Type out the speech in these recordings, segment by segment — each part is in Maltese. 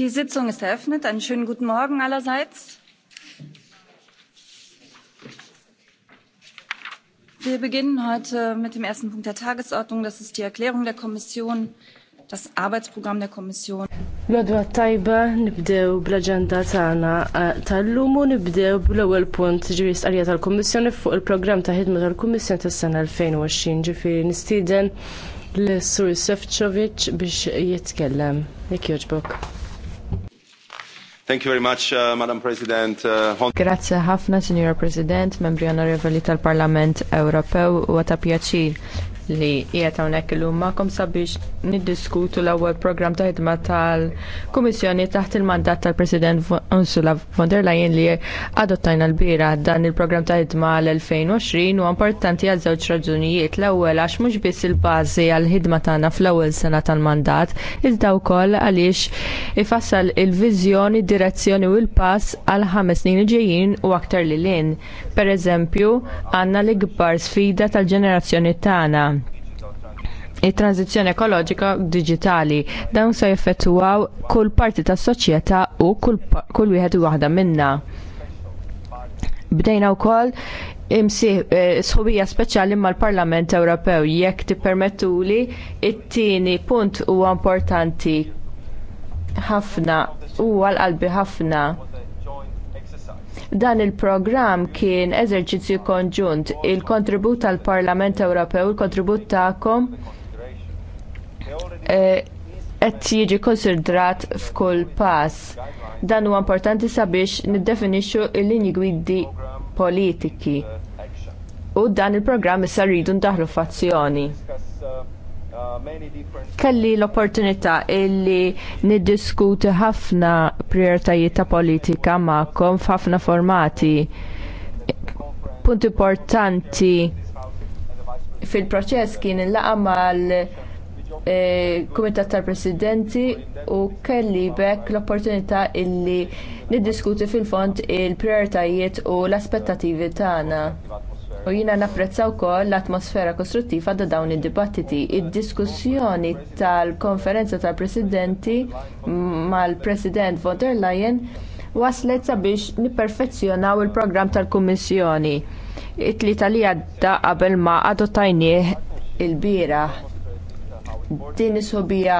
Die Sitzung ist eröffnet. Einen schönen guten Morgen allerseits. Wir beginnen heute mit dem ersten Punkt der Tagesordnung. Das ist die Erklärung der Kommission, das Arbeitsprogramm der Kommission. Madwa tajba nibdew bl agenda tagħna eh, tal-lum u nibdew bl-ewwel punt ġifieri stqarrija tal-Kummissjoni fuq il-programm ta' ħidma tal-Kummissjoni tas-sena 2020 ġifieri nistieden l-Sur Sefcovic biex jitkellem. Jekk jogħġbok. Thank you very much, uh, Madam President. Uh, Grazie ħafna, Signora President, membri onorevoli tal-Parlament Ewropew, u għata pjaċir li qiegħed hawnhekk illum magħkom sabiex niddiskutu l-ewwel programm ta' ħidma tal-Kummissjoni taħt il-mandat tal-President Ursula von der Leyen li adottajna l-bira dan il-programm ta' ħidma l-2020 u importanti għal żewġ raġunijiet l-ewwel għax mhux biss il-bażi għal ħidma tagħna fl-ewwel sena tal-mandat iżda wkoll għaliex ifassal il-viżjoni, direzzjoni u l-pass għal ħames snin ġejjin u aktar li lin. Pereżempju, għandna l-ikbar sfida tal-ġenerazzjoni tagħna it tranzizjoni ekoloġika digitali. Dawn se jeffettwaw kull parti tas soċjetà u kull, kull wieħed waħda minna. Bdejna wkoll imsih eh, sħubija speċjali mal-Parlament Ewropew jekk tippermettuli it-tieni punt huwa importanti ħafna huwa l-qalbi ħafna dan il-programm kien eżerċizzju konġunt il-kontribut tal-Parlament Ewropew, il-kontribut tagħkom Eh, qed jiġi konsidrat f'kull pass. Dan huwa importanti sabiex niddefinixxu l-linji gwidi politiki. U dan il-programm issa rridu ndaħlu f'azzjoni. Kelli l-opportunità illi niddiskuti ħafna prioritajiet ta' politika magħkom f'ħafna formati. Punt importanti fil-proċess kien il-laqa mal E, kumitat tal-presidenti u kelli bekk l-opportunità illi niddiskuti fil-fond il-prioritajiet u l-aspettativi tagħna. U jina napprezza wkoll l-atmosfera kostruttiva da dawn id-dibattiti. Id-diskussjoni tal-konferenza tal-presidenti mal-president von der Leyen waslet sabiex nipperfezzjonaw il-programm tal-Kummissjoni. It-tlieta li għadda qabel ma adottajnieh il-bieraħ din is-sobija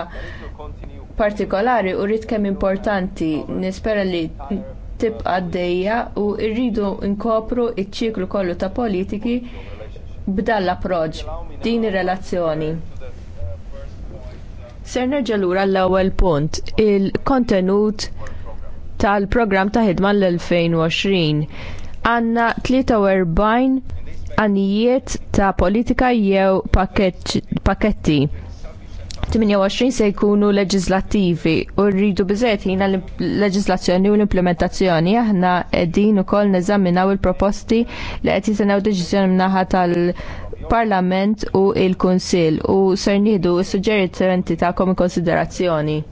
partikolari u rrid kemm importanti nispera li tibqa għaddejja u rridu nkopru iċ-ċiklu kollu ta' politiki b'dan l-approċċ, din ir-relazzjoni. Ser nerġa' lura l-ewwel punt, il-kontenut tal-programm ta' ħidma l-2020. Għanna 43 għanijiet ta' politika jew paketti. 28 se jkunu leġislattivi u rridu biżgħet jina l-leġislazzjoni u l-implementazzjoni aħna qegħdin ukoll neżaminaw il-proposti li qed jisenew deċiżjoni mnaħa tal- Parlament u il-Kunsill u ser nieħdu s ta' komi konsiderazzjoni.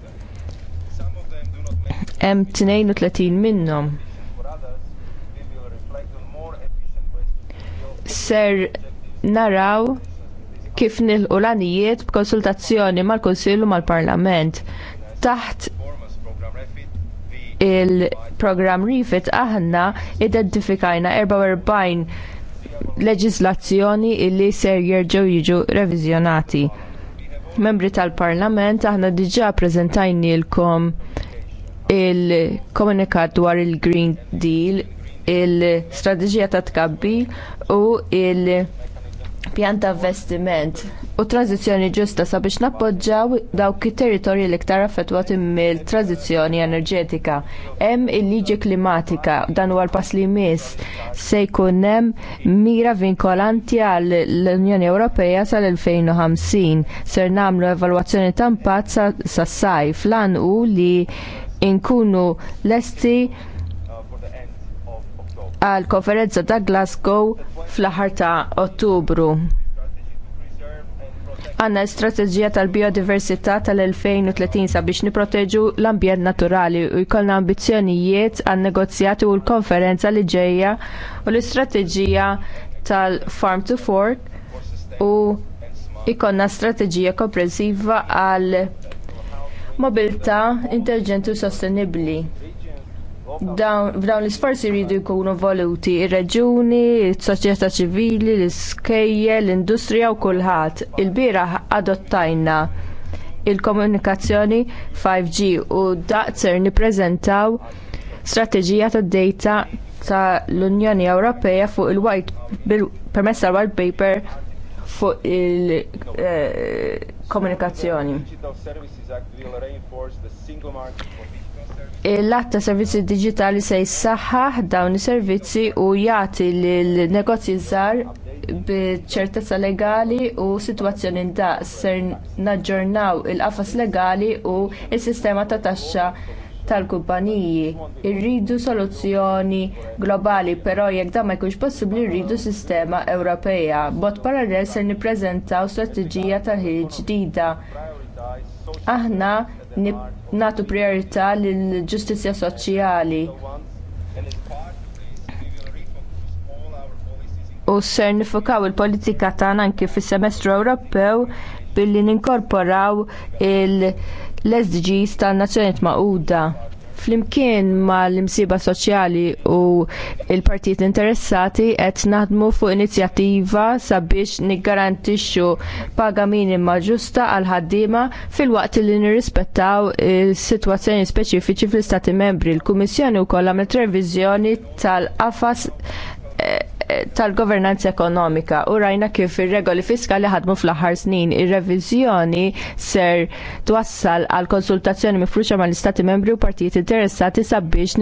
m 32 minnhom. Ser naraw kif nilqu l-għanijiet b'konsultazzjoni mal-Konsillu mal-Parlament. Taħt il-program Refit aħna identifikajna 44 leġislazzjoni illi ser jerġgħu jiġu revizjonati. Membri tal-Parlament aħna diġà ppreżentajnielkom il-komunikat dwar il-Green Deal, il-strateġija ta' tkabbi u il- pjan ta' investiment u tranzizjoni ġusta sabiex nappoġġaw dawk it-territorji li ktar affettwati mill tranzizjoni enerġetika. Hemm il-liġi klimatika dan huwa l-pass li jmiss se jkun hemm mira vinkolanti għall l-Unjoni Ewropea sal-2050. Ser nagħmlu evalwazzjoni ta' impatt sa' sajf lan u li nkunu lesti għal konferenza ta' Glasgow fl-aħħar ta' Ottubru. Għanna strateġija tal-biodiversità tal-2030 sabiex niproteġu l-ambjent naturali u jkollna ambizzjonijiet għan negozjati u l-konferenza li ġejja u l-istrateġija tal-Farm to Fork u ikonna strateġija komprensiva għal mobilità intelligenti u sostenibbli F'dawn l-isforzi jridu jkunu voluti ir-reġuni, s soċjetà ċivili, l-iskejje, l-industrija u kulħadd. Il-bieraħ adottajna il-komunikazzjoni 5G u daqser nippreżentaw strateġija tad data tal-Unjoni Ewropea fuq il-white permessa tal-white paper fuq il-komunikazzjoni. Eh, l-att ta' servizzi digitali se jissaħħaħ dawn is-servizzi u jagħti lin negozji żgħar b'ċertezza legali u sitwazzjoni daqs ser naġġornaw il-qafas legali u s-sistema ta' taxxa tal-kumpaniji. Irridu soluzzjoni globali, però jekk dan ma jkunx possibbli rridu sistema Ewropea. B'mod parallel ser nippreżentaw strateġija ta' ħil ġdida Aħna nagħtu priorità lill ġustizzja soċjali. U ser nifokaw il-politika tagħna anke fis-semestru Ewropew billi ninkorporaw il-SDGs tan-Nazzjonijiet Magħquda Flimkien mal-imsiba soċjali u l partijiet interessati qed naħdmu fuq inizjattiva sabiex niggarantixxu paga minima ġusta għal ħaddiema fil-waqt li nirrispettaw is-sitwazzjoni speċifiċi fl-Istati membri. Il-Kummissjoni wkoll għamlet reviżjoni tal-qafas eh, tal-governanza ekonomika u rajna kif ir-regoli fiskali ħadmu fl-aħħar snin. Ir-reviżjoni ser twassal għal konsultazzjoni mifruxa mal-Istati membri u partijiet interessati sabiex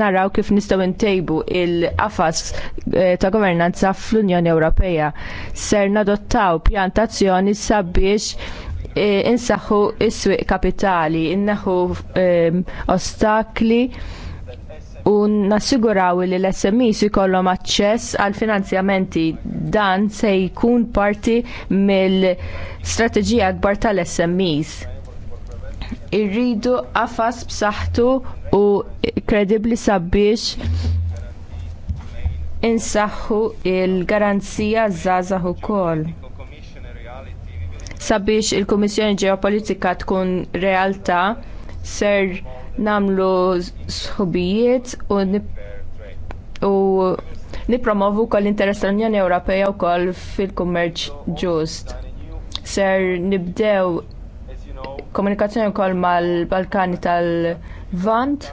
naraw kif nistgħu ntejbu il-qafas eh, ta' governanza fl-Unjoni Ewropea. Ser nadottaw pjantazzjoni sabiex eh, insaħħu is-swieq kapitali, innaħu ehm, ostakli u nassiguraw li l-SMEs jkollhom aċċess għal finanzjamenti dan se jkun parti mill-strateġija akbar tal-SMEs. Irridu qafas b'saħħtu u kredibbli sabiex insaħħu l garanzija żgħażagħ ukoll. Sabiex il-Kummissjoni Ġeopolitika tkun realtà ser namlu sħubijiet u nipromovu kol interess tal-Unjoni Ewropea wkoll fil-kummerċ ġust. Ser nibdew komunikazzjoni wkoll mal-Balkani tal-Vant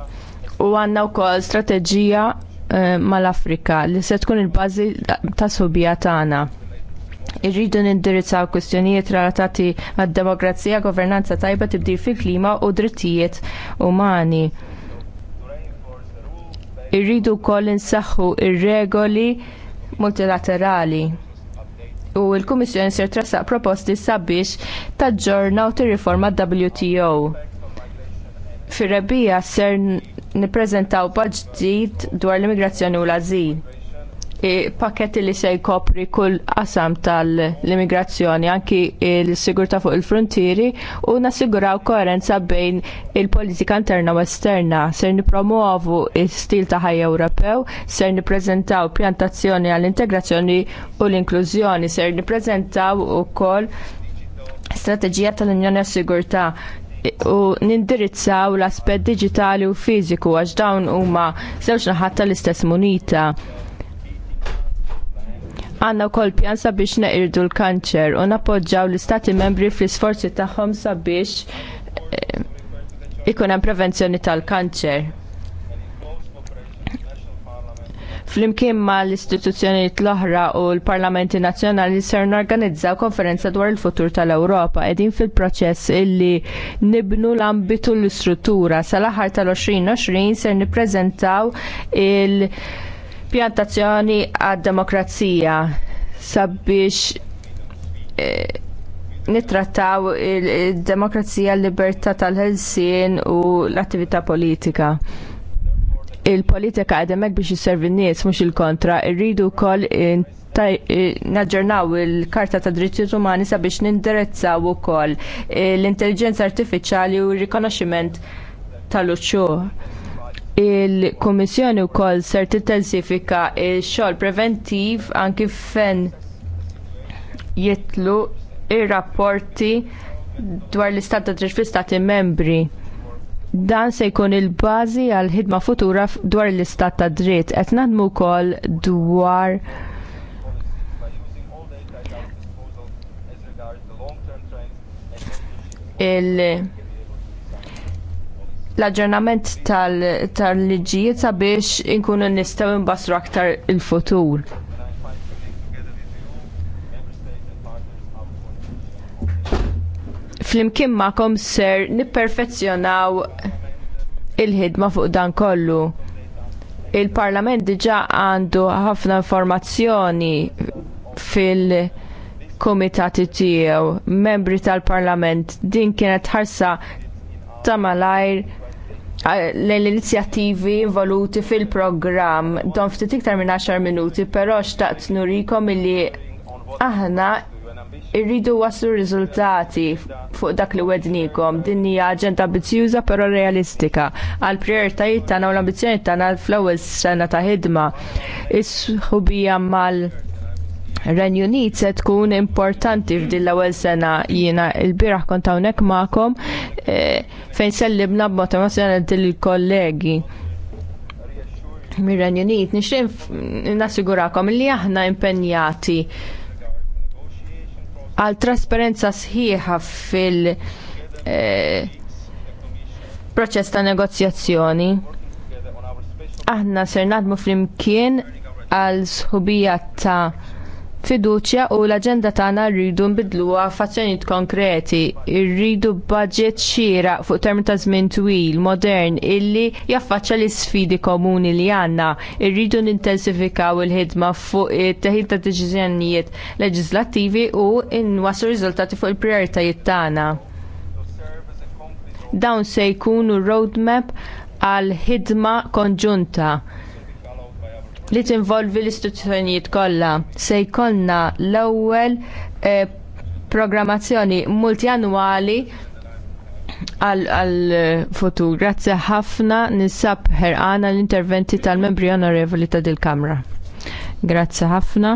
u għandna wkoll strateġija eh, mal-Afrika li se tkun il bażi ta' subija tagħna. Irridu nindirizzaw kwistjonijiet relatati għad-demokrazija, governanza tajba tibdil fil-klima u drittijiet umani. Irridu wkoll insaħħu ir-regoli multilaterali u l-Kummissjoni ser trassaq proposti sabiex taġġorna u tirriforma WTO. Fir-rebbija ser nippreżentaw paġġid dwar l-immigrazzjoni u l-azil E, Paketti li se jkopri kull qasam tal-immigrazzjoni, anki il-sigurta fuq il-frontieri u nassiguraw koerenza bejn il-politika interna u esterna. Ser nipromuovu il-stil ta' ħajja Ewropew, ser niprezentaw pjantazzjoni għall-integrazzjoni u l-inklużjoni, ser niprezentaw ukoll strateġija tal-Unjoni għas-Sigurtà u nindirizzaw l-aspett digitali u fiżiku għax dawn huma żewġ naħat tal-istess munita Għanna wkoll pjan sabiex neqirdu l-kanċer u nappoġġaw l-istati membri fl-isforzi tagħhom sabiex eh, ikun hemm prevenzjoni tal-kanċer. Flimkien ma l-istituzzjonijiet l-oħra u l-parlamenti nazzjonali ser norganizzaw konferenza dwar il-futur tal-Ewropa edin fil-proċess illi nibnu l-ambitu l-istruttura. Sal-aħħar tal-2020 ser nippreżentaw il- pjantazzjoni għad-demokrazija sabiex eh, nittrattaw il-demokrazija, l-libertà tal-ħelsien u l-attività politika il-politika għademek biex jisservi n-nies mux il-kontra, irridu kol eh, naġġernaw il-karta ta' drittijiet umani sabiex nindirezzaw eh, u kol l-intelligenza artificiali u r-rikonoximent tal-uċċu Il-Komissjoni wkoll ser tintensifika x-xogħol preventiv anki fejn jitlu ir-rapporti dwar l-istat ta' dritt fl-istati membri. Dan se jkun il-bażi għal ħidma futura dwar l-istat ta' dritt. Qed nadmu wkoll dwar il- l-aġġornament tal-liġijiet sabiex inkunu nistgħu nbassru aktar il-futur. Flimkien magħkom ser nipperfezzjonaw il-ħidma fuq dan kollu. Il-Parlament diġà għandu ħafna informazzjoni fil- komitati tiegħu membri tal-Parlament din kienet ħarsa ta' malajr Ah, l-inizjattivi involuti fil-programm. Don ftit iktar minn 10 minuti, però xtaqt nurikom illi aħna irridu waslu riżultati fuq dak li wednikom. Din hija aġenda ambizjuża però realistika għal prioritajiet tagħna u l-ambizzjonijiet tagħna fl-ewwel sena ta' ħidma. Is-ħubija mal- Renju se tkun importanti f'din l-ewwel sena jiena l-bieraħ kont hawnhekk magħkom eh, fejn sellimna b'mod emozjonanti lill-kollegi. Mir Renju Unit nixtieq nassigurakom li aħna impenjati għal trasparenza sħiħa fil- eh, proċess ta' negozjazzjoni. Aħna ser nadmu flimkien għal sħubija ta' fiduċja u l aġenda tagħna rridu nbidluha f'azzjonijiet konkreti. Irridu budget xieraq fuq term ta' żmien twil, modern, illi jaffaċċa l-isfidi komuni li għandna. Irridu nintensifikaw il-ħidma fuq it-teħid ta' deċiżjonijiet leġislattivi u nwassu riżultati fuq il-prijoritajiet tagħna. Dawn se jkunu roadmap għal ħidma konġunta li tinvolvi l-istituzzjonijiet kollha. Se jkollna l-ewwel eh, programmazzjoni multianwali għal-futur. Eh, Grazzi ħafna nisab ħerqana l-interventi tal-membri onorevoli ta' dil-Kamra. Grazzi ħafna.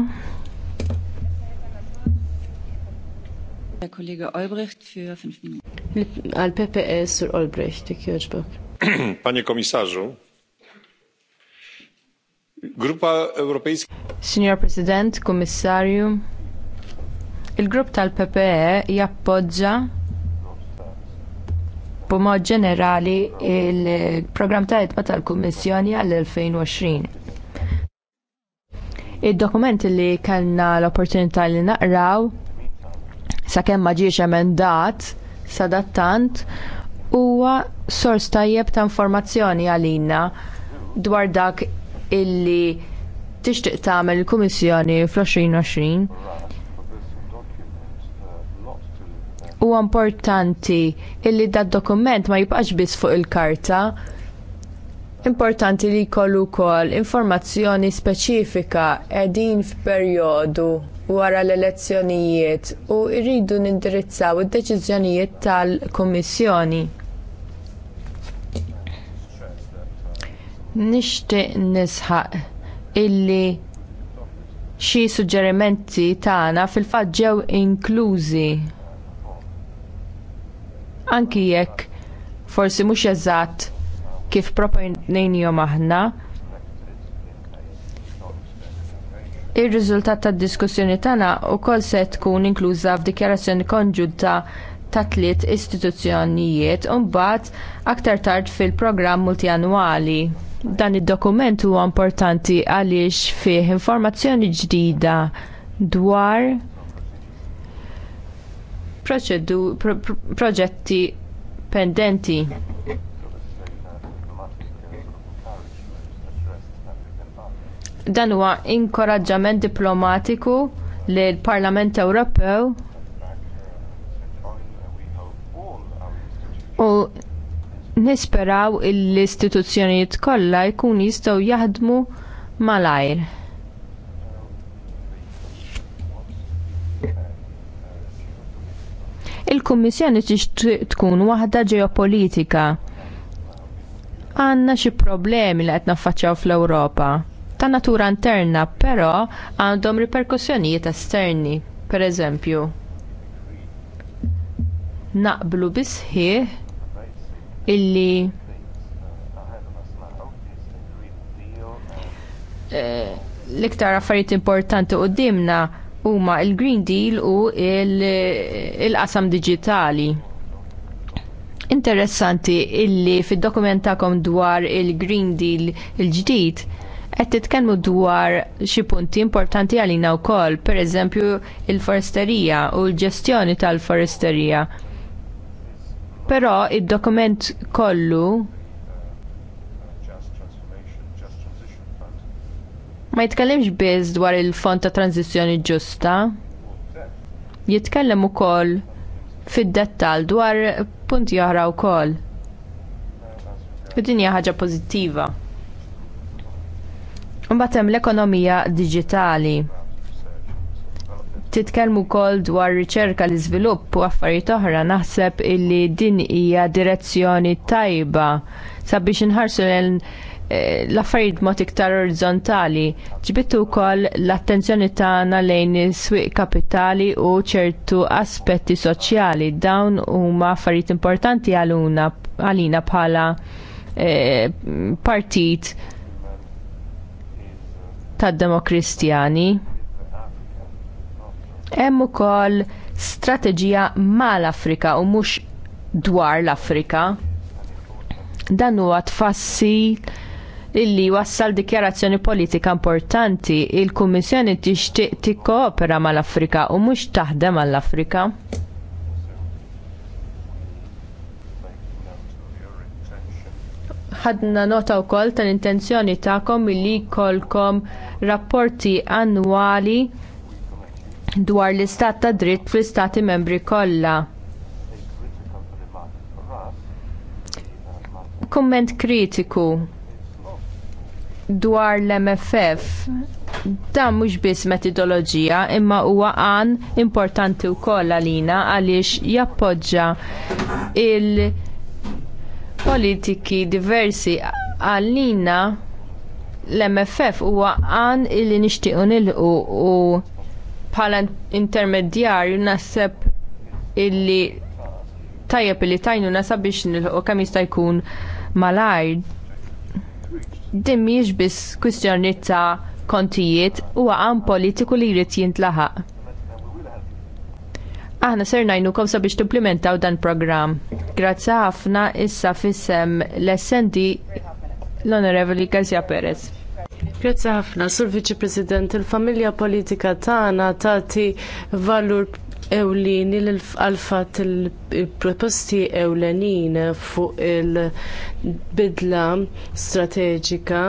Kollega Olbrecht für Minuten. Al PPS e, Olbrecht, Panie Komisarzu, Signor President, Kummissarju, il-grupp tal-PPE jappoġġa b'mod ġenerali il-programm ta' itma tal-Kummissjoni għall-2020. Id-dokument li kellna l-opportunità li naqraw sakemm ma ġiex emendat sadattant huwa sors tajjeb ta' informazzjoni għalina dwar dak illi tixtieq tagħmel il-Kummissjoni fl-2020. Huwa importanti illi dat dokument ma jibqax biss fuq il-karta. Importanti li jkollu wkoll informazzjoni speċifika qegħdin f'perjodu wara l-elezzjonijiet u rridu nindirizzaw id-deċiżjonijiet tal-Kummissjoni. Nixtieq nisħaq illi xi suġġerimenti tagħna fil-fatt ġew inklużi anki jekk forsi mhux eżatt kif proponejnihom aħna. Ir-riżultat tad-diskussjoni tagħna wkoll se tkun inkluża f'dikjarazzjoni konġunta ta' tliet istituzzjonijiet u mbagħad aktar tard fil-programm multianwali. Dan id-dokument huwa importanti għaliex fih informazzjoni ġdida dwar proġetti pendenti. Dan huwa inkoraġġament diplomatiku lill parlament Ewropew u nisperaw l-istituzzjonijiet kollha jkunu jistgħu jaħdmu malajr. Il-Kummissjoni tixtieq tkun waħda ġeopolitika. Għandna xi problemi li qed naffaċċjaw fl-Ewropa ta' natura interna, però għandhom riperkussjonijiet esterni, pereżempju. Naqblu bisħieħ illi eh, l-iktar affarijiet importanti qudiemna huma l green Deal u il-qasam diġitali. Interessanti illi fid-dokumentakom dwar il-Green Deal il-ġdid qed titkellmu dwar xi punti importanti għalina wkoll, pereżempju l foresterija u l-ġestjoni tal-foresterija. Però il dokument kollu ma jitkellimx biss dwar il-fond ta' tranzizjoni ġusta. Jitkellem ukoll fid-dettal dwar punti oħra wkoll. Din ħaġa pożittiva. Imbagħad hemm l-ekonomija diġitali titkellmu wkoll dwar riċerka l iżvilupp u affarijiet oħra naħseb illi din hija direzzjoni tajba sabiex inħarsu eh, l-affarijiet mod iktar orizzontali. Ġbittu wkoll l-attenzjoni tagħna lejn is-swieq kapitali u ċertu aspetti soċjali dawn huma affarijiet importanti għaluna għalina bħala eh, partit tad-demokristjani. Hemm ukoll strateġija mal-Afrika u mhux dwar l-Afrika. Dan huwa tfassil illi wassal dikjarazzjoni politika importanti il-Kummissjoni tixtieq tikkoopera mal-Afrika u mhux taħdem mal-Afrika. ħadna nota wkoll tal-intenzjoni tagħkom milli rapporti annwali dwar l-istat ta' dritt fl-istati membri kollha. Kumment kritiku dwar l-MFF dan mhux biss metodoloġija imma huwa għan importanti wkoll għalina għaliex jappoġġa l politiki diversi għalina l-MFF huwa għan illi nixtiequ nilqu u bħala intermedjarju naħseb illi tajjeb illi tajnu nasab biex nilħu kemm jista' jkun malajr. Din mhijiex biss kwistjoni ta' kontijiet huwa għan politiku li jrid jintlaħaq. Aħna ser kom sabiex timplementaw dan programm. Grazzi ħafna issa fissem l-essendi l-Onorevoli Garcia Perez. Grazzi ħafna, Sur Viċi President, il-familja politika tagħna tagħti valur ewlini għalfat il-proposti ewlenin fuq il-bidla strateġika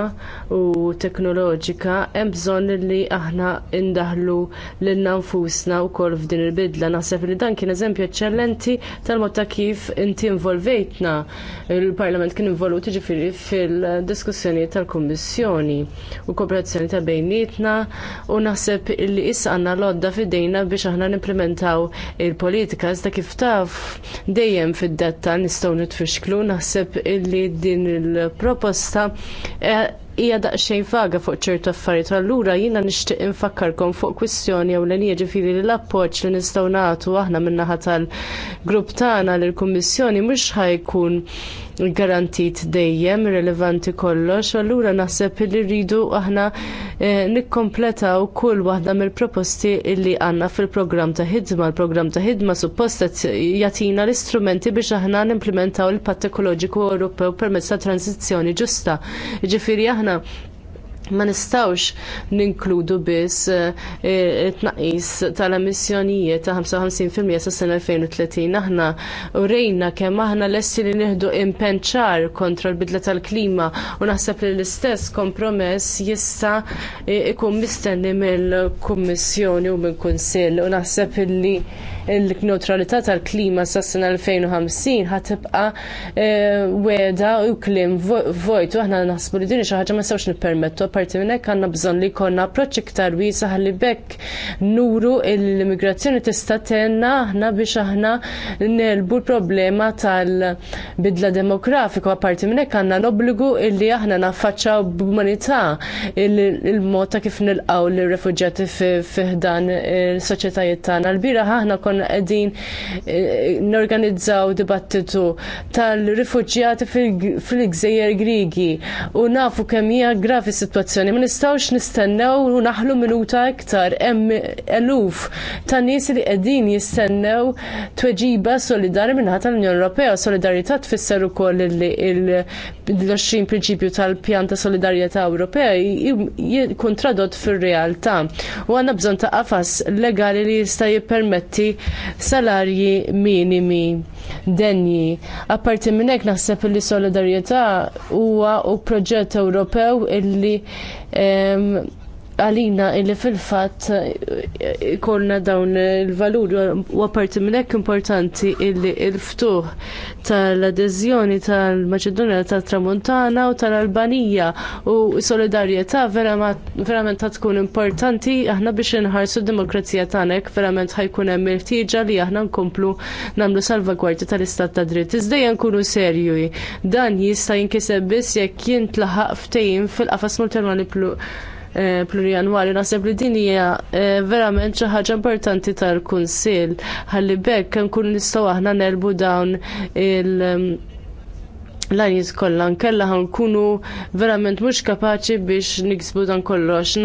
u teknoloġika hemm bżonn li aħna indaħlu lilna nfusna wkoll f'din il-bidla. Naħseb li dan kien eżempju eċċellenti tal-mod ta' kif inti involvejtna il-Parlament kien involut ġifieri fil-diskussjoni tal-Kummissjoni u kooperazzjoni ta' bejnietna u naħseb li issa għandna lodda fidejna biex aħna nimplementa taw il-politika, iżda kif taf dejjem fid-detta nistgħu nitfixklu naħseb illi din il-proposta eh, hija daqsxejn vaga fuq ċertu affarijiet, allura jiena nixtieq infakkarkom fuq kwistjoni jew l ġifieri li l-appoġġ li nistgħu nagħtu aħna min-naħa tal-grupp tagħna lill-Kummissjoni mhux ħajkun jkun garantit dejjem, relevanti kollox, allura naħseb li rridu aħna eh, nikkompletaw kull waħda mill-proposti li għandna fil-programm ta' ħidma. Il-programm ta' ħidma suppost jagħtina l-istrumenti biex aħna nimplementaw il-patt ekoloġiku Ewropew permezz ta' transizzjoni ġusta. Jiġifieri aħna ma nistawx ninkludu biss it eh, eh, tnaqqis tal-emissjonijiet ta' 55% sa' sena 2030. Aħna u rejna kemm aħna lessi li nieħdu impenċar kontra l-bidla tal-klima u naħseb li l-istess kompromess jista' ikun mistenni mill-Kummissjoni u mill-Kunsill u naħseb li il-neutralità tal-klima sas sena 2050 ħatibqa eh, weda u klim vojt u aħna naħsbu li din xi ħaġa ma nistgħux nippermettu apparti minn hekk għandna bżonn li jkollna approċċ iktar wiesa' ħalli bekk nuru l-immigrazzjoni tista' tenna aħna biex aħna nelbu l-problema tal-bidla demografiku. apparti minn hekk għandna l-obbligu illi aħna naffaċċaw b'umanità il-mod ta' kif nilqgħu lir refuġjati fiħdan il eh, soċjetajiet tagħna. L-bira aħna konna għedin qegħdin eh, norganizzaw dibattitu tal rifugġjati fil-Gżejjer Grigi u nafu kemm hija gravi situazzjoni. Ma nistgħux nistennew u naħlu minuta iktar hemm eluf ta' nies li qegħdin jistennew tweġiba solidari minnħata l-Unjoni Ewropea. Solidarità tfisser ukoll li l l-20 prinċipju tal-pjan ta' solidarjetà Ewropea jkun tradott fir-realtà. U għandna bżonn ta' qafas legali li jista' jippermetti salarji minimi denji. Apparti minnek naħseb li solidarjetà huwa u proġett Ewropew illi għalina illi fil-fat eh, eh, ikonna dawn il-valur u għaparti minnek importanti illi il-ftuħ tal-adezjoni tal-Macedonia tal-Tramontana u tal-Albanija u solidarieta verament ta' tkun importanti aħna biex nħarsu d-demokrazija tanek verament ħajkun hemm il li aħna nkomplu namlu salvagwardja tal-istat ta' dritt. Iżdejja nkunu serju dan jista' jinkiseb biss jekk jintlaħaq ftejn fil-qafas multermali Eh, plurianwali. Naħseb li din hija eh, verament xi ħaġa importanti tal-Kunsill ħalli bekk nkun nistgħu aħna nelbu dawn il- l-għaniz kollan kella ħankunu verament mhux kapaċi biex niksbu dan kollox.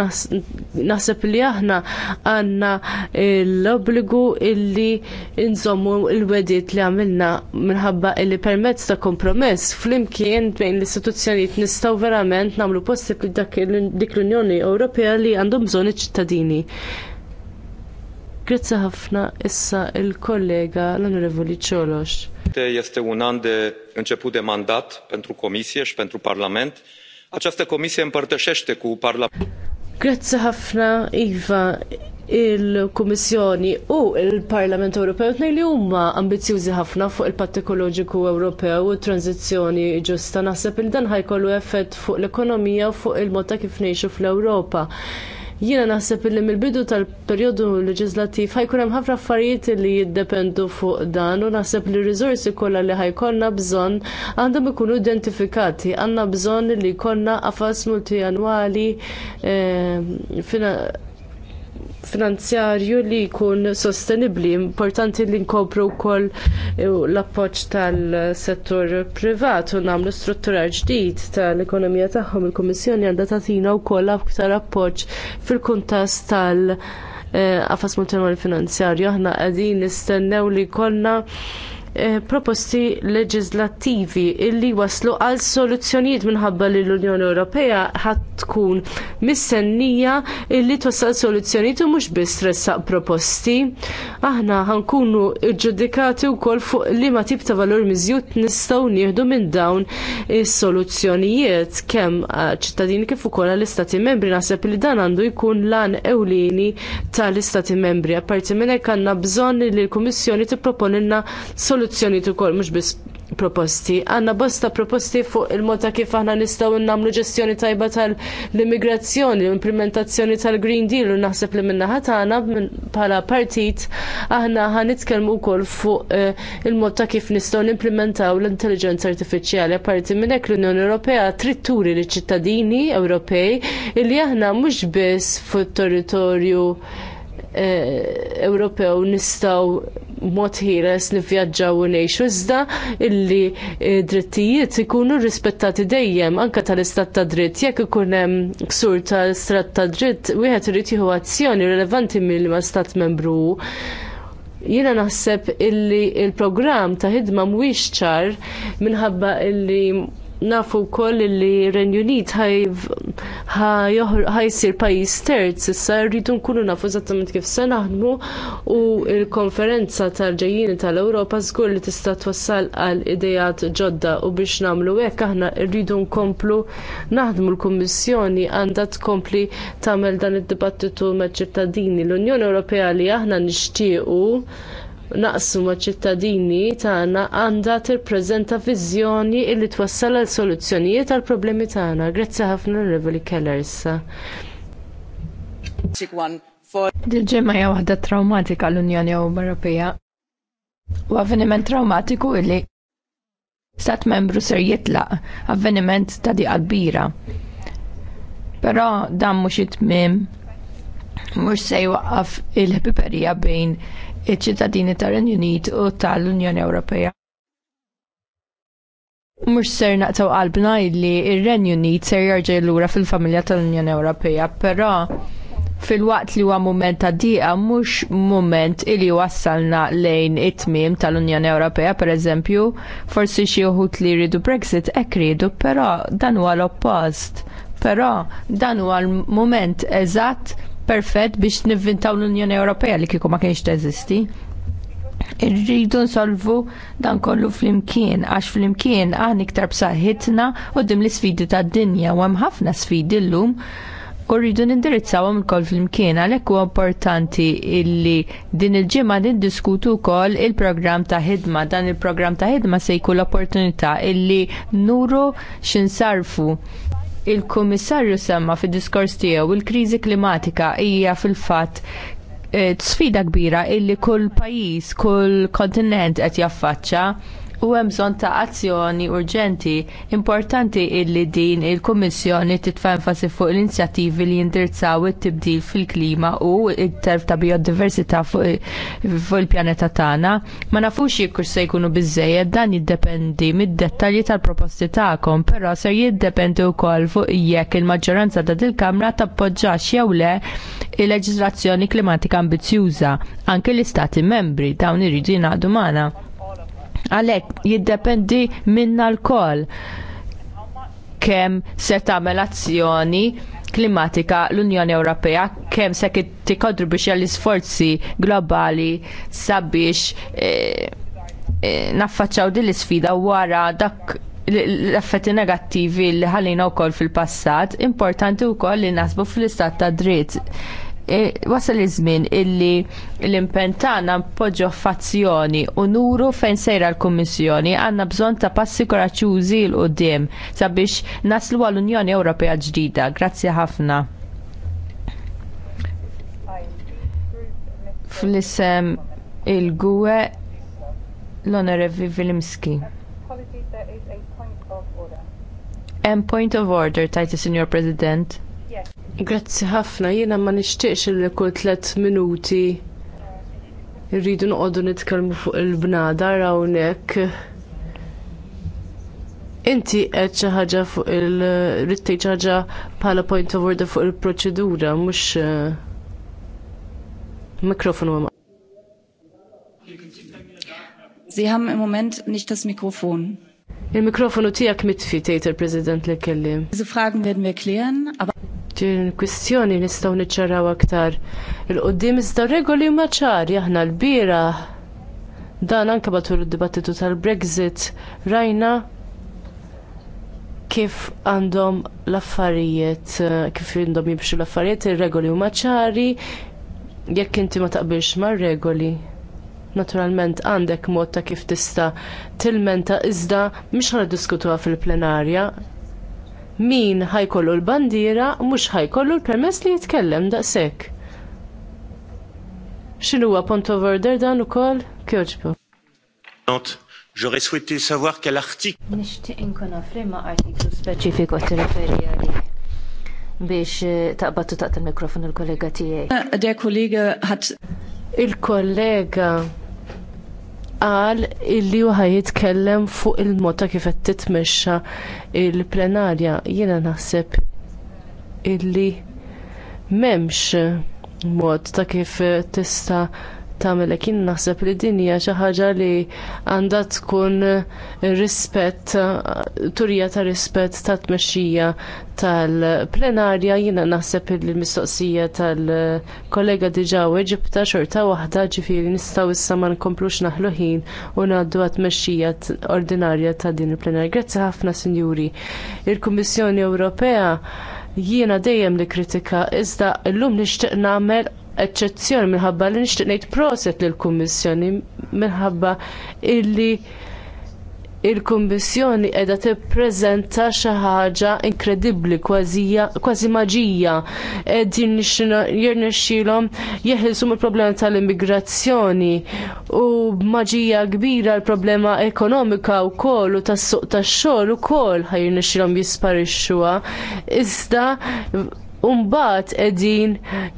Naħseb li aħna għandna l obbligu illi nżommu l-wedit li għamilna minħabba illi permezz ta' kompromess flimkien bejn l-istituzzjonijiet nistgħu verament nagħmlu possib dik l-Unjoni Ewropea li għandhom bżonn iċ-ċittadini. Grazzi ħafna issa il-kollega l-Onorevoli Ċolox început de mandat pentru Comisie și pentru Parlament. Această Comisie împărtășește cu Parlamentul. Grazzi ħafna, Iva, il-Kummissjoni u il-Parlament Ewropew tnej li huma ambizjużi ħafna fuq il-Patt Ekoloġiku Ewropew u tranzizzjoni ġusta naħseb il dan ħajkollu effett fuq l-ekonomija u fuq il-mod ta' kif ngħixu fl-Ewropa. Jiena naħseb li mill-bidu tal-perjodu leġislattiv ħajkun hemm ħafna affarijiet li jiddependu fuq dan u naħseb li r-riżorsi kollha li ħajkollna bżonn għandhom ikunu identifikati, għandna bżonn li jkollna qafas multianwali eh, finanzjarju li jkun sostenibbli. Importanti li nkopru wkoll eh, l-appoġġ tal-settur privat u nagħmlu strutturar ġdid tal-ekonomija tagħhom. Il-Kummissjoni għandha tagħtina wkoll aktar appoġġ fil kuntast tal- eh, qafas multinwali finanzjarju aħna qegħdin nistennew li jkollna Eh, proposti leġislattivi illi waslu għal soluzzjonijiet minħabba li l-Unjoni Ewropea ħadd tkun mistennija illi twassal soluzzjonijiet u mhux biss tressaq proposti. Aħna ħankunu ġġudikati wkoll fuq liema tip ta' valur miżjud nistgħu nieħdu minn dawn is-soluzzjonijiet kemm ċittadini kif ukoll għall-Istati Membri naħseb li dan għandu jkun lan ewlieni tal-Istati Membri. Apparti minn hekk għandna bżonn li l-Kummissjoni tipproponilna soluzzjonijiet soluzzjoni ukoll mux biss proposti. Għanna bosta proposti fuq il-mod ta' kif aħna nistgħu nagħmlu ġestjoni tajba tal-immigrazzjoni, l-implementazzjoni tal-Green Deal u naħseb li minna ħatana bħala partit aħna ħan nitkellmu wkoll fuq eh, il-mod ta' kif nistgħu nimplementaw l-intelligenza artifiċjali. Apparti minn hekk l-Unjoni Ewropea trid turi liċ ċittadini Ewropej li aħna mhux biss fuq territorju Eh, Ewropew nistgħu mod ħieles nivvjaġġaw u ngħix iżda illi eh, drittijiet ikunu rispettati dejjem anke tal-istat ta' dritt jekk ikun hemm ksur tal-istat ta' dritt wieħed irid jieħu azzjoni rilevanti minn ma stat membru jina naħseb illi il programm ta' ħidma mhuwiex ċar minħabba illi nafu wkoll li Renju Unit ħajsir pajjiż terz issa rridu nkunu nafu eżattament kif se naħdmu u l-konferenza tal-ġejjini tal-Ewropa żgur li tista' twassal għal idejat ġodda u biex nagħmlu hekk aħna rridu nkomplu naħdmu l-Kummissjoni għandha tkompli tagħmel dan id-dibattitu maċ-ċittadini l-Unjoni Ewropea li aħna nixtiequ naqsu ma' ċittadini tagħna għandha tippreżenta viżjoni li twassal għal soluzzjonijiet għall problemi tagħna. Grazzi ħafna Reveli Keller issa. Dil-ġemma hija waħda traumatika l-Unjoni Ewropea. U avveniment traumatiku illi stat membru ser jitlaq avveniment ta' diqa kbira. Però dan mhux it-tmiem mhux se jwaqqaf il-ħbiperija bejn iċ-ċittadini tar-Renju Unit u tal-Unjoni Ewropea. Mux ser naqtaw qalbna illi il renju Unit ser jarġa' lura fil-familja tal-Unjoni Ewropea, però fil-waqt li huwa mument ta' diqa mhux mument illi wassalna lejn it-tmiem tal-Unjoni Ewropea pereżempju, forsi xi wħud li jridu Brexit hekk ridu, però dan huwa l-oppost. Però dan huwa l-mument eżatt perfett biex nivvintaw l-Unjoni Ewropea li kieku ma kienx teżisti. Irridu nsolvu dan kollu flimkien, għax flimkien għan iktar b'saħħitna u dim l-sfidi ta' dinja u hemm ħafna sfidi llum u rridu nindirizzawhom ukoll flimkien għalhekk huwa importanti illi din il-ġimgħa niddiskutu wkoll il-programm ta' ħidma. Dan il-programm ta' ħidma se jkun l-opportunità illi nuru x'insarfu il-Kummissarju semma fid-diskors tiegħu il-kriżi klimatika hija fil-fatt eh, sfida kbira illi kull pajjiż, kull kontinent qed jaffaċċa u hemm bżonn ta' azzjoni urġenti importanti illi din il-Kummissjoni titfenfasi fuq l-inizjattivi li jindirizzaw it-tibdil fil-klima u it-terf ta' biodiversità fuq il-pjaneta tagħna. Ma nafux jekk se jkunu biżejjed dan jiddependi mid-dettalji tal-proposti tagħkom, però se jiddependi wkoll fuq jekk il-maġġoranza ta' dil-Kamra tappoġġax jew le il-leġiżlazzjoni klimatika ambizzjuża anke l-Istati membri dawn iridu jingħaqdu magħna. Għalhekk jiddependi minna lkoll kemm se tagħmel azzjoni klimatika l-Unjoni Ewropea kemm se biex għall isforzi globali sabiex eh, eh, naffaċċaw din l-isfida wara dak l-effetti negattivi li ħallina wkoll fil-passat, importanti wkoll li nasbu fl-istat ta' dritt E, wasal iż-żmien illi l-impentana poġġo fazzjoni u nuru fejn sejra l-Kummissjoni għandna bżonn ta' passi koraċjużi l qudiem sabiex naslu għall-Unjoni Ewropea ġdida. Grazzi ħafna. Fl-isem il-gwe l-Onorevi Vilimski. Hemm point of order, tajti, Signor President. Grazzi ħafna, jiena ma nixtieqx li kull tliet minuti rridu noqogħdu nitkellmu fuq il-bnada hawnhekk. Inti qed xi ħaġa fuq il-rittej ħaġa bħala point of order fuq il-proċedura mhux eh, mikrofonu Sie haben im Moment nicht das Mikrofon. Il-mikrofonu tijak mitfi, tejt il-President li kelli. Diese Fragen werden wir klären, aber din kwistjoni nistgħu niċċaraw aktar. Il-qoddim iżda regoli huma ċari aħna l-bira. Dan anke matul id-dibattitu tal-Brexit rajna kif għandhom l-affarijiet, kif għandhom jibxu l-affarijiet, ir-regoli huma ċari, jekk inti ma taqbilx mar-regoli naturalment għandek mod ta' kif tista' tilmenta iżda mhix ħana diskutuha fil-plenarja, min ħajkollu l-bandiera mhux ħajkollu l-permess li jitkellem daqshekk. X'inhuwa point of order dan ukoll? Kjoġbu. J'aurais souhaité savoir quel article. Nixtieq inkun afrima artiklu speċifiku qed tirreferi għalih biex eh, taqbad taqt il-mikrofon il-kollega tiegħi. Eh, der Kollege hat il-kollega qal illi hu jitkellem fuq il-mod ta' kif qed titmexxa il plenarja Jiena naħseb illi m'hemmx mod ta' kif tista' tagħmelek jien naħseb li din hija xi ħaġa li għandha tkun rispett turija ta' rispett ta' tmexxija tal-plenarja jiena naħseb li l-mistoqsija tal-kollega diġà weġibta xorta waħda ġifieri nistgħu issa ma nkomplux naħlu ħin u ngħaddu għat-tmexxija ordinarja ta' din il-plenarja. Grazzi ħafna, Sinjuri. Il-Kummissjoni Ewropea jiena dejjem li kritika iżda llum nixtieq nagħmel eċċezzjoni minħabba li nixtieq ngħid proset lill-Kummissjoni minħabba illi il-Kummissjoni qiegħda tippreżenta xi ħaġa inkredibbli kważi maġija qegħdin jirnexxielhom jeħilsu mill-problema tal-immigrazzjoni u b'maġija kbira l-problema ekonomika wkoll u tas-suq tax-xogħol ukoll ħajrnexxielhom jisparixxuha. Iżda Umbat edin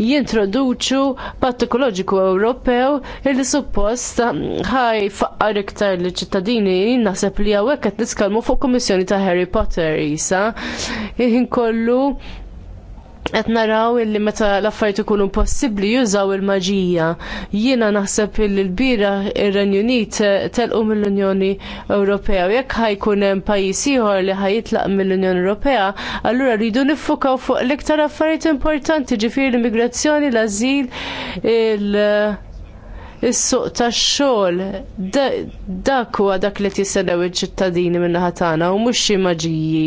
jintroduċu patokoloġiku Ewropew illi suppost ħaj faqqar iktar li ċittadini naħseb li għawek qed niskalmu fuq komissjoni ta' Harry Potter isa. Jien kollu qed naraw illi meta l-affarijiet ikunu possibbli jużaw il-maġija. Jiena naħseb illi l-bira ir-Renju Unit telqu mill-Unjoni Ewropea. Jekk ħajkun hemm pajjiż ieħor li ħajitlaq mill-Unjoni Ewropea, allura rridu niffukaw fuq l-iktar affarijiet importanti ġifieri l-immigrazzjoni, l-ażil, il- is-suq tax-xogħol dak huwa dak li tisedew iċ-ċittadini minn naħa tagħna u mhux xi maġiji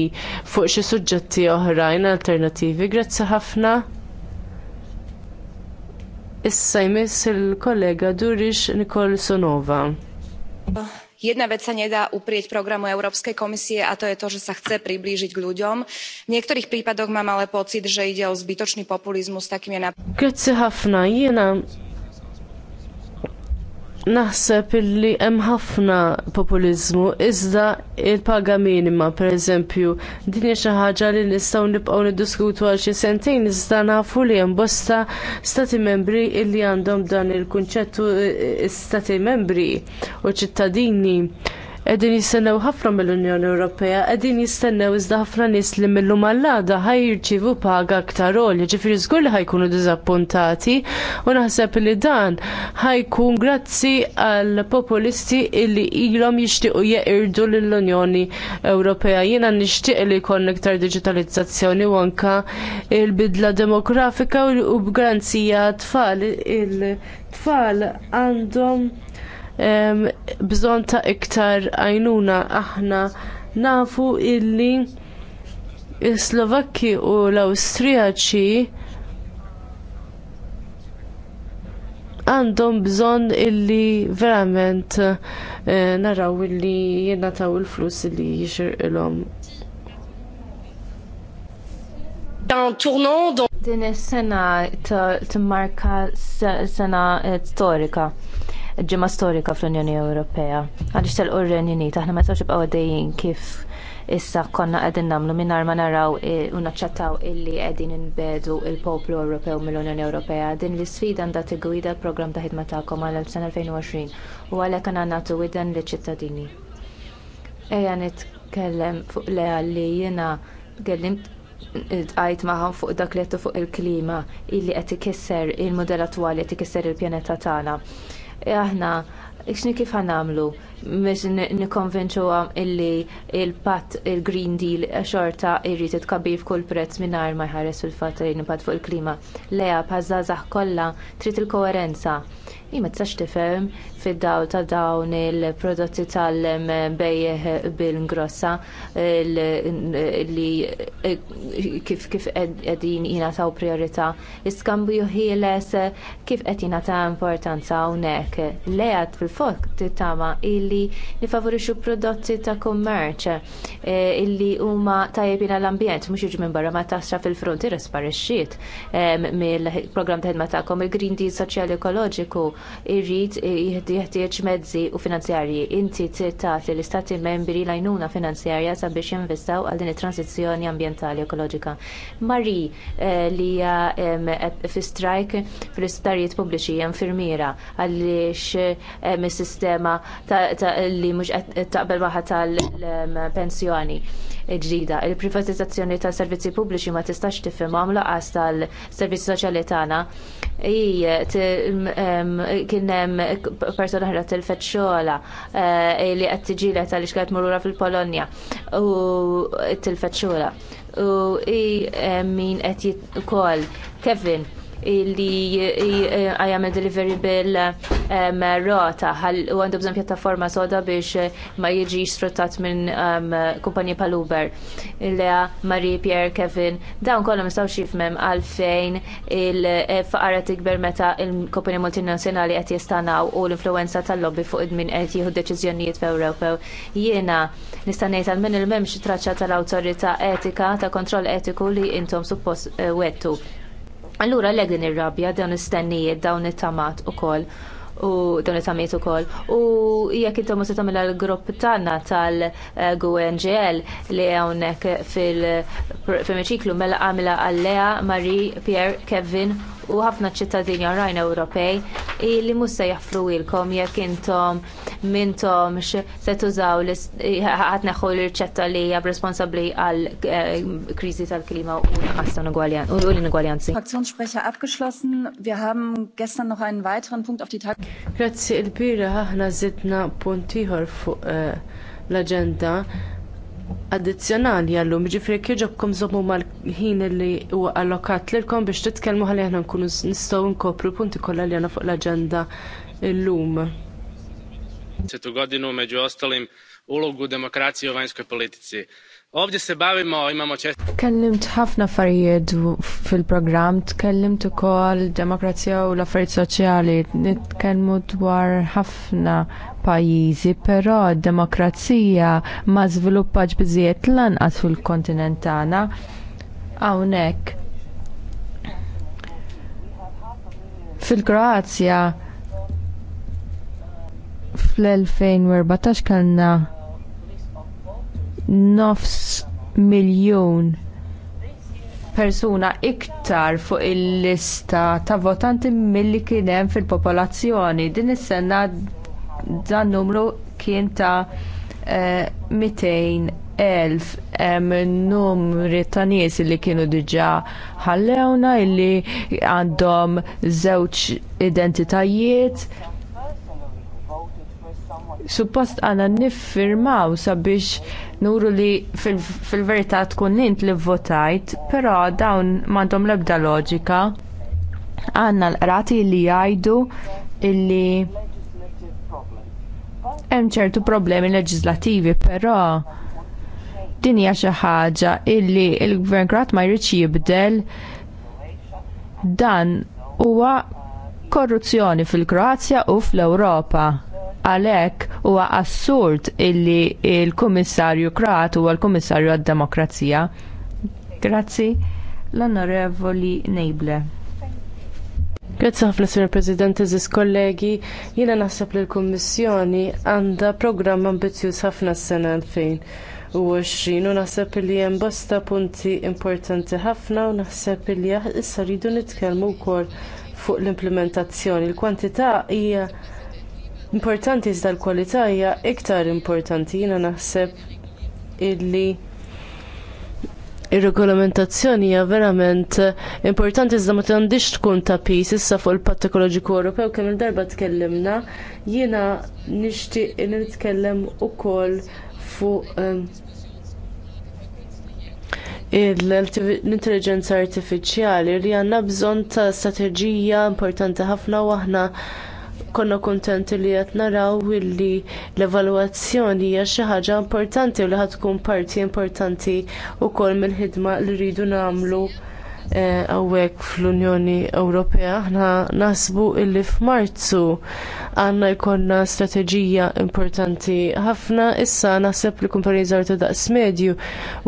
fuq xi suġġetti oħrajn alternattivi. Grazzi ħafna. Issa jmiss il-kollega Durix Nikol Sonova. Jedna vec sa nedá uprieť programu Európskej komisie a to je to, že sa chce priblížiť k ľuďom. V niektorých prípadoch mám ale pocit, že ide o zbytočný populizmus takým je na... Grazie ħafna, jena naħseb illi hemm ħafna populiżmu iżda il-paga minima pereżempju din hija xi ħaġa li nistgħu nibqgħu niddiskutu għal xi sentejn iżda nafu li hemm bosta stati membri illi għandhom dan il-kunċett eh, eh, stati membri u ċittadini qegħdin jistennew ħafna mill-Unjoni Ewropea, qegħdin jistennew iżda ħafna nies li millu mal-għada ħaj jirċivu paga aktar għol, ġifieri żgur li ħajkunu diżappuntati u naħseb li dan ħajkun grazzi għal populisti illi ilhom jixtiequ jeqirdu lill-Unjoni Ewropea. Jiena nixtieq li jkollna iktar digitalizzazzjoni u anke il-bidla demografika u b'garanzija tfal il-tfal għandhom bżonn ta' iktar għajnuna aħna nafu illi is-Slovakki u l-Awstrijaċi għandhom bżonn illi verament eh, naraw illi jingħataw il-flus illi il-om. Din is-sena timmarka sena storika ġimma storika fl-Unjoni Ewropea. Għaliex tal renju Unit, aħna ma tawx ibqgħu għaddejjin kif issa konna qegħdin nagħmlu mingħajr ma naraw u naċċettaw illi qegħdin inbedu l poplu Ewropew mill-Unjoni Ewropea. Din l-isfida għandha tigwida l-programm ta' ħidma tagħkom għal sena 2020 u għalhekk għandna nagħtu widen liċ-ċittadini. Ejja nitkellem fuq leha li jiena tkellimt tqajt magħhom fuq dak li fuq il-klima illi qed ikisser il-modell attwali qed ikisser il-pjaneta tagħna. Eh, aħna xni kif għanamlu biex nikonvenċu għam illi il-pat il-Green Deal xorta irrit it-kabir f'kull prezz minnar ma jħares fil-fat il-pat fuq il-klima. Lea, pazzazax kolla, trid il-koherenza. Hi ma tistax tifhem fid-dawl ta' dawn il-prodotti tal-bejjeħ bil-ngrossa li kif kif qegħdin jingħataw priorità. Iskambju ħieles kif qed jingħata importanza hawnhekk. Lejat fil-fok titama illi nifavorixxu prodotti ta' kummerċ e, illi huma tajjebin għall-ambjent mhux jiġu minn barra ma taxxa fil-frontier sparixxiet e, mill-programm ta' ħidma tagħkom il-Green Deal Soċjali Ekoloġiku irrid jeħtieġ mezzi u finanzjarji. Inti tagħti l-istati membri lajnuna finanzjarja sabiex jinvestaw għal din it-transizzjoni ambjentali ekoloġika. Mari eh, li hija eh, fi strajk fl-isptarijiet pubbliċi hija infirmiera għaliex mis-sistema li mhux qed taqbel waħda tal-pensjoni ġdida. Il-privatizzazzjoni tas servizzi pubbliċi ma tistax tifhem għamla qas tal-servizzi soċjali tagħna. kien hemm persuna ħra tilfet xogħla eh, li qed tiġilet għaliex qed murura fil-Polonja u tilfet xogħla. U eh, min qed jitkoll Kevin li għajam delivery bill rota u għandu bżon pjattaforma soda biex eh, ma jieġi sfruttat minn kumpanji pal Uber. Lea, Marie, Pierre, Kevin, dawn kollha mistaw xifmem għalfejn il-faqara eh, tikber meta il-kumpanji multinazzjonali qed jistanaw u l-influenza tal-lobby fuq id-min qed jieħu deċiżjonijiet f'Ewropew. Jiena nista' ngħid għal min il-memx traċċa tal-awtorità etika ta' kontroll etiku li intom suppost eh, wettu Allura l din ir-rabja dawn istennijiet dawn it-tamat ukoll u dawn it-tamiet ukoll. U jekk intom se tagħmel għall-grupp tagħna tal-GUNGL li hawnhekk fil femiċiklu mela għamilha għallea Marie, Pierre, Kevin u ħafna ċittadini oħrajn Ewropej li mhux se jaffruwilkom jekk intom mintomx se tużaw ħadd neħu l-riċetta li hija responsabbli għal eh, kriżi tal-klima u naqas u l-inugwaljanzi. Fraktionssprecher abgeschlossen. Wir haben gestern noch einen weiteren Punkt auf die Tag. Grazzi il-bira aħna zidna punt ieħor fuq eh, l-aġenda addizzjonali għallum, ġifri kieġobkom żommu mal-ħin li huwa allokat lilkom biex titkellmu ħalli aħna nkunu nistgħu nkopru punti kollha li għandna fuq l-aġenda llum. godinu ostalim ulogu demokracije u vanjskoj politici. Kellimt ħafna affarijiet fil-programm, tkellimt ukoll demokrazija u l-affarijiet soċjali, nitkellmu dwar ħafna pajjiżi, però d-demokrazija ma żviluppax biżiet lanqas fil-kontinent tagħna. Hawnhekk. Fil-Kroazja fl-2014 kellna nofs miljun persuna iktar fuq il-lista ta' votanti milli kien hemm fil-popolazzjoni. Din is-sena dan numru kien ta' eh, 200,000 hemm numri ta' nies li kienu diġà ħallewna illi għandhom żewġ identitajiet suppost għana niffirmaw sabiex nuru li fil-verità fil tkun int li votajt, però dawn m'għandhom l-ebda loġika. Għanna l-qrati li jgħidu illi hemm ċertu problemi leġislativi, però din hija xi ħaġa illi l-Gvern il Krat ma jridx jibdel dan huwa korruzzjoni fil-Kroazja u fl-Ewropa Għalhekk huwa assurd illi l il kummissarju Krat huwa l-Kummissarju għad-Demokrazija. Grazzi l-Onorevoli Nejble. Grazie ħafna, Sir President, eżis kollegi. Jiena naħseb li l-Kummissjoni għandha programm ambizzjuż ħafna s-sena 2020 u naħseb li hemm bosta punti importanti ħafna u naħseb li issa rridu nitkellmu wkoll fuq l-implementazzjoni. Il-kwantità hija importanti iżda l-kwalità hija iktar importanti jiena naħseb illi Ir-regolamentazzjoni hija verament importanti iżda ma tgħandix tkun ta' pis issa fuq il-Patt Ekoloġiku Ewropew kemm il-darba tkellimna, jiena nixtieq li nitkellem ukoll fuq ehm, l-intelligenza artifiċjali li għandna bżonn ta' strateġija importanti ħafna u aħna konna kuntenti li qed naraw illi l-evalwazzjoni hija xi ħaġa importanti u li ħad tkun parti importanti wkoll mill-ħidma li rridu nagħmlu Eh, għawek fl-Unjoni Ewropea, aħna nasbu illi f'Marzu għanna jkonna strateġija importanti ħafna, issa naħseb li kumpanija żgħar ta' daqs medju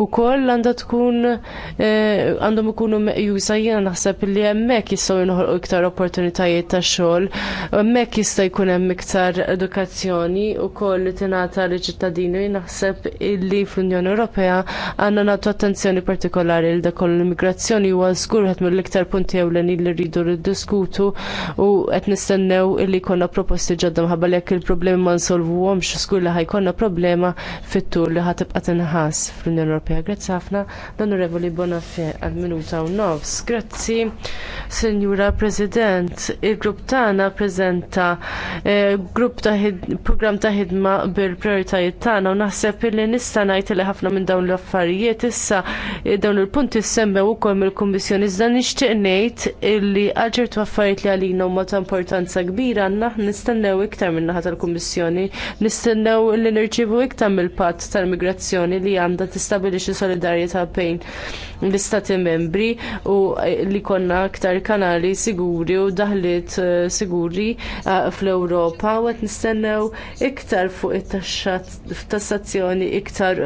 u koll għanda tkun eh, għandhom ikunu meqjusa jiena naħseb li hemmhekk jistgħu jinħolqu iktar opportunitajiet ta' xogħol, hemmhekk jista' jkun hemm iktar edukazzjoni u koll li tingħata li ċittadini naħseb illi fl-Unjoni Ewropea għandna nagħtu attenzjoni partikolari l dak l-immigrazzjoni u huwa żgur qed mill-iktar punti ewleni li rridu riddiskutu u qed nistennew illi jkollna proposti ġodda mħabba li jekk il-problemi ma nsolvuhomx skur li ħajkollna problema fittu li li ħatibqa' tinħass fl-Unjoni Ewropea. Grazzi ħafna l-Onorevoli Bonafè għal-minuta u nofs. Grazzi, Senjura President, il-grupp tagħna prezenta eh, grupp ta' program ta' ħidma bil-prioritajiet tagħna u naħseb li nista' ngħid li ħafna minn dawn l-affarijiet issa eh, dawn il-punti semmew ukoll mill-Kummissjoni tal iżda nixtieq ngħid illi għal ċertu affarijiet li għalina huma ta' importanza kbira għandna nistennew iktar min-naħa tal-Kummissjoni, nistennew li nirċievu iktar mill-patt tal-migrazzjoni li għandha tistabilixxi solidarjetà bejn l-istati membri u eh, li konna aktar kanali siguri u daħlit eh, siguri eh, fl-Ewropa u għet nistennew iktar fuq it-tassazzjoni iktar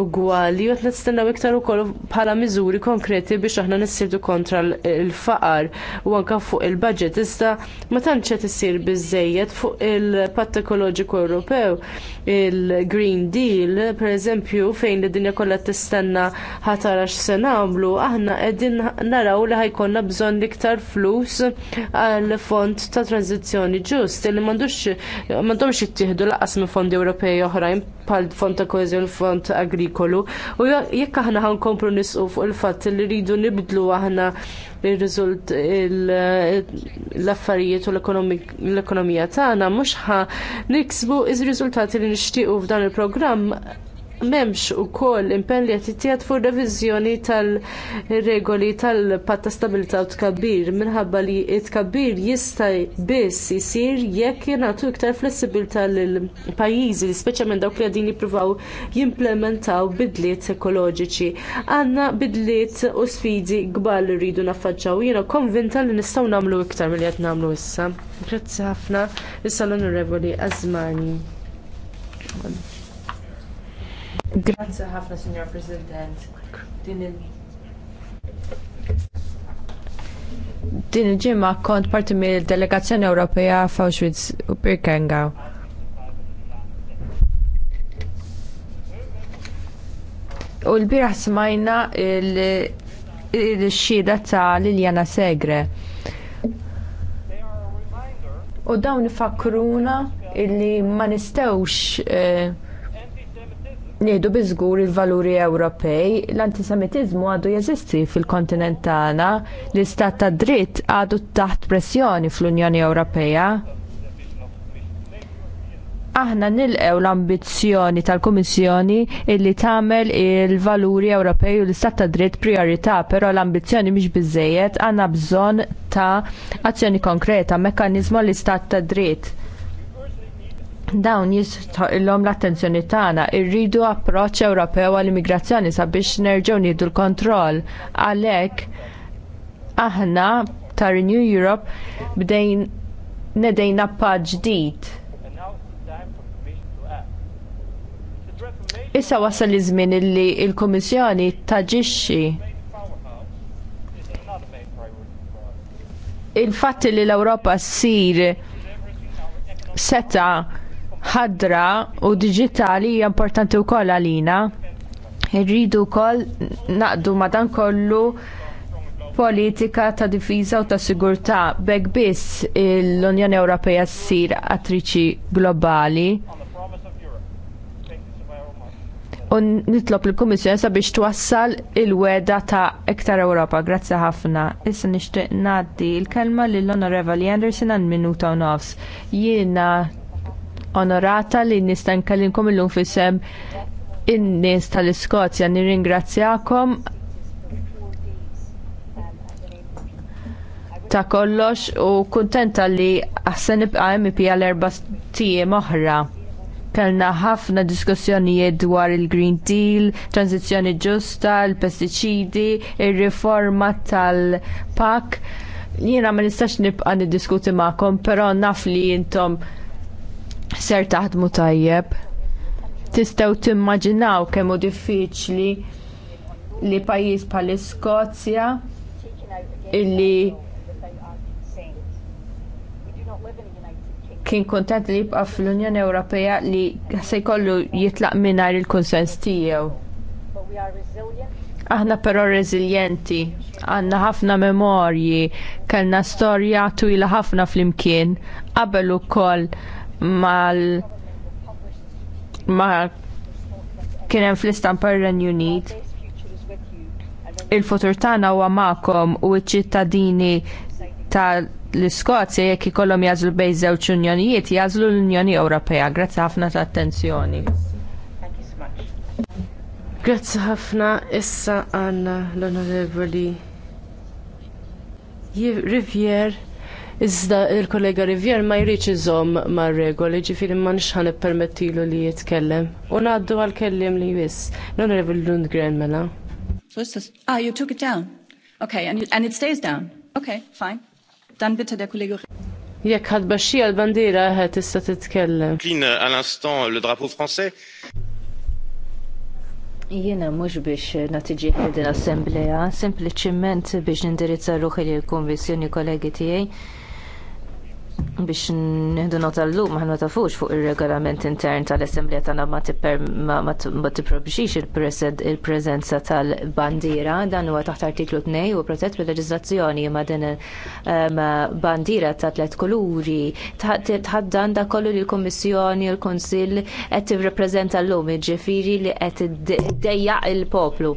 ugwali u għet nistennew iktar ukoll bħala miżuri konkreti biex aħna nissirdu kontra l-faqar u anke fuq il-budget. issa ma tantx qed issir biżżejjed fuq il-Patt Ekoloġiku Ewropew, il-Green Deal, pereżempju fejn id-dinja kollha tistenna ħatarax sena nagħmlu aħna qegħdin naraw li ħajkonna bżonn iktar flus għal fond ta' tranzizzjoni ġust li m'għandux m'għandhomx jittieħdu laqas minn fondi Ewropej oħrajn bħal fond ta' koeżjoni fond agrikolu u jekk aħna ħankomplu nisqu fuq il-fatt li rridu nibdlu aħna il-rizult l-affarijiet u l-ekonomija tagħna mhux ħa niksbu iż-riżultati li nixtiequ f'dan il-programm Memx u koll impen li għatitijat fuq revizjoni tal-regoli tal-patta stabilita u tkabbir minħabba li tkabbir jista biss jisir jekk jenatu iktar flessibilta l-pajizi li speċa minn dawk li għadin jippruvaw jimplementaw bidliet ekoloġiċi. Għanna bidliet u sfidi gbar li rridu naffaġġaw jena konvinta li nistaw namlu iktar mill qed nagħmlu namlu issa. Grazzi ħafna, issa l-onorevoli Azmani. Grazie ħafna, Signor President. Din il- ġimma kont parti mill delegazzjoni Ewropea f'Auschwitz u Birkenau. U l-biraħ smajna il xida ta' Liljana Segre. U dawn ifakruna illi ma nistewx eh, nieħdu biżgur il-valuri Ewropej, l-antisemitiżmu għadu jeżisti fil-kontinent tagħna, l-istat ta' dritt għadu taħt pressjoni fl-Unjoni Ewropea. Aħna nilqew l-ambizzjoni tal-Kummissjoni illi tagħmel il-valuri Ewropej u l-istat ta' dritt priorità, però l-ambizzjoni mhix biżejjed għandna bżonn ta' azzjoni konkreta, mekkaniżmu l-istat ta' dritt dawn jistħoqilhom l-attenzjoni tagħna irridu approċċ Ewropew għall-immigrazzjoni sabiex nerġgħu nieħdu l-kontroll. Għalhekk aħna ta' Renew Europe bdejn nedejna paġ ġdid. Issa wasal iż-żmien illi l-Kummissjoni taġixxi il-fatt li l-Ewropa ssir seta' ħadra u diġitali hija importanti wkoll għalina. Irridu wkoll naqdu madankollu politika ta' difiża u ta' sigurtà b'hekk biss l-Unjoni Ewropea ssir attriċi globali. U nitlob il-Kummissjoni sabiex twassal il-weda ta' iktar Ewropa. Grazzi ħafna. Issa nixtieq ngħaddi l kelma lill onorevoli Anderson għal minuta u nofs. Jiena onorata li nista' nkellimkom illum fisem in-nies tal-Iskozja. Nirringrazzjakom ta' kollox u kuntenta li għasen nibqa' MP għal erba' tim oħra. Kellna ħafna diskussjonijiet dwar il-Green Deal, tranzizjoni ġusta, il-pestiċidi, il-riforma tal-PAK. Jiena ma nistax nibqa' niddiskuti magħkom, però naf li intom ser taħdmu tajjeb. Tistgħu timmaġinaw kemm hu diffiċli li pajjiż bħal iskozja illi kien kuntent li jibqa' fl-Unjoni Ewropea li se jkollu jitlaq mingħajr il-kunsens tiegħu. Aħna però reżiljenti, għandna ħafna memorji, kellna storja twila ħafna flimkien, qabel ukoll mal ma kien hemm fl-istampa ir Unit il-futur tagħna huwa magħkom u ċ-ċittadini tal-Iskozja jekk ikollhom jażlu bejn żewġ unjonijiet jażlu l-Unjoni Ewropea. Grazzi ħafna ta' attenzjoni Grazzi ħafna issa għandna l-Onorevoli Rivier Iżda il-kollega Rivier ma jridx iżomm ma' regoli ġifiri ma nxħan permettilu li jitkellem. Unaddu għal kellim li jwiss. l onorevol Lundgren mela. Ah, you took it down. Okay, and, and it stays down. Okay, fine. Dan bitta da kollega Jekk ħadba xija l-bandira ħed tista' titkellem. Klin uh, à l'instant le drapeau français. Jiena mhux biex natiġi din assembleja, sempliċement biex nindirizza ruħi lill-konvenzjoni kollegi tiegħi biex nħedu nota l-lum ma tafux fuq il-regolament intern tal-Assemblea tagħna ma t-probxix il prezenza tal-bandira dan huwa taħt artiklu 2 u protett bil-leġiżlazzjoni ma din ehm, bandira ta' tliet kuluri tħaddan da kollu li l-Kummissjoni u l-Kunsill qed l llum jiġifieri li qed iddejjaq il-poplu.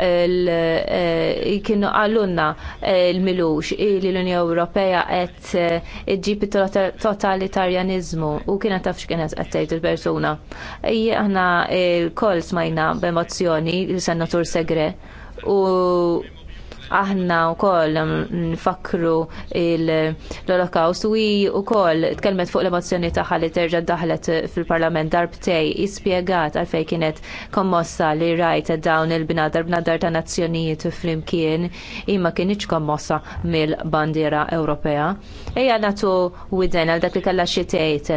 Eh, kienu għallunna eh, l-milux li l-Unjoni Ewropea qed eh, iġġib tipi totalitarjanizmu u kiena taf x'kien qed tgħid il-persuna. Ejja aħna l-koll smajna b'emozzjoni il-senatur segre u Aħna wkoll nfakru l-Holocaust u wkoll tkellmet fuq l-emozzjoni tagħha li terġa' daħlet fil-Parlament darbtej ispjegat għalfejn kienet kommossa li rajt dawn il-binadar bnadar ta' nazzjonijiet flimkien imma kienx kommossa mill-bandiera Ewropea. Ejja natu widen għal dak li kellha xi tgħid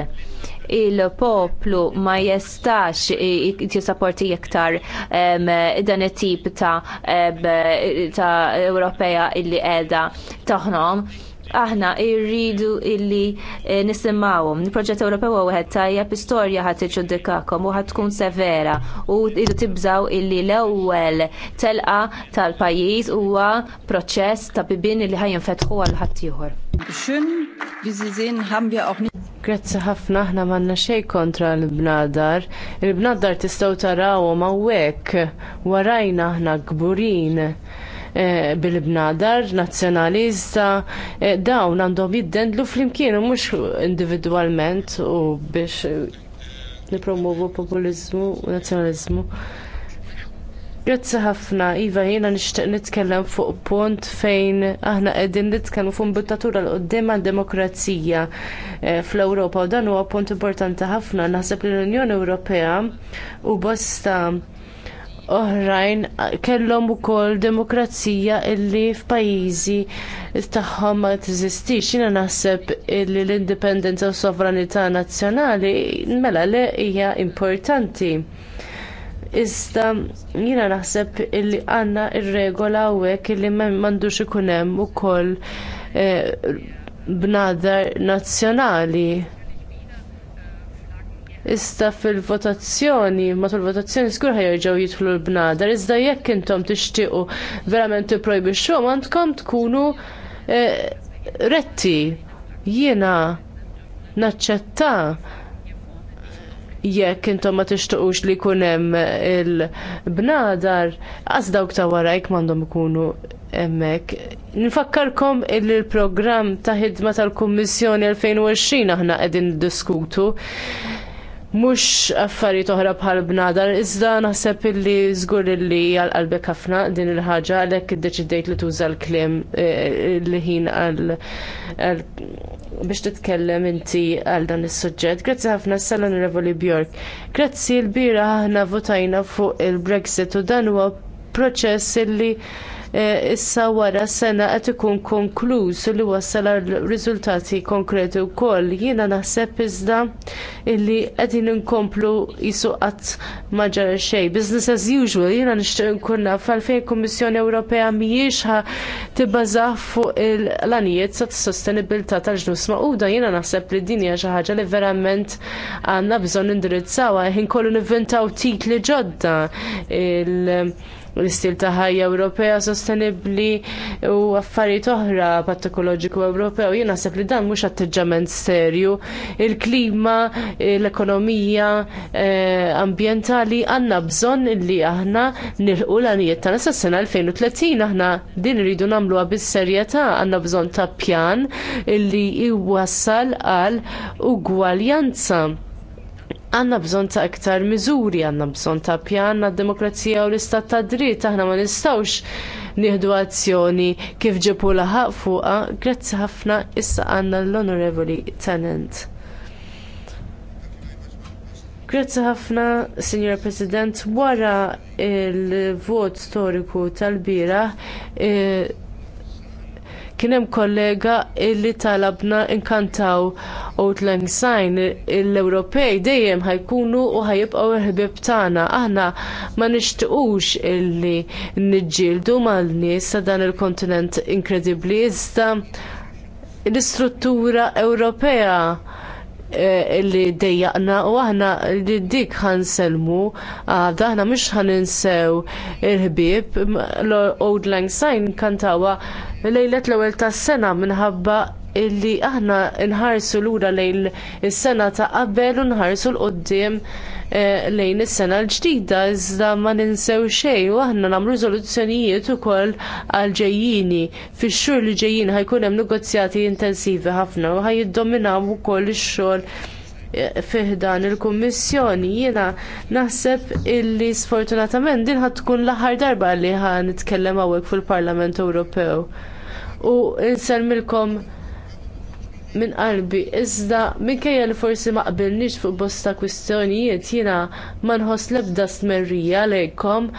il-poplu ma jistax jisapporti iktar dan it-tip ta' ta' Ewropea illi qiegħda taħnom aħna irridu illi eh, nisimawum. Il-proġett Ewropew wieħed tajjeb pistorja ħat iċuddikakom u ħat tkun severa u irridu tibżaw illi l-ewwel telqa tal-pajjiż huwa proċess ta' bibin illi ħajinfetħu għal ħat ieħor. Grazzi ħafna aħna manna xej kontra l-bnadar. Il-bnadar tistgħu tarawhom hawnhekk warajna ħna kburin eh, bil-bnadar nazzjonalista eh, dawn għandhom jiddendlu flimkien u mhux individwalment u biex nipromovu populizmu u nazzjonaliżmu. Grazzi ħafna, Iva, jiena nixtieq nitkellem fuq punt fejn aħna qegħdin nitkellmu fuq imbuttatura l qoddim għad demokrazija eh, fl-Ewropa u dan huwa punt importanti ħafna. Naħseb li l-Unjoni Ewropea u bosta oħrajn kellhom ukoll demokrazija illi f'pajjiżi tagħhom ma tiżistix. Jiena naħseb li l-indipendenza u s sovranità nazzjonali mela li hija importanti. Iżda jiena naħseb illi għandna ir-regola il hawnhekk illi m'għandux ikun hemm ukoll eh, bnadar nazzjonali. Iżda fil-votazzjoni, matul votazzjoni skur ħajerġgħu jidħlu l-bnadar, iżda jekk intom tixtiequ verament tipprojbixxu għandkom tkunu eh, retti jiena naċċetta jekk intom ma tixtuqux li jkun hemm il-bnadar, għaz dawk ta' warajk m'għandhom ikunu hemmhekk. Nfakkarkom illi l-programm ta' ħidma tal-Kummissjoni 2020 aħna qegħdin diskutu mhux affarijiet oħra bħal bnadar, iżda naħseb illi żgur illi għal-qalbek ħafna din il-ħaġa għalhekk iddeċidejt li tuża l-kliem eh, il-ħin għal biex titkellem inti għal dan is-suġġett. Grazzi ħafna s-sala nirevoli Bjork. Grazzi l-bira aħna votajna fuq il-Brexit u dan huwa proċess illi Eh, issa wara sena qed ikun konkluż li wassal għal riżultati konkreti wkoll. Jiena naħseb iżda illi qegħdin inkomplu jisu qatt ma ġara xejn. Business as usual, jiena nixtieq nkun naf għalfejn il-Kummissjoni Ewropea mhijiex ħa fuq l-anijiet sa sostenibilità tal-ġnus maquda jiena naħseb li din hija xi ħaġa li verament għandna bżonn indirizzawa ħin kollu nivvintaw titli ġodda il- l-istil ta' ħajja Ewropea sostenibbli u affarijiet oħra patt ekoloġiku Ewropew. Jien naħseb li dan mhux atteġġament serju. Il-klima, l-ekonomija eh, ambjentali għandna bżonn li aħna nilqu l-għanijiet ta' nasa sena 2030 aħna din rridu nagħmluha bis-serjetà għandna bżonn ta' pjan illi jwassal għal ugwaljanza għanna bżon ta' iktar miżuri, għanna bżon ta' pjan għad demokrazija u l-istat ta' dritt, aħna ma nistawx nieħdu azzjoni kif ġepu laħaq fuqa, grazzi ħafna issa għanna l-onorevoli tenant. Grazzi ħafna, Signor President, wara il-vot storiku tal-bira, eh, Kien hemm kollega illi talabna inkantaw Outland Sign l-Ewropej dejjem ħajkunu u ħajibqgħu il-ħbib tagħna. Aħna ma nixtiequx illi niġġieldu mal-nies ta' dan il-kontinent inkredibbli iżda l-istruttura Ewropea Eh, li dejjaqna u aħna li dik ħanselmu għada ah, aħna mhux ħaninsew il-ħbieb Old Lang Syne kantawa lejlet l-ewwel tas-sena minħabba illi aħna nħarsu lura lejl is-sena ta' qabel u nħarsu l-qoddim Eh, lejn is-sena l-ġdida iżda ma ninsew xejn u aħna nagħmlu riżoluzzjonijiet ukoll għal ġejjini. Fix-xhur li ġejjin ħajkun hemm negozjati intensivi ħafna u ħajiddominaw ukoll ix-xogħol eh, dan il-Kummissjoni jiena naħseb illi sfortunatament din ħad tkun l-aħħar darba li ħan nitkellem hawnhekk fil-Parlament Ewropew. U nsemmilkom minn qalbi, iżda minkejja li forsi ma qbilniex fuq bosta kwistjonijiet jiena ma nħoss l-ebda smerrija lejkom.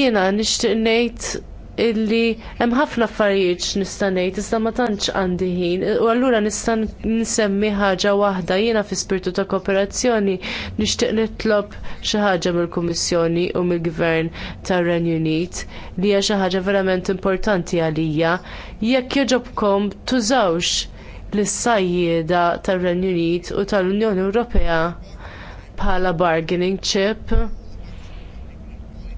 Jiena nixtieq ngħid illi hemm ħafna affarijiet nista' ngħid iżda ma tantx għandi ħin. U allura nista' nsemmi ħaġa waħda jiena fi spirtu ta' kooperazzjoni nixtieq nitlob xi ħaġa mill-Kummissjoni u mill-Gvern tar-Renju Unit li hija xi ħaġa verament importanti għalija jekk jogħġobkom tużawx l-sajjeda tar-Renju Unit u tal-Unjoni Ewropea bħala bargaining chip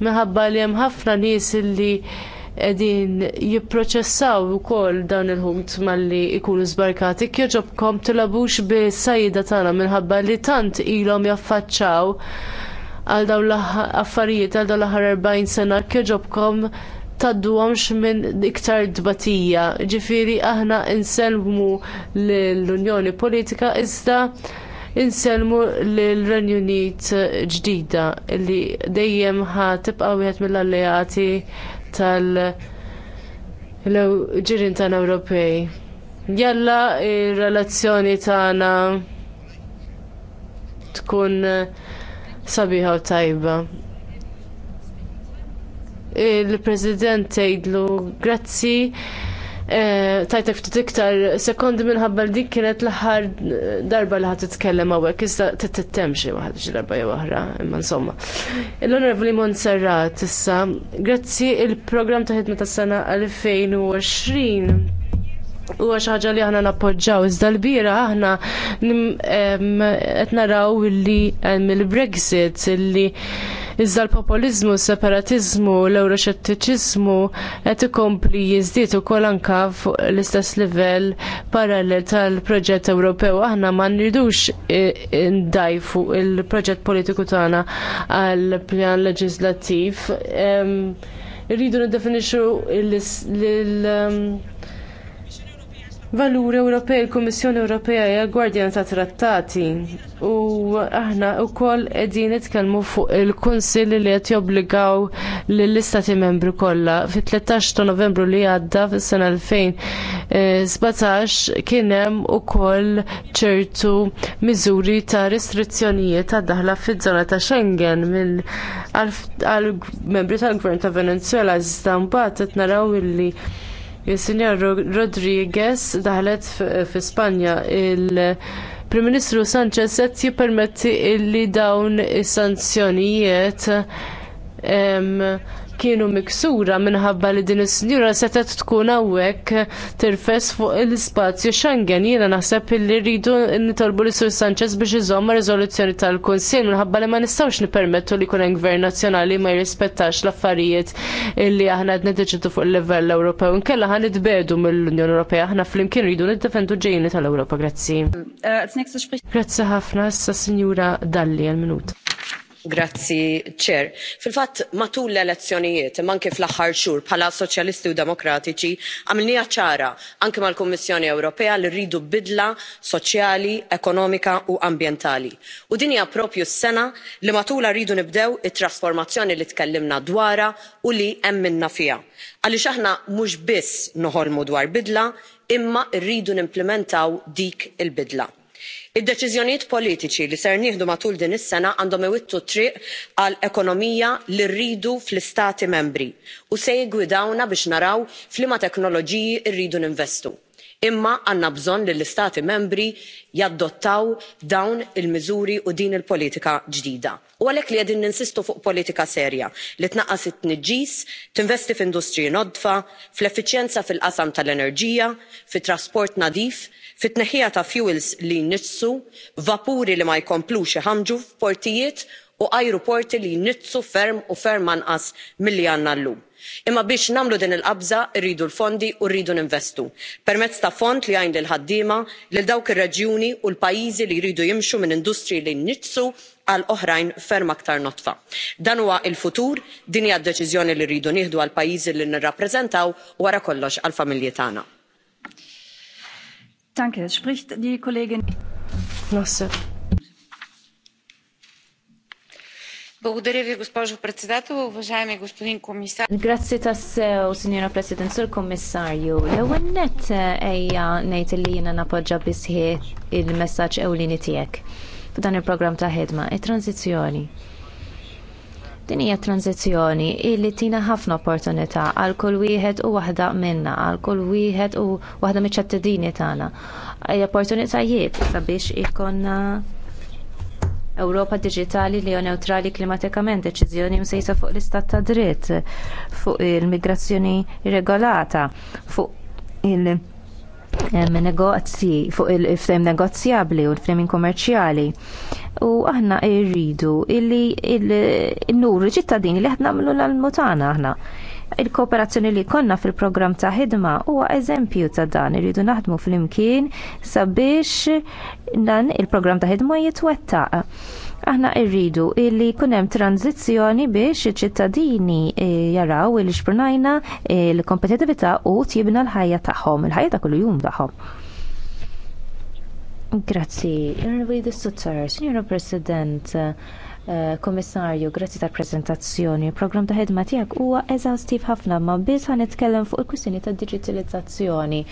minħabba li hemm ħafna nies li qegħdin jipproċessaw ukoll dawn il-ħut malli jkunu żbarkati kjoġobkom tilabux bi sajjida tagħna minħabba li tant ilhom jaffaċċaw għal dawn l-affarijiet għal dawn l-aħħar 40 sena kjoġobkom tadduhomx minn iktar dbatija. Ġifiri, aħna inselmu l-Unjoni Politika iżda inselmu l-Renju Unit ġdida li dejjem ħa tibqa' wieħed mill-alleati tal- ġirin tagħna Ewropej. Jalla r relazzjoni tagħna tkun sabiħa u tajba il-President tgħidlu grazzi tajtek ftit iktar sekondi minħabba dik kienet l-aħħar darba li ħadd titkellem hawnhekk iżda tittemxi waħed xi darba jew oħra, imma insomma. L-Onorevoli Monserrat issa, grazzi il-programm ta' ħidma tas-sena 2020 huwa xi ħaġa li aħna nappoġġaw. Iżda l-bira aħna qed naraw li hemm il-Brexit illi Iżda l-populizmu, separatizmu, l-euroxettiċizmu qed ikompli jiżdied ukoll anke fuq l-istess livell parallel tal-proġett Ewropew. Aħna ma nridux e, e, ndajfu il-proġett politiku tagħna għal pjan leġislattiv. Rridu niddefinixxu l Valur Ewropej, il-Kummissjoni Ewropeja hija gwardjan ta' trattati u aħna wkoll qegħdin nitkellmu fuq il-Kunsill li qed jobbligaw lill-Istati Membri kollha. Fit-13 ta' Novembru li għadda fis-sena 2017 eh, kien hemm ukoll ċertu miżuri ta' restrizzjonijiet ta' daħla fiż-żona ta' Schengen mill għal membri tal-Gvern ta' Venezuela iżda mbagħad qed naraw illi Il-Sinjor Rodriguez daħlet fi Spanja il-Prim Ministru Sanchez set jippermetti illi dawn is-sanzjonijiet kienu miksura minħabba li din is-sinjura setet tkun hawnhekk tirfes fuq l-ispazju Schengen. Jiena naħseb li rridu nitolbu li Sur Sanchez biex iżomm riżoluzzjoni tal-Kunsill minħabba li ma nistgħux nippermettu li jkun hemm gvern nazzjonali ma jirrispettax l-affarijiet li aħna qed niddeċidu fuq il-livell Ewropew. Inkella ħan nitbedu mill-Unjoni Ewropea aħna flimkien rridu niddefendu ġejjini tal-Ewropa. Grazzi. Äh, Grazzi ħafna sa Sinjura Dalli għal-minut. Grazzi Chair. Fil-fatt matul l-elezzjonijiet imma anke fl-aħħar xhur bħala Soċjalisti u Demokratiċi għamilniha ċara anke mal-Kummissjoni Ewropea li rridu bidla soċjali, ekonomika u ambjentali. U din hija proprju s-sena li matul rridu nibdew it-trasformazzjoni li tkellimna dwarha u li hemm minna fiha. Għaliex aħna mhux biss noħolmu dwar bidla imma rridu nimplementaw dik il-bidla id-deċiżjonijiet politiċi li ser nieħdu matul din is-sena għandhom iwettu t-triq għal ekonomija li rridu fl-istati membri u se jiggwidawna biex naraw f'liema teknoloġiji rridu ninvestu imma għandna bżonn li l-istati membri jadottaw dawn il miżuri u din il politika ġdida u għalhekk li qegħdin ninsistu fuq politika serja li tnaqqas it tniġġis tinvesti f'industriji nodfa fl effiċjenza fil qasam tal enerġija fit trasport nadif fit tneħħija ta' fuels li jniġsu vapuri li ma jkomplux iħammġu f'portijiet u ajruporti li jniġsu ferm u ferm anqas milli għandna llum. imma biex nagħmlu din il qabża rridu l-fondi u rridu ninvestu permezz ta' fond li għajn lil ħaddiema lil dawk ir-reġjuni u l-pajjiżi li jridu jimxu minn industriji li jniġsu għal oħrajn ferm aktar notfa. Dan huwa l-futur, din hija d-deċiżjoni li rridu nieħdu għall pajjiżi li nirrappreżentaw wara kollox għall familji tagħna. Danke, spricht die Kollegin. Nossa. Благодаря ви, signora President, sur kommissarju. L-ewwel nett ejja ngħid li jiena napoġġa bisħieħ il-messaġġ ewlieni tiegħek f'dan il-programm ta' ħidma, it-tranzizzjoni. Din hija tranzizzjoni illi tina ħafna opportunità għal kull wieħed u waħda minna, għal kull wieħed u waħda miċ-ċattadini tagħna. Opportunitajiet sabiex ikonna Ewropa Digitali li neutrali klimatikament, deċiżjoni msejsa fuq l-istat ta' dritt, fuq il-migrazzjoni regolata, fuq il-, -migrazzjoni regolata, fuq il negozji fuq il-frem negozjabli u l-frem kommerċjali. U aħna irridu illi il-nur ċittadini li aħna mlu l-mutana aħna. Il-kooperazzjoni li konna fil-programm ta' ħidma huwa eżempju ta' dan irridu naħdmu fl-imkien sabiex dan il-programm ta' ħidma jitwettaq Aħna rridu illi jkun hemm tranzizzjoni biex iċ-ċittadini eh, jaraw il xpurnajna eh, l-kompetitività u tjibna l-ħajja tagħhom, il-ħajja ta' kuljum tagħhom. Grazzi, Irnwi Sutter, Signora President, eh, Komissarju, grazzi tal prezentazzjoni. Il-programm ta' ħedma tiegħek huwa eżawstiv ħafna ma biss ħan nitkellem fuq il-kwistjoni ta' digitalizzazzjoni.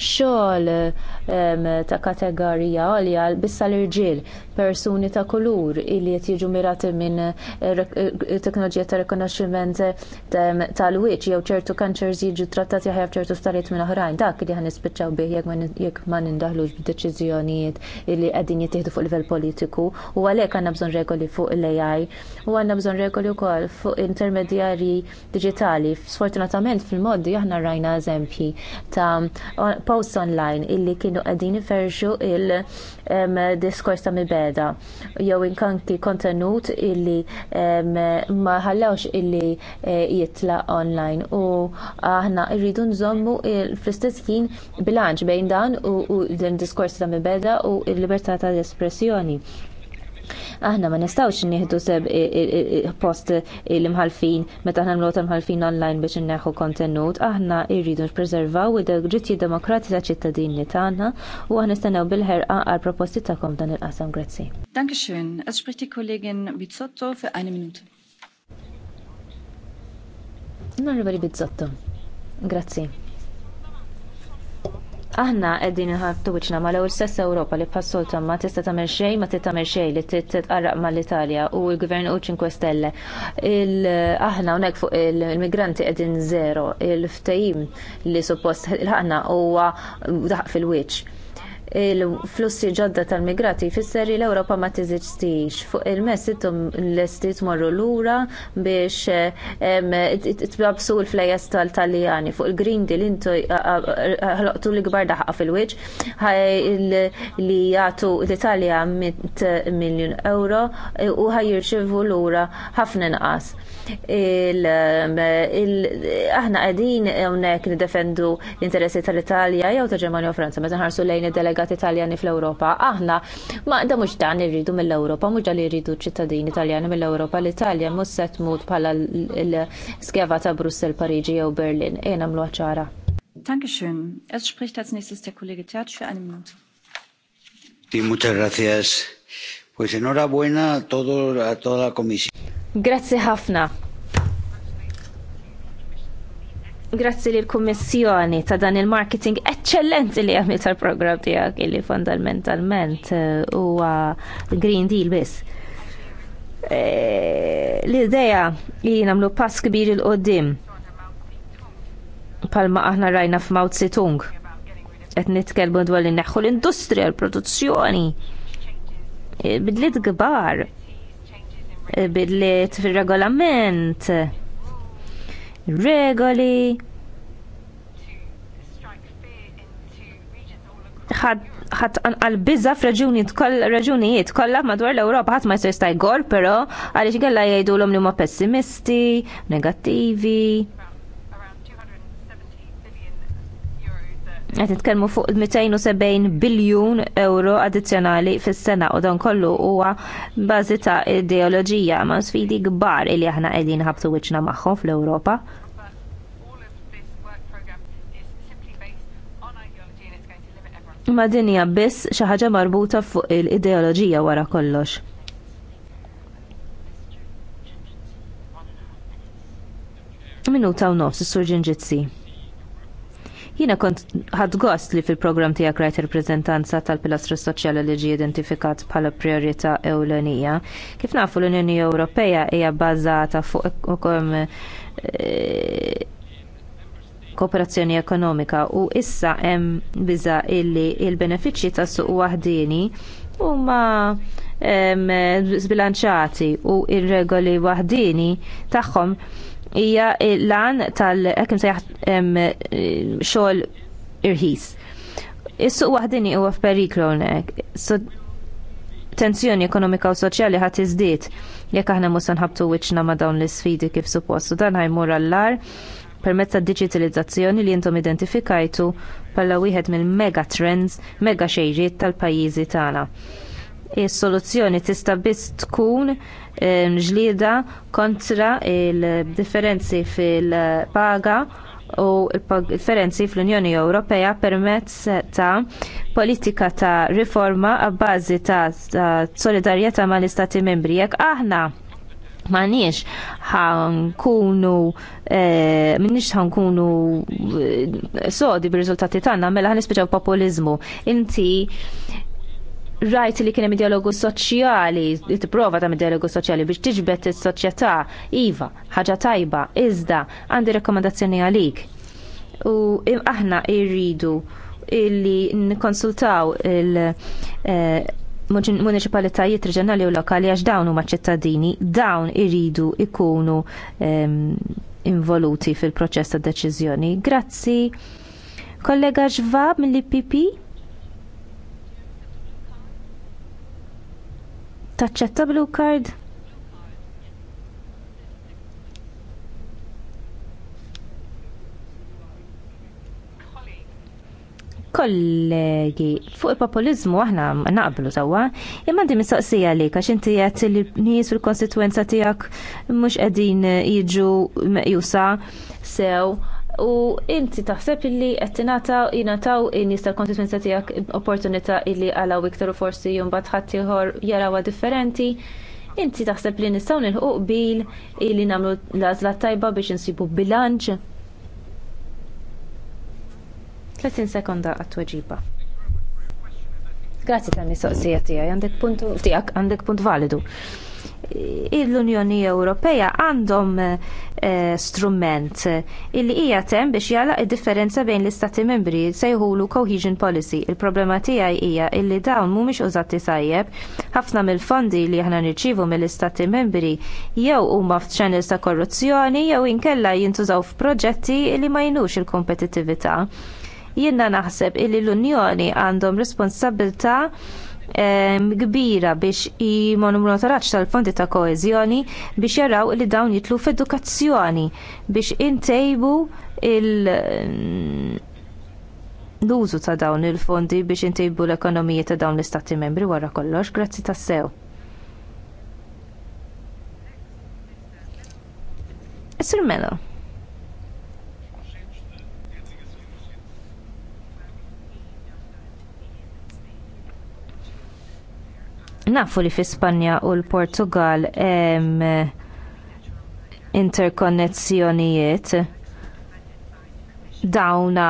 Xogħol ehm, ta' kategorija għalja biss l irġiel persuni ta' kulur illi qed jiġu mirati minn eh, eh, teknoloġija ta' rikonoxximent eh, tal-wiċċ jew ċertu kanċers jiġu trattati ħajja ċertu starijiet minn oħrajn. Dak li ħan nispiċċaw bih jekk ma nindaħlux b'deċiżjonijiet illi qegħdin jittieħdu fuq livell politiku u għalhekk għandna bżonn regoli fuq l-AI u għandna bżonn regoli wkoll fuq intermedjarji diġitali. Sfortunatament fil-modi aħna rajna eżempji ta' posts online illi kienu qegħdin iferxu il-diskors ta' mibel mibeda jew inkanki kontenut illi ma ħallawx illi e, jitla online u aħna rridu nżommu fl-istess ħin bilanċ bejn dan u din diskors ta' mibeda u l-libertà ta' espressjoni Aħna ma nistawx nieħdu seb post l-imħalfin meta aħna nagħmlu imħalfin online biex inneħħu kontenut, aħna rridu nippreservaw id-drittijiet demokratiċi ta' ċittadini tagħna u aħna nistennew bil-ħerqa għal proposti tagħkom dan il-qasam grazzi. schön. Es spricht die Kollegin Bizzotto für eine Minute. die Bizzotto, grazie. Aħna qegħdin inħabtu wiċċna mal ewwel stess Ewropa li passolta ma tista' tagħmel xejn ma tista' tagħmel xejn li titqarraq mal-Italja u l-Gvern u 5 Stelle. Aħna hawnhekk fuq il-migranti qegħdin zero, il-ftehim li suppost ħaqna huwa daħq fil-wiċċ il-flussi ġodda tal-migrati jfisser li l-Ewropa ma tiżistix. Fuq il-mess ittum l tmorru lura biex tbabsu l-flejes tal-Taljani. Fuq il-Green Deal intu ħloqtu l-gbar daħqa fil-wiċ li jagħtu l-Italja 100 miljun euro u ħajirċivu lura ħafna inqas. Aħna qegħdin hawnhekk nidefendu l-interessi tal-Italja jew ta' Ġermanja u Franza meta ħarsu lejn id delegati Italjani fl europa Aħna, ma da mux dan irridu mill europa mux li irridu ċittadini Italjani mill europa L-Italja mus set mut pala l skjava ta' Brussel, Parigi jew Berlin. Ejna nagħmluha ċara. Dankeschön. Es spricht als nächstes der Kollege Tertsch für eine Minute. Sí, muchas gracias. Pues enhorabuena a, todo, a toda la comisión. Grazie ħafna. Grazzi lill kummissjoni ta' dan il-marketing eccellenti li għamil tal-program tiegħek illi fondamentalment eh, huwa Green Deal biss. E, eh, L-ideja li nagħmlu pass kbir il-qoddim palma aħna rajna f'Mao Tse-tung għet nitkellmu dwar li neħħu l-industrija, l-produzzjoni. Eh, Bidlit kbar, Bidlit fir-regolament, regoli ħat għal-bizza f'raġunijiet kollha madwar l-Ewropa ħadd ma jista' jista' jgor, però għaliex kellha jgħidulhom li huma pessimisti, negattivi. Qed nitkellmu fuq 270 biljun euro addizzjonali fis-sena u dan kollu huwa bażi ta' ideoloġija ma' sfidi kbar li aħna qegħdin ħabtu wiċċna magħhom fl-Ewropa. ma dinja biss xi ħaġa marbuta fuq il-ideoloġija wara kollox. Minuta u nofs is-sur ġinġitzi. Jiena kont ħadd gost li fil-programm tiegħek rajt ir-preżentanza tal-pilastru soċjali li ġie identifikat bħala priorità ewlenija. Kif nafu l-Unjoni Ewropea hija bbażata fuq ukoll eh, kooperazzjoni ekonomika u issa hemm biża illi il-benefiċċji tas-suq waħdini huma sbilanċati u ir-regoli waħdini tagħhom hija l-lan tal-ekim sejħ xogħol irħis. Is-suq waħdini huwa f'periklu hawnhekk. So, tensjoni ekonomika u soċjali ħadd iżdied jekk aħna mhux nħabtu wiċċna ma' dawn l-isfidi kif suppost u dan ħajmur għall-lar permezz ta' digitalizzazzjoni li intom identifikajtu bħala wieħed mill-mega trends, mega xejġiet tal-pajjiżi tagħna. Is-soluzzjoni tista' biss tkun ehm, ġlieda kontra il-differenzi fil-paga u differenzi fl-Unjoni Ewropea permezz ta' politika ta' riforma għabbażi ta', ta solidarjetà mal istati membri. Jekk aħna maniex ħankunu eh, minnix ħankunu eh, sodi bir-riżultati tagħna mela ħanispiċaw populizmu. Inti rajt li kienem dialogu soċjali, t-prova ta' dialogu soċjali biex tiġbet il-soċjetà, Iva, ħaġa tajba, iżda, għandi rekomendazzjoni għalik. U aħna irridu illi nkonsultaw il- eh, municipalitajiet reġjonali u lokali għax dawn huma ċittadini, dawn iridu ikunu um, involuti fil-proċess ta' deċiżjoni. Grazzi. Kollega ġvab mill-IPP? Taċċetta blue card? Kollegi, fuq il-populizmu aħna naqblu sewwa, imma għandi mistoqsija li għax inti qed li nies fil-konstituenza tiegħek mhux qegħdin jiġu meqjusa sew u inti taħseb illi qed tingħata jingħataw in-nies tal-konstituenza tiegħek opportunità illi għalaw iktar u forsi jumbat ħadd ieħor jarawha differenti. Inti taħseb li nistgħu nilħuq qbil illi nagħmlu l-għażla tajba biex insibu bilanċ 30 sekonda għat-tweġiba. Grazzi tal-mistoqsija tiegħi, għandek punt għandek punt validu l-Unjoni Ewropea għandhom eh, strument eh, illi hija tem biex jalaq id-differenza bejn l-istati membri sejħulu cohesion policy. Il-problema tiegħi hija illi dawn mhumiex użati tajjeb. Ħafna mill-fondi li aħna nirċievu mill-istati membri jew huma f'channels ta' korruzzjoni jew inkella jintużaw f'proġetti li ma jinux il-kompetittività jenna naħseb illi l-Unjoni għandhom responsabilità kbira biex jimonu monitoraċ tal-fondi ta' koezjoni biex jaraw li dawn jitlu f'edukazzjoni biex intejbu l-użu ta' dawn il-fondi biex intejbu l-ekonomija ta' dawn l-istati membri wara kollox, grazzi ta' sew. Sir Mello. Nafu li fi Spanja u l-Portugal hemm interkonnezzjonijiet dawna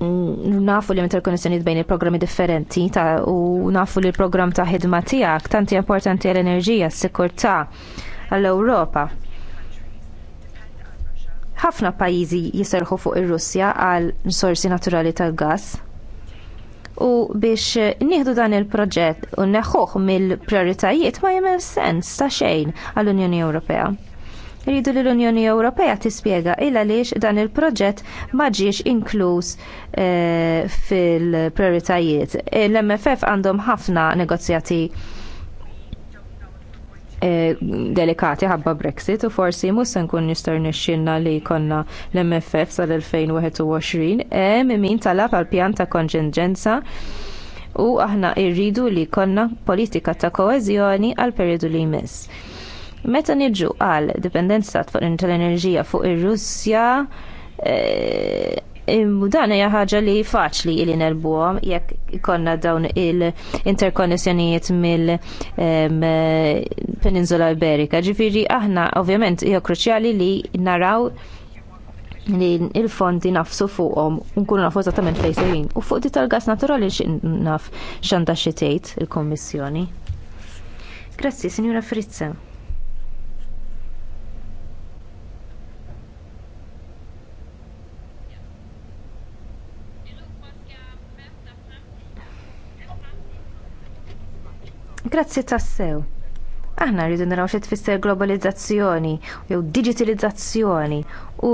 mm, nafu li interkonnessjoni bejn il-programmi differenti ta' u nafu li l-programm ta' ħidma tiegħek hija importanti għall-enerġija, s-sikurtà għall-Ewropa. Ħafna pajjiżi jiserħu fuq ir-Russja għal sorsi naturali tal-gass u biex nieħdu dan il-proġett u neħħuh mill-prioritajiet ma jemel sens ta' xejn għall-Unjoni Ewropea. Rridu li l-Unjoni Ewropea tispjega il għaliex dan il-proġett ma ġiex inkluż eh, fil-prioritajiet. L-MFF għandhom ħafna negozjati Eh, delikati ħabba Brexit u forsi mus se nkun nistar nixxilna li konna l-MFF sal-2021 hemm min talab għal pjan ta' konġenġenza u aħna rridu li konna politika ta' koeżjoni għal periodu li jmiss. Meta nidġu għal dipendenza fuq l-enerġija fuq ir-Russja, eh, Immu dan hija ħaġa li faċli li nelbuhom jekk ikonna dawn il-interkonnessjonijiet mill-Peninsula Iberika. Ġifieri aħna ovvjament hija kruċjali li naraw li il-fondi nafsu fuqhom nkunu nafu eżattament fejn sejrin. U fuq di tal-gas naturali naf x'għandha xi tgħid il-Kommissjoni. Grazzi, Sinjura Frizza. Grazzi tassew. Aħna rridu naraw xi tfisser globalizzazzjoni jew digitalizzazzjoni u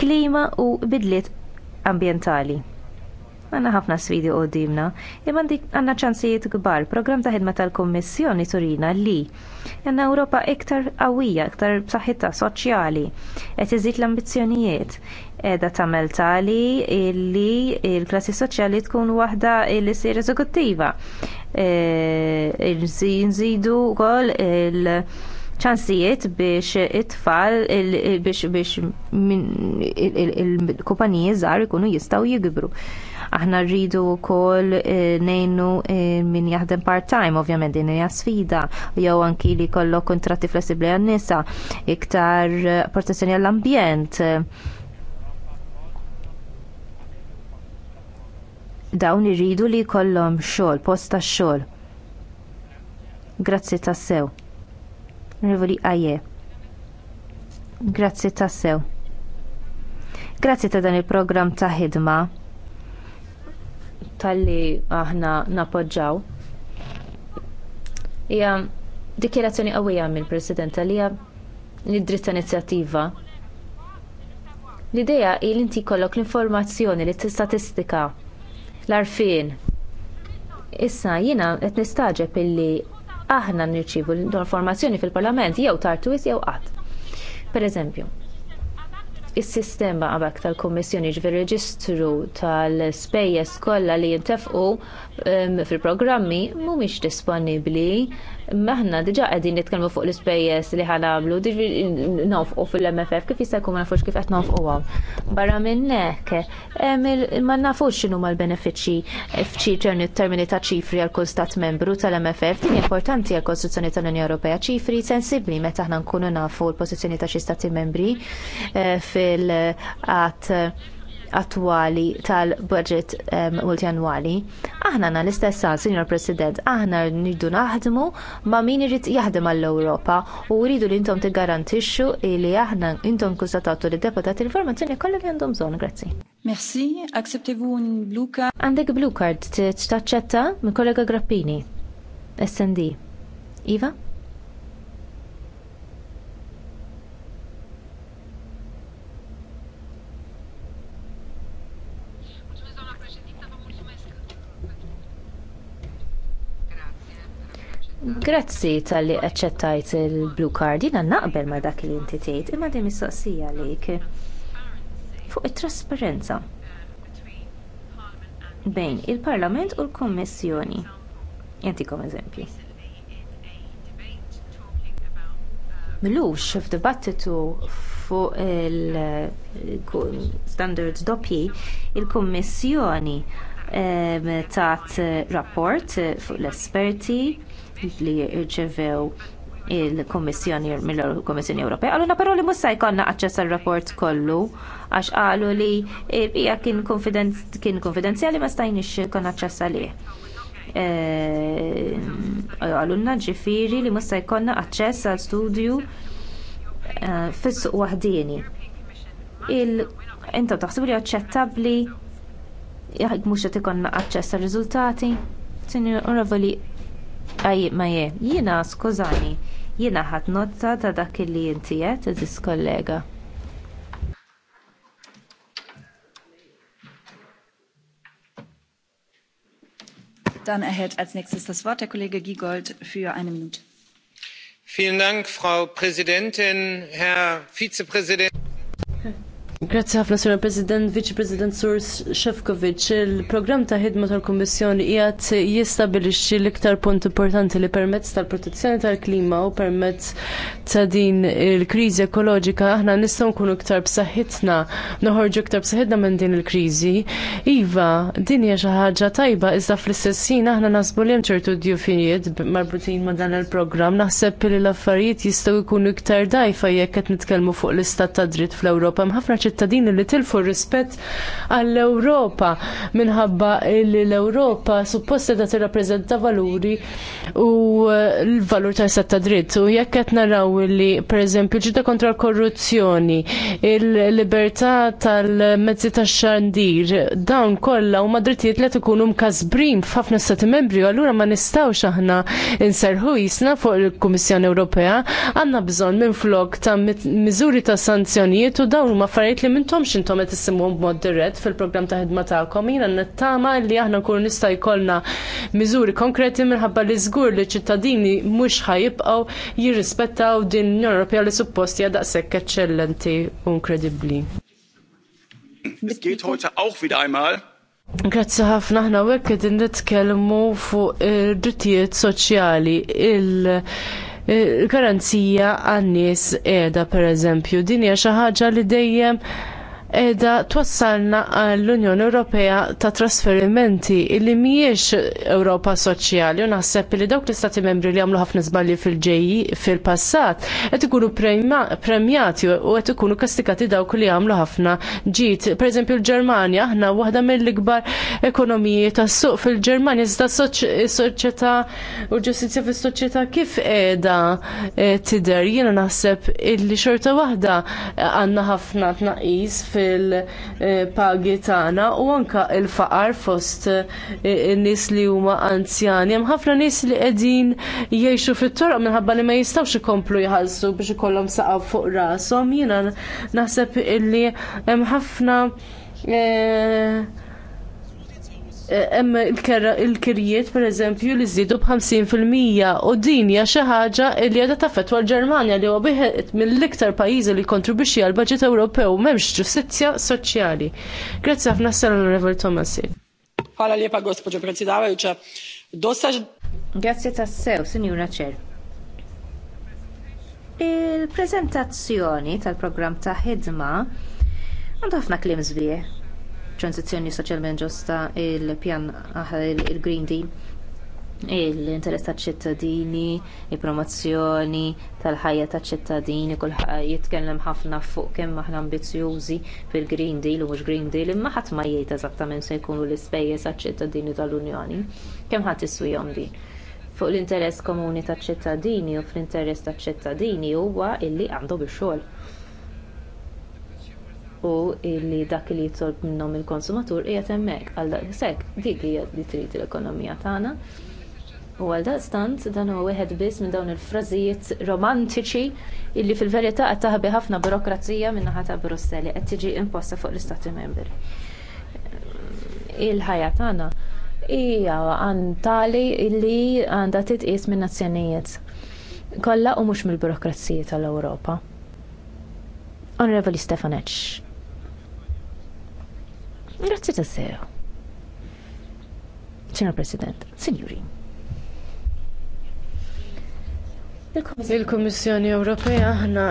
klima u bidliet ambjentali għanna ħafna sfidi qoddimna, imma dik għanna ċansijiet kbar. Program ta' ħidma tal-Kommissjoni Turina li għanna Ewropa iktar qawwija, iktar b'saħħitha soċjali, qed iżid l-ambizzjonijiet edha tamel tali illi il-klassi soċjali tkun waħda illi sir eżekuttiva. E, Nżidu kol il-ċansijiet biex it-tfal biex il-kumpaniji żgħar ikunu jistgħu jigbru. Aħna rridu wkoll e, ngħinu e, min jaħdem part-time, ovvjament din hija sfida, jew anki li jkollok kuntratti flessibbli għan-nisa, iktar protezzjoni għall-ambjent dawn iridu li jkollhom xogħol, post tax-xogħol. Grazzi tassew. Rivoli Aje. Grazzi tassew. Grazzi ta' dan il-programm ta' ħidma talli aħna napoġġaw. Hija dikjerazzjoni qawwija mill-President li hija dritt inizjattiva. L-idea hi li inti jkollok l-informazzjoni, l-istatistika, l-arfin. Issa jiena qed nistaġeb illi aħna nirċivu l-informazzjoni fil-Parlament jew tartwis jew qatt. Pereżempju, is-sistema qabak tal-Kummissjoni ġvir reġistru tal ispejjeż kollha li jintefqu ehm, fil-programmi mhumiex disponibbli maħna diġa għedin nitkellmu fuq l-ispejjeż li ħanamlu, diġi nofqu fil-MFF kif jista' jkun ma nafux kif qed nofqu għaw. Barra minn hekk, ma nafux x'inhu l benefiċċji f'ċi termini ta' ċifri għal kull stat membru tal-MFF din importanti għal kostruzzjoni tal-Unjoni Ewropea ċifri sensibbli meta aħna nkunu nafu l-pożizzjoni ta' xi stati membri eh, fil-qatt attwali tal-budget multianwali. Aħna għanna l-istess sal, Signor President, aħna rridu naħdmu ma' min irid jaħdem għall-Ewropa u rridu li intom tiggarantixxu li aħna intom kustatatu li deputat informazzjoni kollha li għandhom bżonn. Grazzi. Merci, acceptez un blue card? Għandek blue card, taċċetta minn kollega Grappini, SND. Iva? Grazzi tal-li accettajt il-blue card. Jina naqbel ma dak li inti tgħid, imma din mistoqsija għalik fuq it-trasparenza bejn il-Parlament u l-Kommissjoni. Jentikom eżempju. Milux f'dibattitu fuq il-standards doppji, il-Kommissjoni eh, tat rapport fuq l-esperti li rċevew il kummissjoni mill-Kommissjoni Ewropea. Għaluna però li musa jkonna aċċess għal rapport kollu għax qalu li bija kien konfidenzjali ma stajniex konna aċċess għalih. Eh, Għalunna ġifiri li musa jkonna aċċess għal studju eh, fis-suq waħdieni. Inta li aċċettabbli mhux qed jtikonna aċċess għal riżultati, Sinjur Ravoli, Għaj, ma je, jina, skużani, jina ħat nozza ta' dak li jinti jett, eżis kollega. Dann erhält als nächstes das Wort der Kollege Giegold für eine Minute. Vielen Dank, Frau Präsidentin, Herr Vizepräsident. Grazzi ħafna Sur President, Vice President Sur Shevkovic. Il-programm ta' ħidma tal-Kommissjoni qiegħed jistabilixxi l-iktar punt importanti li permezz tal-protezzjoni tal-klima u permezz ta' din il-kriżi ekoloġika aħna nistgħu nkunu iktar b'saħħitna, noħorġu iktar b'saħħitna minn din il-kriżi. Iva, din hija xi ħaġa tajba iżda fl-istess ħin aħna naħsbu li hemm ċertu djufijiet marbutin ma' dan il-programm. Naħseb li l-affarijiet jistgħu jkunu iktar dajfa jekk qed nitkellmu fuq l-istat ta' dritt fl-Ewropa ċittadini li tilfu rispett għall-Ewropa minħabba li l-Ewropa supposta da tirrappreżenta valuri u l-valur ta' s-satta dritt. U jekk qed naraw li pereżempju ġita kontra l-korruzzjoni, il-libertà tal-mezzi tax-xandir, dawn kollha huma drittijiet li qed ikunu mkasbrin f'ħafna stati membri u allura ma nistawx aħna inserħu jisna fuq il-Kummissjoni Ewropea għandna bżonn minn flok ta' miżuri ta' sanzjonijiet u dawn huma affarijiet li mintomx intom qed issimhom b'mod dirett fil-programm ta' ħidma tagħkom, jiena nittama li aħna nkunu nista' jkollna miżuri konkreti minħabba li żgur li ċittadini mhux ħajibqgħu jirrispettaw din l Ewropea li suppost hija daqshekk eċċellenti u inkredibbli. Es geht heute auch wieder einmal Grazzi ħafna ħna wekk qegħdin nitkellmu fuq ir-drittijiet soċjali il- Eh, garanzija għan-nies qiegħda pereżempju. Din hija xi ħaġa li dejjem edha twassalna għall-Unjoni Ewropea ta' trasferimenti illi mhijiex Ewropa soċjali u naħseb li dawk l-istati membri li għamlu ħafna żbalji fil ġeji fil-passat qed ikunu premjati u qed ikunu kastikati dawk li għamlu ħafna ġid. Pereżempju l-Ġermanja aħna waħda mill-ikbar ekonomiji tas-suq fil-Ġermanja iżda soċjetà u ġustizja ġustizzja fis-soċjetà kif qiegħda eh, tidher jiena naħseb illi xorta waħda għandna ħafna tnaqqis fil fil-pagi tagħna u anke l faqar fost n-nies li huma anzjani. Hemm ħafna nies li qegħdin jgħixu fit-torq minħabba li ma jistgħux ikomplu jħallsu biex ikollhom saqgħu fuq rashom. Jiena naħseb illi hemm ħafna eh, hemm il-kirjiet kerra il pereżempju li żdiedu b'50% u din hija xi ħaġa li qiegħda taffettwa l-Ġermanja li huwa wieħed mill-iktar pajjiżi li kontribwixxi għall baġit Ewropew m'hemmx ġustizzja soċjali. Grazzi ħafna sal Onorevoli Tomasi. Hvala lijepa gospođo predsjedavajuća. Dosaž... Grazie tassew, Sinjura Ċer. Il-prezentazzjoni tal-programm ta' ħidma għandu ħafna klim zbieħ transizzjoni soċjalment ġosta il-pjan ah, il-Green Deal l-interess taċ ċittadini, il-promozzjoni tal-ħajja taċ ċittadini, kulħadd jitkellem ħafna fuq kemm aħna ambizzjużi fil-Green Deal u mhux Green Deal, imma ħadd ma jgħid eżattament se jkunu l-ispejjeż taċ ċittadini tal-Unjoni. Kemm ħadd iswihom din? Fuq l-interess komuni taċ ċittadini u fl-interess taċ ċittadini huwa illi għandhom ix-xogħol u li dak li jitolb minnhom il-konsumatur qiegħed hemmhekk għal sekk dik hija li trid l-ekonomija tagħna. U għal daqstant dan huwa wieħed biss minn dawn il-frażijiet romantiċi illi fil-verità qed taħbi ħafna burokrazija min naħa ta' Brusselli qed tiġi imposta fuq l-Istati Membri. Il-ħajja tagħna hija tali illi għandha titqies minn nazzjonijiet kollha u mhux mill-burokrazija tal-Ewropa. Onorevoli Stefanec. Grazzi ta' sew. Signor President, Signori. il kommissjoni Ewropea aħna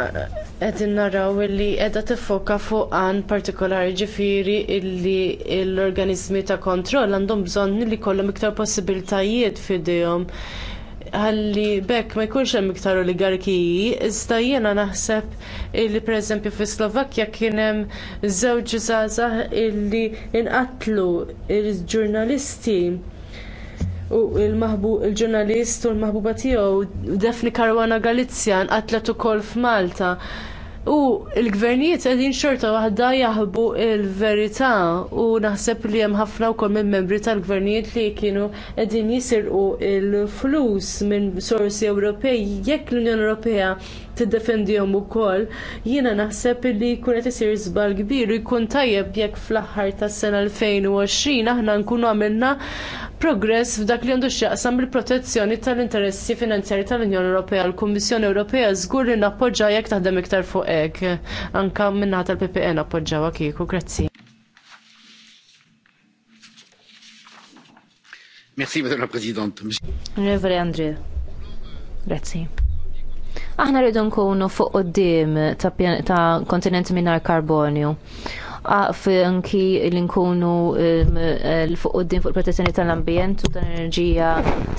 qed naraw li qiegħda tiffoka fuq għan partikolari ġifieri illi l-organizmi ta' kontroll għandhom bżonn li jkollhom iktar possibiltajiet f'idejhom ħalli bekk ma jkunx hemm iktar oligarkiji, iżda jiena naħseb li pereżempju fi Slovakkja kien hemm żewġ żgħażagħ illi inqatlu il-ġurnalisti u il-ġurnalist u l-maħbuba tiegħu Defni Karwana Galizja nqatlet ukoll f'Malta. U l-gvernijiet qegħdin xorta waħda jaħbu il-verità u naħseb li hemm ħafna u kol membri tal-gvernijiet li kienu qegħdin jisirqu il-flus minn sorsi Ewropej jekk l-Unjoni Ewropea tiddefendihom ukoll. Jiena naħseb li jkun qed isir żball kbir u jkun tajjeb jekk fl-aħħar tas-sena 2020 aħna nkunu għamilna progress f'dak li għandu x'jaqsam il protezzjoni tal-interessi finanzjari tal-Unjoni Ewropea. L-Kummissjoni Ewropea żgur li nappoġġa jekk taħdem iktar fuq hekk. Anke minnaħa tal-PPN e appoġġawha kieku, grazzi. Merci, Madame la Présidente. vrai, André. Grazie. Aħna rridu nkunu fuq qoddim ta', ta kontinent minar karbonju anki li nkunu ehm, eh, fuq qoddim fuq protezzjoni tal-ambjent u tal-enerġija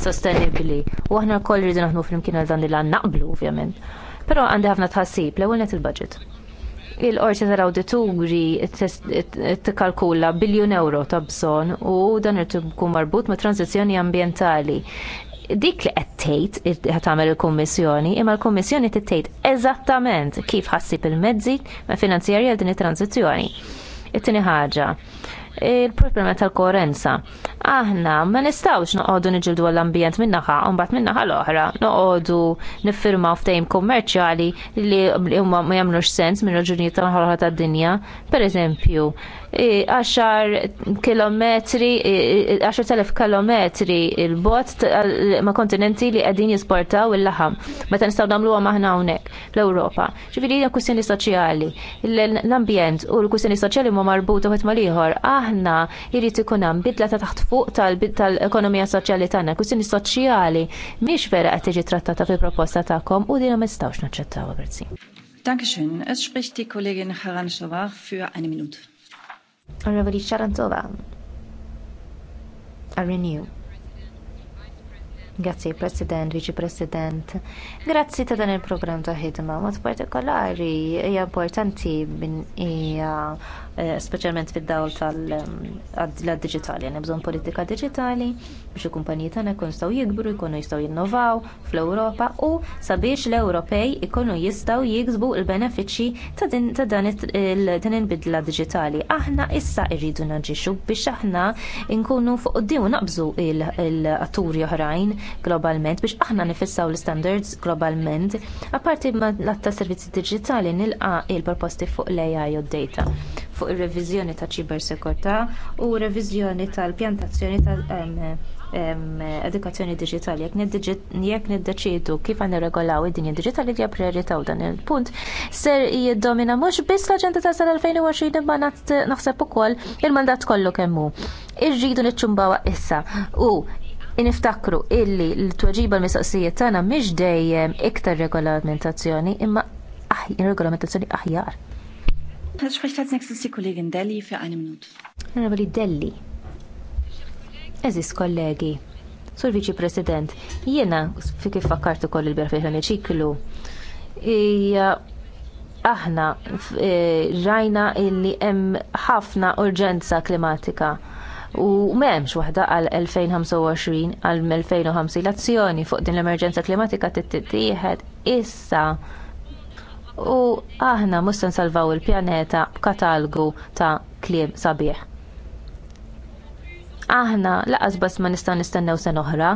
sostenibbli. U aħna koll rridu naħdmu flimkien għal dan li lan naqblu, ovvjament. Però għandi ħafna tħassib l-ewwel il-budget il-qorti tal-awdituri tikkalkula biljun euro ta' bżonn u dan irtu ikun marbut ma' tranzizjoni ambjentali dik li qed tgħid tagħmel il-Kummissjoni, imma l-Kummissjoni qed tgħid eżattament kif ħassib il-mezzi finanzjarji għal din it-tranzizzjoni. It-tieni ħaġa, il-problema tal korenza Aħna ma nistgħux noqogħdu niġildu l-ambjent minnaħa u mbagħad minnaħa l-oħra noqogħdu niffirmaw ftehim kummerċjali li huma ma jagħmlux sens minn raġunijiet tal-ħolħa tad-dinja. Pereżempju, 10 kilometri, 10.000 kilometri il-bot ma' kontinenti li qegħdin jisportaw il-laħam. Meta nistgħu nagħmluha maħna hawnhekk l-Ewropa. ċivili hija kwistjoni soċjali. L-ambjent u l-kwistjoni soċjali ma' marbuta wieħed mal Aħna jrid ikun hemm bidla ta' taħt fuq tal-ekonomija soċjali tagħna. Kwistjoni soċjali mhix vera qed tiġi trattata fil-proposta tagħkom u dina ma nistgħux naċċettawha. Grazzi. Dankeschön. Es spricht die Kollegin Haranschova für eine Minute. Onorevoli Sharantova I renew Grazie President, Vice President. Grazie ta' dan il-programm ta' ħidma. Mod partikolari hija importanti min hija Eh, speċjalment fid-dawl tal-digitali. Ehm, Għanna bżon politika digitali biex il-kumpaniji tagħna jkunu jistgħu jikbru, jkunu jistgħu jinnovaw fl-Ewropa u sabiex l-Ewropej ikunu jistgħu jiksbu l-benefiċċji ta' dan il-bidla digitali. Aħna issa rridu naġixxu biex aħna nkunu fuq qudiem naqbżu l-atturi oħrajn globalment biex aħna nifissaw l-standards globalment. Apparti ma l-atta servizzi digitali nilqa il-proposti fuq l-AI u d-data fuq ir-reviżjoni ta' ċibersekurtà u reviżjoni tal-pjantazzjoni tal-edukazzjoni diġitali. Jekk niddeċidu kif għan irregolaw id-dinja diġitali hija priorità u dan il-punt, ser jiddomina mhux biss l-aġenda ta' sal-2020 imma naħseb ukoll il-mandat kollu kemm hu. Irridu niċċumbawa issa u niftakru illi l-tweġiba l-mistoqsijiet tagħna mhix dejjem iktar regolamentazzjoni imma regolamentazzjoni aħjar. Herr spricht als nächstes die Kollegin Delli für eine Minute. Onorevoli Delli. Eżis kollegi. Sur Viċi President, jiena fi kif fakkartu koll il-berfeħlani ċiklu, aħna eh, rajna illi hemm ħafna urġenza klimatika u m'hemmx waħda għal 2025 għal 2050 l-azzjoni fuq din l-emerġenza klimatika tittieħed issa u aħna mhux se nsalvaw il-pjaneta b'katalgu ta' kliem sabiħ. Aħna laqas bas ma nistgħu nistennew sena oħra.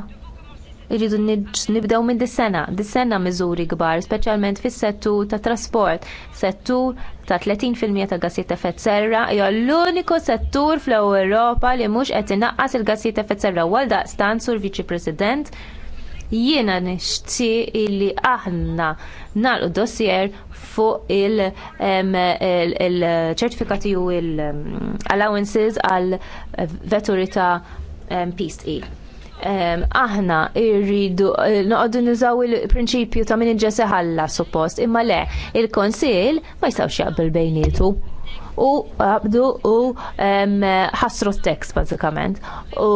Irridu nibdew minn dis-sena, dis-sena miżuri kbar, speċjalment fis-settur tat trasport, settur ta' 30% ta' gassijiet effett serra hija l-uniku settur fl-Ewropa li mhux qed inaqqas il-gassijiet effett serra għal daqstant, sur Viċi President Jiena nixti illi aħna nagħlqu dossier fuq il-ċertifikati u il-allowances għal veturi ta' PSE. Aħna irridu noqogħdu nużaw il-prinċipju ta' min inġeseħalla suppost, imma le, il-konsil ma jistgħux jaqbel bejnietu u għabdu u ħassru t-tekst bazzikament u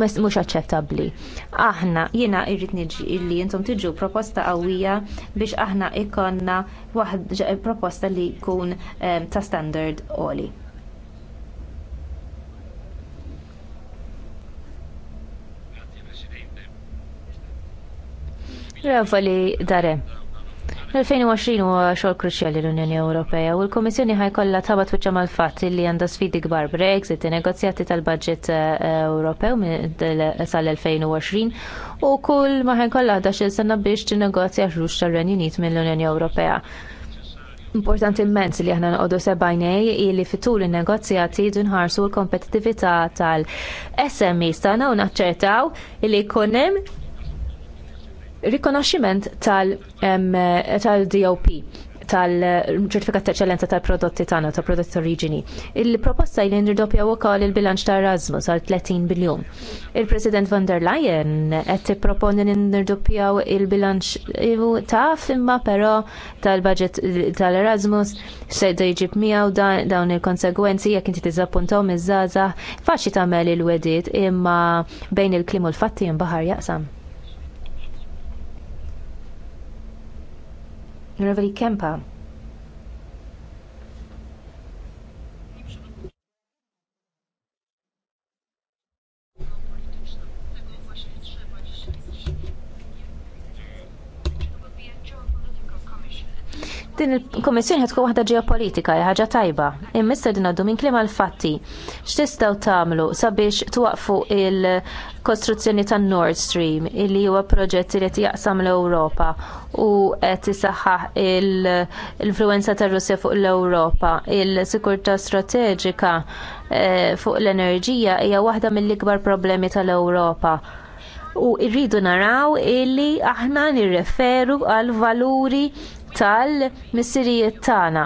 mux aċċettabli. Aħna, jina irrit nġi illi jintom tiġu proposta għawija biex aħna ikonna proposta li kun ta' standard oli. Ravali dare. L-2020 huwa xogħol kruċjali l-Unjoni Ewropea u l-Kummissjoni ħajkollha tabat wiċċa mal-fatt li għandha sfidi kbar Brexit, negozjati tal-budget eh, Ewropew sal-2020 u kull ma ħajkollha 11 xil sena biex tinnegozja xrux tal-Renju Unit mill-Unjoni Ewropea. Importanti immens li aħna nqodu sebajnej li fitul il-negozjati dunħarsu l-kompetitività tal-SMEs tagħna u naċċertaw li jkun hemm rikonoxximent tal-DOP tal-ċertifikat eh, ta' ċellenza tal-prodotti tagħna tal prodotti oriġini. Il-proposta li nirdoppjaw ukoll il-bilanċ ta' Erasmus għal 30 biljun. Il-President van der Leyen qed tipproponi li nirdoppjaw il-bilanċ taf imma però tal-budget tal-Erasmus se jġib miegħu dawn il-konsegwenzi jekk inti tiżappuntom iż-żgħażagħ faċli tagħmel il-wedid imma bejn il-klim u l-fatti jinbaħar jaqsam. Nirreveli Kempa. Din il-Komissjoni ħatkun waħda ġeopolitika, ħaġa tajba. Immisser din għaddu minn kliem għal-fatti. X'tistgħu tagħmlu sabiex twaqfu il-kostruzzjoni ta' Nord Stream, illi huwa proġett li qed jaqsam l-Ewropa u qed isaħħaħ l-influenza tar Russja fuq l-Ewropa, il-sikurtà strateġika eh, fuq l-enerġija hija waħda mill-ikbar problemi tal-Ewropa u rridu naraw illi aħna nirreferu għal valuri tal-missirijiet tagħna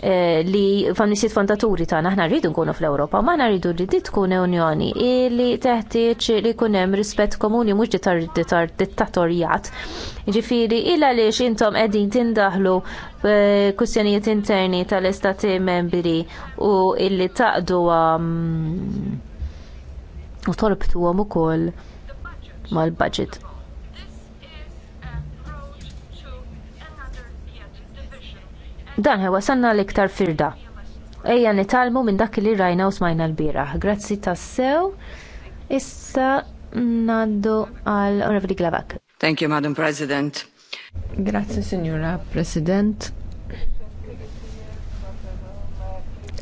eh, li fannisiet fondaturi tagħna aħna rridu nkunu fl-Ewropa, ma aħna rridu li di tkun unjoni li teħtieġ li jkun hemm rispett komuni mhux dittatorjat. Ġifieri illa għaliex intom qegħdin tindaħlu eh, kwistjonijiet interni tal-istati membri u illi taqdu u torbtu ukoll mal-budget Dan ħewa sanna l-iktar firda. Ejja nitalmu minn dak li rajna u smajna l bira Grazzi tassew. Issa naddu għal Onorevoli Glavak. Thank you, Madam President. Grazzi, Signora President.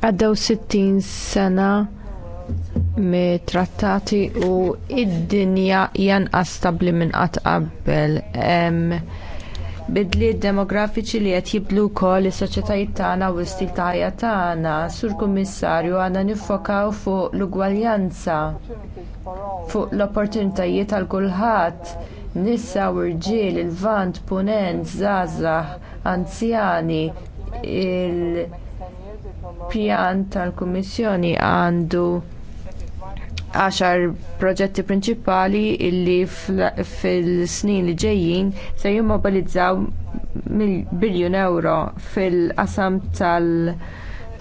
Għaddew 60 sena me trattati u id-dinja jan astabli minn qatt qabel. Em, bidliet demografiċi li qed jibdlu wkoll is-soċjetajiet tagħna u l-istil ta' ħajja tagħna. Sur Kummissarju għandna niffokaw fuq l-ugwaljanza, fuq l-opportunitajiet għal kulħadd, nisa u rġiel, il-vant, punent, żgħażagħ, anzjani, il-pjan tal-Kummissjoni għandu għaxar proġetti prinċipali illi fil-snin li ġejjin se jimmobilizzaw biljun euro fil-qasam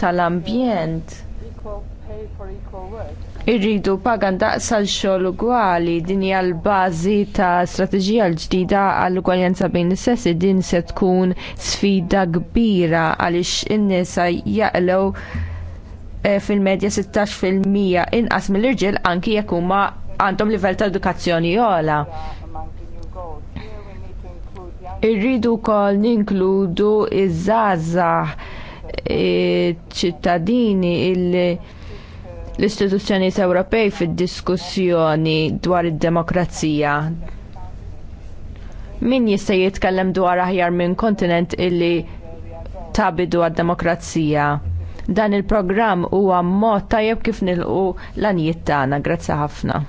tal-ambjent. Irridu pagan daqsal għal xogħol ugwali din hija l-bażi ta' strateġija l-ġdida għall ugwaljanza bejn is-sessi din se tkun sfida kbira għaliex in-nisa jaqlew Eh, fil-medja 16% inqas mill-irġiel anki jekk huma għandhom livell ta' edukazzjoni jola. Irridu wkoll ninkludu iż-żgħażagħ ċittadini l-istituzzjonijiet Ewropej fid-diskussjoni dwar id-demokrazija. Min jista' jitkellem dwar aħjar minn kontinent illi tabidu għad-demokrazija? dan il-programm huwa mod tajjeb kif nilqu l-anijiet tagħna. Grazzi ħafna.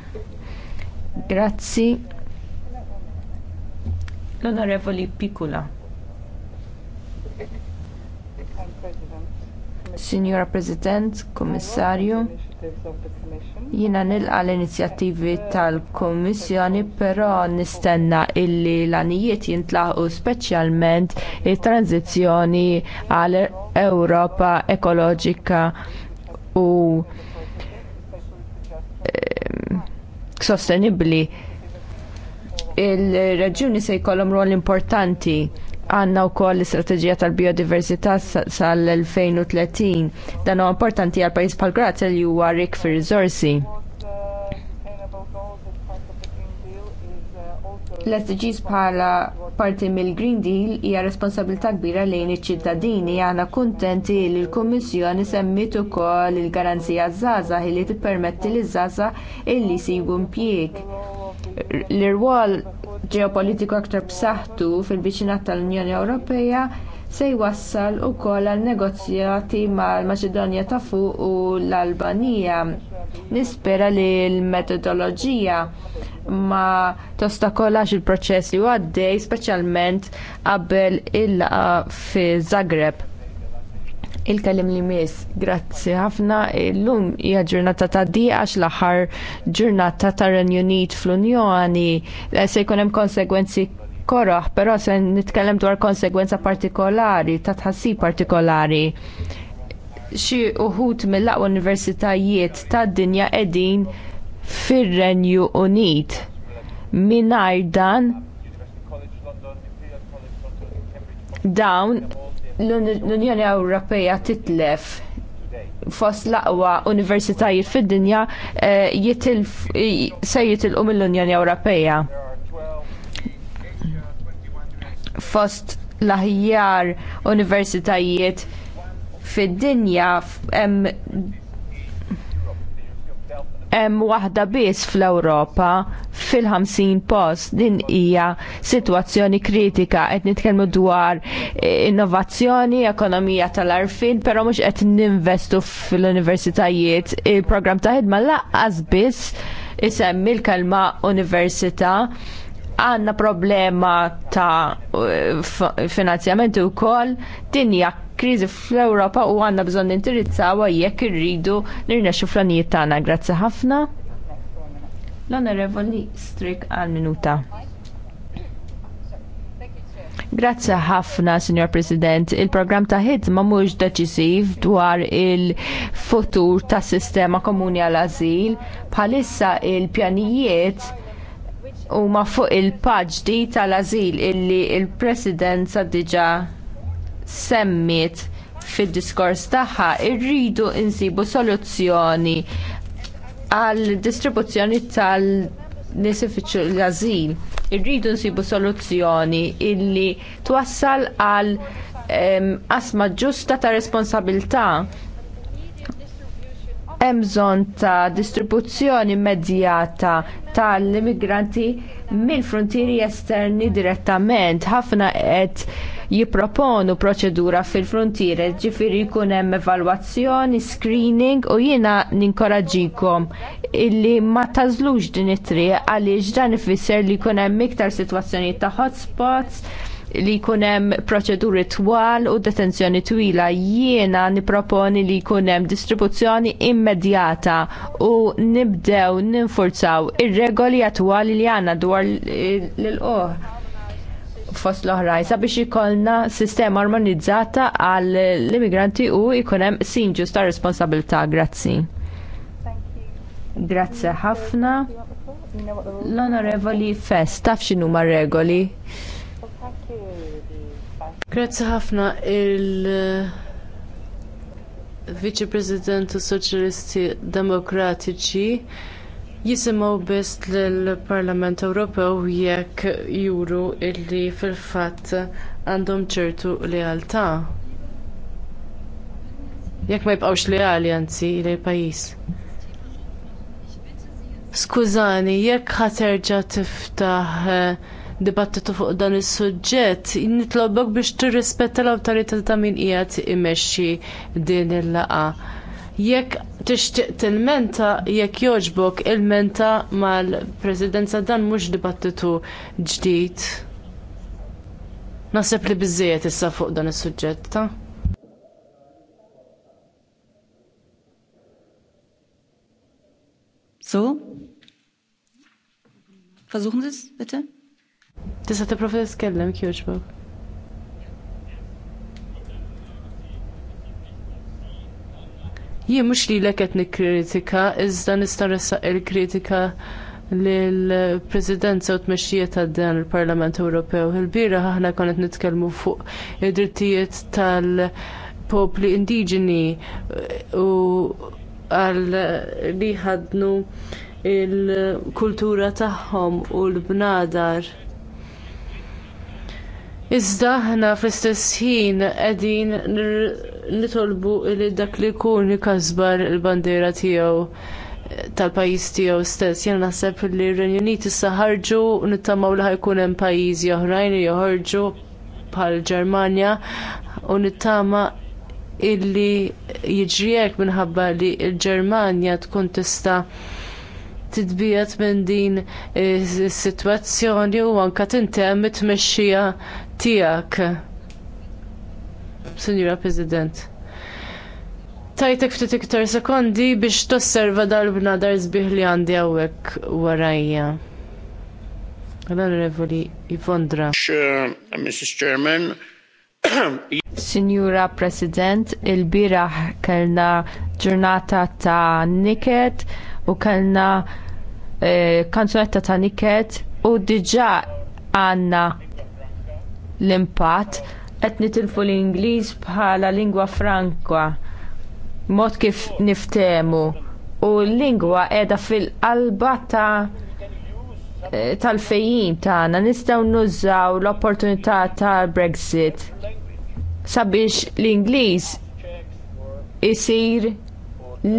Grazzi. L-Onorevoli Pikula. Signora President, Kommissarju. Jina nilqa l-inizjattivi tal komissjoni però nistenna illi l-anijiet jintlaħu speċjalment il-tranzizjoni għal Europa ekoloġika u ehm, sostenibli il-reġjuni se jkollhom rol importanti għanna u koll l-istrategija tal-biodiversità sal-2030. Dan u importanti għal pajis pal-Grazja li huwa rik fi rizorsi. L-SDGs bħala parti mill-Green Deal hija responsabilità kbira lejn iċ-ċittadini għana kuntenti li l-Kummissjoni semmit ukoll il-garanzija żgħażagħ li tippermetti li żgħażagħ illi jsibu impjieg. L-irwol ġeopolitiku aktar b'saħħtu fil biċinat tal-Unjoni Ewropea se jwassal ukoll għal negozjati mal-Maċedonja ta' fuq u l-Albanija. Nispera li l-metodoloġija ma tostakolax il-proċess li għaddej, speċjalment qabel il-laqa fi Zagreb. Il-kellim li miss, grazzi ħafna, l-lum hija ġurnata ta' di għax l-aħħar ġurnata ta' Renju Unit fl-Unjoni se jkun hemm konsegwenzi korroħ, però se nitkellem dwar konsegwenza partikolari, ta' tħassi partikolari. Xi uħut mill-aqwa universitajiet tad-dinja qegħdin fir-Renju Unit. Mingħajr dan dawn l-Unjoni Ewropea titlef fost l-aqwa universitajiet fid-dinja eh, se jitilqu mill-Unjoni Ewropea fost l-aħjar universitajiet fid-dinja hemm waħda biss fl-Ewropa fil-50 post din hija sitwazzjoni kritika qed nitkellmu dwar eh, innovazzjoni, ekonomija tal-arfin, però mhux qed ninvestu fl-universitajiet. Il-programm ta' ħidma laqqas biss isemmi l-kelma università għanna problema ta' finanzjamenti u kol dinja krizi fl-Europa u għanna bżon nintirizzawa jekk irridu nirnexu flanijiet tagħna. Grazzi ħafna. L-Onorevoli Strik għal minuta. Grazzi ħafna, Signor President. Il-programm ta' ma mhux deċisiv dwar il-futur tas sistema komuni għal-azil. Bħalissa il-pjanijiet huma fuq il-paġdi tal ażil illi l il presidenza diġà semmiet fid-diskors tagħha irridu insibu soluzzjoni għal distribuzzjoni tal nies l-azil. Irridu nsibu soluzzjoni illi twassal għal qasma ġusta ta' responsabilità hemm bżonn ta' distribuzzjoni immedjata tal-immigranti mill-frontieri esterni direttament. Ħafna qed jipproponu proċedura fil-frontiere, ġifiri jkun hemm evalwazzjoni, screening u jiena ninkoraġikom illi ma tażlux din it-triq għaliex dan ifisser li jkun hemm iktar sitwazzjonijiet ta' hotspots li jkun hemm proċeduri twal u detenzjoni twila jiena nipproponi li jkun hemm distribuzzjoni immedjata u nibdew ninfurzaw ir-regoli attwali li għandna dwar l-qoħ fost l-oħrajn sabiex ikollna sistema armonizzata għal l-immigranti u jkun hemm sinġus ta' responsabilità. Grazzi. Grazzi ħafna. L-onorevoli Fest, taf x'inhuma regoli? Grazzi ħafna il- eh, Viċi President Soċjalisti Demokratiċi jisimgħu biss lill parlament Ewropew jekk juru illi fil-fatt għandhom ċertu lealtà. Jekk ma jibqgħux leali anzi lil pajjiż. Skużani, jekk ħaterġa' tiftaħ uh, dibattitu fuq dan is-suġġett, nitlobok biex tirrispetta l-awtorità ta' min qiegħed imexxi din il-laqa jekk tixtieq tilmenta jekk jogħġbok ilmenta mal-presidenza dan mhux dibattitu ġdid. Naħseb li biżżejjed issa fuq dan is-suġġett ta'. So? Versuchen Sie es bitte? Tista' tipprova titkellem kjoġbok. Jien mhux lilek qed nikkritika, iżda nista' nressaq il-kritika lill-Presidenza u tmexxija ta' dan il-Parlament Ewropew. Il-bira aħna konet nitkellmu fuq id-drittijiet tal-popli indiġeni u għal li ħadnu il-kultura tagħhom u l-bnadar. Iżda aħna fl-istess ħin qegħdin nitolbu li dak li jkun ikasbar il-bandiera tiegħu tal-pajjiż tiegħu stess. Jiena naħseb li r-Renju Unit issa ħarġu nittamaw li ħajkun hemm pajjiżi oħrajn li joħorġu bħal Ġermanja u nittama illi jiġri hekk minħabba li l-Ġermanja tkun tista' titbiet minn din is-sitwazzjoni u anke tintemm it-tmexxija tiegħek. Sinjura President. Tajtek ftit iktar sekondi biex tosserva dal-bnadar zbieħ li għandi għawek warajja. għal onorevoli Ivondra. Mrs. Chairman, Signora President, il-biraħ kellna ġurnata ta' niket u kellna eh, kanzunetta ta' niket u diġa għanna l-impatt qed nitilfu l-Ingliż bħala lingwa franka mod kif niftemu u l-lingwa qiegħda fil-qalba ta' e, tal-fejjim tagħna nistgħu nużaw l-opportunità tal-Brexit sabiex l-Ingliż isir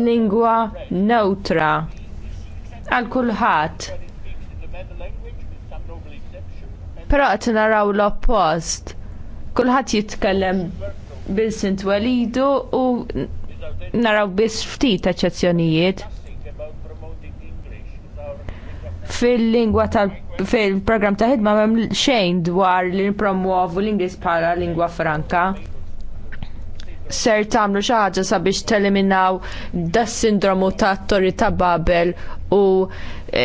lingwa neutra għal kulħadd Però qed naraw l-oppost. Kulħadd jitkellem bil-sint walidu u naraw biss ftit eċċezzjonijiet. Fil-lingwa tal- fil-programm ta' ħidma m'hemm xejn dwar li nipromuovu l-Ingliż bħala lingwa franka ser tagħmlu xi ħaġa sabiex teliminaw das sindromu ta' Tori ta' Babel u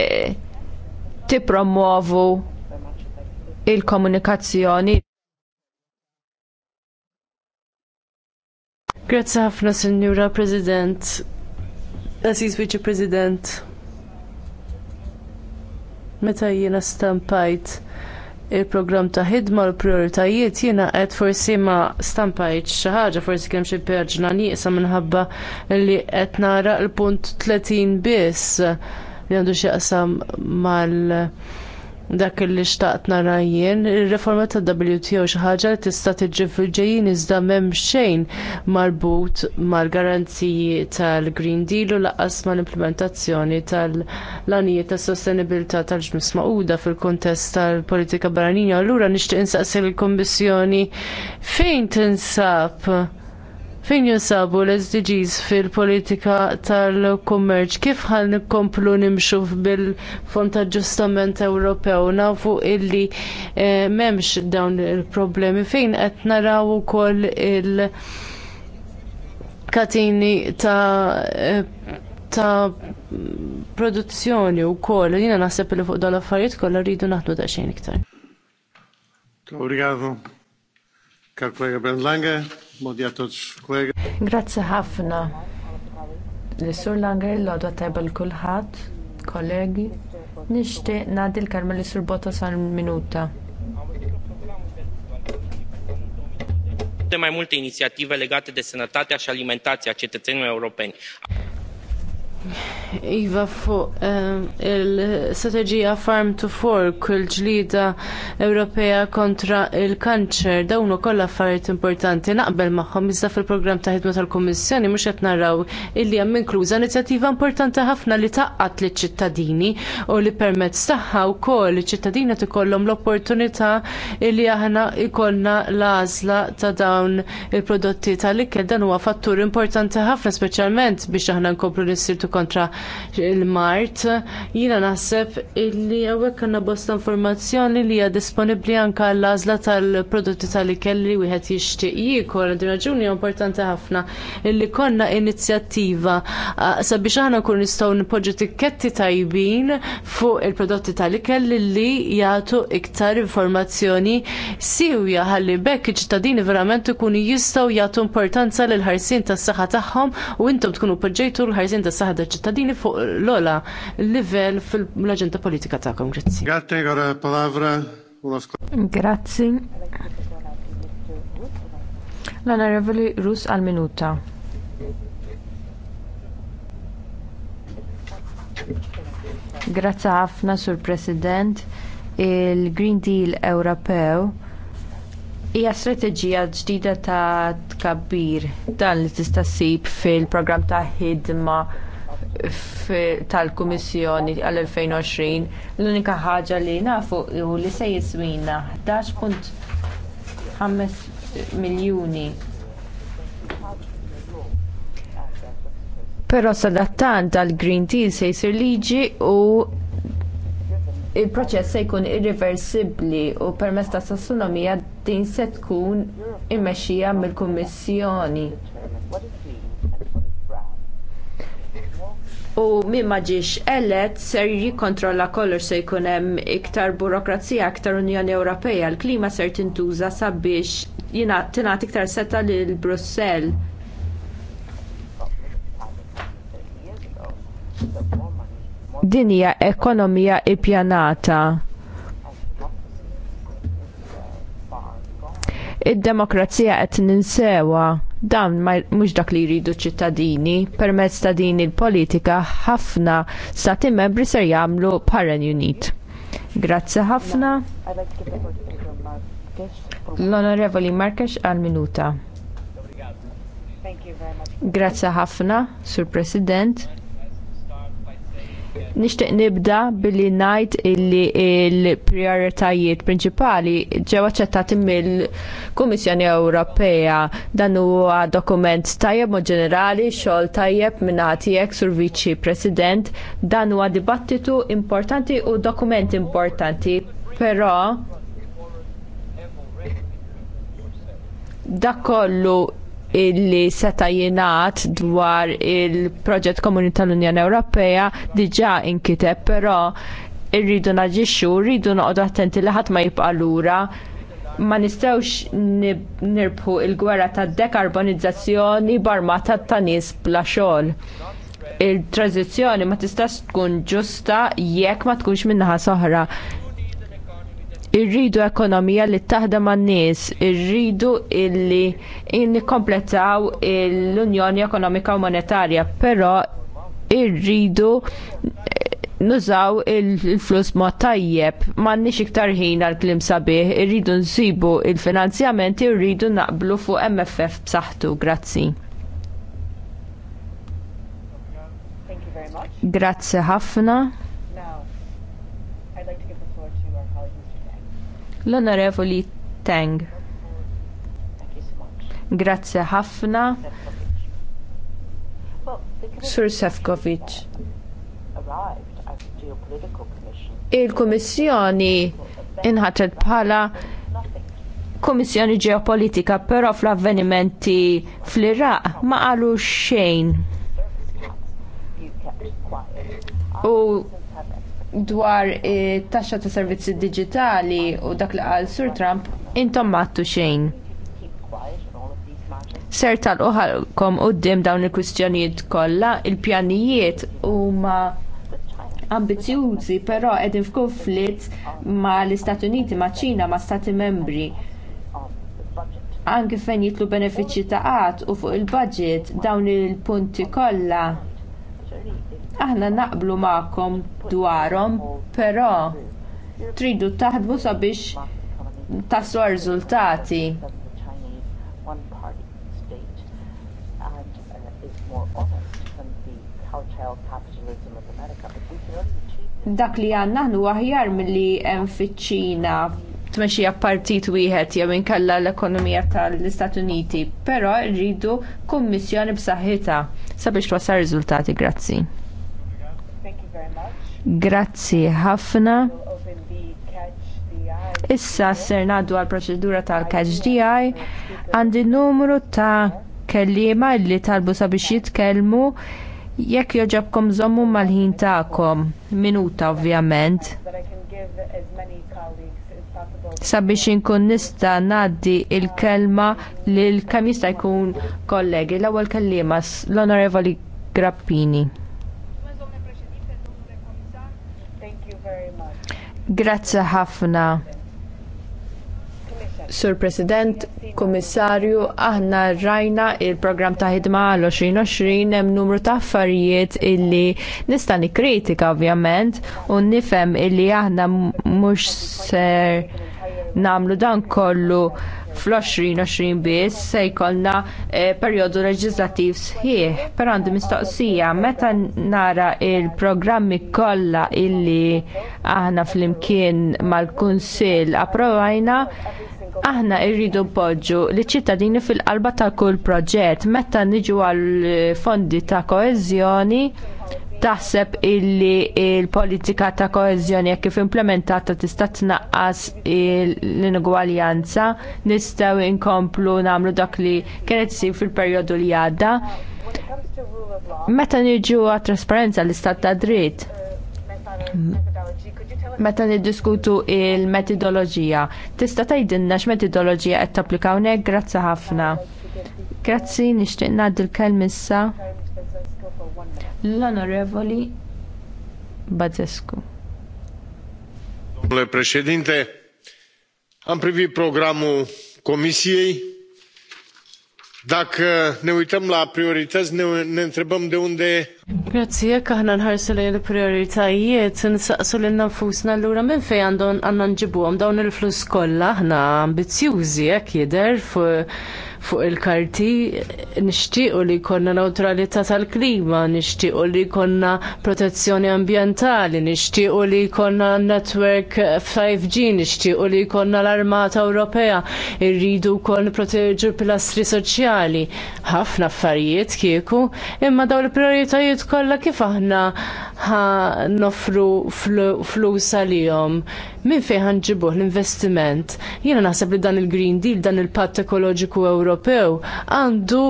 eh, tipromuovu il-komunikazzjoni. Grazzi ħafna, Sinjura President. Aziz Vice President. Meta jiena stampajt il-programm ta' ħidma u l-prioritajiet jiena qed forsi ma stampajt xi ħaġa forsi kemm xi perġna nieqsa minħabba li qed nara l-punt 30 biss li għandu xi mal- dak li xtaqt nara jien, il-reforma ta' WTO xi ħaġa li tista' tiġi fil-ġejjin iżda m'hemm xejn marbut mal-garanziji tal-Green Deal u laqqas mal-implementazzjoni tal-lanijiet tas sostenibilità tal-ġmis maquda fil-kontest tal-politika barranija. Allura nixtieq insaqsi l-Kommissjoni fejn tinsab Fejn jinsabu l-SDGs fil-politika tal-kummerċ? Kif ħan nikomplu nimxu bil-Fond ta' Ewropew? Nafu illi eh, memx dawn il-problemi. Fejn qed naraw ukoll il-katini ta' eh, ta' produzzjoni u koll, jina naħseb li fuq dan l-affarijiet kollha rridu naħdu daqsxejn iktar. Obrigado. Ben Lange. Grazie ħafna. L-Sur Langer l-għodwa tajba l-kulħat, kollegi. Nishti nadil l-karma l-Sur Bota sal minuta. mai multe inițiative legate de sănătatea și alimentația cetățenilor europeni. Iva fuq ehm, il-strategija Farm to Fork, il ġlieda Ewropea kontra l kanċer dawn ukoll affarijiet importanti naqbel magħhom iżda fil-programm ta' ħidma tal-Kummissjoni mhux qed naraw illi hemm inkluża inizjattiva importanti ħafna li taqqat liċ ċittadini u li permezz tagħha wkoll iċ-ċittadini ikollhom l-opportunità illi aħna ikollna l-għażla ta' dawn il-prodotti tal-ikel dan huwa fattur importanti ħafna speċjalment biex aħna nkomplu nissirtu kontra il-mart. Jiena naħseb illi hawnhekk għandna bosta informazzjoni li hija disponibbli anke għall-għażla tal-prodotti tal ikelli u wieħed jishtiq jikol. raġuni importanti ħafna illi konna inizjattiva sabiex aħna kun nistgħu nipoġġu tikketti tajbin fuq il-prodotti tal ikelli li jagħtu iktar informazzjoni siwja ħalli bekk iċ-ċittadini verament ikunu jistgħu jagħtu importanza lil ħarsien tas-saħħa tagħhom u intom tkunu poġġejtu l-ħarsien tas-saħħa għada ċittadini fuq l-ola livell fil-aġenda politika ta' Grazzi. Grazie, għara palavra. Grazzi. L-Onorevoli Rus għal-minuta. Grazzi ħafna, Sur President. Il-Green Deal Ewropew hija strateġija ġdida ta' tkabbir dan li tista' ssib fil-programm ta' ħidma tal-Kummissjoni għal-2020 l-unika ħaġa li nafu hu li se jiswina 11.5 miljuni. Però sadattant tal-Green Deal se jsir liġi u il-proċess se jkun irriversibbli u permezz ta' tassonomija din se tkun immexxija mill-Kummissjoni. u min ma ġiex elett ser jikkontrolla kollox se jkun hemm iktar burokrazija, iktar Unjoni Ewropea, l-klima ser tintuża sabiex tingħati iktar seta lil Brussell. Din hija ekonomija ppjanata. Id-demokrazija qed ninsewa. Dan mhux dak li jridu ċittadini permezz ta' din il-politika ħafna stati membri ser jagħmlu parren Unit. Grazzi ħafna. L-Onorevoli Markex għal minuta. Grazzi ħafna, Sur President Nixtieq nibda billi ngħid illi l-prijoritajiet prinċipali ġew aċċettati mill-Kummissjoni Ewropea. Dan huwa dokument tajjeb mod ġenerali, xogħol tajjeb minn tiegħek sur viċi President. Dan huwa dibattitu importanti u dokument importanti, però dak kollu illi seta jingħad dwar il-proġett komuni tal-Unjoni Ewropea diġà inkiteb, però irridu naġixxu, rridu noqogħdu attenti li ħadd ma jibqa' lura ma nistgħux nirbħu l gwerra tad dekarbonizzazzjoni barmata ta' nies bla xogħol. il transizzjoni ma tistax tkun ġusta jekk ma tkunx min-naħa soħra irridu ekonomija li taħdem man nies irridu illi nikkompletaw l-Unjoni Ekonomika u Monetarja, però irridu eh, nużaw il-flus ma tajjeb, m'għandniex iktar ħin għal kliem sabiħ, irridu nsibu l finanzjamenti irridu naqblu fuq MFF b'saħħtu. Grazzi. Grazzi ħafna. L-Onorevoli Tang. Grazzi ħafna. Sur Sefcovic. Il-Kummissjoni inħatet bħala Kummissjoni Ġeopolitika, però fl-avvenimenti fl-Iraq ma qalu xejn. U dwar eh, taxxa ta' servizzi digitali u dak li qal Sur Trump intom mattu xejn. Ser tal-uħalkom u dawn il-kwistjonijiet kollha, il-pjanijiet huma ambizjużi, però qegħdin f'konflitt ma l-Istati Uniti, ma' ċina, ma' Stati membri. Anke fejn jitlu benefiċċji ta' qatt u fuq il-budget dawn il-punti kollha Aħna naqblu magħkom dwarhom, però tridu taħdmu sabiex taslu riżultati. dak li għanna mill aħjar għem fiċċina t-meċi għappartit partit wieħed jew inkella l-ekonomija tal-Istati Uniti, però rridu kummissjoni b'saħħitha sabiex twasal riżultati. Grazzi. Grazzi ħafna. Issa ser naddu għal proċedura tal-Catch the eye għandi numru ta' kelliema li talbu sabiex jitkellmu jekk joġobkom żommu mal-ħin tagħkom. Minuta ovvjament. Sabiex inkun nista' ngħaddi l kelma lil kemm jista' jkun kollegi l-ewwel kelliema l-Onorevoli Grappini. Grazzi ħafna. Sur President, Kommissarju, aħna rajna il-programm ta' ħidma għal-2020 hemm numru ta' affarijiet illi nista' nikkritika ovvjament u nifhem illi aħna mhux ser namlu dan kollu fl-2020 biss se jkollna eh, perjodu leġislattiv sħiħ. Per għandu mistoqsija, meta nara il-programmi kollha illi aħna flimkien mal-Kunsill approvajna, aħna rridu poġġu li ċittadini fil-qalba ta' kull proġett meta niġu għal fondi ta' koeżjoni taħseb illi il-politika ta' koezjoni jekk kif implementata tista' tnaqqas l-inugwaljanza nistgħu inkomplu nagħmlu dak li kienet isir fil-perjodu li għadda. Meta niġu għat trasparenza l-istat ta' dritt. Meta niddiskutu il-metodoloġija, tista' tgħidilna x'metodoloġija qed tapplikaw hawnhekk, grazzi ħafna. Grazzi, nixtieq ngħaddi l-kelm issa l-Onorevoli Bazescu. Domnule președinte, am privit programul Comisiei. Dacă ne uităm la priorități, ne, ne întrebăm de unde. Grazie, ka aħna nħarsu lejn il-prioritajiet, nsaqsu lil nfusna lura minn fejn għandhom għandna nġibuhom dawn il-flus kollha aħna ambizzjużi hekk jidher fuq fuq il-karti nixtiequ li jkollna neutralità tal-klima, nixtiequ li jkollna protezzjoni ambjentali, nixtiequ li jkollna netwerk 5G, nixtiequ li jkollna l-Armata Ewropea, irridu wkoll proteġu pilastri soċjali. Ħafna affarijiet kieku, imma dawn il-prioritajiet kollha kif aħna ħa nofru flus għalihom minn fejn ħanġibuh l-investiment. Jiena naħseb li dan il-Green Deal, dan il-Patt Ekoloġiku Ewropew għandu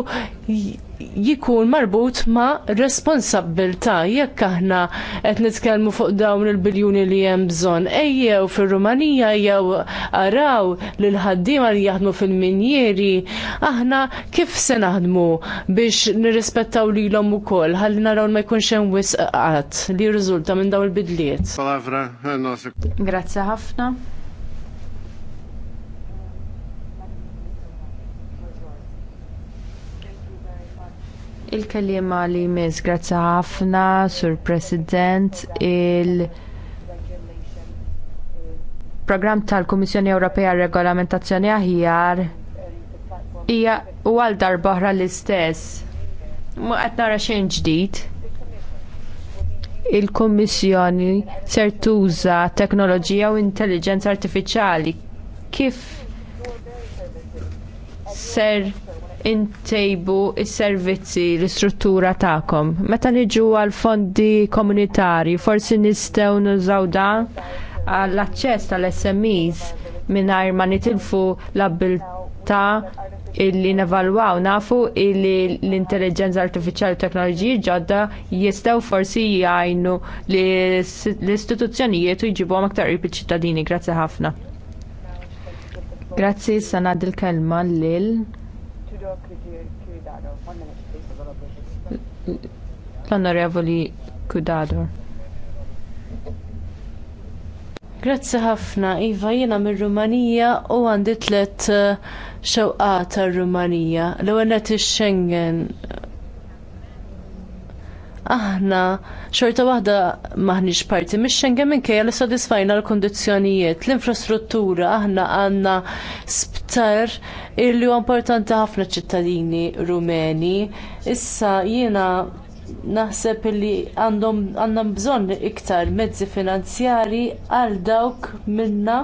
jikun marbut ma' responsabilta jekk aħna qed nitkellmu fuq dawn il-biljuni li hemm bżonn. Ejjew fir-Rumanija jew araw lil ħaddiema li jaħdmu fil-minjieri, aħna kif se naħdmu biex nirrispettaw lilhom ukoll ħalli naraw ma jkunx hemm wisqat li jirriżulta minn dawn il-bidliet. Eh, Grazzi ħafna. Il-kelliema li jmiss grazzi ħafna, Sur President, il- program tal-Kummissjoni Ewropea Regolamentazzjoni aħjar hija u għal darbohra l-istess. Ma qed nara xejn ġdid. Il-Kummissjoni ser tuża teknoloġija u intelligenza artifiċjali kif ser intejbu s-servizzi l-istruttura tagħkom. Meta niġu għal fondi komunitari, forsi nistgħu nużaw dan għall-aċċess tal-SMEs mingħajr ma nitilfu l abbiltà illi nevalwaw nafu illi l-intelligenza artificiali u teknoloġiji ġodda jistgħu forsi jgħajnu l-istituzzjonijiet u jġibuhom aktar qrib iċ-ċittadini. Grazzi ħafna. Grazzi, sanad il-kelma lil l-Onorevoli Kudador. Grazzi ħafna, Iva, jiena mir rumanija u għandit let eh, xewqa tar rumanija l ewwel qed ix-Schengen aħna xorta waħda maħniġ parti mix xengen minkejja li sodisfajna l-kondizjonijiet, l-infrastruttura, aħna għanna sptar illi huwa importanti ħafna ċittadini rumeni. Issa jiena naħseb li għandhom għandhom bżonn iktar mezzi finanzjarji għal dawk minna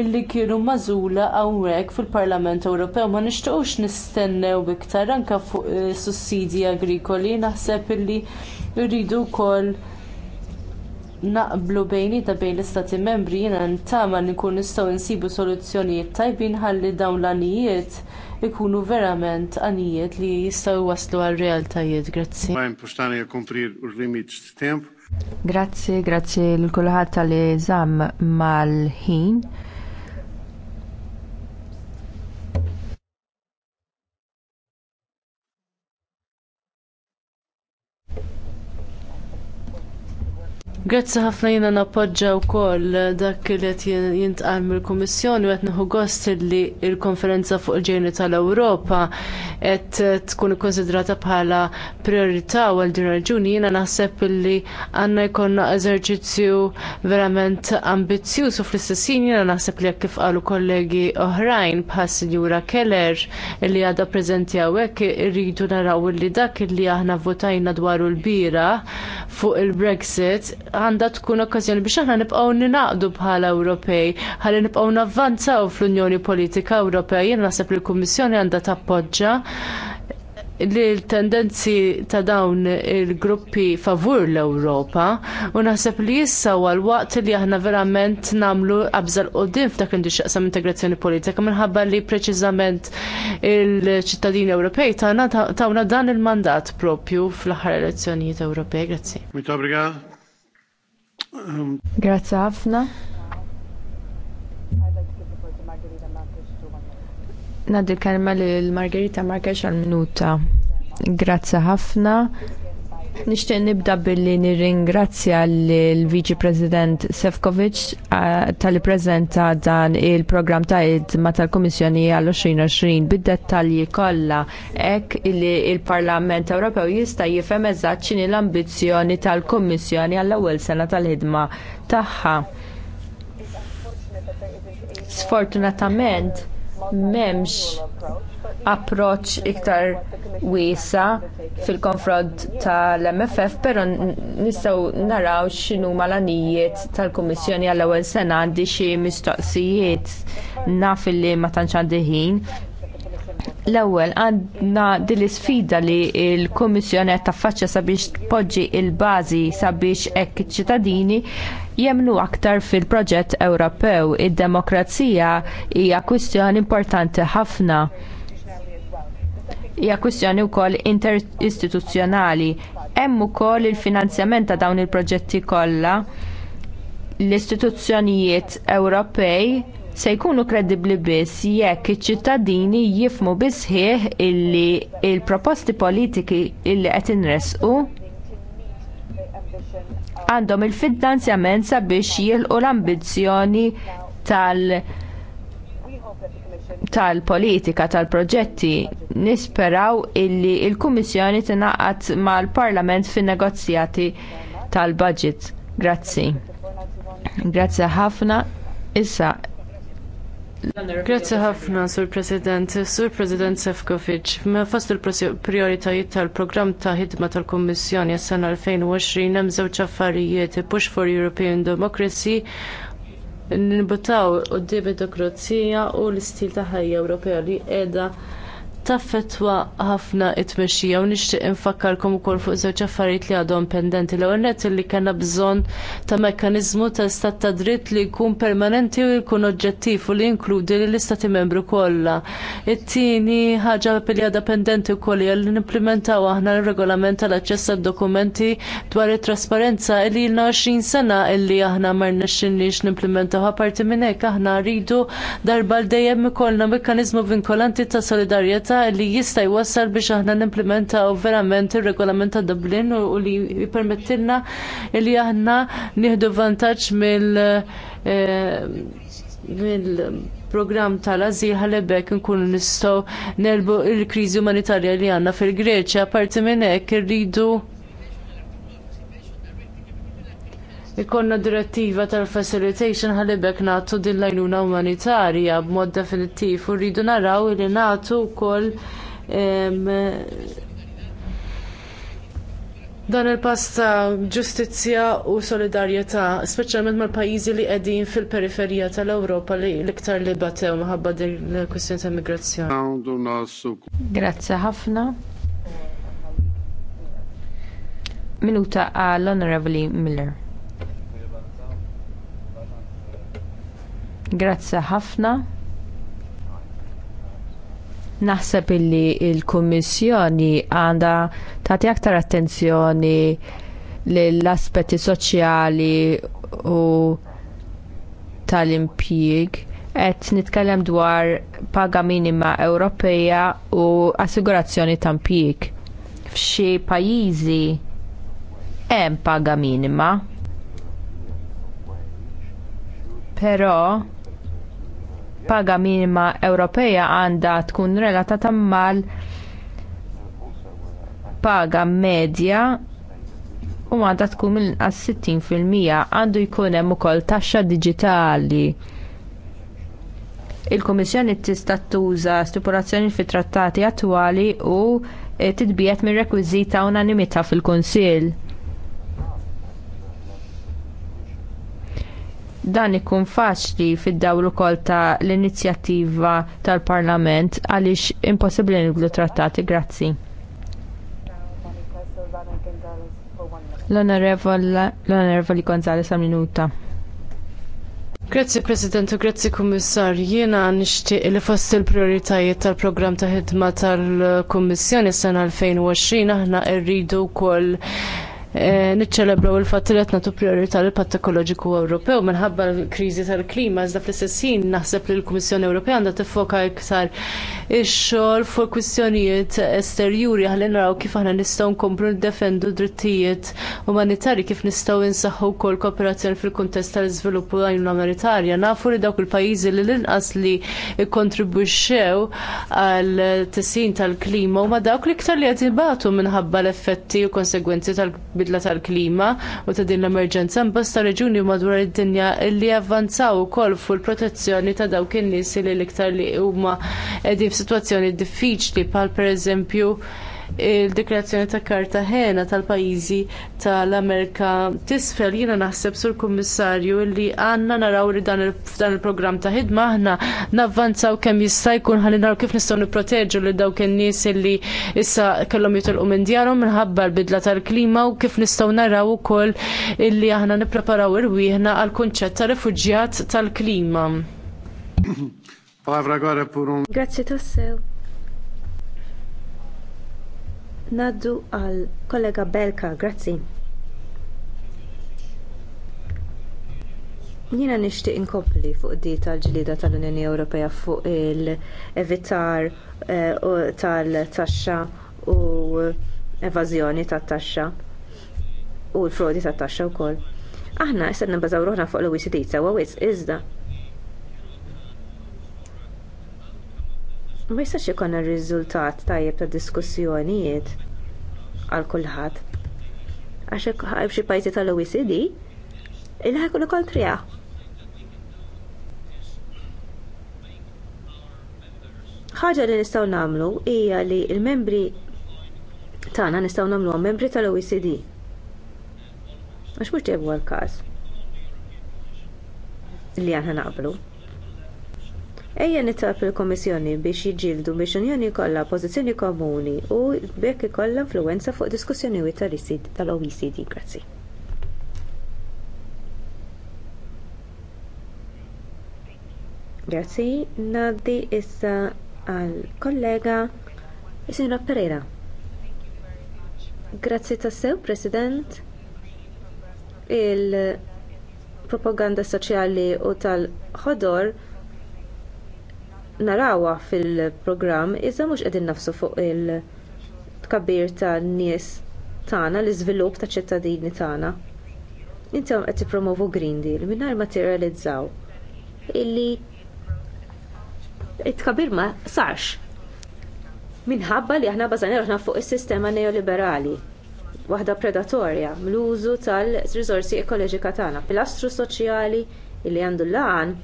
illi kienu magħżula hawnhekk fil-Parlament Ewropew ma nixtiequx nistennew iktar anke fuq eh, sussidji agrikoli naħseb illi Irridu wkoll naqblu bejnieta bejn l-istati membri jiena ntama li nkun nistgħu nsibu soluzzjonijiet tajbin ħalli dawn l-anijiet ikunu verament anijiet li jistgħu waslu għal realtajiet. Grazzi. Grazzi, grazzi l kulħadd tal-eżam mal-ħin. Grazzi ħafna jina nappoġġa wkoll dak li qed jintqal mill-Kummissjoni u qed nieħu gost li l-konferenza fuq il-ġejni tal-Ewropa qed tkun ikkonsidrata bħala priorità u għal din raġuni jiena naħseb li għandna jkollna eżerċizzju verament ambizzjuż u fl-istess ħin jiena naħseb li kif qalu kollegi oħrajn bħal Sinjura Keller li għadha preżenti hekk irridu naraw li dak li aħna votajna dwaru l-bira fuq il-Brexit għandha tkun okkażjoni biex aħna nibqgħu ninaqdu bħala Ewropej, ħalli nibqgħu navvanzaw fl-Unjoni Politika Ewropea. Jien naħseb li l-Kummissjoni għandha tappoġġa li l-tendenzi ta' dawn il-gruppi favur l-Ewropa u naħseb li issa għal waqt li aħna verament nagħmlu qabżal qudiem f'dak li jaqsam integrazzjoni politika minħabba li preċiżament il-ċittadini Ewropej tagħna tawna dan il-mandat propju fl-aħħar elezzjonijiet Ewropej. Grazzi. Grazie ħafna. Nadi l-kelma l-Margherita Marques għal-minuta. Grazie ħafna, Nishtiq nibda billi nirringrazzja l-Viċi President Sefcovic tal prezenta dan il-programm ta' idma tal-Kummissjoni għall-2020 bid-dettalji kollha hekk li il-Parlament Ewropew jista' jifhem eżatt x'inhi l-ambizzjoni tal-Kummissjoni għall-ewwel sena tal-ħidma tagħha. Sfortunatament m'hemmx approċċ iktar wiesa fil-konfront tal-MFF, però nistgħu naraw x'inhu l tal-Kummissjoni għall-ewwel sena għandi xi mistoqsijiet naf li ma tantx għandi ħin. L-ewwel għandna din l-isfida li l-Kummissjoni qed taffaċċja sabiex tpoġġi l bażi sabiex hekk iċ-ċittadini jemnu aktar fil-proġett Ewropew. Id-demokrazija hija kwistjoni importanti ħafna hija kwistjoni wkoll interistituzzjonali. Hemm ukoll il-finanzjament ta' dawn il-proġetti kollha. L-istituzzjonijiet Ewropej se jkunu kredibbli biss jekk iċ-ċittadini jifmu bisħieħ illi l il proposti politiki illi qed inresqu għandhom il-finanzjament sabiex jilqu l-ambizzjoni tal- tal-politika tal-proġetti nisperaw illi l il kummissjoni tingħaqad mal-Parlament fin-negozjati tal-budget. Grazzi. Grazzi ħafna. Issa Grazzi ħafna, Sur President. Sur President Sefkovic, ma fost il-prioritajiet tal ta' ħidma tal-Kommissjoni s-sena 2020 hemm żewġ affarijiet Push for European Democracy nibutaw u d-debitokrazija u l-istil ta' ħajja Ewropea li qiegħda Taffettwa ħafna t tmexxija u nixtieq infakkarkom ukoll fuq żewġ affarijiet li għadhom pendenti. L-ewwel nett li kellna bżonn ta' mekkaniżmu ta' stat ta' dritt li jkun permanenti u jkun oġġettiv u li jinkludi lill istati membru kollha. It-tieni ħaġa li għadha pendenti wkoll hija li nimplementaw aħna r-regolament tal-aċċess għad-dokumenti dwar it-trasparenza li ilna 20 sena illi aħna ma rnexxinniex nimplementaw apparti minn hekk aħna rridu darba l dejjem ikollna mekkaniżmu vinkolanti ta' solidarjetà b'meda li jista' jwassal biex aħna nimplementaw verament ir-regolament ta' Dublin u li jippermettilna li aħna nieħdu vantaġġ mill eh, mill program tal-azil ħalebek nkunu nistgħu nelbu l kriżi umanitarja li għandna fil-Greċja, parti minn hekk irridu ikonna direttiva tal-facilitation ħalibek nagħtu din l-għajnuna umanitarja b'mod definittiv u rridu naraw li nagħtu wkoll dan il-pass ta' ġustizzja u solidarjetà, speċjalment mal-pajjiżi li qegħdin fil-periferija tal-Ewropa li l-iktar li batew minħabba din il-kwistjoni ta' immigrazzjoni. Grazzi ħafna. Minuta għall-Honorable Miller. Grazzi ħafna. Naħseb illi l il kummissjoni għandha tagħti aktar attenzjoni l-aspetti soċjali u tal-impjieg qed nitkellem dwar paga minima Ewropea u assigurazzjoni ta' impjieg. F'xi pajjiżi hemm paga minima. Però paga minima Ewropea għandha tkun relatata mal paga medja u għandha tkun minn inqas 60% għandu jkun hemm ukoll taxxa diġitali. Il-Kummissjoni tista' tuża stipulazzjoni fit-trattati attwali u titbiet mir rekwiżita unanimità fil-Kunsill dan ikun faċli fid-dawl ukoll ta' l-inizjattiva tal-Parlament għaliex impossibbli nibdlu trattati. Grazzi. L-Onorevoli Gonzales għal minuta. Grazzi President u grazzi Kummissar. Jiena nixtieq li fost il-prioritajiet tal-programm ta' ħidma tal-Kummissjoni sena 2020 aħna rridu wkoll Eh, niċċelebraw il-fatt li qed nagħtu priorità l patt Ekologiku Ewropew minħabba l-kriżi tal-klima iżda fl-istess naħseb li l-Kummissjoni Ewropea għandha tiffoka iktar ix-xogħol fuq kwistjonijiet esterjuri ħalli naraw kif aħna nistgħu nkomplu ndefendu drittijiet umanitarji kif nistgħu nsaħħu wkoll kooperazzjoni fil-kuntest tal-iżvilupp umanitarja. Nafu li dawk il-pajjiżi li l-inqas li jikkontribwixxew għal tisin tal-klima huma dawk li iktar li qed jibatu minħabba l-effetti u konsegwenzi tal-bidla tal-klima u ta' din l-emerġenza m'basta reġuni madwar id-dinja li avvanzaw ukoll fuq il-protezzjoni ta' dawk in-nies li l-iktar li huma qegħdin situazzjoni diffiċli bħal pereżempju il-dikrazzjoni ta' ħena tal-pajjiżi tal-Amerika tisfel jiena naħseb sur kummissarju li għandna naraw li dan il-programm ta' ħidma aħna navvanzaw kemm jista' jkun ħalli naraw kif nistgħu nipproteġu lil dawk in-nies li issa kellhom jitilqu minn djarhom minħabba l-bidla tal-klima u kif nistgħu naraw ukoll illi aħna nippreparaw irwieħna għall kunċett ta' rifuġjat tal-klima. Pavra agora purum. Grazie tassew. Naddu għal kollega Belka, grazzi. Jiena nixtieq inkompli fuq di tal-ġlida tal-Unjoni Ewropea fuq il-evitar eh, tal-taxxa u evażjoni tat-taxxa u l-frodi tat-taxxa wkoll. Aħna issa nibbażaw ruħna fuq l-OECD sewwa iżda Ma jistax ikun ir-riżultat tajjeb ta' diskussjonijiet għal kulħadd. Għax hekk xi pajjiżi tal-OECD il ħajkunu kontrija. ħaġa li nistgħu nagħmlu hija li l-membri tagħna nistgħu nagħmluha membri tal-OECD. Għax mhux ġebu l-każ li aħna naqblu. Ejja nitolb il-Komissjoni biex jiġġieldu biex Unjoni kollha pożizzjoni komuni u bekk ikollha influwenza fuq diskussjonijiet tal-OECD. Grazzi. Grazzi, naddi issa għal kollega Sinra Pereira. Grazzi ta sew President. Il-propaganda soċjali u tal-ħodor narawha fil-programm iżda mhux qegħdin nafsu fuq il-tkabbir tan-nies tagħna l-iżvilupp taċ ċittadini tagħna. Intom qed tippromovu Green Deal mingħajr ma tirrealizzaw illi it-tkabbir ma sarx minħabba li aħna bażani roħna fuq is-sistema neoliberali waħda predatorja mill-użu tal-riżorsi ekoloġika tagħna, pilastru soċjali illi għandu l-għan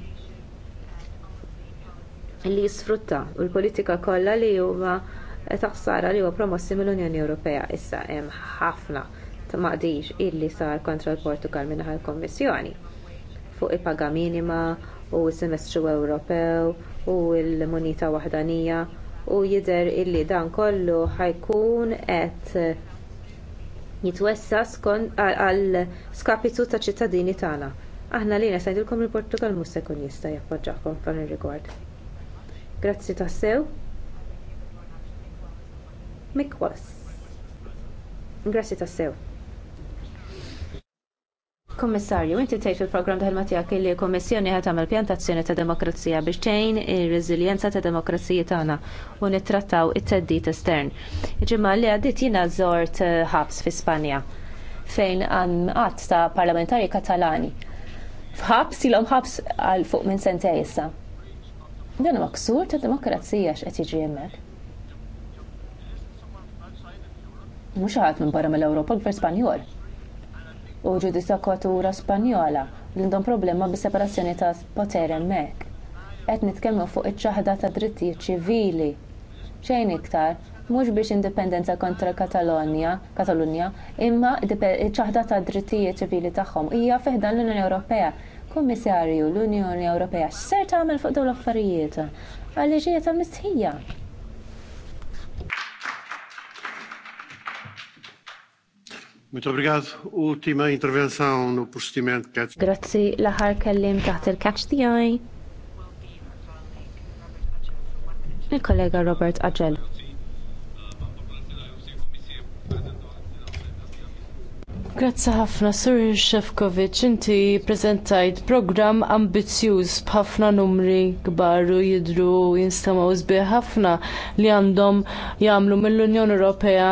li jisfrutta u l-politika kollha li huma taħsara li huwa promossi mill-Unjoni Ewropea issa hemm ħafna ta' maqdix illi sar kontra l-Portugal minħabba l-Kommissjoni fuq il-paga minima u s-semestru Ewropew u l-munita waħdanija u jidher illi dan kollu ħajkun qed jitwessa għal skapitu ta' ċittadini tagħna. Aħna li nasajdilkom il-Portugal mhux se jkun jista' jappoġġakom f'dan ir-rigward. Grazzi tassew. Mikwas. Grazzi tassew. Kommissarju, inti tgħid fil-programm ħelma matijak li l kummissjoni ħat tagħmel pjantazzjoni ta' demokrazija biex tgħin ir-reżiljenza ta' demokrazija tagħna u nittrattaw it-teddit estern. Ġimma li għaddit jiena żort eh, ħabs fi Spanja fejn qatt ta' parlamentari katalani. F'ħabs ilhom ħabs għal fuq minn sentej issa Dan huwa ksur ta' demokrazija x'qed jiġi hemmhekk. Mhux ħadd minn barra mill-Ewropa l-Gvern Spanjol. U ġudikatura Spanjola li għandhom problema bis separazzjoni ta' poter hemmhekk. Qed nitkellmu fuq iċ-ċaħda ta' drittijiet ċivili. Xejn iktar, mhux biex indipendenza kontra Katalonja, Katalunja, imma ċaħda ta' drittijiet ċivili tagħhom hija fiħdan l-Unjoni Ewropea Kummissarju, l-Unjoni Ewropea x'ser tagħmel fuq dawn l-affarijiet għaliex hija ta' mistħija. Muito obrigado. Última intervenção no procedimento Grazzi l-aħħar kellim taħt il-catch the eye. Il-kollega Robert Agel. Grazzi ħafna Sur Shefkovic, inti prezentajt program ambizjuż b'ħafna numri kbar u jidru jinstamaw sbieħ ħafna li għandhom jagħmlu mill-Unjoni Ewropea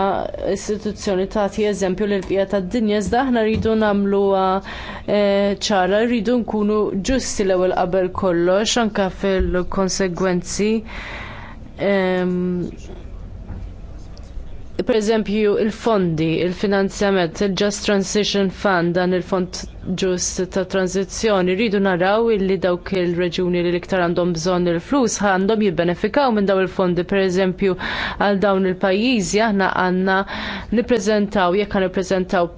istituzzjoni tagħti eżempju lil bqija tad-dinja iżda aħna rridu nagħmluha eh, ċara, rridu nkunu ġusti l-ewwel qabel kollox anke fil-konsegwenzi. Um, per eżempju il-fondi, il-finanzjament, il-Just Transition Fund, dan il-fond ġust ta' tranzizjoni, rridu naraw illi dawk il-reġuni li l-iktar għandhom bżonn il-flus għandhom jibbenefikaw minn daw il-fondi, per eżempju għal dawn il-pajjiżi aħna għandna nippreżentaw jekk nippreżentaw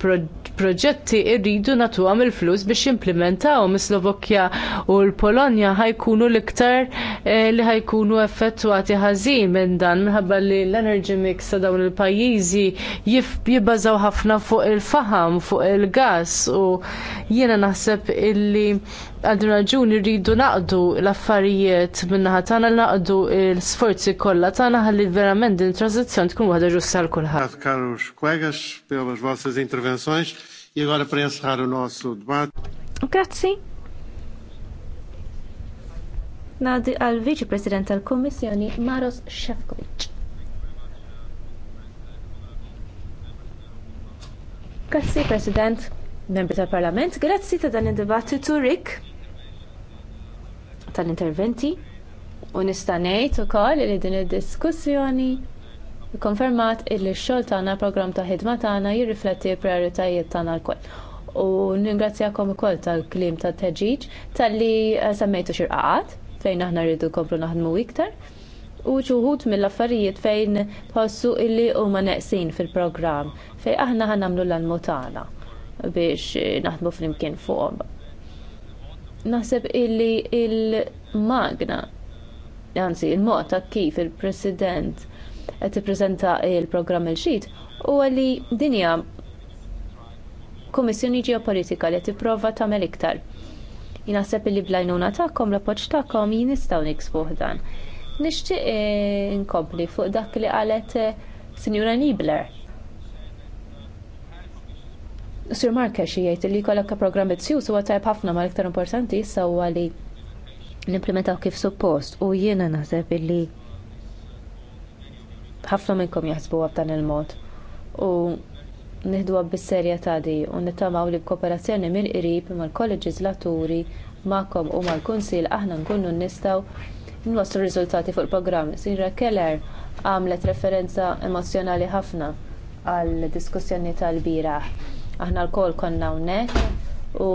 proġetti irridu nagħtuhom il-flus biex jimplementaw mis-Slovakkja u l-Polonja ħajkunu l-iktar eh, li ħajkunu effettwati ħażin minn dan minħabba li l-energy mix ta' dawn il-pajjiżi jibbażaw ħafna fuq il-faham, fuq il-gas u jiena naħseb illi għal din raġuni rridu naqdu l-affarijiet min-naħa tagħna naqdu l-sforzi kollha tagħna ħalli verament din tranzizzjoni tkun waħda ġusta għal kulħadd. Karux kwegax pelas vossas intervenções e agora para encerrar o nosso debate. Grazzi. Nadi għal Viċi President tal komissjoni Maros Shevkovic. Grazzi President membri tal-Parlament, grazzi ta' dan id-dibattitu Rik tal-interventi u nista' ngħid ukoll li din id-diskussjoni konfermat illi x-xogħol tagħna programm ta' ħidma tagħna jirrifletti l-prijoritajiet tagħna lkoll. U ningrazzjakom ukoll tal-klim ta' teġiġ tal-li eh, semmejtu xirqaqat fejn aħna rridu komplu naħdmu iktar u ċuħut mill-affarijiet fejn tħossu illi huma neqsin fil-programm fejn aħna ħanamlu l-almutana biex eh, naħdmu flimkien fuqhom. Naħseb illi il-magna, anzi il-mod ta' kif il-President qed tippreżenta il-programm il-xit huwa li dinja Kummissjoni Ġeopolitika li tipprova tagħmel iktar. Jinaħseb illi blajnuna tagħkom l-appoġġ tagħkom jien nistgħu niksbuh dan. Nixtieq eh, inkompli fuq dak li qalet eh, Sinjura Nibler Sir Markex jgħid li jkollok programm mizzjus huwa tajb ħafna ma l-iktar importanti issa huwa li nimplementaw kif suppost u jiena naħseb li ħafna minnkom jaħsbu b'dan il-mod u nieħduha bis ta' di u nittamaw li b'kooperazzjoni mill-qrib mal-kolleġislaturi magħkom u mal-kunsil aħna nkunu nistgħu nwaslu riżultati fuq il-programm. Sinra Keller għamlet referenza emozjonali ħafna għal diskussjoni tal-biraħ aħna l koll konna hawnhekk u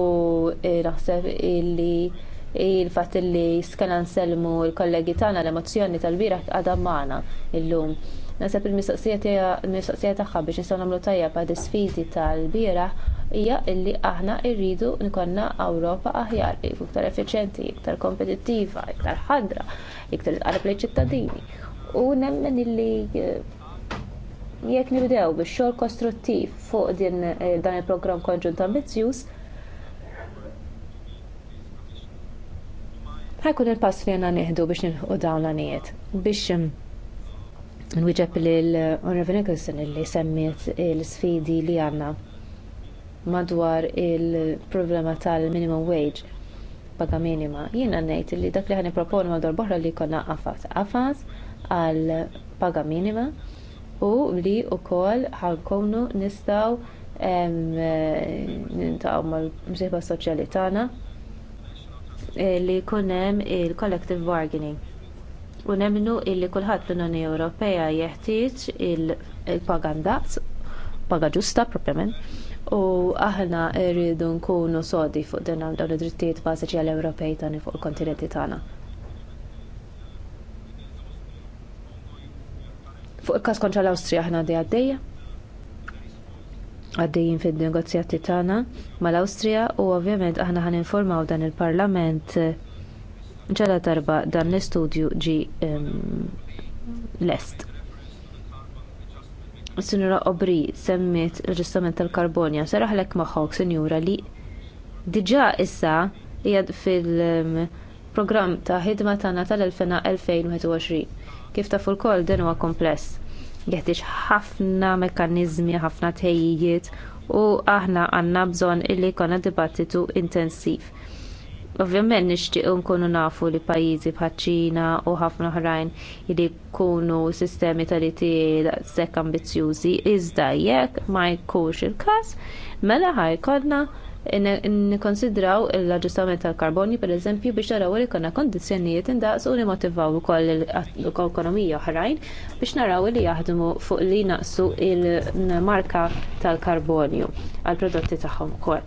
naħseb illi il-fatt illi skena nsellmu l-kollegi tagħna l-emozzjoni tal-biraħ għadha il-lum. Nasab il-mistoqsija tagħha biex nistgħu nagħmlu tajjeb għad disfidi tal-biraħ hija illi aħna rridu nkollna Ewropa aħjar, iktar effiċjenti, iktar kompetittiva, iktar ħadra, iktar tqarb liċ ċittadini. U nemmen illi eh, jekk nibdew bix-xogħol kostruttiv fuq din eh, dan il-programm konġunt ambizzjuż, ħajkun il-pass li għanna neħdu biex nilħu dawn l-għaniet, biex nwiġab l-Honorable Nicholson li semmiet l-sfidi li għanna madwar il-problema tal-minimum wage paga minima. Jiena ngħid li dak li ħani proponu madwar boħra li konna għafas. Għafas għal paga minima u li wkoll nistaw nistgħu ma mal-msieħba soċjali tagħna eh, li jkun hemm il-collective bargaining u nemmnu illi kulħadd l-Unjoni Ewropea jeħtieġ il-pagandaz, paga ġusta propjament, u aħna rridu nkunu sodi fuq din dawn id-drittijiet bażiċi għall-Ewropej tani fuq il-kontinenti tagħna. Fuq il-kas kontra l-Awstrija ħna di għaddejja. Għaddejjin fid negozjati tagħna mal-Awstrija u ovvjament aħna ħan informaw dan il-Parlament eh, ġala darba dan l-istudju ġi ehm, lest. Sinura Obri semmiet l-ġustament tal-karbonja, saraħlek maħħok, sinjura, li diġa issa hija fil-programm ehm, ta' ħidma tagħna tal-2021 Kif taf ukoll dan huwa kompless. Jeħtieġ ħafna mekkaniżmi, ħafna tejjiet u aħna għandna bżonn illi jkollna dibattitu intensiv. Ovvjament nixtieq nkunu nafu li pajjiżi bħaċ-Ċina u ħafna oħrajn li jkunu sistemi tal-IT sekk ambizzjużi iżda jekk ma jkunx il-każ mela ħajkodna nikonsidraw l-aġġustament tal-karbonju per eżempju biex naraw li konna kondizzjonijiet indaqsu u nimotivaw ukoll l-ekonomija oħrajn biex naraw li jaħdmu fuq li naqsu il-marka tal-karbonju għal prodotti tagħhom ukoll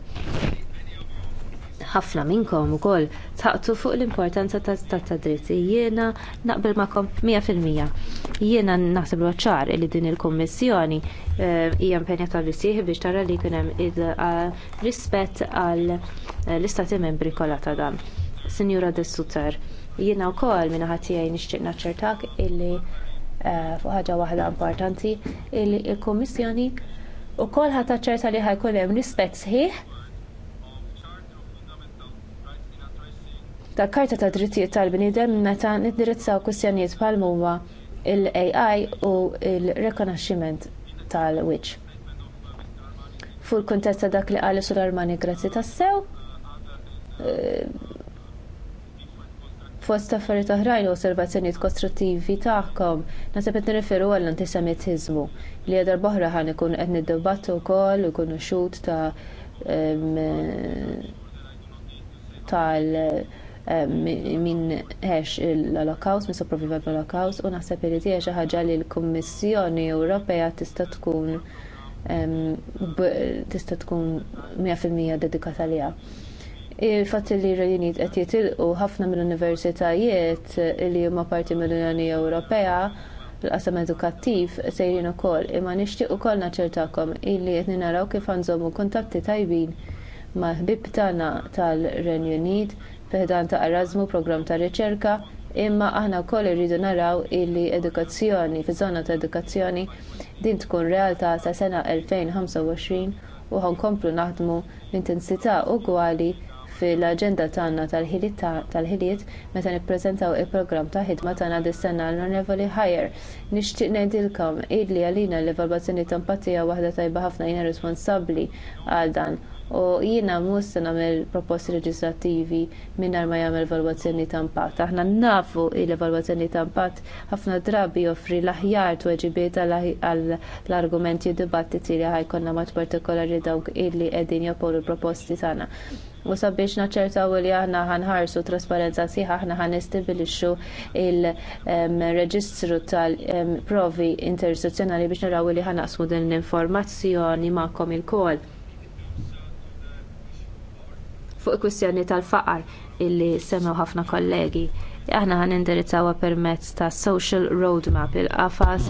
ħafna minnkom ukoll taqtu fuq l-importanza ta' tat ta' Jiena naqbel fil 100%. Jiena naħseb li ċar li din il-Kummissjoni eh, hija impenjata l-isieħ biex tara li kien hemm rispett għal eh, l-istati membri kollha ta' dan. Sinjura de Sutter, jiena wkoll minn ħadd tiegħi nixtieq naċċertak illi eh, fuq ħaġa waħda importanti il l-Kummissjoni u kol ħataċċerta li ħajkun hemm rispett sħiħ ta' karta ta' Drittijiet tal-Bniedem meta niddirizzaw kwistjonijiet bħal huma l-AI u l-rekonaxximent tal-wiċċ. Fu l-kuntest ta' dak li qal sur Armani grazzi tas-sew, eh, fost affarijiet oħrajn u osservazzjonijiet kostruttivi tagħhom naħseb qed nirriferu għall antisemitiżmu li għadar boħra ħan ikun qed niddibattu wkoll u jkunu xut ta' eh, tal minn ħex l-Holocaust, minn sopravviva l-Holocaust, u naħseb li tiegħi xi ħaġa li l-Kummissjoni Ewropea tista' tkun tista' tkun 100% dedikata liha. Il-fatt li r-Unit qed jitilqu ħafna mill-universitajiet li huma parti mill-Unjoni Ewropea l-qasam edukattiv sejrin ukoll imma nixtieq ukoll naċertakom illi qed naraw kif għandhom kuntatti tajbin ma' ħbib tagħna tal-Renju Unit fedan ta' Erasmu program ta' riċerka, imma aħna wkoll irridu naraw illi edukazzjoni, fi żona ta' edukazzjoni din tkun realtà ta' sena 2025 u ħankomplu naħdmu l-intensità ugwali fil-aġenda tagħna tal-ħiliet meta nippreżentaw il-programm ta' ħidma tagħna dis-sena l-Onorevoli Higher. Nixtieq ngħidilkom illi għalina l-evalwazzjoni ta' impatt hija waħda tajba ħafna jiena responsabbli għal dan u jiena mhux se nagħmel proposti leġislattivi mingħajr ma jagħmel valwazzjoni ta' impatt. Aħna nafu l-evalwazzjoni ta' impatt ħafna drabi joffri l-aħjar tweġibiet għall-argumenti u dibattiti li ħajkonna mat partikolari dawk illi qegħdin jopolu l-proposti tagħna. U sabiex naċċertaw li aħna ħanħarsu trasparenza sieħa aħna ħanistibilixxu il-reġistru tal-provi interistituzzjonali biex naraw li ħanaqsmu din l-informazzjoni magħkom il-kol fuq kwistjoni tal-faqar illi semmew ħafna kollegi. Aħna ħan indirizzawa permezz ta' social roadmap il-qafas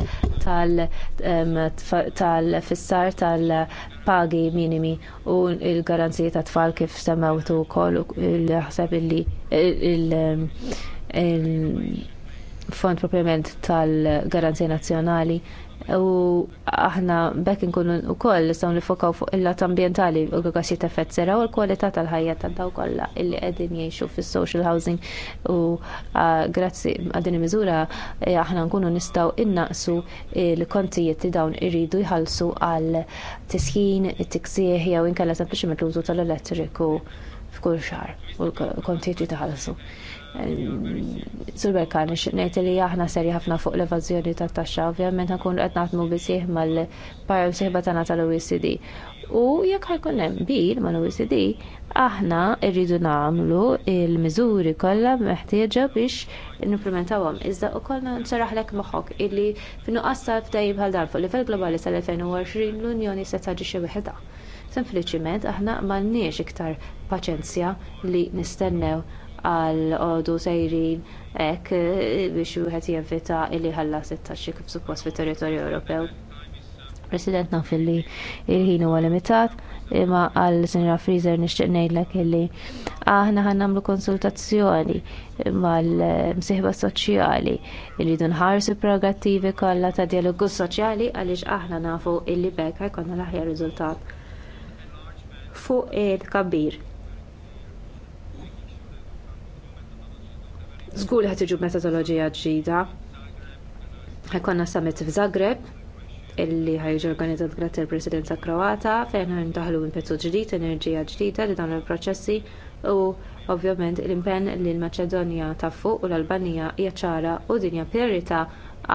tal-fissar tal-pagi minimi u l garanzija ta' tfal kif semmewtu wkoll il-ħseb illi il-fond proprjament tal-garanzija nazzjonali u aħna bekk nkunu wkoll nistgħu nifokaw fuq il-lat ambjentali u gassi ta' effett sera u l-kwalità tal-ħajja ta' dawk kollha illi qegħdin jgħixu fis-social housing u grazzi għal din miżura e, aħna nkunu nistgħu innaqsu l-kontijiet li dawn iridu jħallsu għal tisħin, it-tiksieħ jew inkella sempliċiment l-użu tal-elettriku f'kull xahar u l-kontijiet jitħallsu. Zulber kan ngħid li aħna serji ħafna fuq l-evażjoni tat-taxxa, ovvjament ħankun qed naħdmu bisih mal-parl sieħba tagħna tal-OECD. U jekk ħajkun hemm bil mal-OECD, aħna rridu nagħmlu il-miżuri kollha meħtieġa biex nimplementawhom. Iżda wkoll nsaraħlek moħħok illi f'nuqqas ta' ftehim bħal dan fuq livell globali sal-2020 l-Unjoni se taġi xi wieħedha. Sempliċiment aħna m'għandniex iktar paċenzja li nistennew għal għodu sejrin ek eh, biex wieħed jevita illi ħalla taxxi kif suppost fit territorju Ewropew. President naf illi il-ħin huwa limitat imma għal Sinra Freezer nixtieq ngħidlek illi aħna ħan nagħmlu konsultazzjoni mal-msieħba soċjali irridu nħarsu prerogattivi kollha ta' dialogu soċjali għaliex aħna nafu illi bekk ħajkonna l-aħjar riżultat fuq id-kabir Zgur li ħatiġu metodoloġija ġdida. Ħekonna summit f'Zagreb, illi ħajġi organizzat grazzi l-Presidenza Kroata, fejn ħan daħlu impetu ġdid, enerġija ġdida li dawn il-proċessi u ovvjament l-impenn li l-Maċedonja ta' fuq u l-Albanija hija ċara u dinja priorità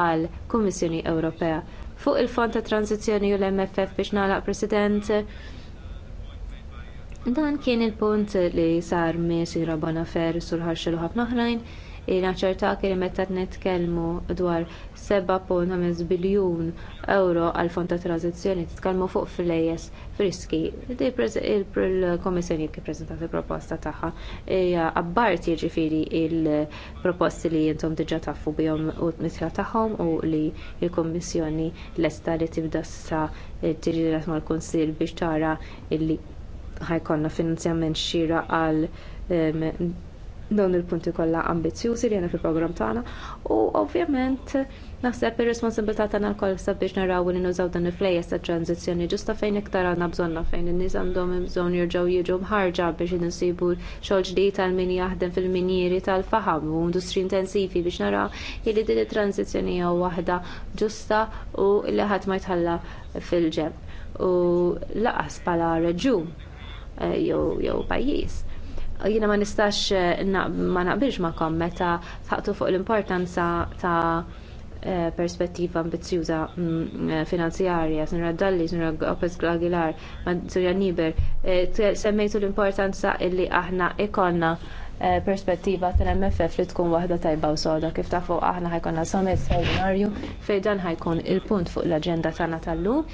għal Kummissjoni Ewropea. Fuq il-Fond ta' Transizjoni u l-MFF biex nagħlaq President, dan kien il-punt li sar mis Bonaffer sur ħarxelu ħafna oħrajn naċċerta li meta nitkellmu dwar 7.5 biljun euro għal fond ta' tranzizzjoni titkellmu fuq fil friski. Il-Komissjoni kif preżentat il-proposta tagħha hija abbarti jiġifieri il-proposti li jintom diġà tafu bihom u t-mitra tagħhom u li l kummissjoni lesta li tibda sa tiġirat mal kunsill biex tara illi ħajkonna finanzjament xira għal dawn il-punti kollha ambizjużi li għandna fil-programm tagħna u ovvjament naħseb ir-responsabilità tagħna wkoll sabiex naraw li nużaw dan il-flejjes ta' tranzizzjoni ġusta fejn iktar għandna bżonna fejn in-nies għandhom bżonn jerġgħu jiġu mħarġa biex insibu xogħol ġdid tal-min jaħdem fil minieri tal-faħam u industri intensivi biex naraw li din it-tranzizzjoni hija waħda ġusta u li ħadd ma jtħalla fil-ġeb u laqas bħala reġjun eh, jew pajjiż Jiena ma nistax eh, ma naqbilx ma kom meta taqtu fuq l-importanza ta' eh, perspettiva ambizjuża mm, eh, finanzjarja, Sinra Dalli, Sinra Gopez Glagilar, Sinra Niber, semmejtu l-importanza illi aħna ikonna perspettiva tal-MFF li tkun waħda tajba u soda kif ta' fuq aħna ħajkonna summit straordinarju fejn dan ħajkun il-punt fuq l-agenda tagħna tal-lum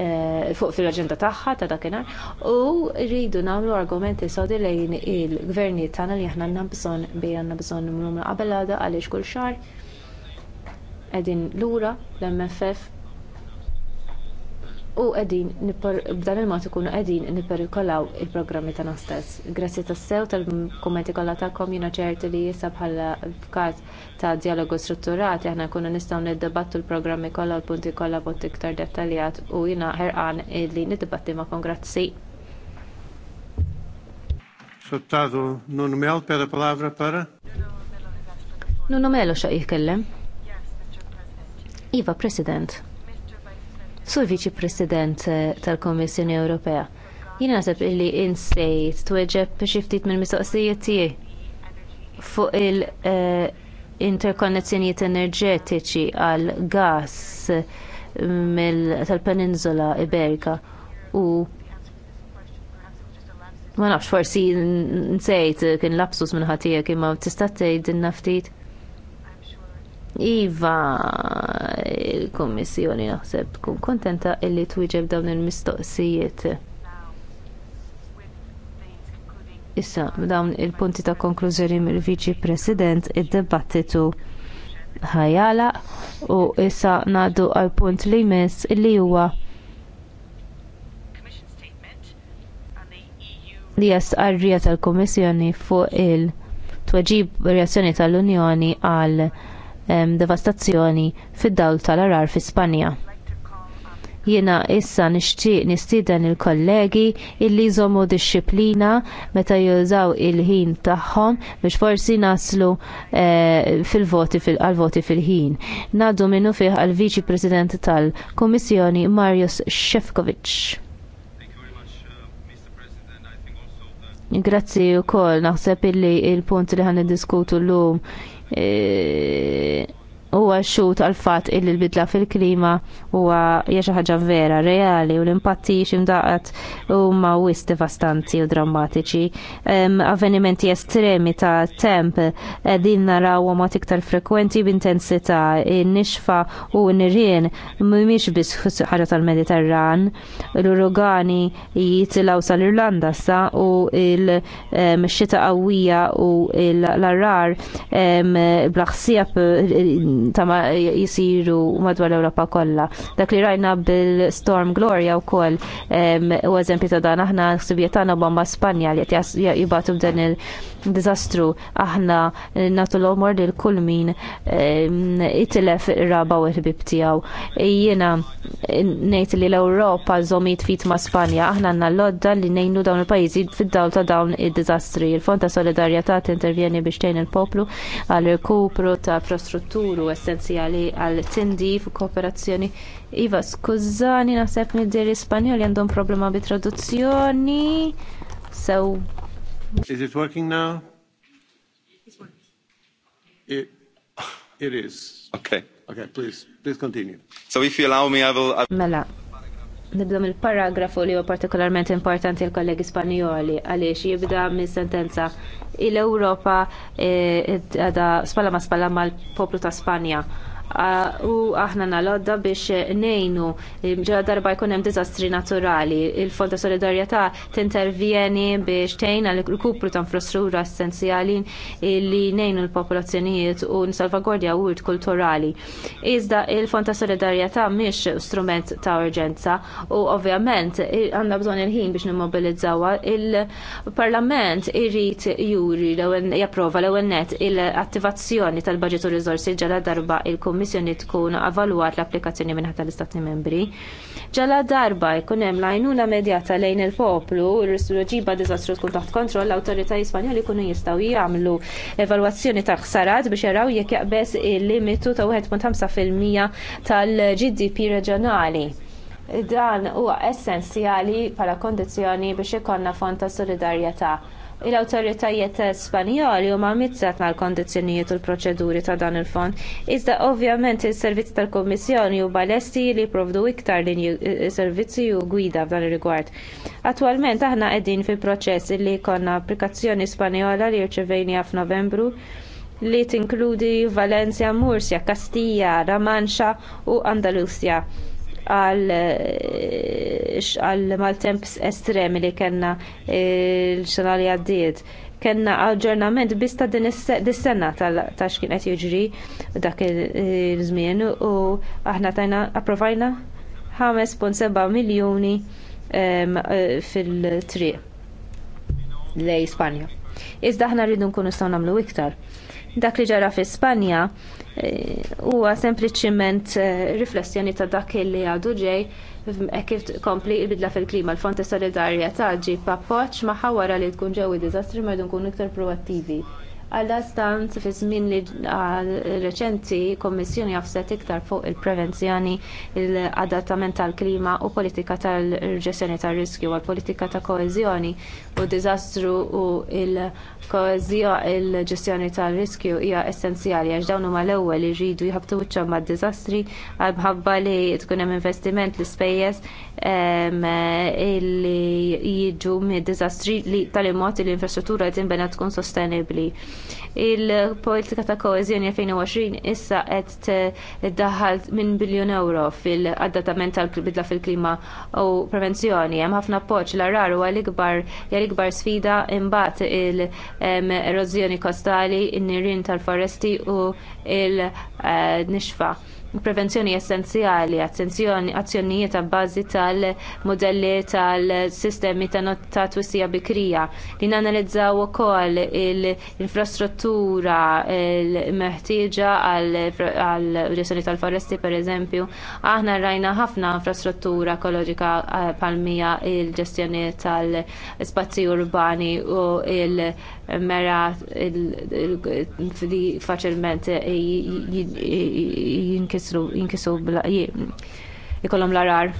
Eh, fuq fil-agenda tagħha ta' dakinhar u rridu nagħmlu argumenti sodi lejn il-gvernijiet tagħna li aħna għandna bżonn bejn għandna bżonn nagħmlu qabel għada għaliex kull xahar qegħdin lura l-MFF u qegħdin b'dan il-mod ikunu qegħdin nipperikolaw il-programmi tagħna stess. Grazzi tas-sew tal-kummenti kollha tagħkom jiena ċerti li issa bħala f'każ ta' dialogu strutturati aħna nkunu nistgħu niddibattu l-programmi kollha u l-punti kollha b'mod iktar dettaljat u jiena ħerqan li niddibatti magħkom grazzi. Sottadu Nuno Melo palavra para. Nuno Melo xa jitkellem. Iva, President. Sur Viċi President tal-Kommissjoni Ewropea. Jina nasab illi insejt tweġeb xi ftit mill-mistoqsijiet tiegħi fuq il-interkonnezzjonijiet enerġetiċi għal gas tal-Peninsula Iberika u ma nafx forsi nsejt kien lapsus minn ħatija imma tista' tgħid ftit Iva, il-Kommissjoni naħseb tkun kontenta illi twieġeb dawn il-mistoqsijiet. Issa, dawn il-punti ta' konklużjoni mill-Viċi President id-debattitu ħajala u issa ngħaddu għal punt li jmiss illi huwa li jasqarrija tal-Kommissjoni fuq il-tweġib reazzjoni tal-Unjoni għal devastazzjoni fid-dawl tal-arar fi Spanja. Jiena issa nixtieq nistieden il-kollegi illi jżommu dixxiplina meta jużaw il-ħin tagħhom biex forsi naslu eh, fil-voti għal-voti fil-ħin. Ngħaddu minnu fih għal-Viċi President tal-Kummissjoni Marius Shefkovic. Grazzi wkoll naħseb illi il-punt li ħan diskutu l e, huwa xut għal fatt illi l-bidla fil-klima huwa hija xi ħaġa vera, reali u l-impatti x'imdaqat huma wis devastanti u drammatiċi. Avvenimenti estremi ta' temp eh, din naraw ma iktar frekwenti b'intensità, in-nixfa u n-nirien mhumiex biss ħaġa tal-Mediterran. L-uragani jitilgħu sal-Irlanda sa u l-xita qawwija u l-arar blaħsija eh, tama jisiru madwar l europa kollha. Dak li rajna bil-Storm Gloria wkoll u eżempju ta' dan aħna s-subjetana bomba Spanja li jibatu b'dan il- dizastru aħna natu l-omor li l-kull min itilef raba u ħbib tijaw. Jena nejt li l-Europa zomit fit ma Spanja, aħna għanna l-odda li nejnu dawn il-pajizi fid-dawl ta' dawn il-dizastri. Il-Fond ta' Solidarjetà intervjeni biex tejn il-poplu għal-rekupru ta' infrastrutturu essenzjali għal-tindif u kooperazzjoni Iva, skużani, naħseb mid-diri Spanjoli għandhom problema bi traduzzjoni. Is it working now? It's working. It, is. Okay. Okay, please, please continue. So if you allow me, I will... Mela, nibda mill-paragrafu li huwa partikolarment importanti l kollegi Spanjoli għaliex jibda minn sentenza il europa eh, għada spalla ma spalla mal poplu ta' Spanja u aħna nalodda biex nejnu ġala darba jkun hemm diżastri naturali. Il-Fond ta' Solidarjetà tintervjeni biex tgħin għal rikupru ta' infrastruttura essenzjali li nejnu l-popolazzjonijiet u nsalvagwardja wirt kulturali. Iżda il-Fond ta' Solidarjetà mhix strument ta' urġenza u ovvjament għandna bżonn il-ħin biex nimmobilizzawha. Il-Parlament irid juri l-ewwel japprova l-ewwel net il-attivazzjoni tal-baġit u riżorsi ġala darba il kumitat il tkun avalwat l-applikazzjoni minn ħata l-Istati Membri. Ġala darba jkun hemm l-għajnuna medjata lejn il-poplu, l-ġiba diżastru tkun taħt kontroll, l-awtorità Spanjoli jkunu jistgħu jagħmlu evalwazzjoni ta' ħsarat biex jaraw jekk jaqbes il-limitu ta' 1.5% tal-GDP reġjonali dan huwa essenzjali bħala kondizzjoni biex ikollna fond ta' solidarjetà l-awtoritajiet Spanjoli huma mizzat mal-kondizzjonijiet u l-proċeduri ta' dan il-fond. Iżda ovvjament is-servizzi tal-Kummissjoni huma lesti li jipprovdu iktar din eh, servizzi u gwida f'dan ir-rigward. Attwalment aħna qegħdin fil-proċess li jkollna applikazzjoni Spanjola li rċevejnija f'Novembru li tinkludi Valencia, Mursja, Kastija, Ramanxa u Andalusja għal maltemp estremi li kellna l-xena li għaddiet. Kellna aġġornament biss ta' din is-sena ta' x'kien qed jiġri dak il-żmien u aħna tajna approvajna 5.7 miljuni fil-triq lej Spanja. Iżda aħna rridu nkunu staw nagħmlu iktar Dak li ġara fi Spanja eh, huwa sempliċiment eh, riflessjoni ta' dak li għadu ġej e kif kompli il-bidla fil-klima l-fonti ta' ġib appoġġ maħħa wara li tkun ġew id ma ma nkunu iktar proattivi għal stanz fi żmien li reċenti kommissjoni offset iktar fuq il-prevenzjoni l adattament tal-klima u politika tal-ġestjoni tal-riskju għal politika ta' koezjoni u diżastru u il-ġestjoni tal-riskju hija essenzjali għax dawn huma l-ewwel li jridu jħabtu wiċċhom mad-diżastri għal bħabba li tkun hemm investiment l-ispejjeż li jiġu mid-diżastri li tal-imot l-infrastruttura tinbena tkun sostenibbli. Il-politika ta' koezjoni 2020 issa qed daħal minn biljun euro fil addattament tal-bidla fil-klima u prevenzjoni. Hemm ħafna appoġġ l arraru u għal-ikbar ikbar sfida imbagħad il-erożjoni kostali, in-nirien tal-foresti u il-nixfa. Eh, prevenzjoni essenzjali, attenzjoni, azzjonijiet ta' bażi tal-modelli tal-sistemi ta' notta twissija bikrija li nanalizzaw ukoll l-infrastruttura l-meħtieġa għal ġestjoni tal-foresti pereżempju. Aħna rajna ħafna infrastruttura ekoloġika palmija il-ġestjoni tal-spazzi urbani u il-mera li faċilment jinkisru jinkisru ikollhom l-arar.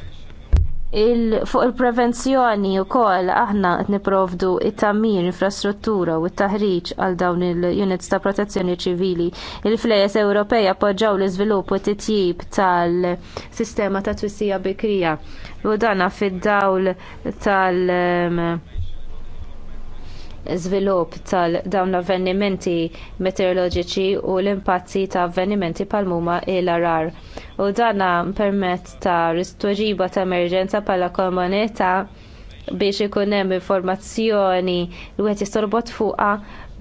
Il, fuq il-prevenzjoni wkoll aħna qed nipprovdu it-tammir, infrastruttura u t-taħriġ għal dawn il-units ta' protezzjoni ċivili. Il-flejes Ewropej appoġġaw l-iżvilupp u t-titjib tal-sistema ta' twissija bikrija u dana fid-dawl tal- żvilupp tal dawn l-avvenimenti meteoroloġiċi u l-impatti ta' avvenimenti bħal muma l-arar. U dana permezz ta' tweġiba ta' emerġenza bħala komunità biex ikun hemm informazzjoni li wieħed jistorbot fuqha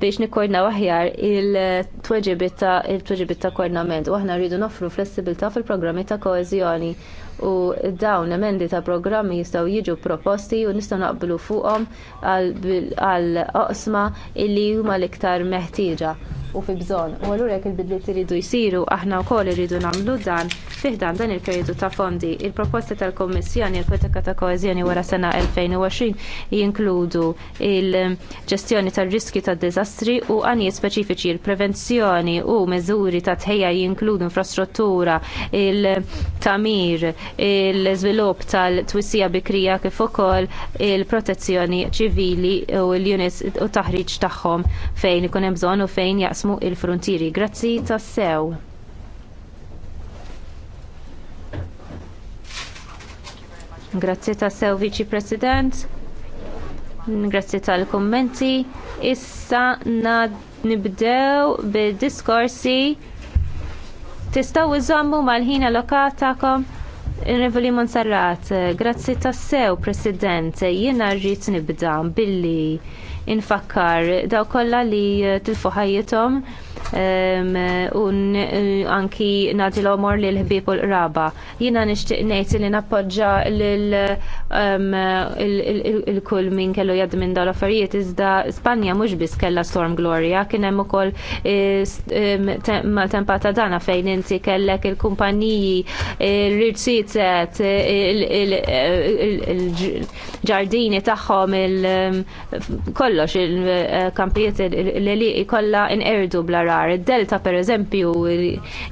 biex nikkorna aħjar il ta' il ta' kornament u aħna rridu noffru flessibilità fil-programmi ta' koeżjoni u dawn emendi ta' programmi jistgħu jiġu proposti u nistgħu naqblu fuqhom għal oqsma illi huma l-iktar meħtieġa u fi bżonn. U allura jekk il-bidliet iridu jsiru aħna wkoll iridu nagħmlu dan fiħdan dan il-perjodu ta' fondi. Il-proposta tal-Kommissjoni il-Politika ta' Koeżjoni wara sena 2020 jinkludu il-ġestjoni tar-riski tad-diżastri u għanijiet speċifiċi il-prevenzjoni u miżuri ta' tħejja jinkludu infrastruttura, il-tamir, il-żvilupp tal-twissija bikrija kif ukoll il-protezzjoni ċivili u l-units u taħriġ tagħhom fejn ikun hemm bżonn u fejn jaqsmu jaqsmu il-frontieri. Grazzi sew. Grazzi sew Viċi President. Grazzi tal-kommenti. Issa nibdew bid-diskorsi. Tistaw iżommu mal-ħin allokatakom. Revoli Monserrat, grazzi sew President, jiena rrit nibda billi infakkar daw kollha li tilfu ħajjithom un anki nati l-omor lil ħbieb u l-raba. Jiena nixtieq ngħid li nappoġġa l kull min kellu jad minn dawn l-affarijiet iżda Spanja mhux biss kellha Storm Gloria, kien hemm ukoll tempata dana fejn inti kellek il-kumpaniji, il-rirsitet, il-ġardini tagħhom il-kollox il-kampijiet l-li in-erdu bla ARR. Delta per eżempju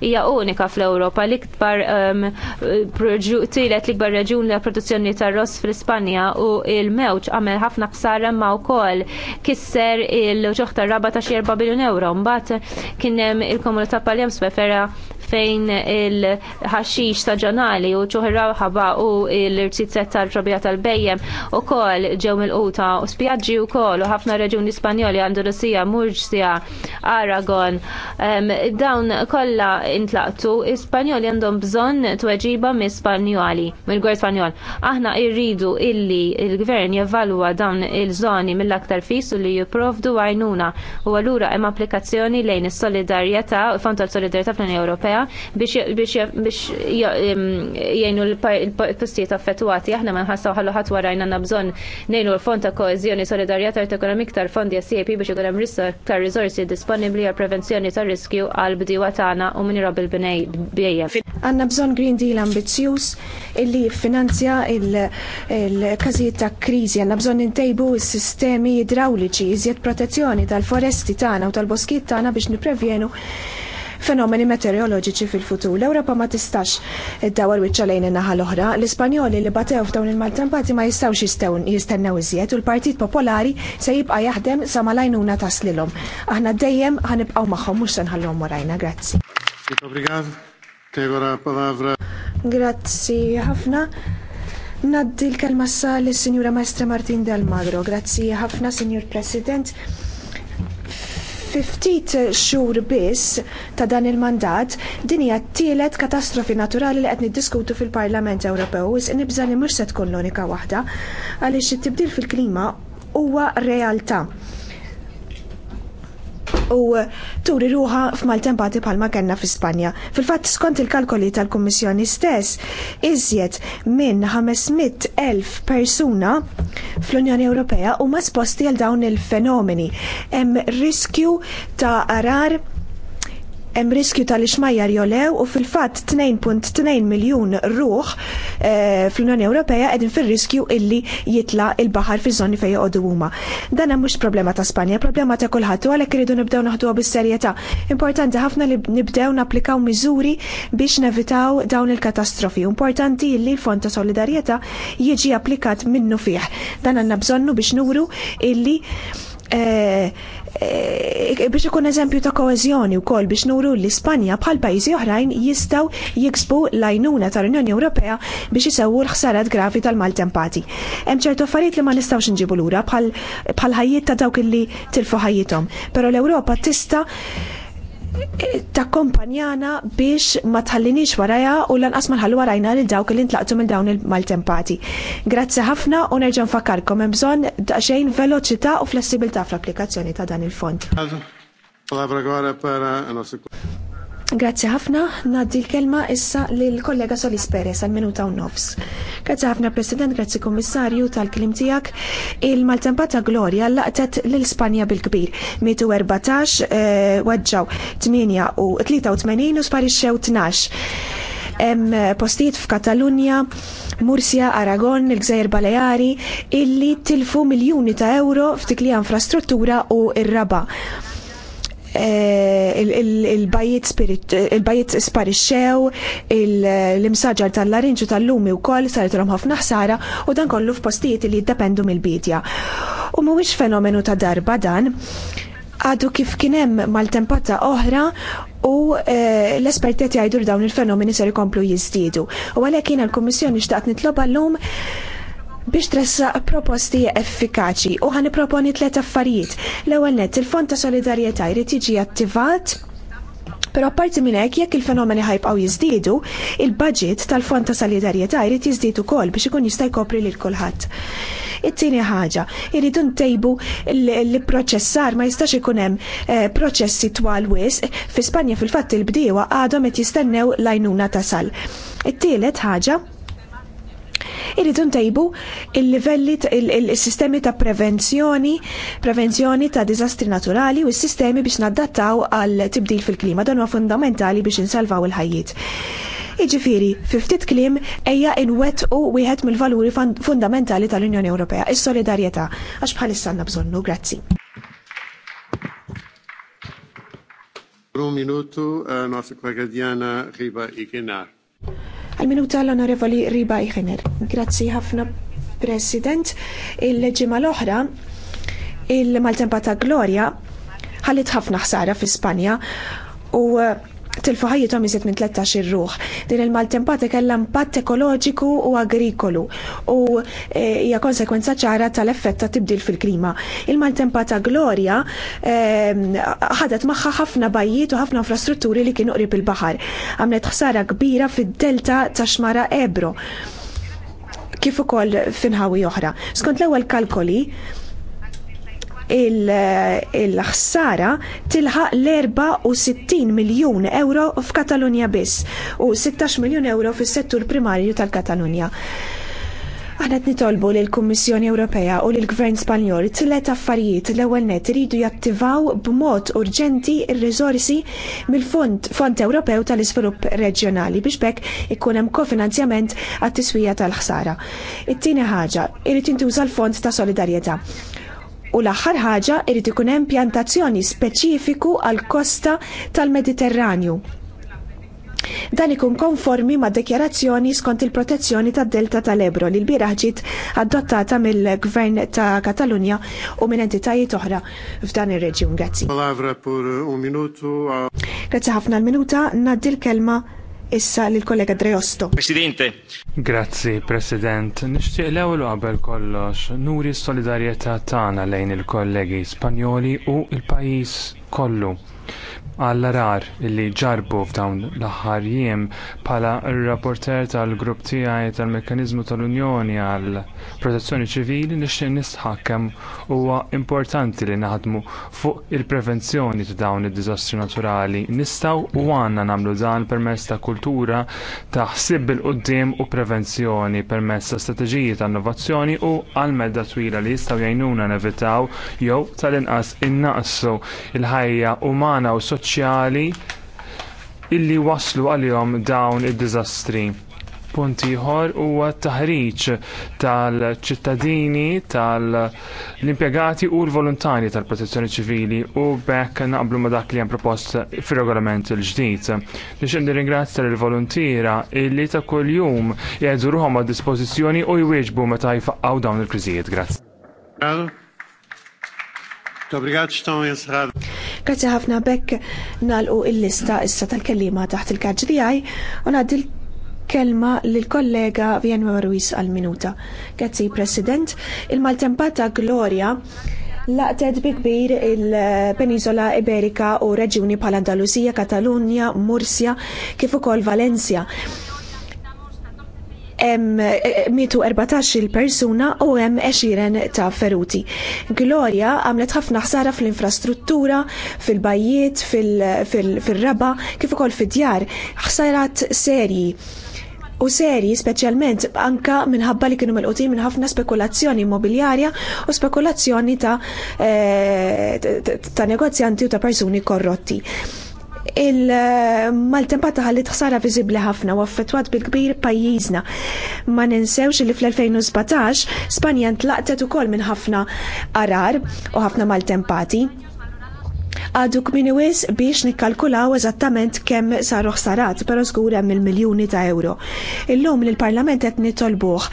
hija unika fl-Ewropa l kbar um, ehm, tielet l-ikbar reġjun la produzzjoni tar-ross fl-Ispanja u il-mewġ għamel ħafna ħsara ma wkoll kisser il-ġoħ tar-raba ta' xi 4 biljun euro. Mbagħad kien hemm il-komunità Paljams swefera fejn il-ħaxix staġjonali u ċuħir rawħaba u l-irtizzet tal-ġobija tal-bejjem u kol ġew mil-quta u spjaġġi u kol u ħafna reġuni Spanjoli Andalusija, Murġsija, Aragon. Dawn kollha intlaqtu, Spanjoli għandhom bżonn tweġiba mis Spanjoli, mill-gwer Spanjol. Aħna irridu illi il-gvern jevalwa dawn il-żoni mill-aktar fis u li jiprovdu għajnuna u allura hemm applikazzjoni lejn is-solidarjetà u fond tal-solidarjetà fl-Unjoni Ewropea ħajja biex jgħinu l-postijiet affettwati. Aħna ma nħassaw ħallu ħadd wara jgħinna bżonn ngħinu l-fond ta' koeżjoni solidarjetà art ekonomik iktar fondi SCAP biex ikun hemm ta' risorsi disponibbli għal prevenzjoni ta' riskju għal bdiewa tagħna u min il-bnej bnejjem. Għandna bżonn Green Deal ambizzjuż illi jiffinanzja il-każijiet ta' kriżi, għandna bżonn intejbu s-sistemi idrawliċi, iżjed protezzjoni tal-foresti tagħna u tal-boskiet tagħna biex niprevjenu fenomeni meteoroloġiċi fil-futur. L-Ewropa ma tistax id-dawar wiċċa lejn naħa l-oħra. L-Ispanjoli li batew f'dawn il-maltempati ma jistawx jistennew iżjed u l-Partit Popolari se jibqa' jaħdem sa malajnuna taslilhom. Aħna dejjem ħanibqgħu magħhom mhux se nħallhom morajna. Grazzi. Grazzi ħafna. Naddi l-kelma sa l-Sinjura Maestra Martin Del Magro. Grazzi ħafna, Sinjur President fi ftit xhur biss ta' dan il-mandat din hija t-tielet katastrofi naturali li qed niddiskutu fil-Parlament Ewropew is nibża li mhux se tkun l-unika waħda għaliex it-tibdil fil-klima huwa realtà u turi ruħa f'maltempati palma kellna fi Spanja. Fil-fatt skont il-kalkoli tal-Kummissjoni stess, iżjed minn 500.000 persuna fl-Unjoni Ewropea u ma sposti għal dawn il-fenomeni. Hemm riskju ta' arar hemm riskju tal-ixmajjar jolew u fil-fatt 2.2 miljun ruħ eh, fl-Unjoni Ewropea qegħdin fir-riskju illi jitla il-baħar fiż-żoni fejn joqogħdu huma. Dan hemm mhux problema ta' Spanja, problema ta' kulħadd u għalhekk iridu nibdew naħduha bis-serjetà. Importanti ħafna li nibdew napplikaw miżuri biex nevitaw dawn il-katastrofi. Importanti li l-Fond ta' Solidarjetà jiġi applikat minnu fih. Dan għandna bżonnu biex nuru illi eh, Eh, biex ikun eżempju ta' u wkoll biex nuru li Spanja bħal pajjiżi oħrajn jistgħu jiksbu l-għajnuna tal-Unjoni Ewropea biex isewu l-ħsarat gravi tal-maltempati. Hemm ċertu affarijiet li ma nistgħux inġibu lura bħal ħajjiet ta' dawk illi tilfu ħajjithom, però l-Ewropa tista' kompanjana biex ma tħallinix waraja u lanqas ma nħallu warajna lil dawk li ntlaqtu minn dawn il-maltempati. Grazzi ħafna u nerġa' nfakkarkom hemm bżonn xejn veloċità u flessibilità fl-applikazzjoni ta' dan il-fond. Grazzi ħafna, naddi l-kelma issa lill-kollega Solis Perez għal minuta u nofs. Grazzi ħafna President, grazie Komissarju tal-klim tijak. Il-maltempata Gloria laqtet l-Ispanja bil-kbir. 114 eh, waġġaw 8 u 83 u sparixxew 12. Em postijiet f'Katalunja, Mursja, Aragon, il-Gżajr Baleari, illi tilfu miljuni ta' euro f'tikli infrastruttura u ir-raba. Eh, il-bajiet sparixxew, l-imsaġar tal-larinġu tal-lumi u koll saritrom ħafna ħsara u dan kollu f'postijiet li jiddependu mill-bidja. U mhuwiex fenomenu ta' darba dan, għadu kif kienem mal-tempata oħra u eh, l-espertet jgħidu dawn il-fenomeni ser ikomplu jizdidu. U għalhekk jina l-Kummissjoni xtaqt nitloba llum biex tressa proposti effikaċi u ħani proponi tlet affarijiet. L-ewwel nett il-Fond ta' Solidarjetà jrid jiġi attivat Pero apparti minn hekk jekk il-fenomeni ħajbqgħu jiżdiedu, il-budget tal-Fond ta' Solidarjetà jrid jiżdied ukoll biex ikun jista' jkopri lil kulħadd. It-tieni ħaġa, Iridu ntejbu l-proċessar ma jistax ikun hemm eh, proċessi twal wisq. Fi Spanja fil-fatt il-bdiewa għadhom qed jistennew l-għajnuna tasal. It-tielet ħaġa, Irridu ntejbu il-livelli il-sistemi ta' prevenzjoni, prevenzjoni ta' diżastri naturali u s-sistemi biex naddattaw għal tibdil fil-klima dan huwa fundamentali biex insalvaw il-ħajjiet. Iġifiri, fi ftit klim eja inwet u wieħed mill-valuri fundamentali tal-Unjoni Ewropea, is-solidarjetà, għax bħalissa għandna bżonnu, grazzi. Un minutu, eh, nostra kollega Diana Riba Ikenar. Il-minuta l-onorevoli Riba Iħener. Grazzi ħafna, President. Il-ġimma l-oħra, il maltempata Gloria, ħallit ħafna ħsara fi Spanja u tilfu ħajjithom iżjed minn 13 ruħ. Din il-maltempata kellha impatt ekoloġiku u agrikolu u e, hija konsekwenza ċara tal-effett ta' tibdil fil-klima. Il-maltempata Gloria e, ħadet magħha ħafna bajjiet u ħafna infrastrutturi li kienu qrib il-baħar. Għamlet ħsara kbira fid-delta ta' xmara Ebro kif ukoll finħawi oħra. Skont l-ewwel kalkoli, il-ħsara tilħaq l-64 miljun euro f'Katalunja biss u 16 miljun euro fis-settur primarju tal-Katalunja. Aħna qed nitolbu lill kummissjoni Ewropea u lill Gvern Spanjol tliet affarijiet l-ewwel nett iridu jattivaw b'mod urġenti r-riżorsi mill-Fond Fond Ewropew tal-Iżvilupp Reġjonali biex bekk ikun hemm kofinanzjament għat-tiswija tal-ħsara. It-tieni ħaġa irid jintuża l-Fond ta' Solidarjetà. U l-aħħar ħaġa irid ikun hemm pjantazzjoni speċifiku għal kosta tal-Mediterranju. Dan ikun konformi ma' dekjarazzjoni skont il-protezzjoni tad delta tal-Ebro li l-bieraħ ġiet adottata mill-Gvern ta' Katalunja u minn entitajiet oħra f'dan ir-reġjun. Grazzi. Grazie Grazzi ħafna l-minuta, naddi l-kelma issa lill-kollega Dreosto. Presidente. Grazzi, President. Nixtieq l-ewwel qabel kollox nuri s tana tagħna lejn il-kollegi Spanjoli u l-pajjiż kollu għall rar illi ġarbu f'dawn l-aħħar jiem bħala rapporter tal-grupp tiegħi tal-Mekkaniżmu tal-Unjoni għall protezzjoni ċivili nixtieq nisħaq kemm huwa importanti li naħdmu fuq il-prevenzjoni ta' dawn id-diżastri naturali. Nistgħu u għandna nagħmlu dan permezz ta' kultura ta' ħsieb il qudiem u prevenzjoni permezz ta' strateġiji ta' innovazzjoni u għal medda twila li jistgħu jgħinuna nevitaw jew tal-inqas innaqsu il-ħajja umana u soċjali soċjali illi waslu għalihom dawn id-diżastri. Punt ieħor huwa t taħriġ tal-ċittadini, tal-impjegati u l volontarji tal-protezzjoni ċivili u bekk naqblu ma dak li hemm propost fir-regolament il-ġdid. Nix nirringrazzja lill volontira illi ta' kuljum jgħidu ruħhom għad dispożizzjoni u jwieġbu meta jfaqgħu dawn il-kriżijiet. Grazzi. Grazie ħafna bekk nalqu il-lista issa tal-kellima taħt il-kaġ tiegħi u ngħaddi kelma lill-kollega Vienna Ruiz għal-minuta. Grazzi President, il-maltempata Gloria laqtet bi kbir il-Penisola Iberika u reġjuni bħal Andalusija, Katalunja, Mursja, kif ukoll Valencia mitu 14 il-persuna u hemm 20 ta' feruti. Gloria għamlet ħafna ħsara fl-infrastruttura, fil-bajjiet, fil-raba, kif ukoll fid-djar, ħsarat serji. U seri, speċjalment anka minħabba li kienu melqutin minn ħafna spekulazzjoni immobiljarja u spekulazzjoni ta', eh, ta negozjanti u ta' persuni korrotti il-maltempata ħalli tħsara viżibli ħafna u affettwat bil-kbir pajjiżna. Ma ninsewx li fl-2017 Spanja ntlaqtet ukoll minn ħafna arar u ħafna maltempati għadu kmini wis biex nikkalkulaw eżattament kemm saru ħsarat, pero żgur hemm il-miljuni ta' euro. Illum l-Parlament qed nitolbuh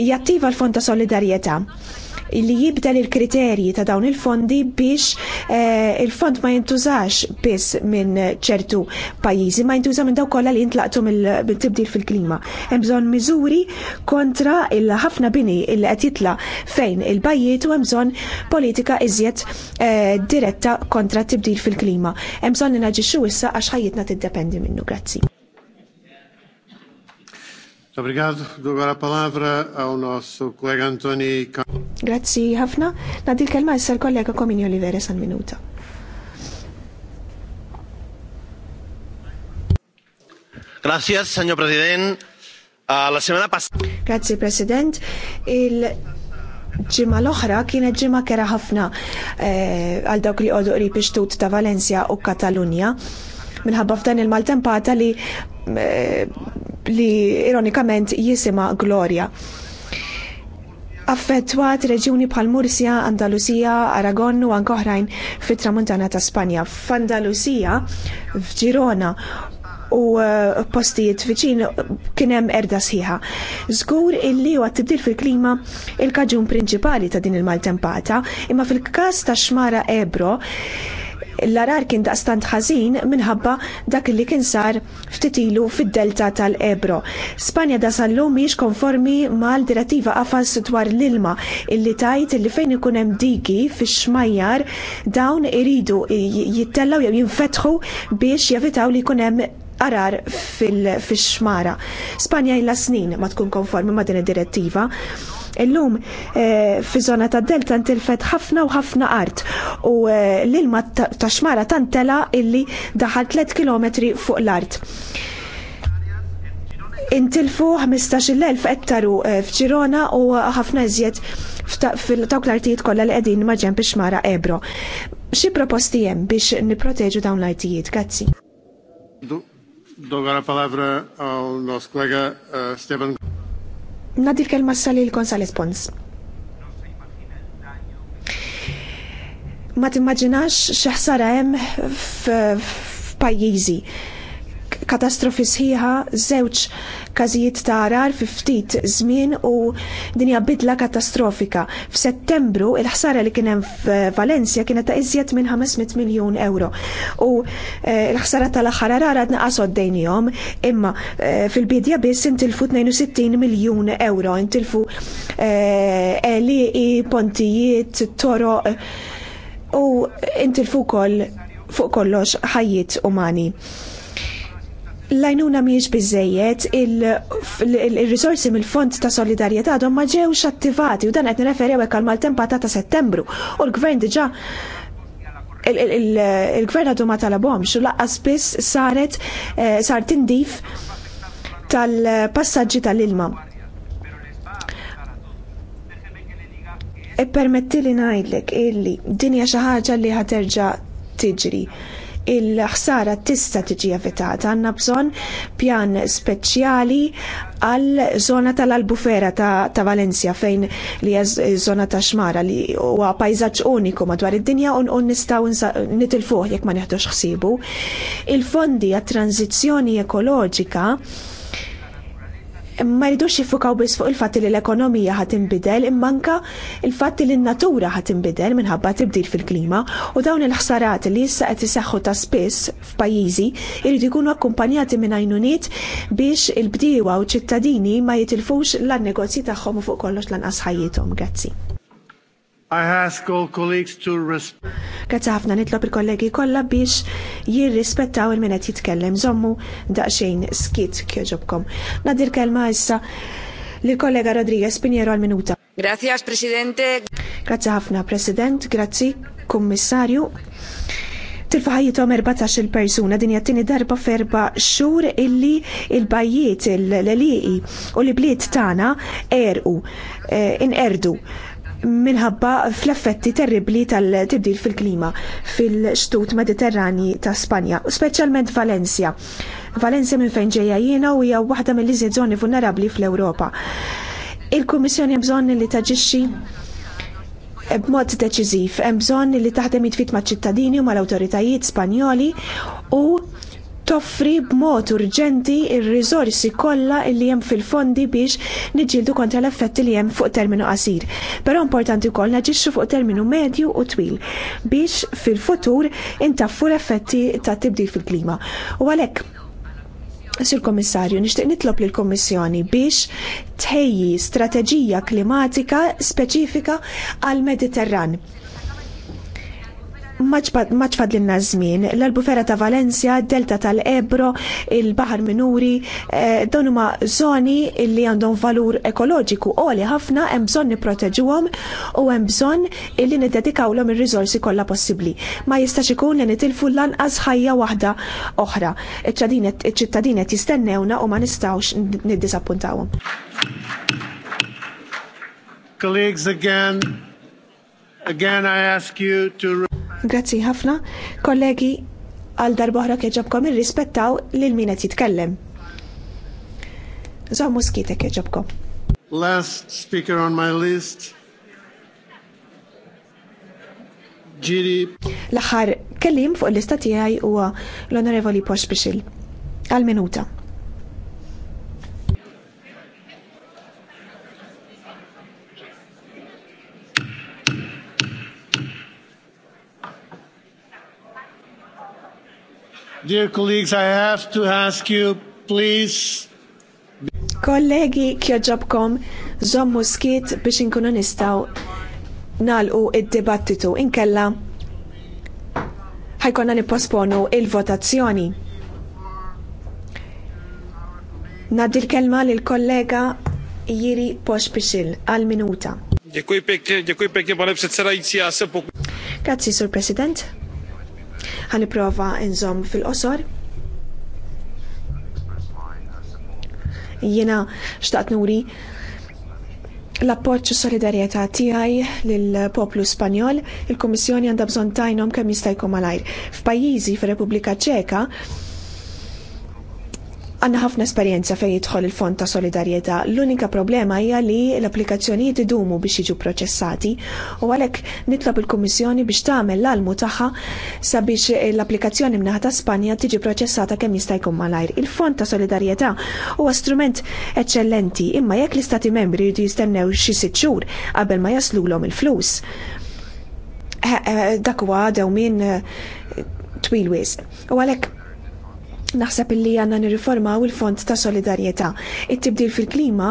jattiva l-Fond ta' Solidarjetà li jibdel il-kriterji ta' dawn il-fondi biex eh, il-fond ma jintużax biss minn ċertu pajjiżi, ma jintuża minn daw kollha li jintlaqtu mill-tibdil fil-klima. Hemm bżonn miżuri kontra il-ħafna bini il qed jitla fejn il-bajjiet u hemm bżonn politika iżjed eh, diretta kontra t-tibdil fil-klima. Hemm bżonn inaġixxu issa għax ħajjitna tiddependi minnu. Grazzi. Obrigado. Dou a palavra ao nosso colega Antoni Grazzi ħafna. Nadil l-kelma issa l-kollega Komini Olivera san minuta. Grazie, signor President. Uh, la semana passata. Grazie, President. Il ġimma l-oħra kienet ġimma kera ħafna eh, għal dawk li għodu qrib ta' Valencia u Katalunja minħabba f'dan il-maltempata li Eh, li ironikament jisima Gloria affettwat reġjuni bħal Mursja, Andalusija, Aragon u anke oħrajn fit-tramuntana ta' Spanja. F'Andalusija, f'Ġirona u eh, postijiet viċin kien hemm erda sħiħa. Żgur illi huwa tibdil fil-klima il-kaġun prinċipali ta' din il-maltempata, imma fil-każ ta' xmara Ebro L-arar kien daqstant ħażin minħabba dak li kien sar ftitilu fid-delta tal-Ebro. Spanja da sallu miex konformi mal-direttiva għafas dwar l-ilma illi tajt illi fejn ikun hemm fix-xmajjar dawn iridu jittellaw jew jinfetħu biex jevitaw li jkun hemm qarar fil-xmara. Spanja illa snin ma tkun konformi ma din id-direttiva. Illum eh, fi zona ta' delta tilfet ħafna u ħafna art u eh, l-ilma ta' xmara tantela illi daħal 3 km fuq l-art. Intilfu 15.000 ettaru eh, f'Ċirona u ħafna iżjed f'dawk l-artijiet kollha li qegħdin ma' ġenb xmara Ebro. Xi proposti hemm biex nipproteġu dawn l-artijiet? Grazzi. Dou agora a palavra ao nosso colega uh, Esteban. Nadif kelma s-salil Gonzales Pons. Ma timmaġinax xi ħsara f'pajjiżi katastrofi sħiħa, żewġ każijiet ta' arar fi ftit żmien u dinja bidla katastrofika. F'Settembru il-ħsara li kien hemm f'Valencia kienet ta' iżjed minn 500 miljun euro. U eh, l-ħsara tal-aħħar arar għadna qasod dejnijom, imma eh, fil-bidja biss intilfu 62 miljun euro, intilfu eh, i pontijiet, toroq u intilfu kol fuq kollox ħajjiet umani. Lajnuna miex bizzejiet il-risorsi il, il mill-Fond ta' Solidarjetà għadhom ma ġewx attivati u dan qed nirreferew hekk għal maltempata ta' Settembru u l-Gvern diġà il-Gvern għadu ma talabhomx u laqqas biss saret eh, sar tindif tal-passaġġi tal-ilma. Ippermettili e ngħidlek illi dinja xi ħaġa li ħaterġa' tiġri il-ħsara tista tiġi evitata. Għanna bżon pjan speċjali għal zona tal-Albufera ta', ta Valencia fejn li zona ta' xmara li huwa pajzaġġ uniku madwar id-dinja un, un nistgħu nitilfuh jekk ma neħdux ħsibu. Il-fondi għat-tranzizzjoni ekoloġika ma jridux jifukaw biss fuq il-fatt li l-ekonomija ħat imbidel immanka il-fatt li n-natura ħat imbidel minħabba tibdil fil-klima u dawn il-ħsarat li issa qed iseħħu ta' spiss f'pajjiżi jridu jkunu akkumpanjati minn għajnuniet biex il-bdiewa u ċittadini ma jitilfux lan-negozji tagħhom u fuq kollox lanqas ħajjithom. Grazzi. I ask all colleagues to respect. ħafna nitlob il-kollegi kollha biex jirrispettaw il-minet jitkellem zommu daqsxejn skit kjoġobkom. Nadir kelma issa lill kollega Rodriguez Pinjero għal minuta. Grazie, Presidente. Grazzi ħafna, President. Grazzi, Kummissarju. għom 14 persuna din jattini darba ferba xur illi il bajiet l-liqi u li bliet tana erqu, eh, inqerdu minħabba fl-effetti terribli tal-tibdil fil-klima fil-xtut mediterrani ta' Spanja, speċjalment Valencia. Valencia minn fejn ġeja jiena u hija waħda mill-iżjed żoni vulnerabbli fl-Ewropa. Il-Kummissjoni bżonn li taġixxi b'mod deċiżiv, hemm bżonn li taħdem jitfit maċ-ċittadini u mal-awtoritajiet Spanjoli u toffri b'mod urġenti il-rizorsi kollha li hemm fil-fondi biex niġġieldu kontra l-effetti li hemm fuq terminu qasir. Però importanti wkoll naġixxu fuq terminu medju u twil biex fil-futur intaffu l-effetti ta' tibdil fil-klima. U għalhekk Sir Komissarju, nixtieq nitlob lill kommissjoni biex tħejji strateġija klimatika speċifika għal-Mediterran l żmien, l-Albufera ta' Valencia, Delta tal-Ebro, il-Bahar Minuri, eh, dawn huma zoni li għandhom valur ekoloġiku li ħafna hemm bżonn nipproteġuhom u hemm bżonn illi niddedikawlhom ir rizorsi kollha possibbli. Ma jistax ikun li nitilfu lanqas ħajja waħda oħra. Iċ-ċittadini qed jistennewna u ma nistgħux niddisappuntawhom. Colleagues again again I ask you to Grazzi ħafna. Kollegi, għal darbohra keġobkom irrispettaw lil min qed jitkellem. Zommu muskite keġabkom. Last speaker on my list. Ġiri. L-aħħar kellim fuq il-lista tiegħi huwa l-Onorevoli Posh Bixil. Għal minuta. Dear colleagues, I have to ask you, please. Kollegi kjoġobkom, zommu skit biex inkunu nistaw nalqu id-dibattitu inkella ħajkonna nipposponu il-votazzjoni. Naddi l-kelma lill-kollega Jiri Poxpixil għal-minuta. Dziękuję pięknie, dziękuję pięknie, panie przewodniczący. Grazie, sur President. Għan prova nżomm fil-qosor. Jiena xtaqt nuri l-appoġġ u solidarjetà tiegħi lill-poplu Spanjol, il-Kummissjoni għandha bżonn tajnom kemm jista' jkun malajr. F'pajjiżi fir-Repubblika Ċeka Għanna ħafna esperjenza fejn jidħol il-Fond ta' Solidarjetà. L-unika problema hija li l-applikazzjonijiet idumu biex jiġu proċessati u għalhekk nitlob il-Kummissjoni biex tagħmel l-almu tagħha sabiex l-applikazzjoni mnaħa ta' Spanja tiġi proċessata kemm jista' jkun malajr. Il-Fond ta' Solidarjetà huwa strument eċċellenti imma jekk l-Istati membri jridu jistennew xi sitt xhur qabel ma jaslulhom il-flus. Eh, eh, dak huwa min twil wisq. U għalhekk Naħseb illi għanna nirriformaw il-Fond ta' Solidarjetà. It-tibdil fil-klima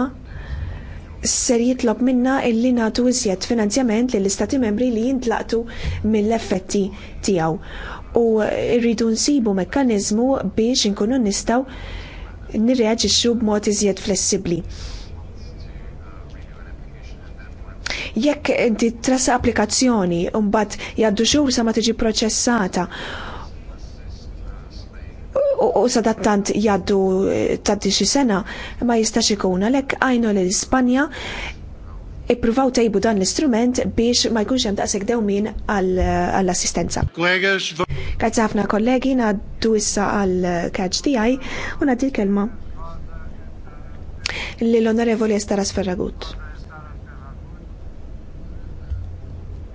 ser jitlob minna illi natu iżjed finanzjament lill istati membri li jintlaqtu mill-effetti tiegħu. U rridu nsibu mekkaniżmu biex inkunu nistgħu nirreaġixxu b'mod iżjed flessibbli. Jekk inti trasa applikazzjoni u mbagħad jgħaddu xhur sa ma tiġi proċessata u tant jaddu eh, taddi xi sena ma jistax ikun għalhekk għajnu l ispanja ippruvaw tejbu dan l-istrument biex ma jkunx hemm daqshekk dewmin għall-assistenza. Grazzi ħafna kollegi ngħaddu issa għall kaġ tiegħi u ngħaddi l-kelma lill-Onorevoli Estaras Ferragut.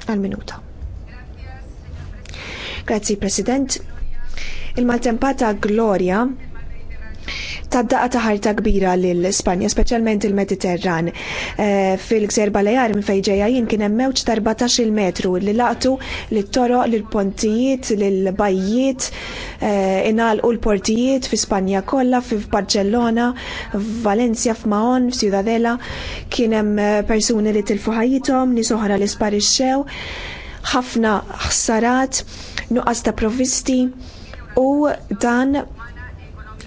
Għal minuta. Grazzi President. Il-maltempata Gloria Taddaqa ta' ħarta kbira l Spanja, speċjalment il-Mediterran. Eh, Fil-Gżer Balear minn fejġeja jien kien hemm mewġ ta' 14 metru li laqtu lit-toroq, lill-pontijiet, lill-bajjiet, eh, inalqu l-portijiet fi Spanja kollha, fi Barcellona, Valencia, f'Maon, f'Ciudadela, kien hemm eh, persuni li tilfu ħajjithom, nies oħra li sparixxew, ħafna ħsarat, nuqqas ta' provvisti u dan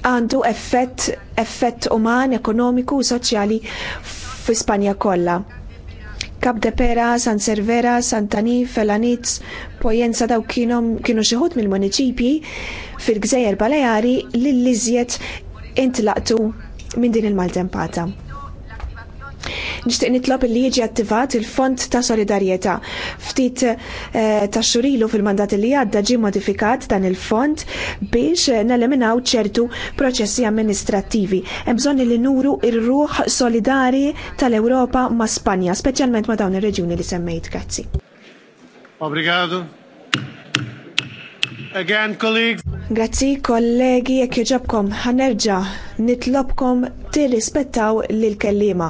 għandu effett, effett uman, ekonomiku u soċjali f'Ispanja kollha. Kap de Pera, San Cervera, Santani, Felanitz, Pojenza daw kienu xieħut mill-municipji fil-Gżejjer Baleari li l-liżjet intlaqtu minn din il-maltempata. Nixtieq nitlob li jiġi attivat il-Fond ta' Solidarjetà. Ftit eh, ta' xurilu fil-mandat li għadda ġie modifikat dan il-fond biex eh, neleminaw ċertu proċessi amministrattivi. Hemm bżonn li nuru il ruħ solidari tal-Ewropa ma' Spanja, speċjalment ma' dawn ir-reġjuni li semmejt. Grazzi. Obrigado. Again, colleagues. Grazzi kollegi, jekk joġobkom ħanerġa' nitlobkom tirrispettaw lill kellima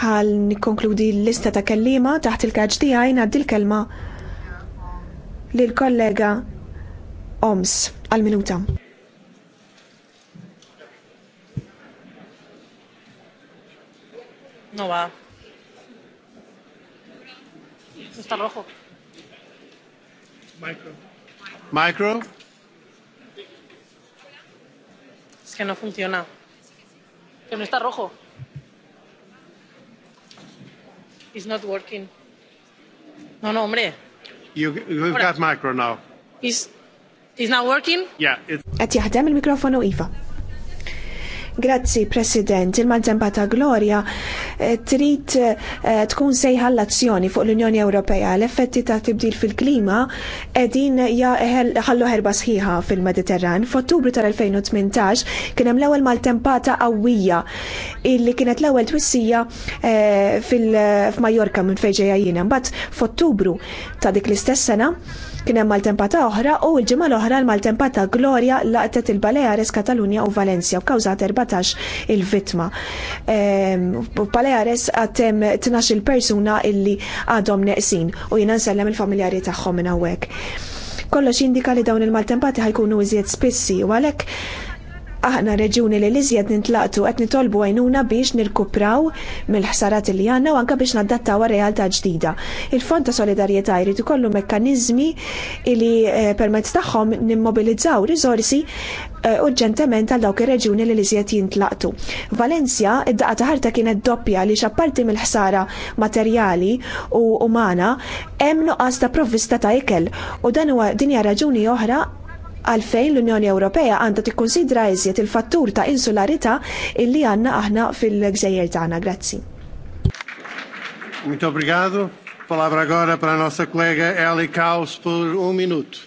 ħal nikkonkludi l-lista ta' kellima taħt il-kaġ tiegħi ngħaddi l-kelma lill kollega Oms għal minuta. No va. rojo. Micro. Micro. Es que no funciona. Que no está rojo. is not working. No, no, hombre. You, you've got micro now. Is, is not working? Yeah. It... Għat jaħdem il-mikrofonu Iva. Grazzi, President. Il-Mazzemba ta' Gloria eh, trid eh, tkun sejħa l-azzjoni fuq l-Unjoni Ewropea. L-effetti ta' tibdil fil-klima edin jaħallu herba sħiħa fil-Mediterran. F'Ottubru tal-2018 kien hemm l-ewwel maltempata qawwija illi kienet l-ewwel twissija eh, fil-Majorka minn fejn ġejjajjina. jiena. Mbagħad f'Ottubru ta' dik l-istess sena Kien hemm maltempata oħra u l-ġimgħa l-oħra l-maltempata Gloria laqtet il-Baleares Katalunja u Valencia u kawżat 14 il-vittma. Ehm, Baleares għatem 12 persuna illi għadhom neqsin u jiena nsellem il-familjari tagħhom minn hawnhekk. Kollox jindika li dawn il-maltempati ħajkunu iżjed spissi u għalhekk aħna reġuni li liżjed nintlaqtu qed nitolbu għajnuna biex nirkupraw mill-ħsarat li għandna u anke biex nadattaw realtà ġdida. Il-Fond ta' Solidarjetà jrid ikollu mekkaniżmi li eh, permezz tagħhom nimmobilizzaw riżorsi eh, urġentement għal dawk ir-reġuni li liżjed jintlaqtu. Valencia id-daqqa ta' ħarta kienet doppja li xapparti mill-ħsara materjali u umana hemm nuqqas ta' provvista ta' ikel u dan huwa dinja raġuni oħra għalfejn l-Unjoni Ewropea għandha tikkunsidra iżjed il-fattur ta' insularità illi għandna aħna fil-gżejjer tagħna. Grazzi. Muito obrigado. Palavra agora para a nossa colega Eli Kaus por um minuto.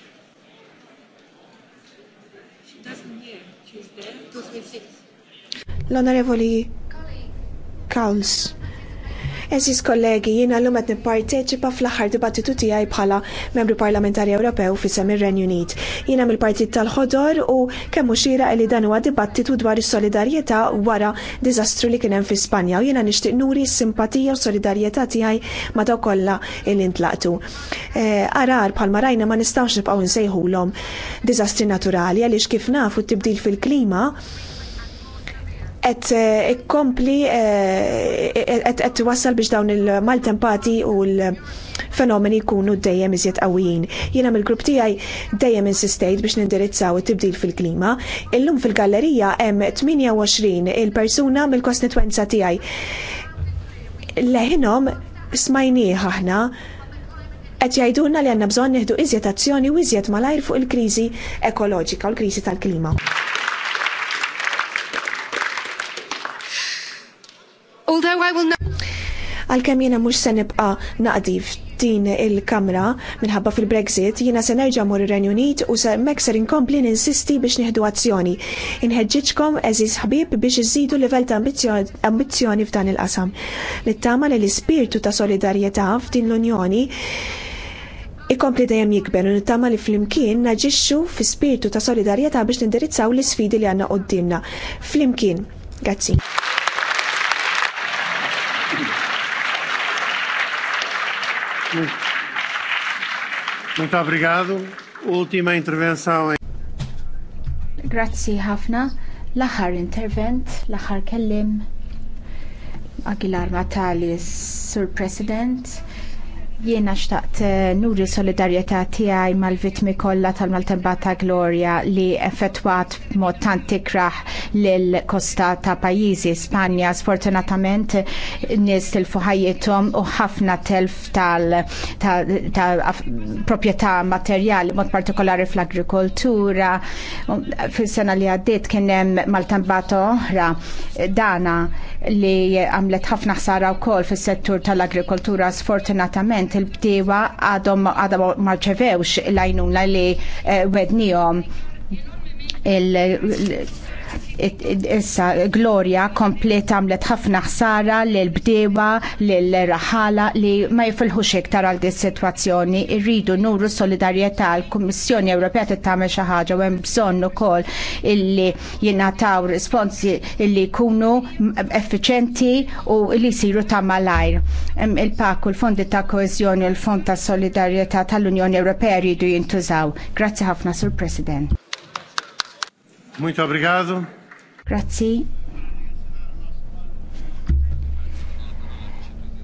L-Onorevoli Kaus. Eżis kollegi, jina l-lum għet nipparteċipa fl-axar dibattitu tijaj bħala membru parlamentari Ewropew fi semir Renju Unit. Jina mill-partit tal-ħodor u kemmu xira li dan huwa dibattitu dwar is-solidarjetà wara diżastru li kienem fi Spanja u jina nixtieq nuri simpatija u solidarjetà tijaj ma daw kollha il intlaqtu. E, arar bħalma rajna ma nistawx nibqgħu nsejħulhom diżastri naturali għaliex kif nafu t-tibdil fil-klima qed eh, ikkompli eh, qed wassal biex dawn il-maltempati u l-fenomeni jkunu dejjem iżjed qawwijin. Jiena mill-grupp tiegħi dejjem insistejt biex nindirizzaw it-tibdil fil-klima. Illum fil-gallerija hemm 28 il-persuna mill-kostitwenza tiegħi. Leħinhom smajnieh aħna qed jgħidulna li għandna bżonn nieħdu iżjed azzjoni u iżjed malajr fuq il-kriżi ekoloġika u l-kriżi tal-klima. although I will not għalkemm jiena mhux se nibqa' naqdi f'din il-kamra minħabba fil-Brexit, jiena se nerġa' mor ir-Renju Unit u se mekser ser inkompli ninsisti biex nieħdu azzjoni. Inħeġġiġkom eżiż ħbieb biex iżidu livell ta' ambizzjoni f'dan il-qasam. Nittama li l-ispirtu ta' solidarjetà f'din l-Unjoni ikompli dejjem jikber u nittama li flimkien naġixxu fi spiritu ta' solidarjetà biex nindirizzaw l-isfidi li għandna qudiemna. Flimkien, grazzi. Muito obrigado. intervenção. Grazzi ħafna. L-aħħar intervent, l-aħħar kellim. Aguilar Matali, Sur President Jiena xtaqt eh, nuri solidarjetà tiegħi mal-vitmi kollha tal-Maltembata Gloria li effettwat b'mod tant tikraħ l kosta ta' pajjiżi Spanja sfortunatament nies til ħajjithom u ħafna telf tal propieta materjal proprjetà mod partikolari fl-agrikoltura. Fis-sena li għaddiet kien hemm Maltembata oħra dana li għamlet ħafna ħsara wkoll fis-settur tal-agrikoltura sfortunatament tant il-bdewa għadhom marċevewx l-għajnuna li eh, wednijom issa Gloria komplet għamlet ħafna ħsara lil bdewa lil raħala li ma jifilħux iktar għal dis situazzjoni irridu nuru solidarjetà għal kummissjoni Ewropea tagħmel xi ħaġa u hemm bżonn ukoll illi jingħataw risponsi illi jkunu effiċenti u li jsiru ta' malajr. il pakku l-fondi ta' koeżjoni u l-fond ta' solidarjetà tal-Unjoni Ewropea jridu jintużaw. Grazzi ħafna sur President. Muito obrigado. Grazzi.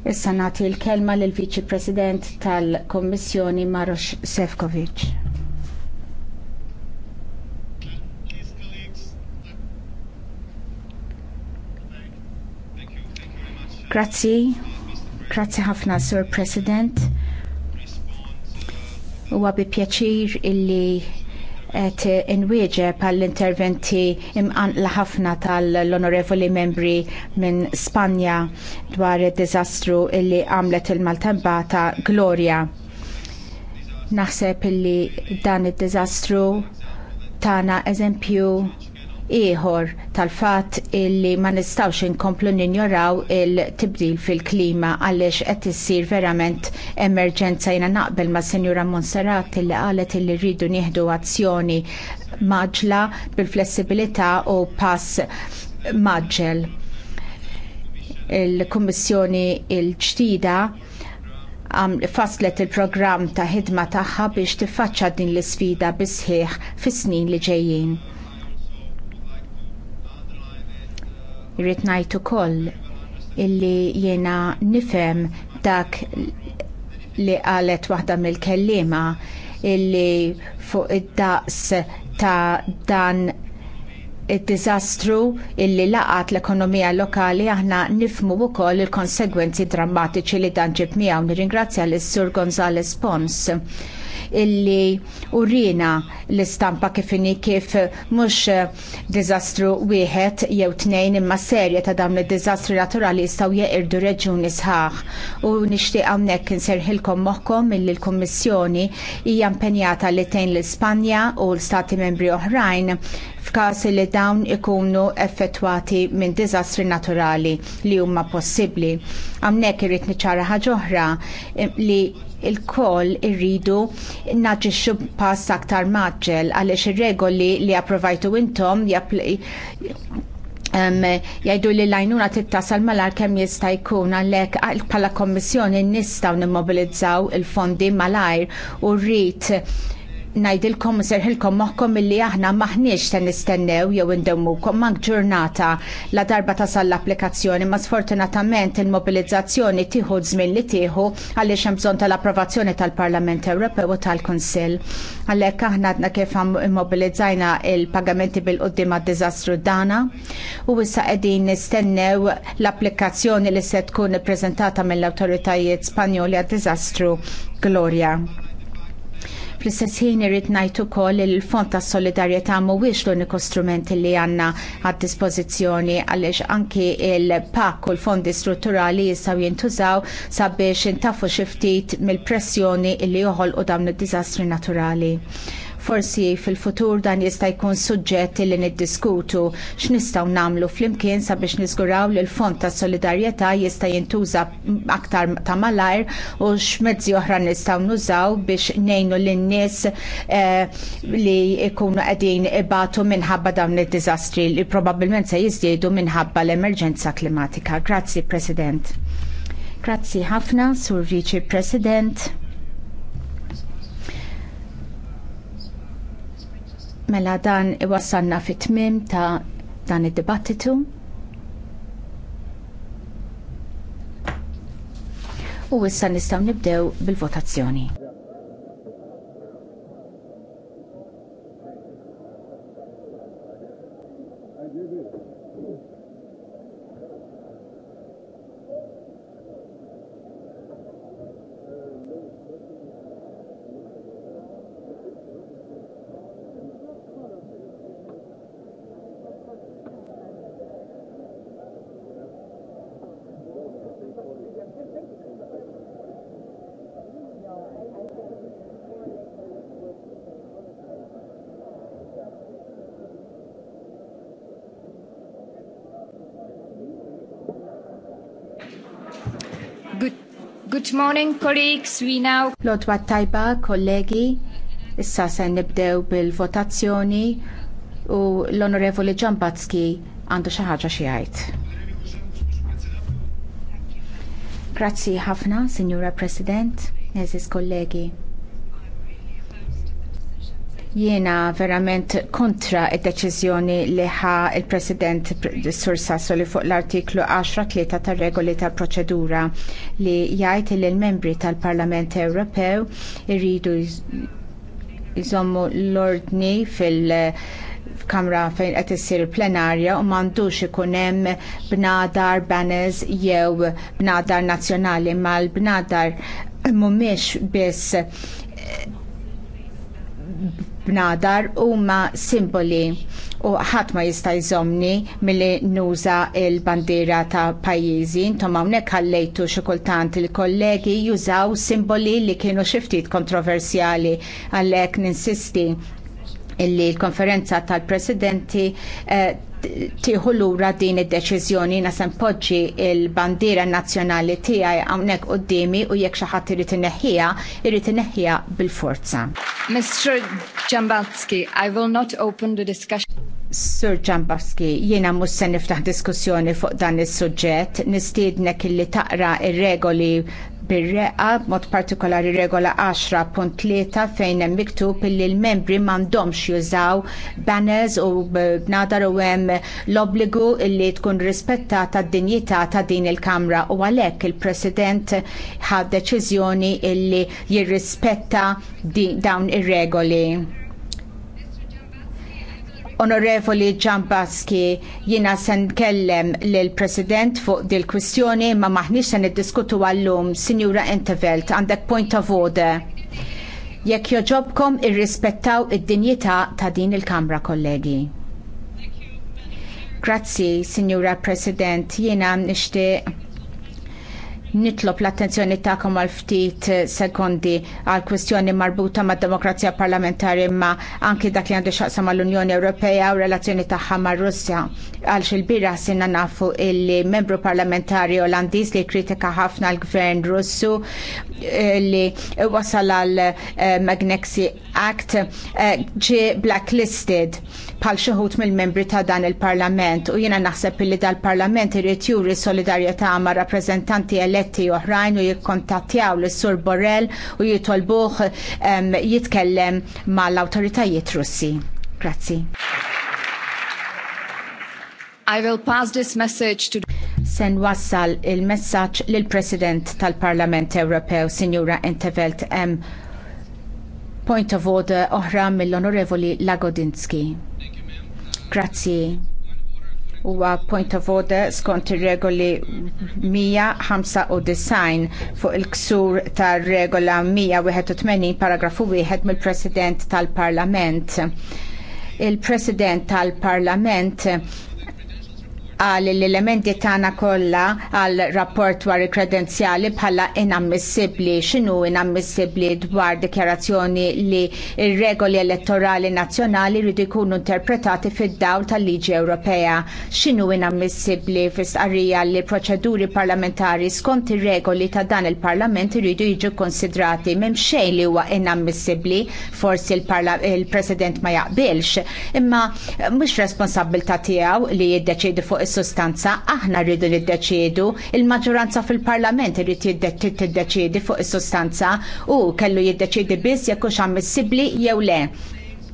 Issa nagħti l-kelma lil viċi President tal-Kommissjoni Maroš Sefkovic. Grazzi, grazzi ħafna Sur President. Huwa bi pjaċir illi et inwieġeb għall-interventi imqanqla ħafna tal-onorevoli membri minn Spanja dwar id-diżastru illi għamlet il-maltempata Gloria. Naħseb illi dan id-diżastru tana eżempju ieħor tal-fatt illi ma nistawx inkomplu ninjoraw il-tibdil fil-klima għaliex qed issir verament emerġenza jiena naqbel ma' Senjura Monserrat illi qalet illi rridu nieħdu azzjoni maġla bil-flessibilità u pass maġġel. Il-Kummissjoni l ġdida faslet il-programm ta' ħidma tagħha biex tiffaċċja din l-isfida sħiħ fis-snin li ġejjin Irrid ngħid ukoll illi jiena nifhem dak li qalet waħda mill-kellima illi fuq id-daqs ta' dan id-diżastru illi laqat l-ekonomija lokali aħna nifmu wkoll il-konsegwenzi drammatiċi li dan ġib miegħu nirringrazzja lis sur Gonzales Pons illi urrina l-istampa kifini kif mhux eh, dizastru wieħed jew tnejn imma serje ta' dawn id-diżastri naturali jistgħu jeqirdu reġjuni sħaħ. U nixtieq hawnhekk nserħilkom moħħkom milli l-Kummissjoni hija impenjata li tgħin l-Ispanja u l-Stati membri oħrajn F'każi li dawn ikunu effettwati minn diżastri naturali li huma possibbli. Hawnhekk irid niċara ħaġa oħra eh, li il-koll irridu naġixxu pass aktar maġġel għaliex ir-regoli li approvajtu intom Um, jajdu li lajnuna tittasal malar kem jista' jkun għalhekk bħala kommissjoni nistgħu nimmobilizzaw il-fondi malajr u rrit najdilkom serħilkom moħkom illi aħna maħniex ten nistennew jew indemmukom mank ġurnata la darba tasal l-applikazzjoni ma sfortunatament il-mobilizzazzjoni tieħu żmien li tieħu għaliex hemm bżonn tal-approvazzjoni tal-Parlament Ewropew u tal-Kunsill. Għalhekk aħna għadna kif immobilizzajna il-pagamenti bil-qudiem għad-diżastru dana u issa qegħdin nistennew l-applikazzjoni li se tkun ippreżentata mill-awtoritajiet Spanjoli għad-diżastru Gloria. Fl-istess ħin irrid ngħid ukoll li l-Fond tas Solidarjetà mhuwiex l-uniku strumenti li għandna għad-dispożizzjoni għaliex anki il-PAK u l-fondi strutturali jistgħu jintużaw sabiex intafu xi ftit mill-pressjoni li joħolqu dawn id-diżastri naturali. Forsi fil-futur dan jista' jkun suġġett li niddiskutu x'nistgħu nagħmlu flimkien sabiex niżguraw li l-Fond ta' Solidarjetà jista' jintuża aktar ta' malajr u x'mezzi oħra nistgħu nużaw biex ngħinu lin-nies eh, li jkunu qegħdin ibatu minħabba dawn id-diżastri li probabbilment se jiżdiedu minħabba l-emerġenza klimatika. Grazzi, President. Grazzi ħafna, Sur Viċi President. Mela dan iwasanna fit tmiem ta' dan id-dibattitu. U issa nistgħu nibdew bil-votazzjoni. Good morning, colleagues. We now... Lotwa tajba, kollegi. Issa se nibdew bil-votazzjoni u l-Onorevoli Ġambatski għandu xi ħaġa xi jgħid. Grazzi ħafna, Signora President, eżis kollegi. Jiena verament kontra id-deċiżjoni li ħa il-President Sur Sassoli fuq l-artiklu 10-3 tar regoli tal proċedura li jgħid li l-membri tal-Parlament Ewropew irridu jżommu l-ordni fil- kamra fejn qed issir plenarja u m'għandux ikun hemm bnadar banners jew bnadar nazzjonali mal-bnadar mhumiex biss bnadar huma simboli u ħadd ma jista' jżomni milli nuża l-bandiera ta' pajjiżi. Intom hawnhekk ħallejtu xi kultant il-kollegi jużaw simboli li kienu xi ftit kontroversjali għalhekk ninsisti illi l-konferenza tal-presidenti eh, tiħu lura din id-deċiżjoni nasem poġġi il-bandiera nazzjonali tiegħi hawnhekk qudiemi u jekk xi ħadd irid inneħħiha, irid inneħħiha bil-forza. Mr. Jambalski, I will not open the discussion. Sir Ġambaski, jiena mhux se niftaħ diskussjoni fuq dan is-suġġett, nistiednek illi taqra ir-regoli il bir reqqa b'mod partikolari regola 10.3 fejn hemm miktub li l-membri m'għandhomx jużaw banners u bnadar u hemm l-obbligu li tkun rispettata d-dinjità ta' din il-Kamra u għalhekk il-President ħad deċiżjoni li jirrispetta dawn ir-regoli Onorevoli Ġambaski, jina sen kellem l-President fuq dil-kwistjoni ma maħni sen id-diskutu għallum, Signora Entevelt, għandek point of order. Jekk joġobkom irrispettaw id-dinjità ta' din il-Kamra, kollegi. Grazzi, Signora President, jina nishtiq nitlob l-attenzjoni tagħkom għal ftit eh, sekondi għal kwistjoni marbuta mad demokrazija parlamentari imma anki dak li għandu xaqsam mal unjoni Ewropea u relazzjoni tagħha mar Russja. Għal xil-bira sinna nafu illi membru parlamentari Olandiż li kritika ħafna l-gvern Russu eh, li wasal għal eh, Magnexi Act ġi blacklisted bħal xi mill-membri ta' dan il-parlament u jiena naħseb illi dal-parlament irid juri solidarjetà ma' rappreżentanti eletti eletti oħrajn u jikkontattjaw l sur Borrell u jitolbuh jitkellem mal awtoritajiet Russi. Grazzi. I will pass this message to Sen wassal il-messaġġ lill President tal-Parlament Ewropew, Sinjura Entevelt M. Point of order oħra mill-Onorevoli Lagodinski. Grazzi huwa point of order skont ir-regoli 195 fuq il-ksur tar-regola 181 paragrafu 1 mill-President tal-Parlament. Il-President tal-Parlament qal li l-elementi tagħna kollha għal rapport dwar il-kredenzjali bħala inammissibbli x'inhu inammissibbli dwar dikjarazzjoni li r regoli elettorali nazzjonali jridu jkunu interpretati fid-dawl tal-liġi Ewropea. X'inhu inammissibbli fis-qarrija li proċeduri parlamentari skont ir-regoli ta' dan il-Parlament iridu jiġu konsidrati m'hemm xejn li huwa inammissibbli, forsi il-President ma jaqbilx, imma mhux responsabbilta tiegħu li jiddeċiedi fuq is-sustanza aħna rridu niddeċiedu, il-maġġoranza fil-Parlament irid tiddeċiedi fuq is-sustanza u kellu jiddeċiedi biss jekk hux ammissibbli jew le.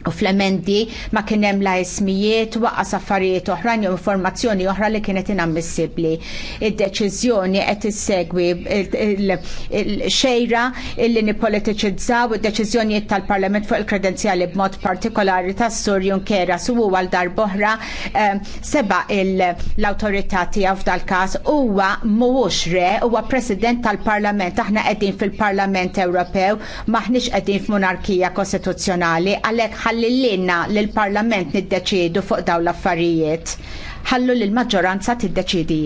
U fl-emendi ma kien hemm la ismijiet waqqa affarijiet uħran jew informazzjoni oħra li kienet inammissibbli. Id-deċiżjoni qed issegwi l-xejra illi nippolitiċizzaw id-deċiżjonijiet tal-Parlament fuq il-kredenzjali b'mod partikolari tas Sur Junkera su huwa l darboħra ehm, seba' l-awtorità tiegħu f'dal każ huwa mhuwux re huwa President tal-Parlament aħna qegħdin fil-Parlament Ewropew maħniex qegħdin f'monarkija kostituzzjonali għalhekk ħalli l li l-parlament niddeċidu fuq daw l-affarijiet. Ħallu li l-maġġoranza tiddeċidi.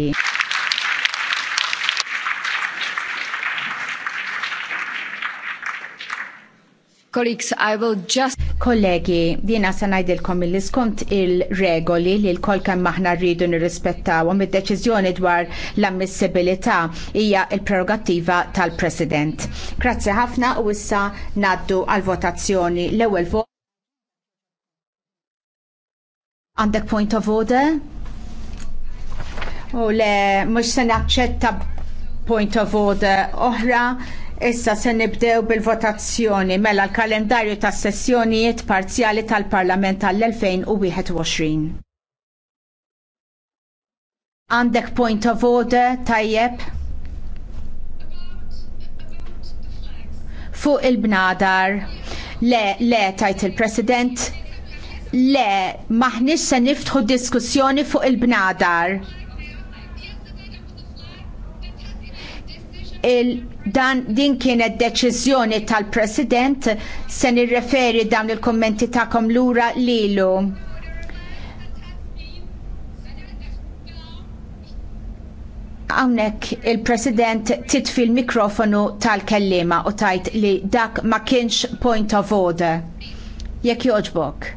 Colleagues, I will just... Kollegi, dina se ngħidilkom il skont il-regoli li l-kol kemm aħna rridu nirrispettawhom id-deċiżjoni dwar l-ammissibilità hija l-prerogattiva tal-President. Grazzi ħafna u issa ngħaddu għal votazzjoni l-ewwel vot. Għandek point of order? U le, mux se naċċetta point of order oħra. Issa se nibdew bil-votazzjoni mela l-kalendarju tas sessjonijiet parzjali tal-Parlament tal-2021. Għandek point of order tajjeb? Fuq il-bnadar. Le, le, tajt il-President, Le, maħniex se niftħu diskussjoni fuq il-bnadar. Il dan din kienet deċiżjoni tal-President se nirreferi dawn il-kommenti tagħkom lura lilu. Hawnhekk il-President titfi l-mikrofonu tal kelliema u tajt li dak ma kienx point of order. Jekk jogħġbok.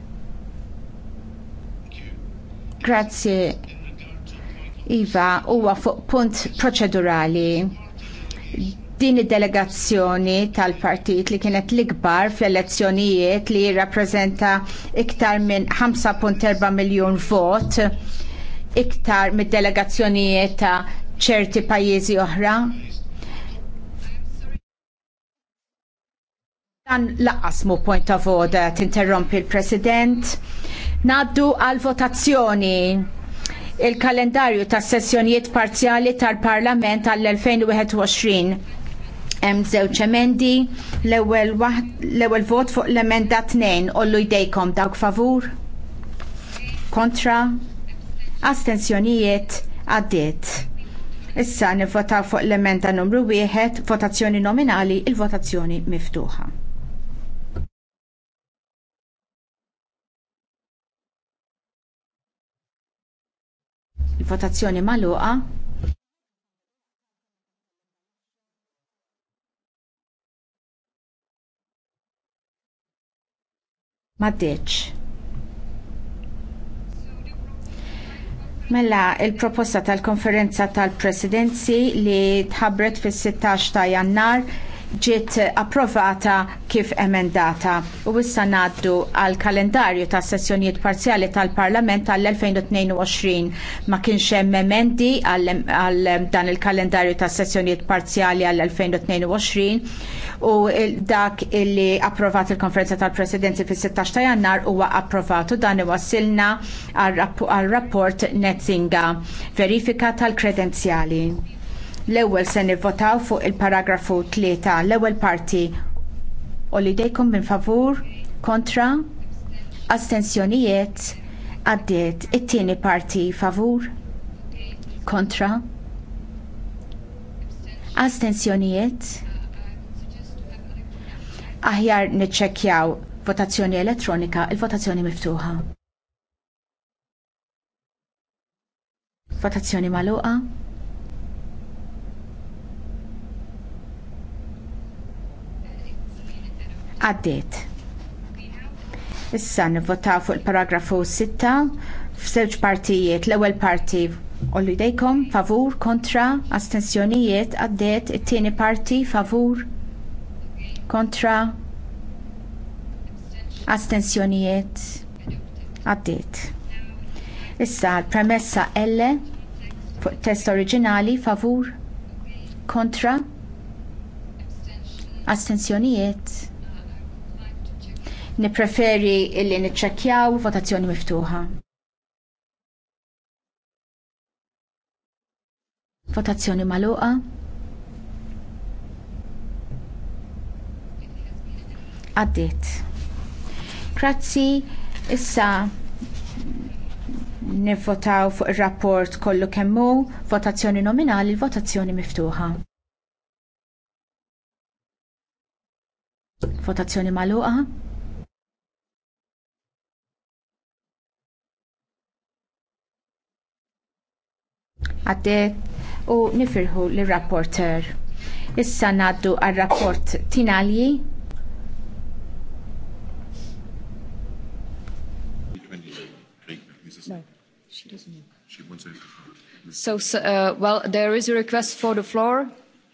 Grazzi. Iva, huwa fuq punt proċedurali din id-delegazzjoni tal-partit li kienet l-ikbar fl-elezzjonijiet li jirrappreżenta iktar minn 5.4 miljun vot iktar mid-delegazzjonijiet ta' ċerti pajjiżi oħra. Dan laqqas mu point of order tinterrompi l-President. Naddu għal votazzjoni il-kalendarju tas sessjonijiet parzjali tal-Parlament għall-2021. Hemm żewġ emendi, l-ewwel vot fuq l-emenda tnejn ollu jdejkom dawk favur, kontra, astensjonijiet għaddiet. Issa nivvotaw fuq l-emenda numru 1, votazzjoni nominali, il-votazzjoni miftuħa. Il-votazzjoni magħluqa. Maddeċ. Mela, il-proposta tal-konferenza tal-presidenzi li tħabbret fis-16 ta' jannar ġiet approvata kif emendata. U issa ngħaddu għal kalendarju tas sessjonijiet parzjali tal-Parlament għal 2022 Ma kienx hemm emendi għal dan il-kalendarju tas sessjonijiet parzjali għal-2022 u dak illi approvat il-konferenza tal-Presidenti fis-16 ta' Jannar huwa approvatu dan iwassilna għal rapport Netzinga verifika tal-kredenzjali. L-ewwel se nivvotaw fuq il-paragrafu 3, l-ewwel parti. dejkom minn favur, kontra, astensjonijiet, għaddiet it-tieni parti favur, kontra, astensjonijiet. Aħjar niċċekkjaw votazzjoni elettronika, il-votazzjoni miftuħa. Votazzjoni maluqa. Għaddiet. Issa nivvotaw fuq il-paragrafu 6 f'żewġ partijiet. L-ewwel parti Ollu jdejkom favur kontra astensjonijiet għaddiet it-tieni parti favur kontra astensjonijiet għaddiet. Issa l-premessa L fuq test oriġinali favur kontra astensjonijiet Nippreferi illi niċċekkjaw votazzjoni miftuħa. Votazzjoni magħluqa. Għaddit. Grazzi, issa nivvotaw fuq ir rapport kollu kemm hu, votazzjoni nominali, votazzjoni miftuħa. Votazzjoni magħluqa? għaddet u nifirħu l-rapporter. Issa naddu għal-rapport tinalji. No, she doesn't. She wants So, uh, well, there is a request for the floor.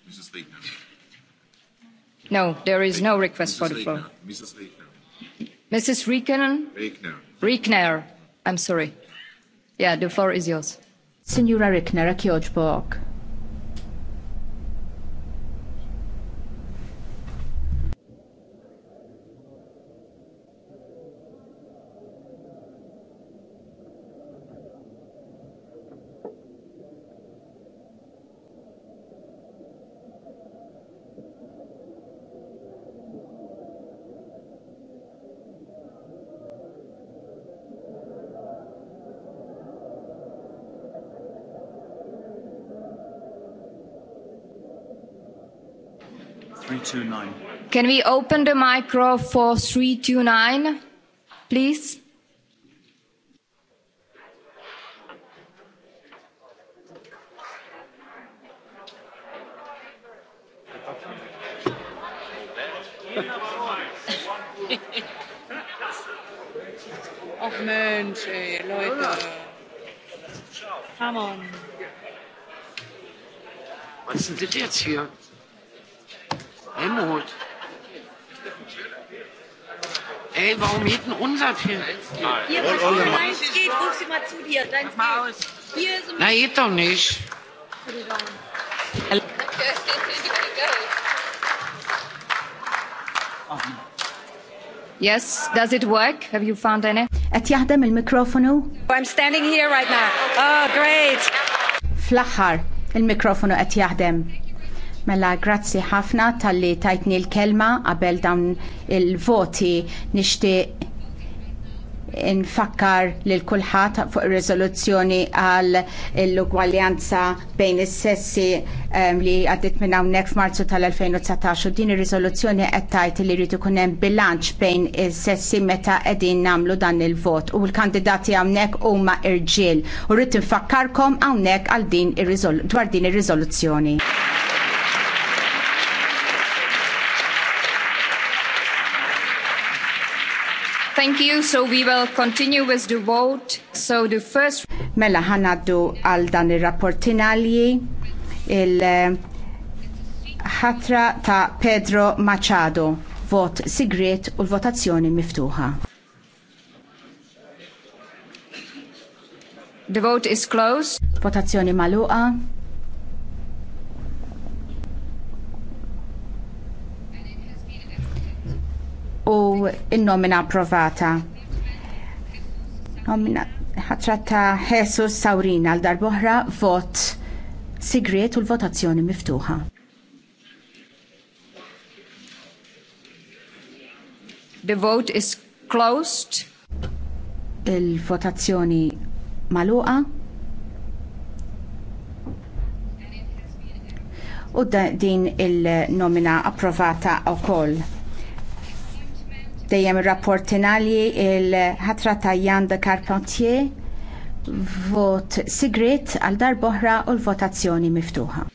Mrs. Leitner. No, there is no request Mrs. for the floor. Mrs. Leitner. Mrs. Riekner. Riekner. I'm sorry. Yeah, the floor is yours. Signora Rickner, kjoġbok. 329. Can we open the micro for 329, please? Ach Mensch, euh, ey, Leute. Come on. Was ist denn das jetzt hier? Mail, warum hinten unser Film? Hier, was auf Nein steht, ruf sie mal zu dir. Dein Mach Na, geht doch nicht. Yes, does it work? Have you found any? Qed jaħdem il-mikrofonu? I'm standing here right now. Oh, great. Fl-aħħar, il-mikrofonu qed jaħdem. Mela, grazzi ħafna tal-li tajtni l-kelma qabel dawn il-voti nixtieq infakkar lil kulħadd fuq riżoluzzjoni għal l-ugwaljanza bejn is-sessi um, li għaddit minn hawnhekk f'Marzu tal-2019 u din ir-riżoluzzjoni qed tgħid li jrid ikun hemm bilanċ bejn is-sessi meta qegħdin nagħmlu dan il-vot u l-kandidati hawnhekk huma irġiel u rrid infakkarkom hawnhekk għal din dwar din ir-riżoluzzjoni. Thank you. So we will continue with the vote. So the first. Mela ħanaddu għal dan ir rapportinali il eh, ħatra ta' Pedro Machado. Vot sigret u l-votazzjoni miftuħa. The vote is closed. Votazzjoni maluqa. u in-nomina approvata. Nomina ħatra ta' Jesus Saurina għal darboħra vot sigret u l-votazzjoni miftuħa. The vote is closed. Il-votazzjoni maluqa. U din il-nomina approvata u koll dejjem ir-rapport tinali il-ħatra ta' Jan de Carpentier, vot sigrit għal darboħra u l-votazzjoni miftuħa.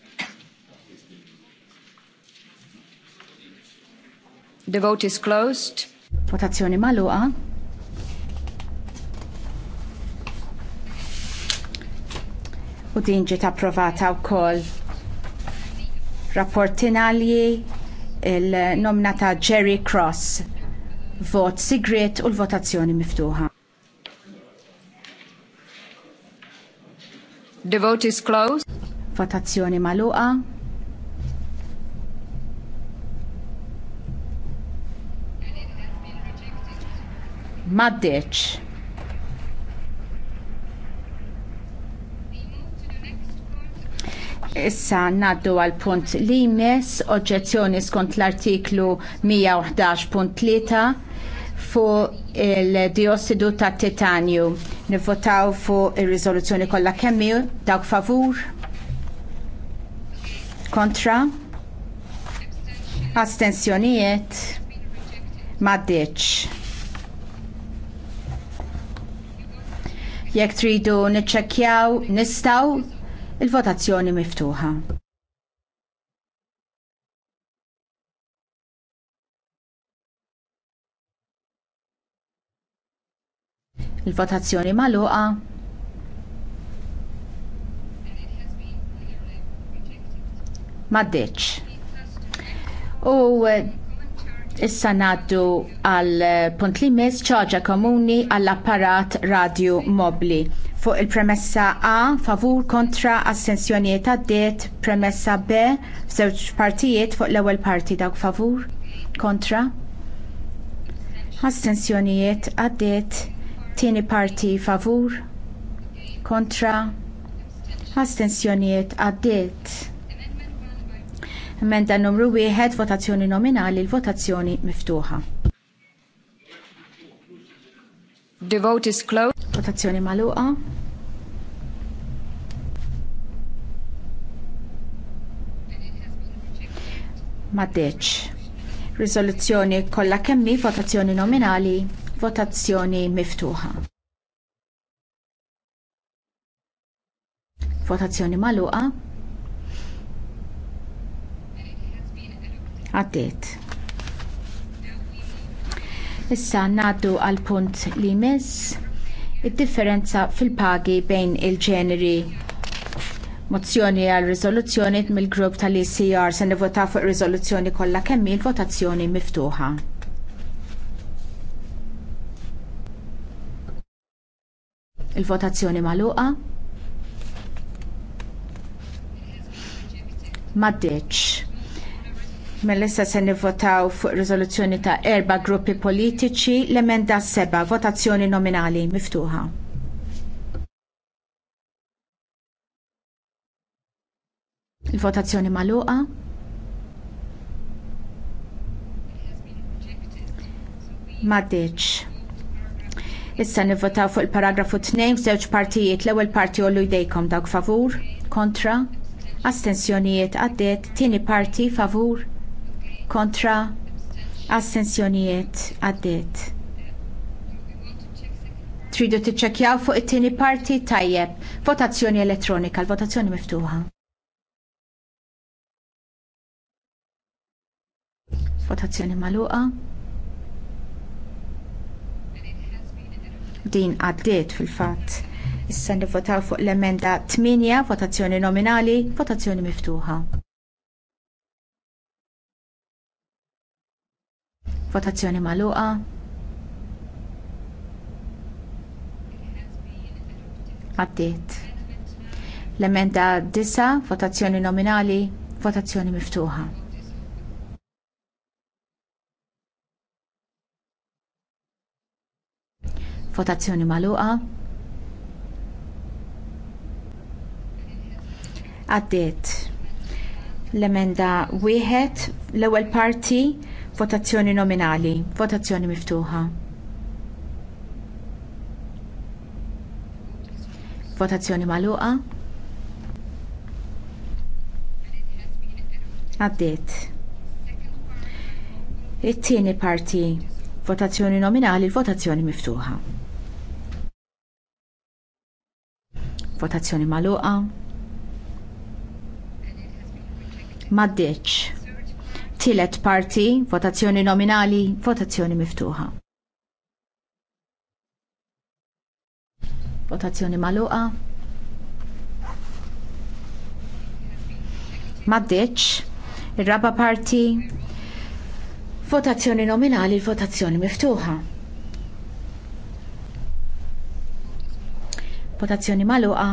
The vote is closed. Votazzjoni maluqa. U din ġiet approvata wkoll rapportinali tinalji il-nomna ta' Jerry Cross vot sigret u l-votazzjoni miftuħa. The vote is closed. Votazzjoni maluqa. Maddeċ. Issa naddu għal punt li jmiss oġġezzjoni skont l-artiklu 111.3 fu il-diossidu ta' titanju. Nivvotaw fu il-rizoluzzjoni kollha kemmi dawk favur. Kontra. Astensjonijiet. Maddiċ. Jekk tridu niċċekkjaw nistgħu Il-votazzjoni miftuħa. il-votazzjoni magħluqa. Maddeċ. U issa ngħaddu għal punt li mis ċaġa komuni għall-apparat radio mobli fuq il-premessa A favur kontra assenzjonijiet għaddiet premessa B f'żewġ partijiet fuq l-ewwel parti dawk favur kontra assenzjonijiet għaddiet tieni parti favur kontra astensjonijiet għaddiet. Emenda numru wieħed votazzjoni nominali l-votazzjoni miftuħa. The vote is closed. Votazzjoni maluqa. Maddeċ. Risoluzzjoni kollha kemmi votazzjoni nominali, votazzjoni miftuħa. Votazzjoni maluqa. Għaddiet. Issa ngħaddu għal punt li jmiss id-differenza fil-pagi bejn il-ġeneri. Mozzjoni għal riżoluzzjoni mill-grupp tal-ECR se nivvotaw fuq riżoluzzjoni kollha kemm il-votazzjoni miftuħa. Il-votazzjoni magħluqa. Maddeċ. Melissa se nivvotaw fuq riżoluzzjoni ta' erba' gruppi politiċi l-emenda seba' votazzjoni nominali miftuħa. Il-votazzjoni magħluqa. Maddiċ. Issa nivvotaw fuq il-paragrafu 2 f'żewġ partijiet l-ewwel parti ollu jdejkom dawk favur, kontra, astensjonijiet għaddiet, tieni parti favur, kontra assenzjonijiet għaddiet. Tridu tiċċekkjaw fuq it-tieni parti tajjeb. Votazzjoni elettronika, l-votazzjoni miftuħa. Votazzjoni magħluqa. Din għaddiet fil-fatt. Issa nivvotaw fuq l-emenda 8, votazzjoni nominali, votazzjoni miftuħa. Votazzjoni magħluqa. Għaddit. L-emenda disa, votazzjoni nominali, votazzjoni miftuħa. Votazzjoni magħluqa. Għaddit. L-emenda wieħed, l-ewwel parti, Votazzjoni nominali, votazzjoni miftuħa. Votazzjoni magħluqa. Għaddiet. It-tieni parti, votazzjoni nominali, votazzjoni miftuħa. Votazzjoni magħluqa. Maddeċ. Tielet parti, votazzjoni nominali, votazzjoni miftuħa. Votazzjoni maluqa. Maddeċ, ir-raba parti, votazzjoni nominali, votazzjoni miftuħa. Votazzjoni maluqa.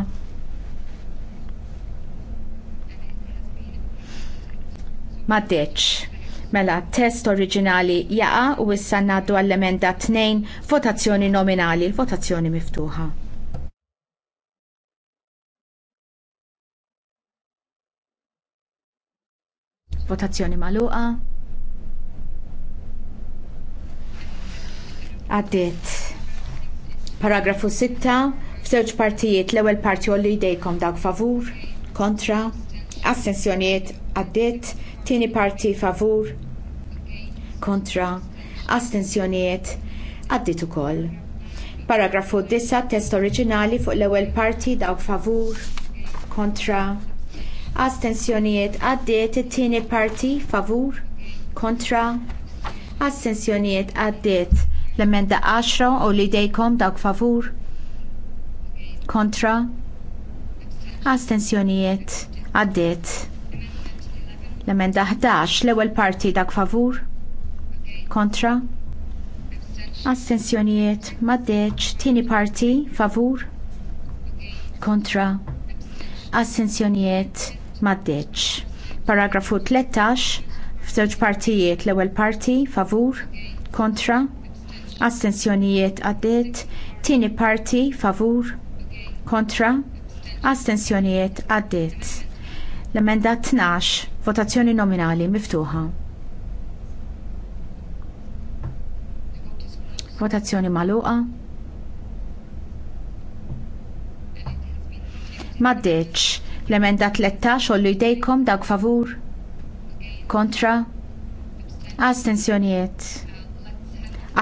ma deċ. Mela, test oriġinali jaqa u issa naddu għall-emenda 2 votazzjoni nominali, votazzjoni miftuħa. Votazzjoni maluqa. Għaddit. Paragrafu 6, f'żewġ partijiet l-ewwel parti li jdejkom dawk favur, kontra, Astensjonijiet għaddiet. Tieni parti favur kontra astensjonijiet għaddiet ukoll. Paragrafu 9 test oriġinali fuq l-ewwel parti dawk favur kontra astensjonijiet għaddiet it-tieni parti favur kontra astensjonijiet għaddiet l-emenda 10 u li dejkom dawk favur kontra astensjonijiet Għaddiet. L-emenda 11, l-ewwel parti dak favur? Kontra? Astensjonijiet m'għaddiex. Tieni parti favur? Kontra? Astensjonijiet m'għaddiex. Paragrafu 13, f'żewġ partijiet l-ewwel parti favur? Kontra? Astensjonijiet għaddiet. Tieni parti favur? Kontra? Astensjonijiet għaddiet L-emenda 12, votazzjoni nominali miftuħa. Votazzjoni maluqa. Maddeċ, l-emenda 13 ollu jdejkom dawk favur. Kontra. Astenzjoniet.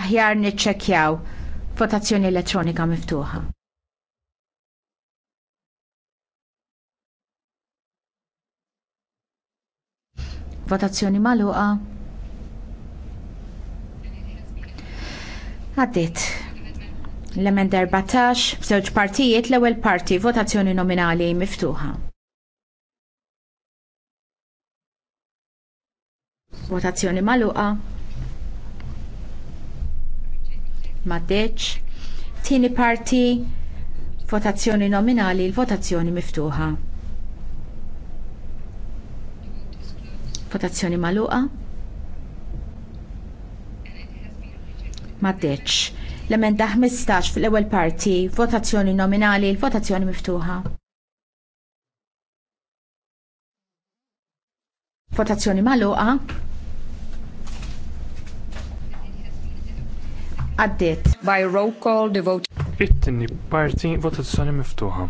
Aħjar niċċekjaw. Votazzjoni elettronika miftuħa. Votazzjoni magħluqa. Għaddit. L-emend 14 f'żewġ partijiet l-ewwel parti votazzjoni nominali miftuħa. Votazzjoni magħluqa. Maddeċ. Tieni parti votazzjoni nominali, l-votazzjoni miftuħa. Votazzjoni maluqa. Maddeċ. L-emenda 15 fil-ewwel parti, votazzjoni nominali, votazzjoni miftuħa. Votazzjoni maluqa. Għaddit. By roll call the vote. it parti votazzjoni miftuħa.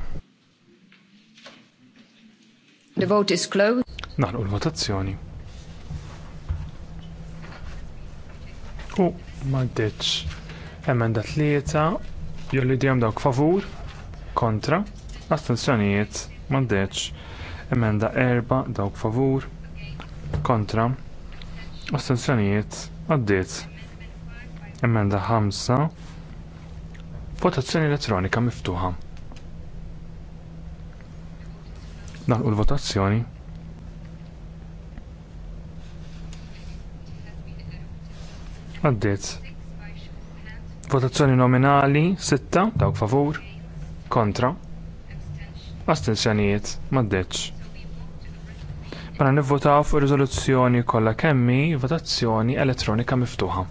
The vote is closed. Naħlu l-votazzjoni. u maddeċ. Emenda tlieta, jolli dejjem dawk favur, kontra, astensjonijiet, maddeċ. Emenda erba, dawk favur, kontra, astensjonijiet, għaddiet. Emenda ħamsa, votazzjoni elettronika miftuħa. Dan u l-votazzjoni Għaddit. Votazzjoni nominali sitta dawk favur kontra astensjonijiet m'għaddeċ. Mela nivvotaw fuq riżoluzzjoni kollha kemmi votazzjoni elettronika miftuħa.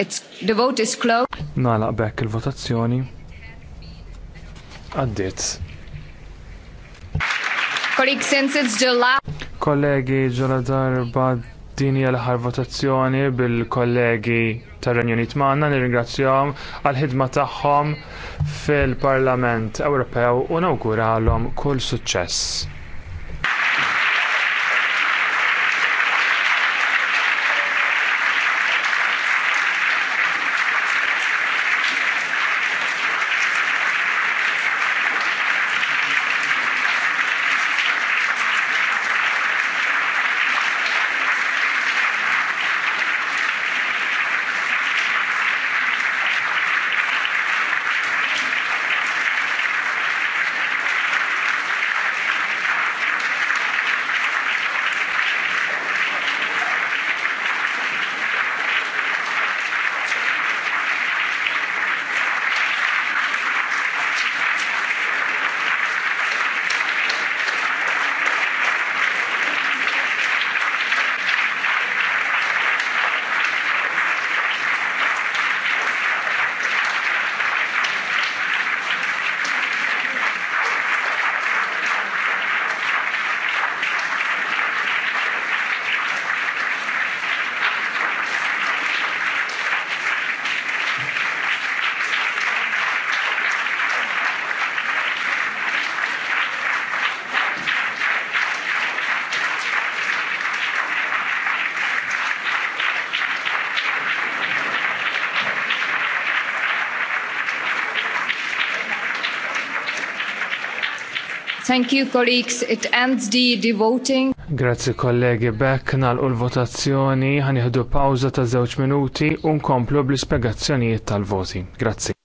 It's, the vote is closed. Nalaq bekk il-votazzjoni. Għaddiet. Colleagues, since it's July. Kollegi ġala darba din hija l-aħħar votazzjoni bil-kollegi tar-Renju Unit magħna nirringrazzjahom għall-ħidma tagħhom fil-Parlament Ewropew u nawguralhom kull suċċess. Thank you, colleagues. It ends the, the voting. Grazzi kollegi, bekk nalqu l-votazzjoni, ħanieħdu pawza ta' żewġ minuti u nkomplu bl-ispjegazzjonijiet tal-voti. Grazzi.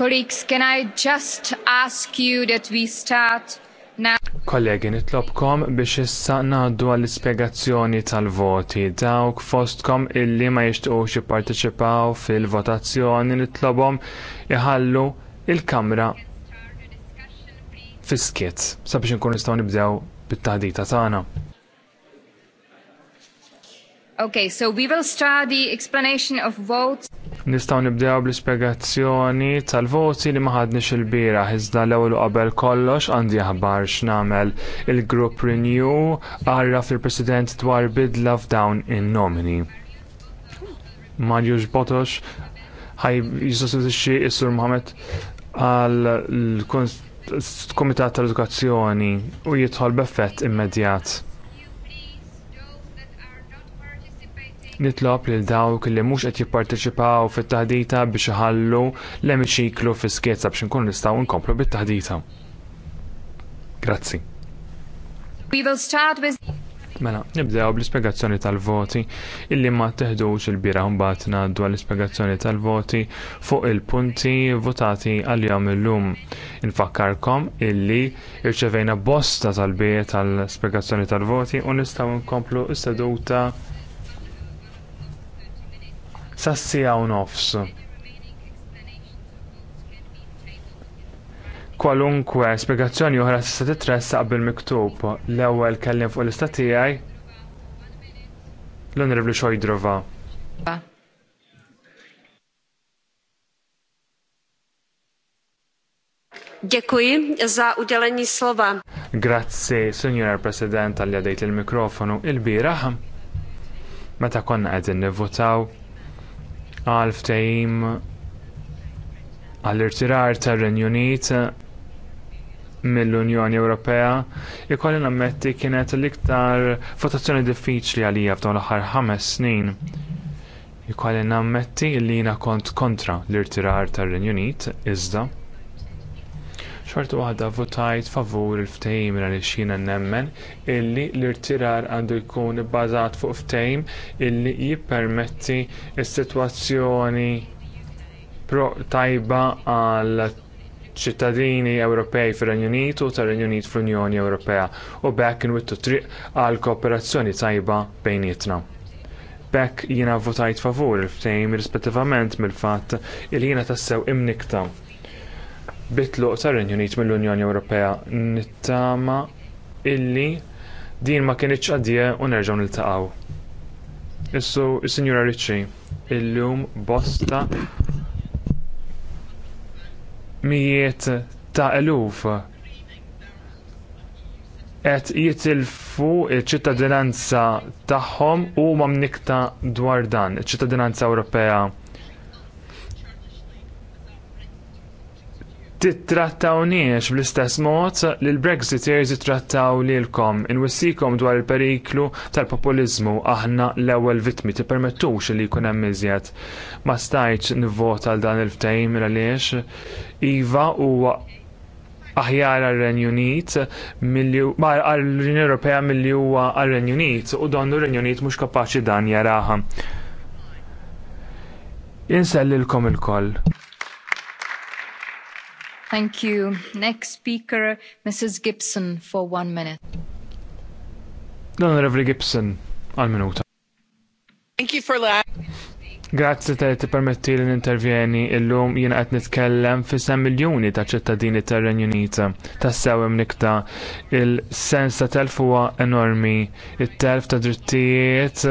colleagues, can I just ask you that we start now? Kollegi, nitlobkom biex issa ngħaddu għall-ispjegazzjoni tal-voti. Dawk fostkom illi ma jixtiequx jipparteċipaw fil-votazzjoni nitlobhom iħallu il-kamra fiskiet sabiex inkun nistgħu nibdew bit-taħdita tagħna. Okay, so we will start the explanation of votes. Nistgħu nibdew bl-ispjegazzjoni tal-voti li ma ħadniex il-bira iżda l-ewwel qabel kollox għandi aħbar x'namel il-Grupp Renew għarraf il-President dwar bidla f'dawn in-nomini. Mariusz Botox ħaj jistostitixxi is-Sur Mohamed għal komitat tal-edukazzjoni u jidħol b'effett immedjat. Nitlob lil dawk li mhux qed jipparteċipaw fit-taħdita biex iħallu l-emiċiklu fi skezza biex nkunu nistgħu nkomplu bit-taħdita. Grazzi. We will start with Mela, nibdew bl-ispiegazzjoni tal-voti illi ma teħduċ il-bira mbagħad ngħaddu għall-ispiegazzjoni tal-voti fuq il-punti votati għal-jom illum. Infakkarkom illi irċevejna bosta tal-biet tal-ispiegazzjoni tal-voti u nistgħu nkomplu s-seduta sassija un nofs. Kwalunkwe spjegazzjoni oħra tista' titressaq bil-miktub l-ewwel kellim fuq l-istat tiegħi l-Onorevoli Xojdrova. Dziękuję za udzielenie słowa. Grazzi, Signor President, għalli għadejt il-mikrofonu il-biraħ. Meta konna qegħdin nivvotaw għal ftehim għall-irtirar tar-Renju Unit mill-Unjoni Ewropea ikolli nammetti kienet l-iktar votazzjoni diffiċli għalija f'dawn l-aħħar ħames snin. Ikolli nammetti li jiena kont kontra l-irtirar tar-Renju Unit iżda xortu waħda votajt favur il-ftehim għal xina nemmen illi l-irtirar għandu jkun bbażat fuq ftehim illi jippermetti s-sitwazzjoni tajba għal ċittadini Ewropej fir-Renju Unit u tar-Renju Unit fl-Unjoni Ewropea u b'hekk inwittu triq għal kooperazzjoni tajba bejnietna. B'hekk jiena votajt favur il-ftehim rispettivament mill-fatt il jiena tassew imnikta bitluq sar renju Unit mill-Unjoni Ewropea nittama illi din ma kinitx għaddie u nerġgħu niltaqgħu. Issu is-Sinjura Ricci illum bosta mijiet ta' eluf qed jitilfu ċ-ċittadinanza tagħhom u ma dwar dan, iċ-ċittadinanza Ewropea tittrattawniex bl-istess mod li l-Brexiteers jittrattaw lilkom inwissikom dwar il-periklu tal-populizmu aħna l-ewwel vittmi tippermettux li jkun hemm iżjed. Ma stajtx nivvota għal dan il-ftehim għaliex iva huwa aħjar għal-Renju Unit għall-Unjoni Ewropea milli huwa għal-Renju Unit u donnu Renju Unit mhux kapaċi dan jaraha. Insellilkom il-koll. Thank you. Next speaker, Mrs. Gibson, for one minute. L-Onorevoli Gibson, għal-minuta. Thank you for that. Grazzi ta' ti permetti li n-intervjeni illum jien qed nitkellem fi sem miljuni ta' ċittadini tar renju Unita. Ta' sew nikta il-sens ta' telf huwa enormi. it telf ta' drittijiet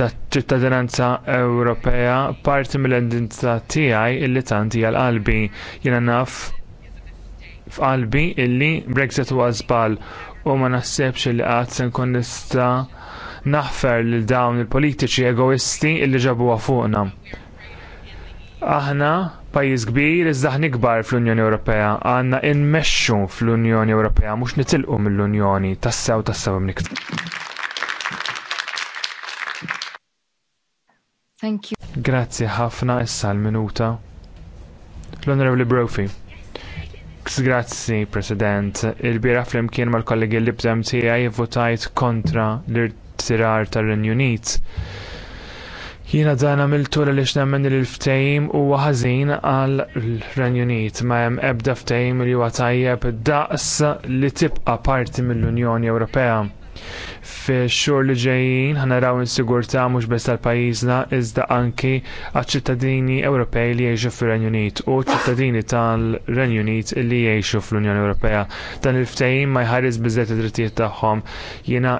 ta' ċittadinanza Ewropea parti mill-identità tiegħi illi tant hija l-qalbi. Jiena naf f'qalbi illi Brexit huwa żball u ma naħsebx li qatt se nkun nista' naħfer lil dawn il-politiċi egoisti illi ġabuha fuqna. Aħna pajjiż kbir iżda aħna ikbar fl-Unjoni Ewropea, għandna nmexxu fl-Unjoni Ewropea mhux nitilqu mill-Unjoni tassew tassew imnikt. Thank you. Grazzi ħafna issa l-minuta. L-Onorevoli Brophy. Grazzi, President. Il-bira flimkien mal-kollegi l bżem tiegħi votajt kontra l-irtirar tal-Renju Unit. Jiena dan għamiltu li x'nemmen li l-ftehim huwa ħażin għal Renju Unit ma hemm ebda ftehim li huwa tajjeb daqs li tibqa' parti mill-Unjoni Ewropea. Fix-xhur li ġejjin ħanaraw insigurtà mhux biss tal-pajjiżna iżda anki għaċ-ċittadini Ewropej li jgħixu fir-Renju Unit u ċittadini tal-Renju Unit li jgħixu fl-Unjoni Ewropea. Dan il-ftehim ma jħares biżżejjed id-drittijiet tagħhom jiena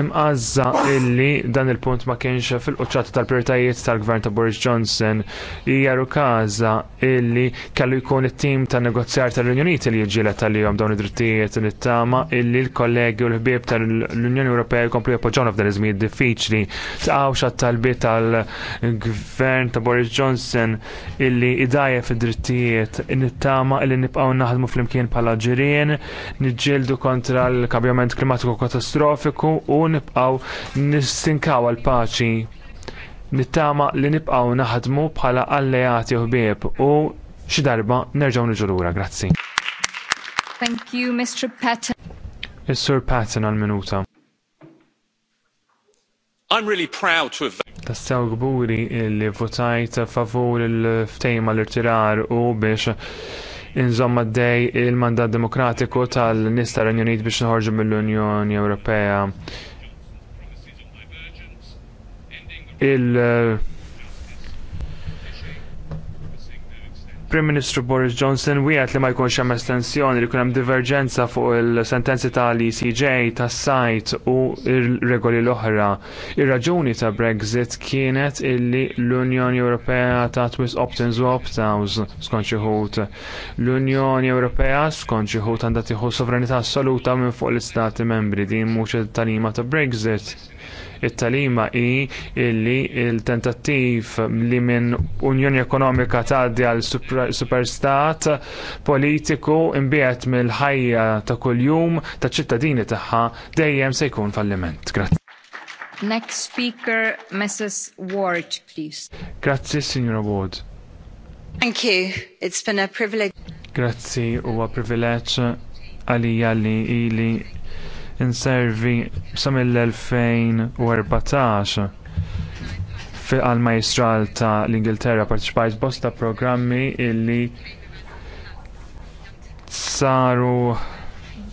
imqazza illi dan il-punt ma kienx fil quċċata tal-prioritajiet tal-gvern ta' Boris Johnson hija każa illi kellu jkun it-tim ta' negozjar tal-Unjoniti li jġilet tal-jom dawn id-drittijiet nittama illi l-kollegi u l-ħbieb tal-Unjoni Ewropea jkomplu jappoġġawna f'dan iż-żmien diffiċli tqawxa tal-bit tal-gvern ta' Boris Johnson illi idajja fid-drittijiet nittama illi nibqgħu naħdmu flimkien bħala ġirien, niġġieldu kontra l-kambjament klimatiku katastrofiku u nibqgħu nistinkaw għall paċi nittama li nibqgħu naħdmu bħala alleati u ħbieb u xi darba nerġgħu niġu lura. Grazzi. Thank you, Mr. Patton. Is-Sur Patton għal-minuta. I'm really proud to have Tassew gburi li votajt favur il-ftejma l-irtirar u biex inżomma d-dej il-mandat demokratiku tal-nista Unit biex nħorġu mill-Unjoni Ewropea il- eh, Prim Ministru Boris Johnson wieħed li ma jkunx hemm estensjoni li kunem hemm diverġenza fuq il-sentenzi tal-ECJ tas-sajt u r-regoli l-oħra. Ir-raġuni ta' Brexit kienet illi l-Unjoni Ewropea ta' twis opt-ins u opt-outs skont xi ħud. L-Unjoni Ewropea skont xi ħud għandha tieħu sovranità assoluta minn fuq l-Istati membri din mhux it-tanima ta' Brexit It-talima hi li l-tentattiv li minn Unjoni Ekonomika tgħaddi għal superstat politiku imbiet mill-ħajja ta' kuljum ta' ċittadini tagħha dejjem se jkun falliment. Grazie. Next speaker, Mrs. Ward, please. Grazie, Signor Ward. Thank you. It's been a privilege. Grazzi huwa privilege għalija li ili inservi sa mill-2014 għal majstral ta' l-Ingilterra parteċipajt bosta programmi illi saru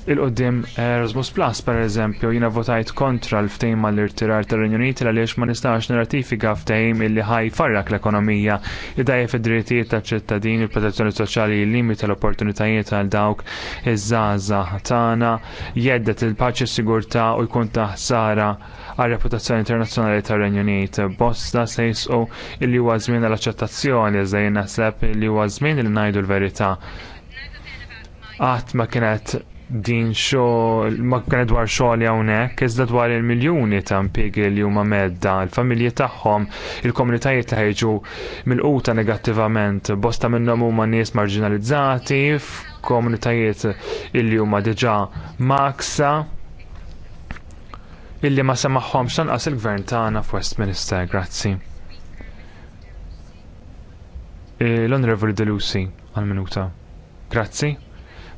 il-qoddim Erasmus Plus, per eżempju, jina votajt kontra l-ftejm mal irtirar tal renju l għaliex ma nistax nirratifika ftejm illi ħaj farrak l-ekonomija, id-dajja fid-drittijiet ta' ċittadin, il-protezzjoni soċjali, il-limit tal-opportunitajiet għal dawk iż-żaza tagħna, jeddet il-paċi sigurtà u jkun taħsara għal reputazzjoni internazzjonali tar renju Unit. Bosta se jisqu illi huwa żmien għall-aċċettazzjoni iżda jien naħseb illi huwa żmien li ngħidu l-verità. Qatt ma kienet din xo, ma kien dwar xogħol hawnhekk, iżda dwar il-miljuni ta' impjiegi li huma medda, il-familji tagħhom, il-komunitajiet li ħejġu mill-quta negattivament, bosta minnhom huma nies marginalizzati f'komunitajiet li huma diġà maksa illi ma semaħħomx tanqas il-gvern tagħna f'Westminster, grazzi. Eh, L-Onorevoli Delusi għal-minuta. Grazzi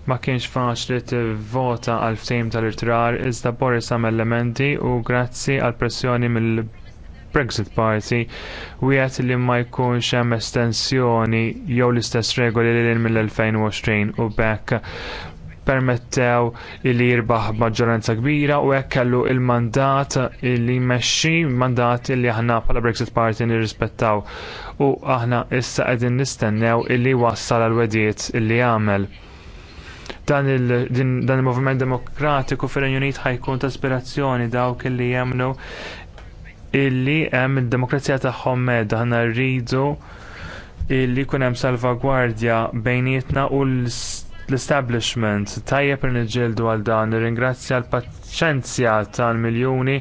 ma kienx faċli tivvota għal ftehim tal-irtirar iżda Boris għamel elementi u grazzi għal pressjoni mill-Brexit Party wieħed li ma jkunx hemm estensjoni jew l-istess regoli li mill-2020 u b'hekk permettew li jirbaħ maġġoranza kbira u hekk kellu l mandat li jmexxi mandat li aħna bħala Brexit Party nirrispettaw u aħna issa qegħdin nistennew illi wassal għal wedijiet illi għamel dan il dan il demokratiku fir-Renju Unit ħajkun ta' aspirazzjoni dawk li jemnu illi hemm id-demokrazija tagħhom medda ħana rridu illi jkun hemm salvagwardja bejnietna u l-establishment tajjeb niġġieldu għal dan nirringrazzja l-paċenzja tal-miljuni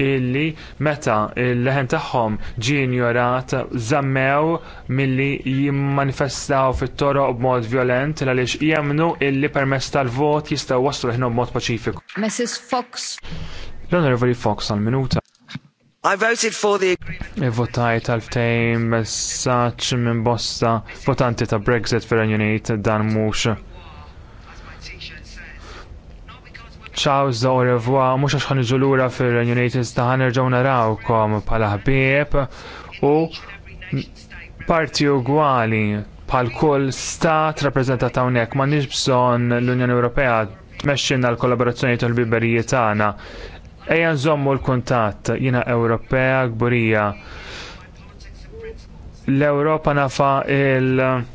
illi meta l leħen tagħhom ġie injorat żammew milli jimmanifestaw fit-toroq b'mod violent għaliex jemnu illi permess tal-vot jistgħu waslu ħinhom b'mod paċifiku. Mrs. Fox. L-Onorevoli Fox għal-minuta. I voted for the agreement. Votajt għal-ftejn messaċ minn bosta votanti ta' Brexit fir-Renju Unit dan mhux Ciao, u revoir, mux għax ħanġu l-ura fil-Renju United irġaw naraw narawkom pala ħbieb u parti ugwali pal kull stat rappresentat hawnhekk ma nix bżonn l-Unjoni Ewropea tmexxinna l-kollaborazzjoni tal-biberijiet tagħna. Ejja nżommu l-kuntatt jiena Ewropea gburija. L-Ewropa nafa il-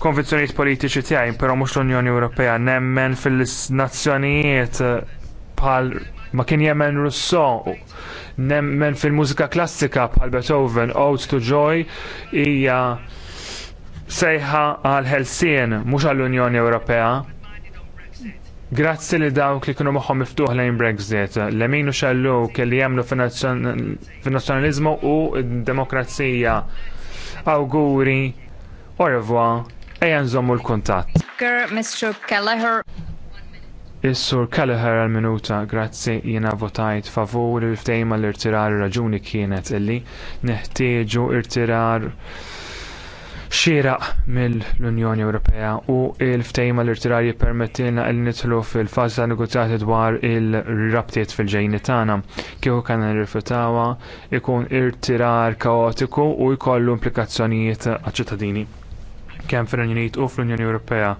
konvenzjonijiet politiċi tiegħi, però mhux l-Unjoni Ewropea nemmen fil-nazzjonijiet eh, bħal ma kien jemmen Rousseau, nemmen fil-mużika klassika bħal Beethoven, Ode to Joy hija sejħa għal Helsien, mhux għall-Unjoni Ewropea. Grazzi li dawk li kienu moħħom miftuħ lejn Brexit, l-eminu xallu kelli jemlu fin-nazzjonalizmu u d demokrazija. Awguri, au revoir. Ejja zommu l-kuntatt. Mr. Kelleher. Is-sur Kelleher għal-minuta, grazzi jiena votajt favur il-ftejma l-irtirar raġuni kienet illi neħtieġu irtirar xieraq mill-Unjoni Ewropea u il-ftejma l-irtirar jippermettilna il nidħlu fil-fazza negozjati dwar il-rabtiet fil-ġejni tagħna. Kieku kan nirrifutawa ikun irtirar kaotiku u jkollu implikazzjonijiet għal-ċittadini kemm fil-Unjoni Unit u fl-Unjoni Ewropea.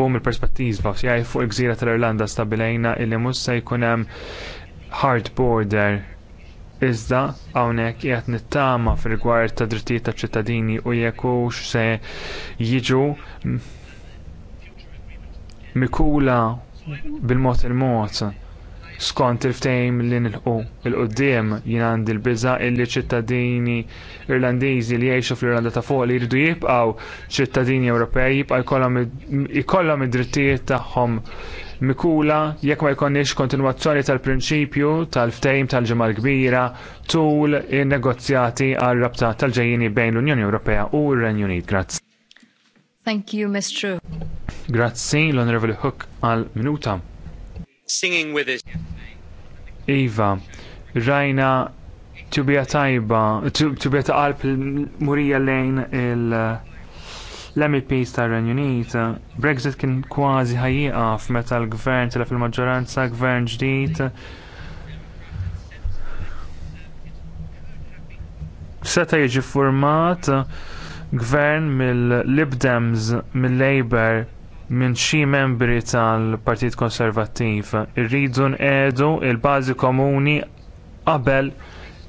U mill-perspettiva jgħid fuq il-gżira tal-Irlanda stabilejna illi mhux se jkun hemm hard border iżda hawnhekk qiegħed nittama fil-rigward ta' drittijiet taċ ċittadini u jekkux se jiġu mikula bil-mod il-mod skont il-ftejm li nilħu il-qoddim jien għandi l-biża illi ċittadini Irlandiżi li jgħixu fl-Irlanda ta' fuq li jridu jibqgħu ċittadini Ewropej jibqgħu jkollhom id-drittijiet tagħhom mikula jekk ma jkollniex kontinwazzjoni tal-prinċipju tal-ftejm tal-ġimgħa kbira tul in-negozjati għal rabta tal-ġejjini bejn l-Unjoni Ewropea u r-Renju Unit. Grazzi. Thank you, Mr. Grazzi, l-Onorevoli Hook għal minuta singing with us. Iva, rajna tubija tajba, tubija ta' qalb murija lejn l-MEPs ta' Unit. Brexit kien kważi ħajjiqaf f'meta l-gvern tilef il-maġġoranza, gvern ġdid. Seta jiġi format gvern mill-Libdems, mill-Labor, minn xi membri tal-Partit Konservattiv irridu nqiegħdu l bażi komuni qabel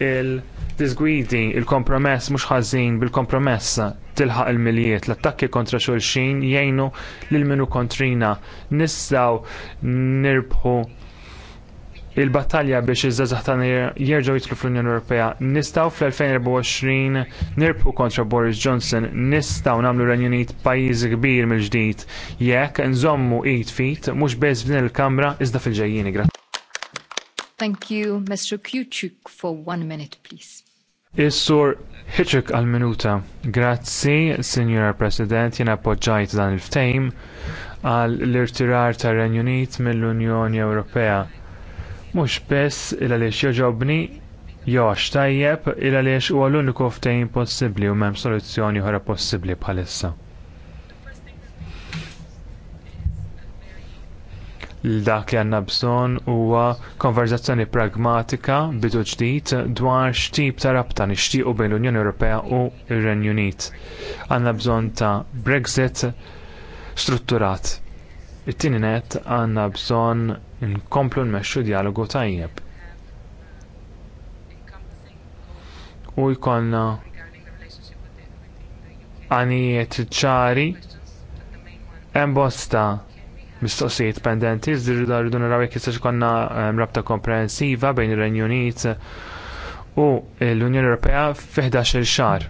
il-disgwidi, il-kompromess mhux ħażin bil-kompromess tilħaq il-miliet, l-attakki kontra xulxin jgħinu lil minu kontrina nistgħu nirbħu il-battalja biex iż-żazax tagħna jerġgħu jitlu fl-Unjoni Ewropea. Nistgħu fl-2024 nirbħu kontra Boris Johnson, nistgħu nagħmlu Renju Unit kbir mill-ġdid jekk nżommu id fit mhux biss f'din il-Kamra iżda fil-ġejjieni. Thank you, Mr. Kuchuk, for one minute, please. Is-sur Hitchik għal-minuta. Grazzi, Signora President, jena appoġġajt dan il-ftejm għal l-irtirar tar Renju Unit mill-Unjoni Ewropea Mhux biss il-għaliex joġobni jox tajjeb il-għaliex huwa l-uniku ftehim possibbli u m'hemm soluzzjoni oħra possibbli bħalissa. dak li għandna bżonn huwa konverzazzjoni pragmatika bidu ġdid dwar x'tip ta' rabta nixtiequ bejn l-Unjoni Ewropea u r-Renju Unit. Għandna bżonn ta' Brexit strutturat It-tieni net għandna bżonn nkomplu nmexxu dialogu tajjeb. U jkollna għanijiet ċari hemm bosta mistoqsijiet pendenti, iżdiru rridu naraw jekk jistax konna ehm, rabta komprensiva bejn ir-Renju Unit u l-Unjoni Ewropea fi 11 xahar.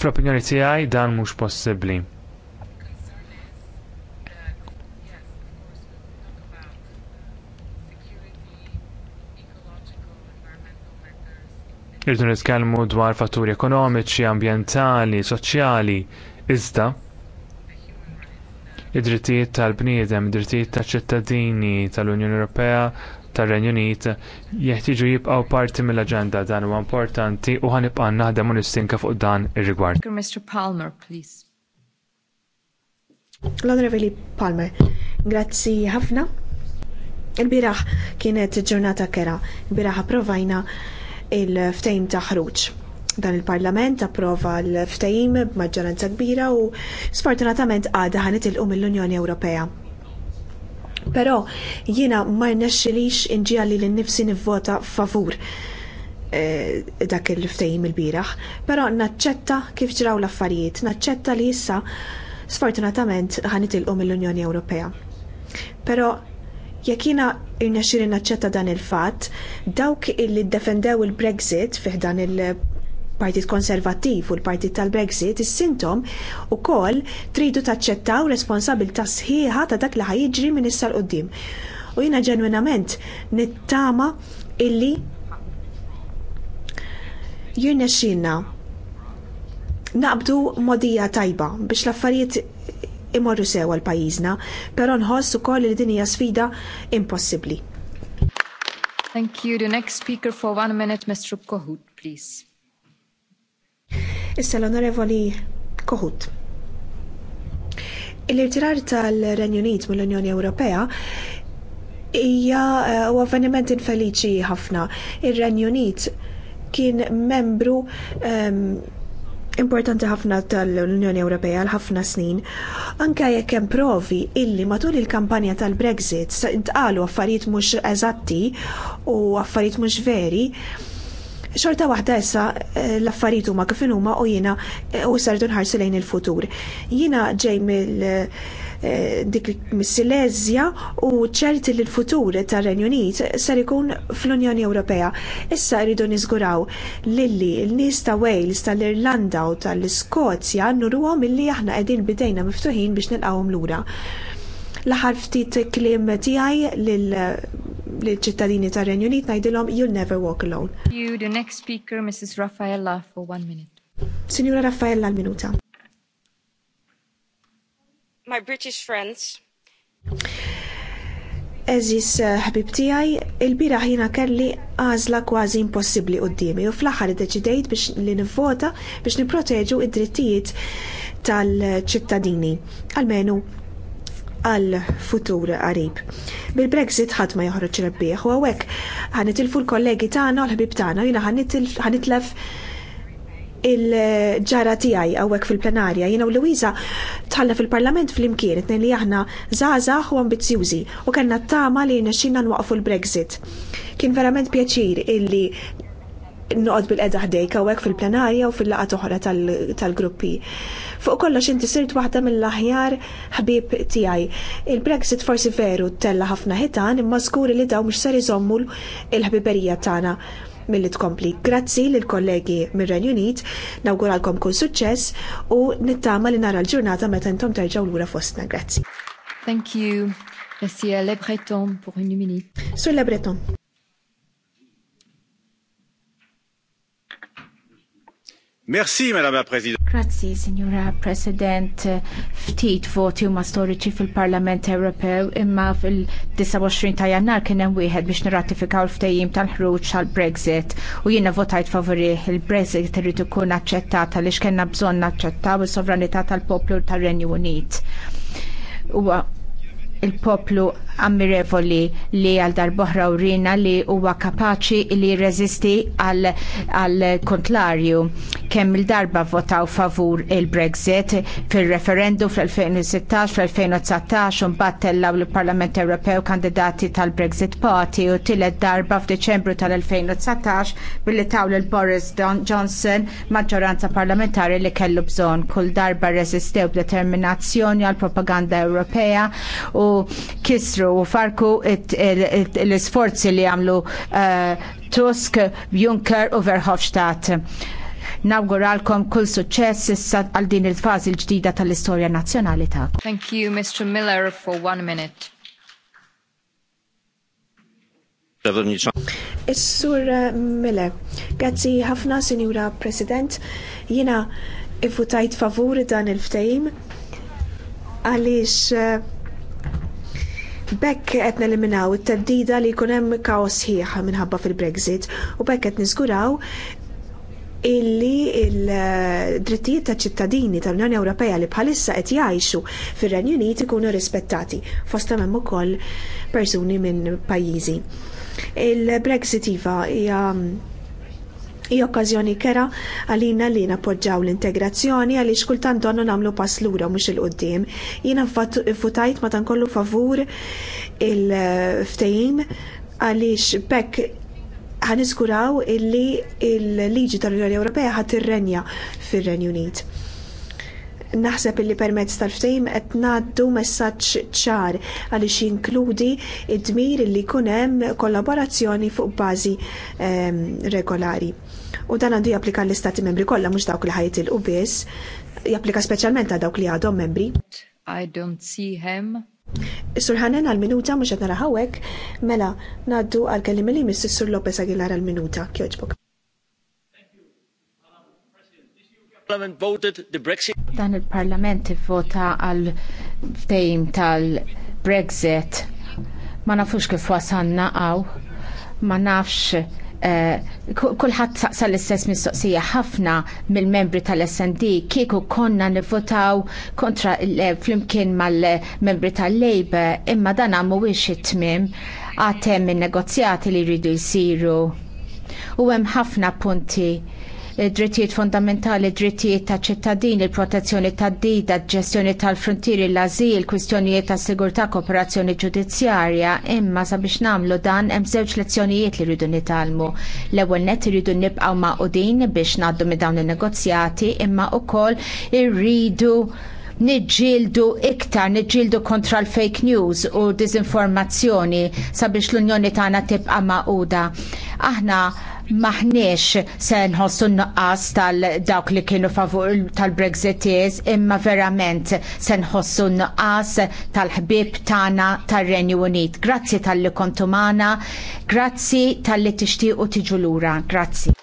Fl-opinjoni tiegħi dan mhux possibbli. Irdu nitkellmu dwar fatturi ekonomiċi, ambjentali, soċjali, iżda id-drittijiet tal-bniedem, id-drittijiet tal-ċittadini tal-Unjoni Ewropea tar-Renju Unit jeħtieġu jibqgħu parti mill-aġenda dan huwa importanti u ħanibqa' naħdem u nistinka fuq dan ir-rigward. Mr. Palmer, please. L-Onorevoli Palmer, grazzi ħafna. Il-biraħ kienet ġurnata kera, il-biraħ approvajna il-ftejm ta' ħruġ dan il-Parlament approva l ftehim b'maġġoranza kbira u sfortunatament għada ħanet il-qum l-Unjoni Ewropea. Però jiena ma rnexxilix inġija li nnifsi nifsi nivvota favur eh, dak il ftehim il-biraħ, però naċċetta kif ġraw l-affarijiet, naċċetta li issa sfortunatament ħanit il-qum l-Unjoni Ewropea. Però Jekk jiena irnexxieli naċċetta dan il-fatt, dawk illi ddefendew il-Brexit fih dan il-Partit Konservattiv u l-Partit tal-Brexit, is-sintom ukoll tridu taċċettaw responsabilta sħiħa ta' dak li ħajjiġri minn issa l-qoddim. U jiena ġenwinament nittama illi jirnexxina naqbdu modija tajba biex l-affarijiet imorru sewa l-pajjiżna, però nħoss ukoll li din hija sfida impossibbli. Thank you. The next speaker for one minute, Mr. Kohut, please. Issa l-Onorevoli Kohut. Il-irtirar tal-Renju Unit mill-Unjoni Ewropea hija eh, u avveniment infeliċi ħafna. Ir-Renju Unit kien membru um, importanti ħafna tal-Unjoni Ewropea għal ħafna snin, anke jekk hemm provi illi matul il-kampanja tal-Brexit intqalu affarijiet mhux eżatti u affarijiet mhux veri, xorta waħda issa eh, l-affarijiet huma kif huma u jiena eh, u sardu nħarsu lejn il-futur. Jiena ġej mill Eh, dik mis-Silesja u ċerti li l-futur tar-Renju Unit ser ikun fl-Unjoni Ewropea. Issa rridu niżguraw lilli l-nies ta' Wales, tal-Irlanda u tal-Iskozja nurruhom illi aħna qegħdin bidejna miftuħin biex nilqawhom lura. L-aħħar ftit kliem tiegħi lill-ċittadini tar-Renju Unit ngħidilhom you'll never walk alone. You the next speaker Mrs. Raffaella for one minute. Signora Raffaella minuta my British friends. Eżis eh, ħbib tiegħi, il-bira ħina kelli għażla kważi impossibbli dimi u fl-aħħar iddeċidejt biex li nivvota biex nipproteġu id-drittijiet tal-ċittadini, għalmenu għal futur qarib. Bil-Brexit ħadd ma joħroġ rebbieħ u għawek ħanitilfu l-kollegi tagħna u l-ħbib tagħna jiena ħanitlef il-ġara tiegħi hawnhekk fil-plenarja. jina u Luisa tħalla fil-Parlament fl-imkien itnejn li aħna żgħażagħ u ambizzjużi u kellna tama li nexxinna nwaqfu l-Brexit. Kien verament pjaċir illi noqod bil-qeda ħdejk għawek fil-plenarja u fil-laqgħa oħra tal-gruppi. Fuq kollox inti sirt waħda mill-aħjar ħbib tiegħi. Il-Brexit forsi veru tella ħafna ħitan imma żgur li daw mhux ser iżommu l-ħbiberija tagħna milli tkompli. Grazzi lill kollegi mir-Renju Unit, nawguralkom kull suċċess u nittama li nara l-ġurnata meta intom l lura fostna. Grazzi. Thank you. Merci à Le Breton pour une minute. Sur Le Breton. Merci, Madame la Présidente. Grazzi, Signora President. Ftit voti huma storiċi fil-Parlament Ewropew imma fil-29 ta' jannar kien hemm wieħed biex nirratifikaw l-ftehim tal-ħruġ tal-Brexit u jiena votajt favorih il-Brexit irid ikun aċċettata għaliex kellna bżonn naċċettaw is-sovranità tal-poplu tar-Renju Unit. Huwa il-poplu ammirevoli li għal darboħra urina li huwa kapaċi li jirreżisti għal kontlarju. Kemm il-darba votaw favur il-Brexit fil-referendum fl-2016, fl-2019, un battellaw l-Parlament Ewropew kandidati tal-Brexit Party u tillet darba f'Deċembru tal-2019 billi tawl il-Boris Johnson maġġoranza parlamentari li kellu bżonn kull darba rreżistew b'determinazzjoni għal propaganda Ewropea u kisru u farku l-sforzi li għamlu eh, Tusk, Juncker u Verhofstadt. Nawguralkom kull suċċess issa għal din il-fażi l-ġdida tal-istorja nazzjonali ta'. Thank you, Mr. Miller, for one minute. Is-sur eh, Miller, grazzi ħafna, Sinjura President, jina votajt favur dan il-ftejim għaliex eh, Bekk qed neliminaw it-teddida li jkun hemm kaos ħieħ minħabba fil-Brexit u bekk qed niżguraw illi il-drittijiet ta' ċittadini tal-Unjoni Ewropea li bħalissa qed jgħixu fir-Renju Unit ikunu rispettati fost hemm ukoll persuni minn pajjiżi. Il-Brexit iva hija I okkażjoni kera għalina li napoġġaw l-integrazzjoni għaliex kultant donnu nagħmlu pass lura mhux il-qudiem. Jiena futajt tankollu favur il-ftehim għaliex pekk ħaniskuraw illi il-liġi tal-Unjoni Ewropea ħat renja fir-Renju Unit. Naħseb illi permezz tal-ftejm qed ngħaddu messaġġ ċar għaliex jinkludi id-dmir illi jkun hemm kollaborazzjoni fuq bażi ehm, regolari. U dan għandu japplika l-istati membri kollha mhux dawk li ħajt il biss, japplika speċjalment għal dawk li għadhom membri. I don't see him. Is-sur għal-minuta mhux qed raħawek, mela ngħaddu għal kellim li miss sur Lopez Aguilar għal-minuta. Kjoġbok. Dan il-Parlament ivvota għal fdejm tal-Brexit. Ma nafux kif wasanna għaw, ma nafx Eh, kulħadd saqsa l-istess mistoqsija ħafna mill-membri tal-SND kieku konna nivvotaw kontra eh, flimkien mal-membri tal-Labor imma dan mhuwiex it tmim għad hemm in-negozjati li jridu jsiru. U hemm ħafna punti drittijiet fondamentali, drittijiet ta' ċittadini, il-protezzjoni tad dida, ġestjoni tal-frontieri, l-azil, kwistjonijiet ta' sigurtà, kooperazzjoni ġudizzjarja, imma sabiex nagħmlu dan hemm żewġ lezzjonijiet li rridu nitalmu. L-ewwel nett irridu nibqgħu maqudin biex ngħaddu minn dawn in-negozjati, imma wkoll irridu niġġieldu iktar, niġġieldu kontra l-fake news u dizinformazzjoni sabiex l-Unjoni tagħna tibqa' maquda. Aħna maħniex se nħossu n-nuqqas tal-dawk li kienu favur tal-Brexiteers imma verament se nħossu n-nuqqas tal-ħbib tagħna tar renju Unit. Grazzi tal-li kontu magħna, grazzi tal-li tixtiequ tiġu lura, grazzi.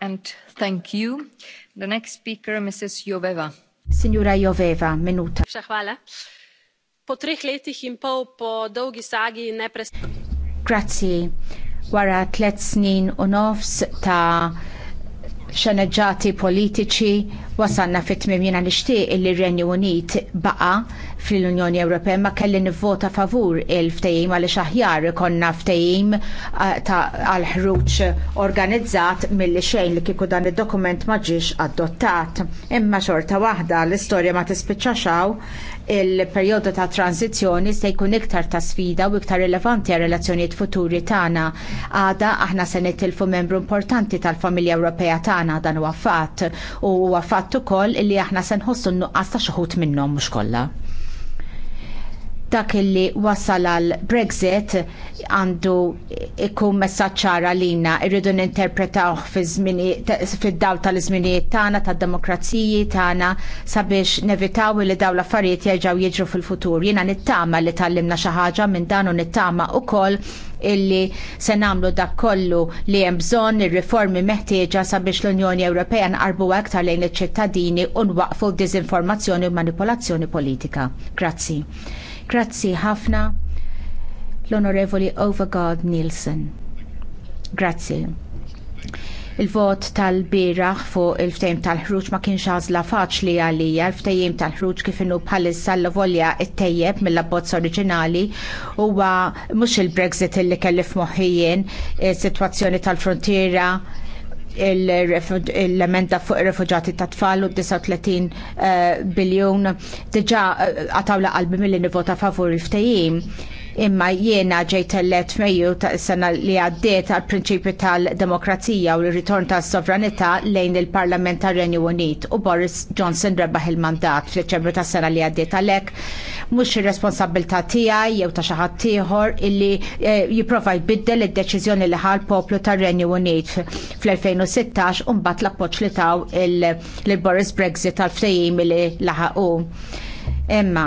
And thank you. The next speaker, Mrs. Joveva. Signora Joveva, minuta. Xaħvala. Po trih letih in pol po dolgi sagi nepres... Grazie wara tliet snin u nofs ta' xaneġġati politiċi wasanna fit tmiem jiena nixtieq li r-Renju Unit baqa fl-Unjoni Ewropea ma kelli nivvota favur il-ftehim għaliex aħjar ikonna ftehim għal ħruġ organizzat milli xejn li kieku dan id-dokument ma ġiex adottat. Imma xorta waħda l-istorja ma tispiċċaxaw il-perjodu ta' tranzizjoni se jkun iktar ta' sfida u iktar rilevanti għal relazzjonijiet futuri tagħna. Għada aħna se nitilfu membru importanti tal-familja Ewropea tagħna dan huwa fatt u huwa fatt ukoll li aħna se nħossu n-nuqqas ta' xi ħut minnhom mhux kollha dak illi wasal għal Brexit għandu ikun messaċċara lina irridu ninterpretawh fid-dawl tal-iżminijiet tagħna tad-demokraziji tagħna sabiex nevitaw li dawn l-affarijiet jerġgħu jiġru fil-futur. Jiena nittama li tallimna xi ħaġa minn dan u nittama wkoll illi se nagħmlu dak kollu li hemm bżonn ir-riformi meħtieġa sabiex l-Unjoni Ewropea nqarbu aktar lejn iċ-ċittadini u nwaqfu d diżinformazzjoni u manipolazzjoni politika. Grazzi. Grazzi ħafna l-Onorevoli Overgard Nielsen. Grazzi. Il-vot tal-biraħ fuq il-ftejm tal-ħruġ ma kienx għażla faċli għalija il-ftejm tal-ħruġ kif inhu bħalissa l-volja ttejjeb mill-abbozz oriġinali huwa mhux il-Brexit illi kelli f'moħħijien, is-sitwazzjoni tal-frontiera, l-emenda fuq ir refugġati ta' tfal u 39 eh, biljun diġà eh, għatawla qalbi milli nivota favur il-ftehim imma jiena ġejt elett Mejju ta' sena li għaddiet għal prinċipju tal-demokrazija u l-ritorn tas sovranità lejn il-Parlament tar Renju Unit u Boris Johnson rebaħ il-mandat fl-ċembru tas sena li għaddiet għalhekk mhux ir-responsabilità tiegħi jew ta' xi ħadd ieħor illi eh, jipprova jbiddel id-deċiżjoni li ħal poplu tar Renju Unit fl-2016 u mbagħad l-appoġġ li taw il-Boris Brexit tal-ftehim li laħaqu. Imma,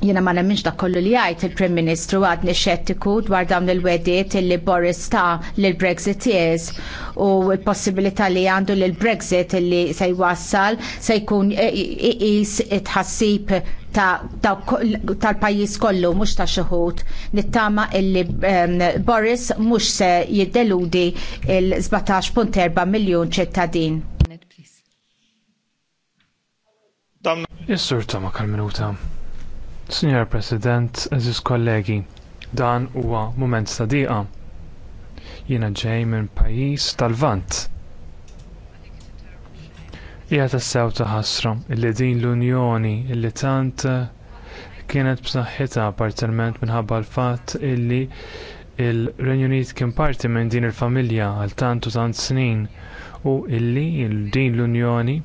Jiena ma nemminx dak kollu li jgħid il-Prim Ministru għadni xettiku dwar dawn il-wediet li Boris ta' l-Brexiteers u l-possibilità li għandu l-Brexit li se jwassal se jkun iqis tħassib tal-pajis kollu mhux ta' xi nittama illi Boris mhux se jiddeludi il-17.4 miljun ċittadin. Is-sur ta' ma' kal-minuta. Signor President, eżis kollegi, dan huwa mument sadiqa. Jiena ġej minn pajjiż tal-Vant. Hija tassew ta' ħasra illi din l-Unjoni illi tant eh, kienet b'saħħitha parzialment minħabba l-fatt illi il-Renju Unit kien parti minn din il-familja għal tant u tant snin u illi din l-Unjoni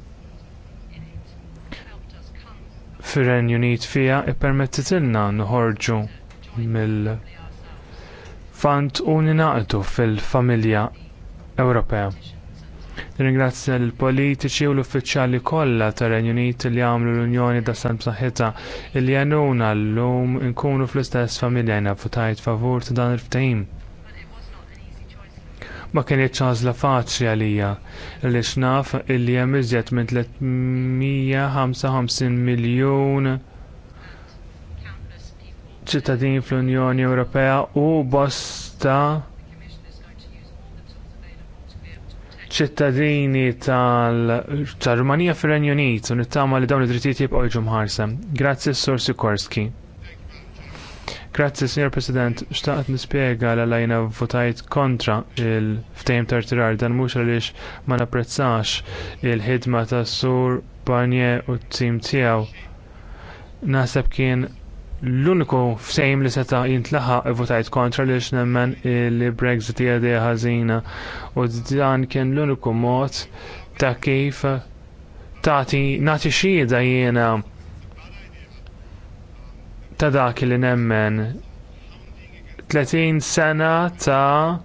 fir-Renju Unit fiha ippermettitilna nħorġu mill-fant u ninaqdu fil-familja Ewropea. Ringrazzja l-politiċi u l-uffiċjali kollha tar-Renju Unit li għamlu l-Unjoni da San B'saħħitha li għanuna llum nkunu fl-istess familja jnaffutajt favur ta' dan il-ftehim ma kienieċ ċażla faċli għalija li xnaf illi hemm iżjed minn 355 miljun ċittadini fl-Unjoni Ewropea u bosta ċittadini tal-Rumanija fir renju Unit u nittama li dawn id-drittijiet jibqgħu jiġu mħarsa. Grazzi Sorsi Korski. Grazzi, Signor President, xtaqt nispiega l lajna votajt kontra il-ftejm tartirar dan mux għalix ma napprezzax il-ħidma ta' sur Barnier u t-tim tijaw. Nasab kien l-uniku ftejm li seta jintlaħa votajt kontra li nemmen il-Brexit jgħadija ħazina u dan kien l-uniku mod ta' kif ti nati xieda jiena ta' dak li nemmen 30 sena ta'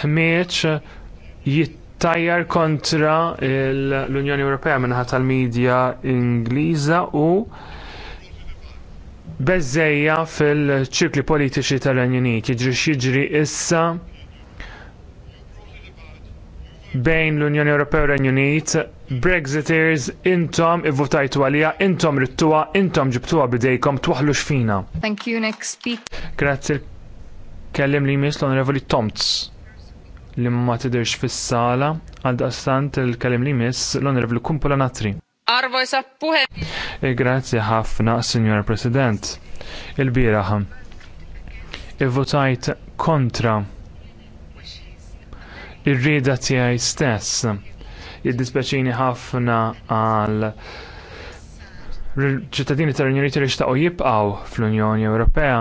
ħmieċ jittajjar kontra l-Unjoni Ewropea minħabba tal-medja Ingliża u beżżejja fil-ċirkli politiċi tal-Renju Unit. Jiġri x'jiġri issa bejn l-Unjoni Ewropea u Renju Unit Brexiteers, intom ivvotajtu għalija, intom rittuwa, intom ġibtuwa bidejkom, twaħlu xfina. Thank you, next speak. Grazzi kellim li jmiss l-Onorevoli Tomts li ma tidirx fis-sala għal il-kellim li jmiss l-Onorevoli Kumpula Natri. Arvojsa puħe. Eh, grazzi ħafna, Signor President. Il-biraħ. Ivvotajt kontra ir-rieda tiegħi stess Jiddispeċini ħafna għal ċittadini tal-Unjoni Uniti li xtaqgħu jibqgħu fl-Unjoni Ewropea.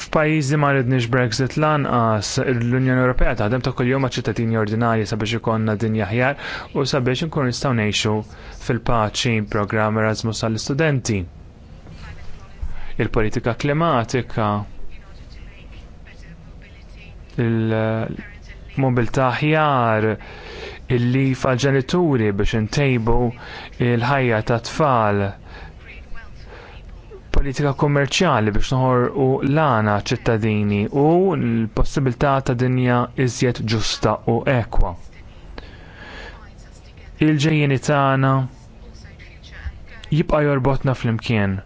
F'pajjiżi ma rridniex Brexit lanqas l-Unjoni Ewropea taħdem ta' kuljum ma' ċittadini ordinarji sabiex ikollna din jaħjar u sabiex inkunu nistgħu ngħixu fil-paċi programm Erasmus għall-istudenti. Il-politika klimatika il-mobilità ħjar illi fal-ġenituri biex intejbu l ħajja ta' tfal politika kummerċjali biex noħorqu lana ċittadini u l-possibilità ta' dinja iżjed ġusta u ekwa. Il-ġejjeni tagħna jibqa' jorbotna flimkien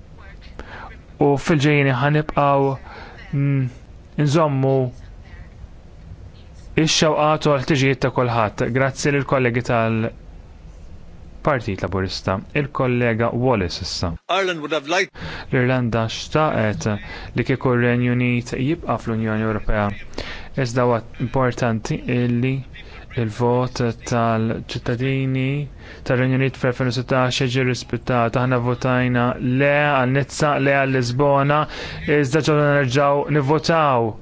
u fil-ġejjeni ħanibqgħu nżommu ix xewqa u tiġijiet ta' kulħadd. Grazzi lill kollegi tal Partit Laburista, il-kollega Wallis issa. L-Irlanda xtaqet li kieku r-Renju Unit jibqa' fl-Unjoni Ewropea. Iżda huwa importanti illi il-vot tal-ċittadini tal-Renju Unit fl-2016 ġi rispettat. Aħna votajna le għal Nizza, le għal Lisbona, iżda ġodna nerġgħu nivvotaw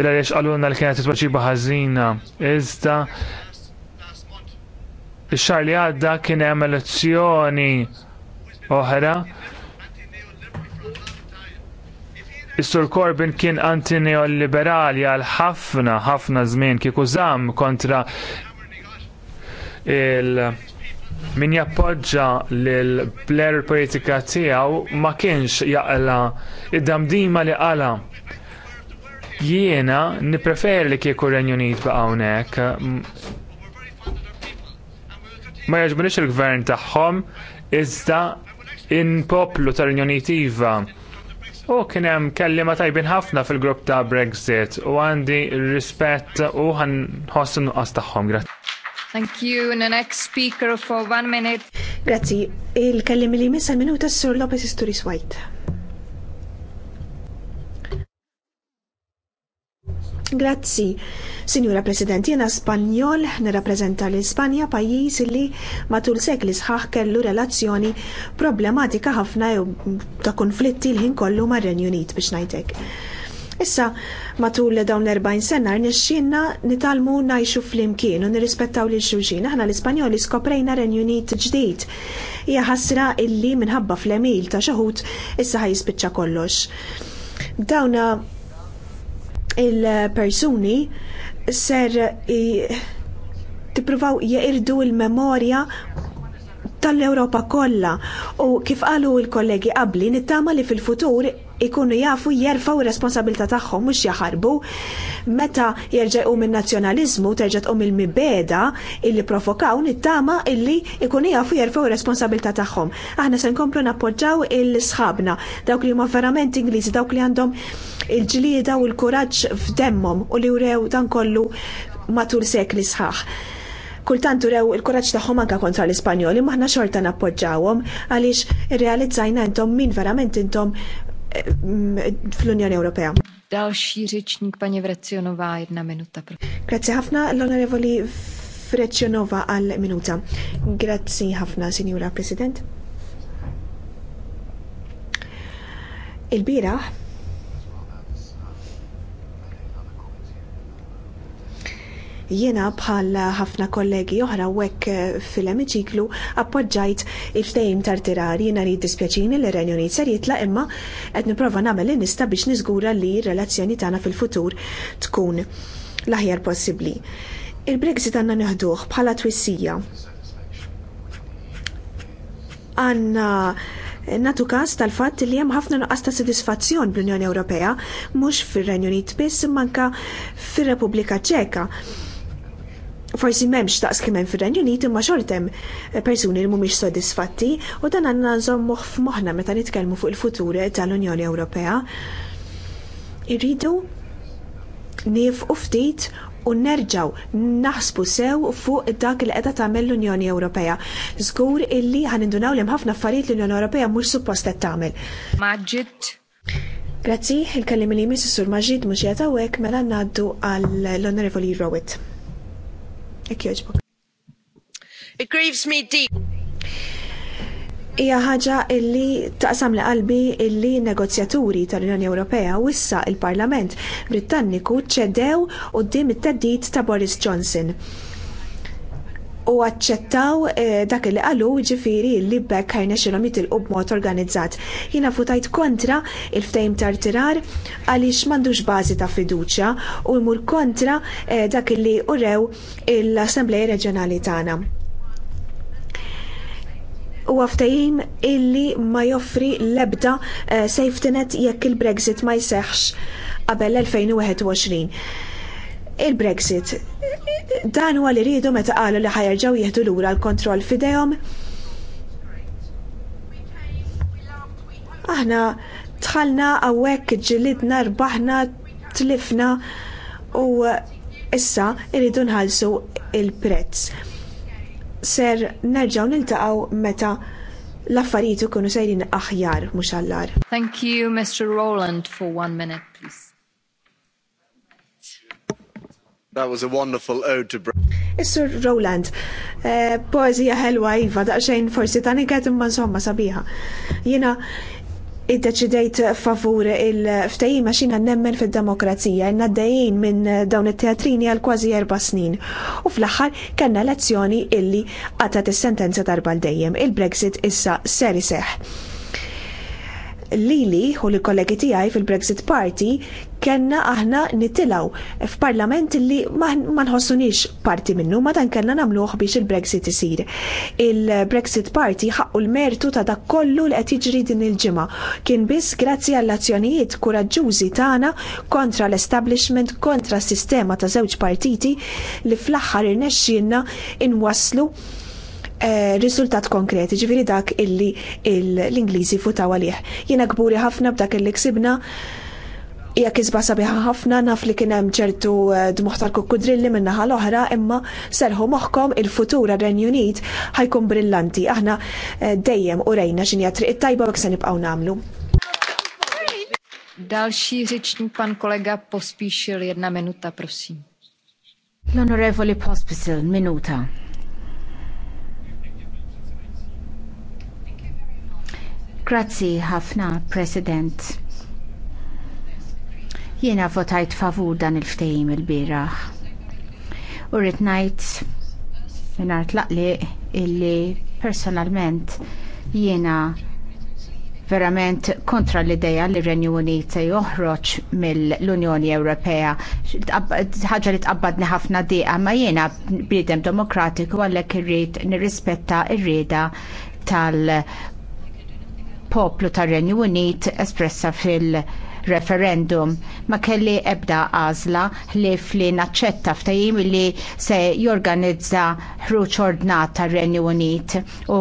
il li għalunna li kienet it-tweġiba ħażina. Iżda ix xar li għadda kien hemm elezzjoni oħra. Is-Sur Corbyn kien antineoliberali għal ħafna ħafna żmien kiku zam kontra il- min jappoġġa l Blair politika tiegħu ma kienx jaqla id-damdima li qala Jiena nippreferi li kieku Renjunit ba' hawnhekk. Ma jaġbunix il-gvern tagħhom iżda in-poplu tal-Unjonit iva. U kien hemm kellima tajbin ħafna fil-grupp ta' Brexit u għandi rispett u ħanħossu nuqqas tagħhom. Thank you. And the next speaker for one minute. Grazie. Il-kellim li missa minuta s-sur Lopez Isturis White. Grazzi. Signora President, jena Spanjol, nirrapprezenta l-Ispanja pajjiż li matul sekli sħaħ kellu relazzjoni problematika ħafna jew ta' konflitti l-ħin kollu mar-Renju Unit biex ngħidlek. Issa, matul dawn l-40 sena rnexxinna nitalmu najxu flimkien u nirrispettaw lil xulxin. Aħna l-Ispanjoli skoprejna Renju Unit ġdid. Hija ħasra illi minħabba fl-emil ta' xaħut issa ħajispiċċa kollox. Dawna il-persuni ser tippruvaw jeqirdu il-memorja tal-Europa kollha u kif qalu l kollegi qabli nittama li fil-futur ikunu jafu jerfaw responsabilta tagħhom mhux jaħarbu. Meta jerġgħu minn nazzjonaliżmu terġa' tqum il-mibeda illi provokaw nittama illi ikunu jafu jerfaw responsabilta tagħhom. Aħna se nkomplu nappoġġaw il-sħabna dawk li huma verament Ingliżi dawk li għandhom il-ġlieda u l-kuraġġ f'demmhom u li wrew dan kollu matul sekli sħaħ kultant urew il-kuraċ tagħhom anke kontra l-Ispanjoli maħna xorta nappoġġawhom għaliex ir-realizzajna intom min verament intom fl-Unjoni Ewropea. Další řečník, paní Vrecionová, jedna minuta. Grazie ħafna, l-Onorevoli Vrecionova għal minuta. Grazie ħafna, Signora President. Il-biraħ, Jiena bħal ħafna kollegi oħra wek eh, fil-emiċiklu appoġġajt il-ftejim tartirari jiena rrid dispjaċini li r-Renju Unit ser jitlaq imma qed nipprova nagħmel li nista' biex niżgura li r-relazzjoni tagħna fil-futur tkun l-aħjar possibbli. Il-Brexit għandna neħduh bħala twissija. Għandna natu każ tal-fatt li hemm ħafna nuqqas ta' sodisfazzjon bl-Unjoni Ewropea, mhux fir-Renju Unit biss manka fir-Repubblika Ċeka forsi memx daqs kemm hemm fir-Renju Unit imma xortem hemm eh, persuni li mhumiex sodisfatti u dan għandna nżommu f'moħħna meta nitkellmu fuq il-futur tal-Unjoni Ewropea. Irridu nifqu ftit u nerġaw naħsbu sew fuq dak li qiegħda tagħmel l-Unjoni Ewropea. Żgur illi ħanindunaw li ħafna affarijiet l-Unjoni Ewropea mhux suppost qed tagħmel. Maġġid. Grazzi, il-kellim li jmiss sur Maġid mhux jagħtawek mela ngħaddu għall-Onorevoli Rowett. It grieves me deep. Hija ħaġa illi taqsam li qalbi illi negozjaturi tal-Unjoni Ewropea u issa il-Parlament Britanniku ċedew quddiem it-teddid ta' Boris Johnson u għacċettaw eh, dak li għallu ġifiri li bekk ħajna xilom jitilqu b'mod organizzat. Jina futajt kontra il-ftejm tartirar għalix mandux bazi ta' fiduċa u jmur kontra eh, dak li urew l-Assembleja Reġjonali tagħna. U għaftajim illi ma joffri lebda eh, safety net jekk il-Brexit ma jseħx qabel 2021 il-Brexit. Dan huwa li rridu meta qalu li ħajerġgħu jieħdu lura l-kontroll f'idejhom. Aħna tħallna hawnhekk ġilidna rbaħna tlifna u issa irridu nħallsu il-prezz. Ser nerġgħu niltaqgħu meta l-affarijiet ikunu sejrin aħjar mhux allar. Thank you, Mr. Rowland, for one minute, please. That was a wonderful ode to Is-Sur Rowland, eh, poezija ħelwa iva, daqxejn forsi tani għed imma somma sabiħa. Jina, id-deċidejt favur il-ftajima xina nemmen fil-demokrazija, jina d-dajin minn dawn it-teatrini għal kważi erba snin. U fl-axħar kanna lezzjoni illi għatat il sentenza darba l-dejjem, il-Brexit issa ser seħ lili u li kollegi tiegħi fil-Brexit Party kellna aħna nittilaw f'parlament li ma nħossunix parti minnu ma dan kellna nagħmluh biex il-Brexit isir. Il-Brexit Party ħaqqu l-mertu ta' dak kollu li qed jiġri din il-ġimgħa. Kien biss grazzi għall-azzjonijiet kuraġġużi tagħna kontra l-establishment kontra s-sistema ta' żewġ partiti li fl-aħħar irnexxielna inwasslu Eh, riżultat konkreti, ġifiri dak illi l-Ingliżi futaw għalih. Jiena kburi ħafna b'dak illi ksibna Jekk iżba sabiħa ħafna naf li kien hemm ċertu eh, dmuħ tal-kukkudrilli min-naħa l-oħra imma serħu moħħkom il-futur għar-Renju Unit ħajkun brillanti. Aħna eh, dejjem u rejna x'inhi triq it-tajba bek se nibqgħu nagħmlu. Další řečník, pan kollega Pospíšil, jedna minuta, prosím. L-Onorevoli Pospíšil, minuta. Grazzi ħafna, President. Jiena votajt favur dan il-ftehim il-biraħ. U rrit ngħid mingħajr tlaqli illi personalment jiena verament kontra l-ideja li r-Renju Unit se joħroġ mill-Unjoni Ewropea. ħaġa li tqabbadni ħafna diqa ma jiena bniedem demokratiku għalhekk irrid nirrispetta r-rieda tal il-poplu tar-Renju Unit espressa fil- referendum ma kelli ebda għażla li fli naċċetta ftajim li se jorganizza ħruġ ordnat tar Renju Unit u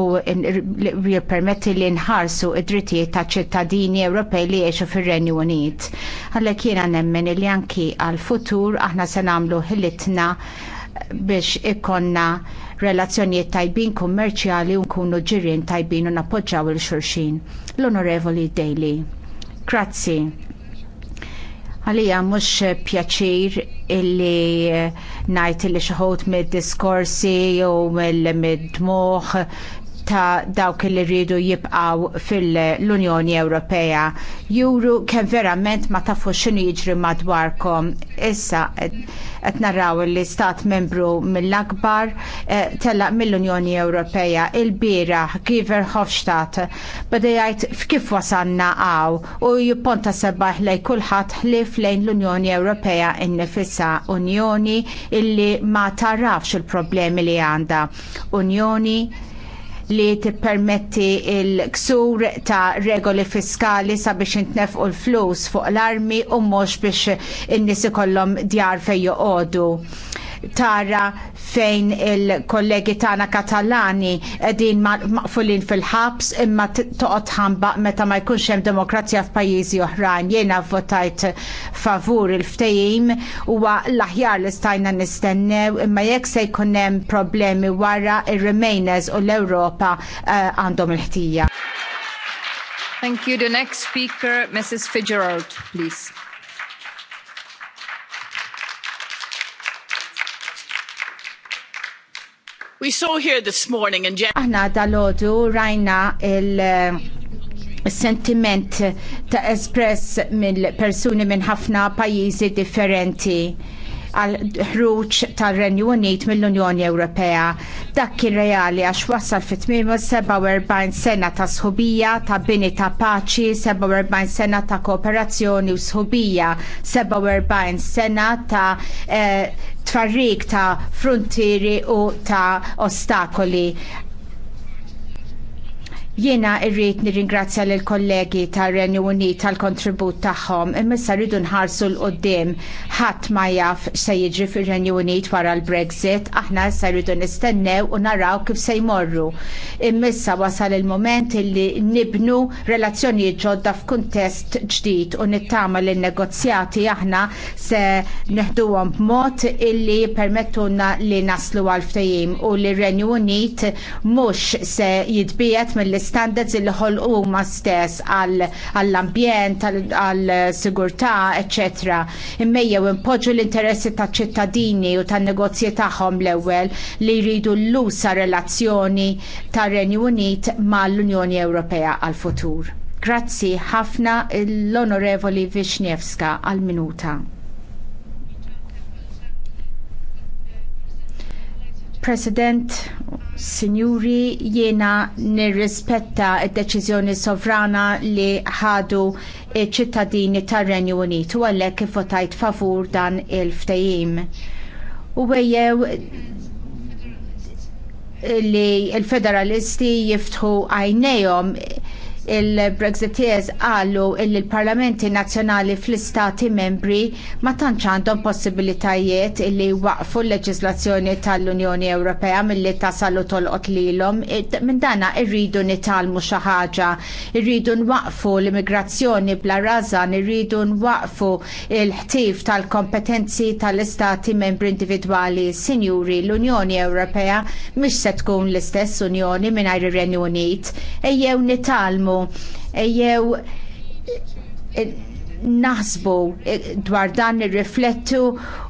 jippermetti li nħarsu id-drittijiet ta' ċittadini Ewropej li jgħixu fir-Renju Unit. Għalhekk jiena nemmen li anki għal futur aħna se nagħmlu ħilitna biex ikonna relazzjonijiet tajbin kummerċjali nkunu ġirien tajbin u nappoġġaw il-xurxin. L-Onorevoli Daily. Grazzi. Għalija mhux pjaċir illi ngħid illi xaħut mid-diskorsi u mid-dmuħ ta' dawk li rridu jibqgħu fil-Unjoni Ewropea. Juru kemm verament ma tafu x'inhu jiġri madwarkom. Issa qed narraw li stat membru mill-akbar eh, tella mill-Unjoni Ewropea il-bieraħ Giver Hofstadt bada jgħid f'kif wasanna għaw u jipponta sebaħ lej kulħadd ħlief lejn l-Unjoni Ewropea innifisha Unjoni illi ma tarafx il-problemi li għandha. Unjoni li tippermetti l ksur ta' regoli fiskali sabiex intnefqu l-flus fuq l-armi u mhux biex in-nies ikollhom djar fejn joqogħdu tara fejn il-kollegi tagħna Katalani qegħdin maqfulin fil-ħabs imma toqgħod ħamba meta ma jkunx hemm demokrazija f'pajjiżi oħrajn. Jiena votajt favur il-ftehim huwa l-aħjar li stajna nistennew imma jekk se jkun hemm problemi wara ir-Remainers u l-Ewropa eh, għandhom il-ħtija. Thank you. The next speaker, Mrs. Fitzgerald, please. We saw here this morning in January. Aħna dal-ħodu rajna il- eh, sentiment ta' espress mill persuni minn ħafna pajjiżi differenti għal ħruġ tal-Renju Unit mill-Unjoni Ewropea. Dak kien reali għax wasal fit 47 sena ta' sħubija, ta' bini ta' paċi, 47 sena ta' kooperazzjoni u sħubija, 47 sena ta' eh, tfarrik ta' frontieri u ta' ostakoli. Jiena irrid nirringrazzja lill kollegi tar-Renju Unit tal-kontribut tagħhom imma issa rridu nħarsu l qudiem ħadd ma jaf se jiġri fir-Renju Unit wara l-Brexit, aħna issa rridu nistennew u naraw kif se jmorru. Imma issa wasal il-moment illi nibnu relazzjonijiet ġodda f'kuntest ġdid u nittama li negozjati aħna se neħduhom b'mod illi jippermettuna li naslu għal ftehim u li r-Renju Unit mhux se jitbiet mill standards il ħolqu huma stess għall-ambjent, għall-sigurtà, etc. Immejjew impoġġu l-interessi taċ ċittadini u tan negozji tagħhom l-ewwel li jridu l-lusa relazzjoni tar-Renju Unit mal-Unjoni Ewropea għall-futur. Grazzi ħafna l-Onorevoli Wisniewska għal-minuta. President, Sinjuri, jiena nirrispetta d-deċiżjoni sovrana li ħadu ċittadini tar-Renju Unit u kif votajt favur dan il-ftehim. U wejjew li l-federalisti jiftħu għajnejhom il-Brexiteers qalu li l-parlamenti nazzjonali fl-istati membri ma tantx għandhom possibilitajiet illi waqfu l-leġislazzjoni tal-Unjoni Ewropea milli tasalu tolqot lilhom. Minn dana irridu nitalmu xi ħaġa, irridu nwaqfu l-immigrazzjoni bla rażan, irridu nwaqfu l-ħtif tal-kompetenzi tal-istati membri individwali. Sinjuri, l-Unjoni Ewropea mhix se tkun l-istess Unjoni mingħajr ir-Renju Unit. Ejjew nitalmu nitkellmu e jew e, naħsbu e, dwar dan nirriflettu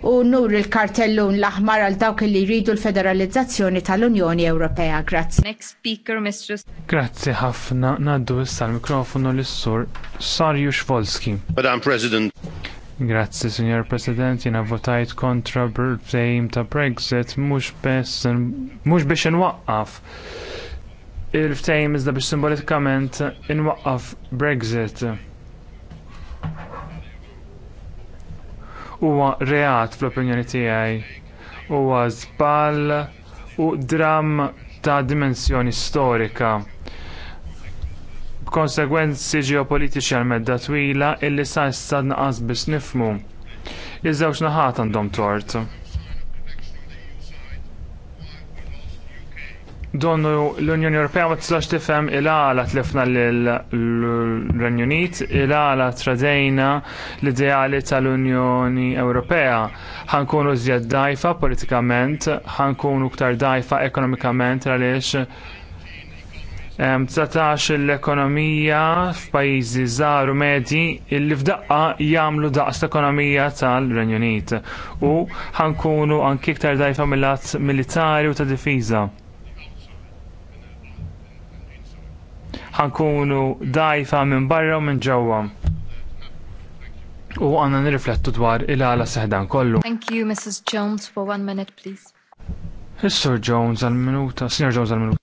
u nur il-kartellun l-aħmar għal dawk li jridu l-federalizzazzjoni tal-Unjoni Ewropea. Grazzi. Next speaker, Mistress. Grazzi ħafna naddu issa l-mikrofonu l-sur Sarju Volski. Madam President. Grazzi, Signor President, jina votajt kontra bil ta' Brexit mux biex n-waqqaf il-ftejm iżda biex simbolikament inwaqqaf Brexit. Huwa reat fl-opinjoni tiegħi. Huwa żball u dram ta' dimensjoni storika konsegwenzi ġeopolitiċi għal medda twila illi sa' issa naqas biss nifmu. Iż-żewġ naħat għandhom tort. donnu l-Unjoni Ewropea ma tistax tifhem il-għala tlifna l-Renju Unit, il-għala tradejna l-ideali tal-Unjoni Ewropea. Ħankunu żjed dajfa politikament, ħankunu ktar dajfa ekonomikament għaliex 19 l-ekonomija f'pajjiżi żgħar u medji illi f'daqqa jagħmlu daqs l-ekonomija tal-Renju Unit u ħankunu anki iktar dajfa mill-att militari u ta' difiża ħankunu dajfa minn barra u minn ġewwa. U għanna nirriflettu dwar il-għala seħdan kollu. Thank you, Mrs. Jones, for one minute, please. Mr. Jones al minuta Sir Jones al minuta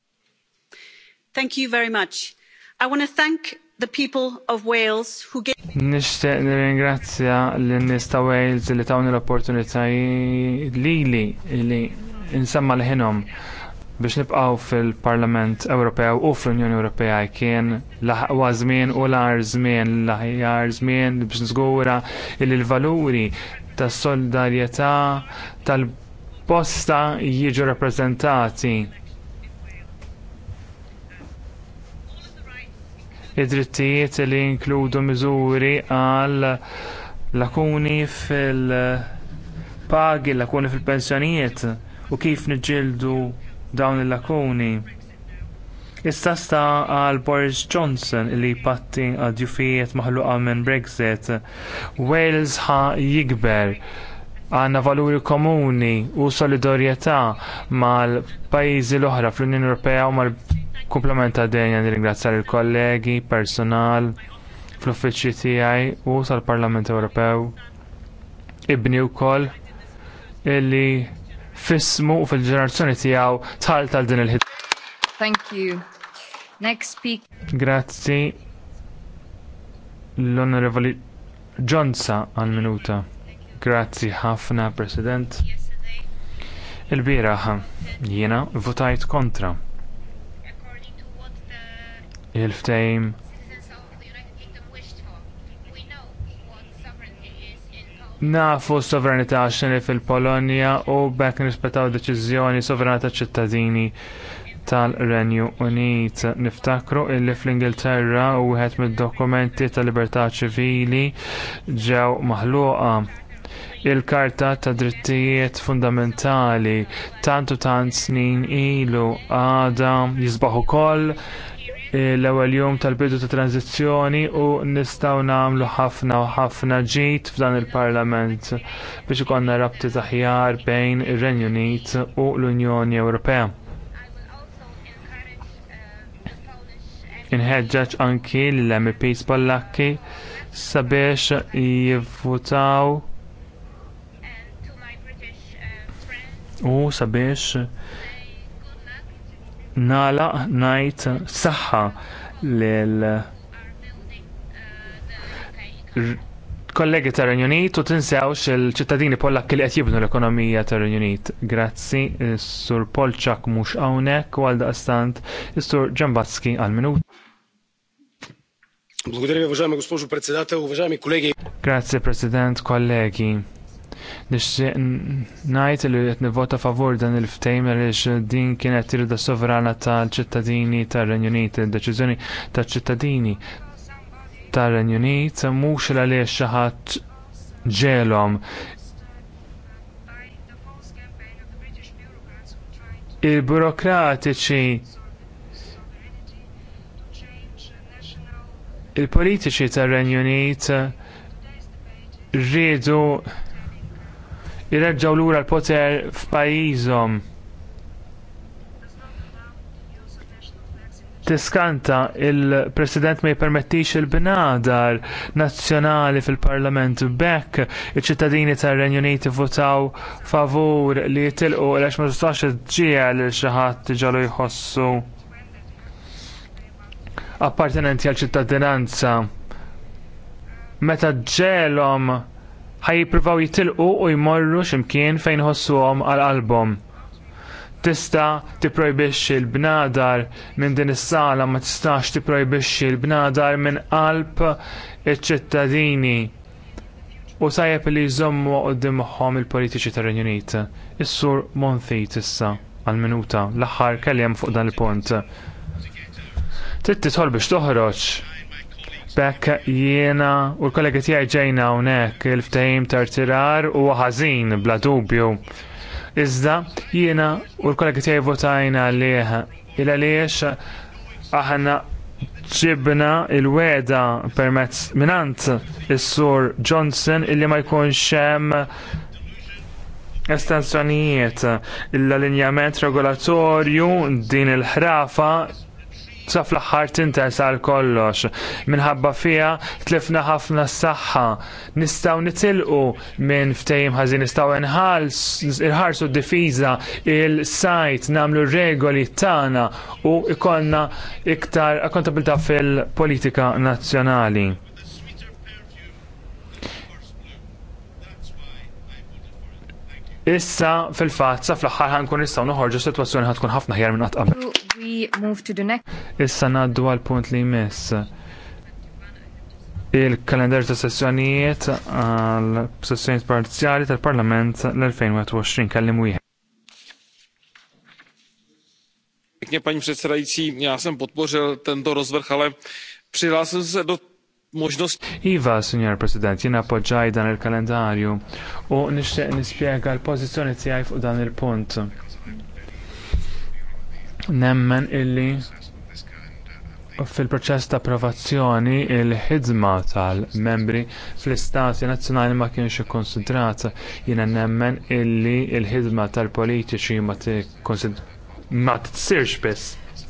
Thank you very much. I want to thank the people of Wales who gave Nixtieq nirringrazzja lin-nies ta' Wales li ta' l-opportunitajiet lili li insamma l-ħinhom biex nibqgħu fil-Parlament Ewropew u fl-Unjoni Ewropea kien laħqwa żmien u lar żmien l-aħjar żmien biex nżgura li l-valuri tas-solidarjetà tal-posta jiġu rappreżentati. Id-drittijiet li jinkludu miżuri għal lakuni fil-pagi, lakuni fil-pensjonijiet u kif niġġieldu dawn il-lakuni. Issa sta għal Boris Johnson li patti għadjufijiet maħluqa minn Brexit. Wales ħa jikber għanna valuri komuni u solidarjetà mal-pajjiżi l-oħra fl-Unjoni Ewropea u mal ta' denja nirringrazzjar il-kollegi, personal, fl-uffiċċju tiegħi u tal-Parlament Ewropew. Ibni wkoll illi fismu u fil-ġenerazzjoni tiegħu tħal tal din il ħit Thank you. Next speaker. Grazzi. L-Onorevoli Johnsa għal minuta. Grazzi ħafna, President. Il-biraħ jiena votajt kontra. Il-ftejm nafu s-sovranità xini fil-Polonja u bekk nirrispettaw deċiżjoni sovrana taċ ċittadini tal-Renju Unit. Niftakru illi fl-Ingilterra wieħed mid-dokumenti tal-libertà ċivili ġew maħluqa il-karta ta' drittijiet fundamentali tantu tant snin ilu għada jisbaħu ukoll l-ewwel jum tal-bidu ta' tranzizzjoni u nistgħu nagħmlu ħafna u ħafna ġid f'dan il-Parlament biex ikollna rabti aħjar bejn ir-Renju Unit u l-Unjoni Ewropea. Inħeġġeġ anki l-MPs Pollakki sabiex jivvutaw u sabiex Nala ngħid saħħa lil kollegi tar renju Unit u tinsewx il-ċittadini Pollakki li qed jibnu l-ekonomija tar renju Unit. Grazzi, sur Polċak mhux hawnhekk u għaldaqstant is-Sur Ġambatski għal-minut. Благодаря President, kollegi. председател, Grazie, президент, Nixtieq ngħid li qed nivvota favur dan il-ftehim għaliex din kienet tirda sovrana tal-ċittadini tar-Renju Unit, id-deċiżjoni tal-ċittadini tar-Renju Unit mhux għaliex xi ħadd ġelhom il-burokratiċi il-politiċi tar-Renju Unit rridu jirreġġaw lura l-poter f'pajjiżhom. Tiskanta il-President ma jippermettix il-binadar nazzjonali fil-Parlament bekk iċ-ċittadini tar-Renju Unit votaw favur li jitilqu għaliex ma tistax lil xi ħadd ġalu jħossu appartenenti għal ċittadinanza meta ġelhom ħajjippruvaw jitilqu u jmorru x'imkien fejn ħossuhom għal qalbhom. Tista tipprojbixxi l-bnadar minn din is-sala ma tistax tipprojbixxi l-bnadar minn qalb iċ-ċittadini u sajjeb li jżommu għoddimħom il-politiċi tar renjunit Unit. Is-sur Monthi tissa għal-minuta l-aħħar kellem fuq dan il-punt. Titti tħol biex toħroġ bekk jiena u l-kollega tiegħi ġejna hawnhekk il-ftehim tar-tirar u ħażin bla dubju. Iżda jiena u l-kollega tiegħi votajna għalih il għaliex aħna ġibna il-weda permezz minant is-sur Johnson illi ma jkunx hemm estensjonijiet l-allinjament regolatorju din il-ħrafa sa fl-aħħar tintes għal kollox. Minħabba fija tlifna ħafna s-saħħa. Nistgħu nitilqu minn ftehim ħażin nistgħu nħarsu d-difiża il-sajt nagħmlu regoli tagħna u ikollna iktar akkontabilta fil-politika nazzjonali. Issa fil-fatt sa fl-aħħar ħankun nistgħu noħorġu sitwazzjoni ħatkun ħafna ħjar minn qatt qabel. Issa ngħaddu għal punt li jmiss il-kalendar ta' sessjonijiet għal sessjonijiet parzjali tal-Parlament l-2021 kellim wieħed. Pěkně, paní předsedající, já jsem podpořil tento rozvrh, ale přihlásil jsem do Mux Iva, Signor President, jina appoġġaj dan il-kalendarju u nixtieq nispjega l-pożizzjoni tiegħi fuq dan il-punt. Nemmen illi fil-proċess ta' approvazzjoni il-ħidma tal-membri fl-istati nazzjonali ma kienx ikkonsidrat. jiena nemmen illi l il ħidma tal-politiċi ma tsirx biss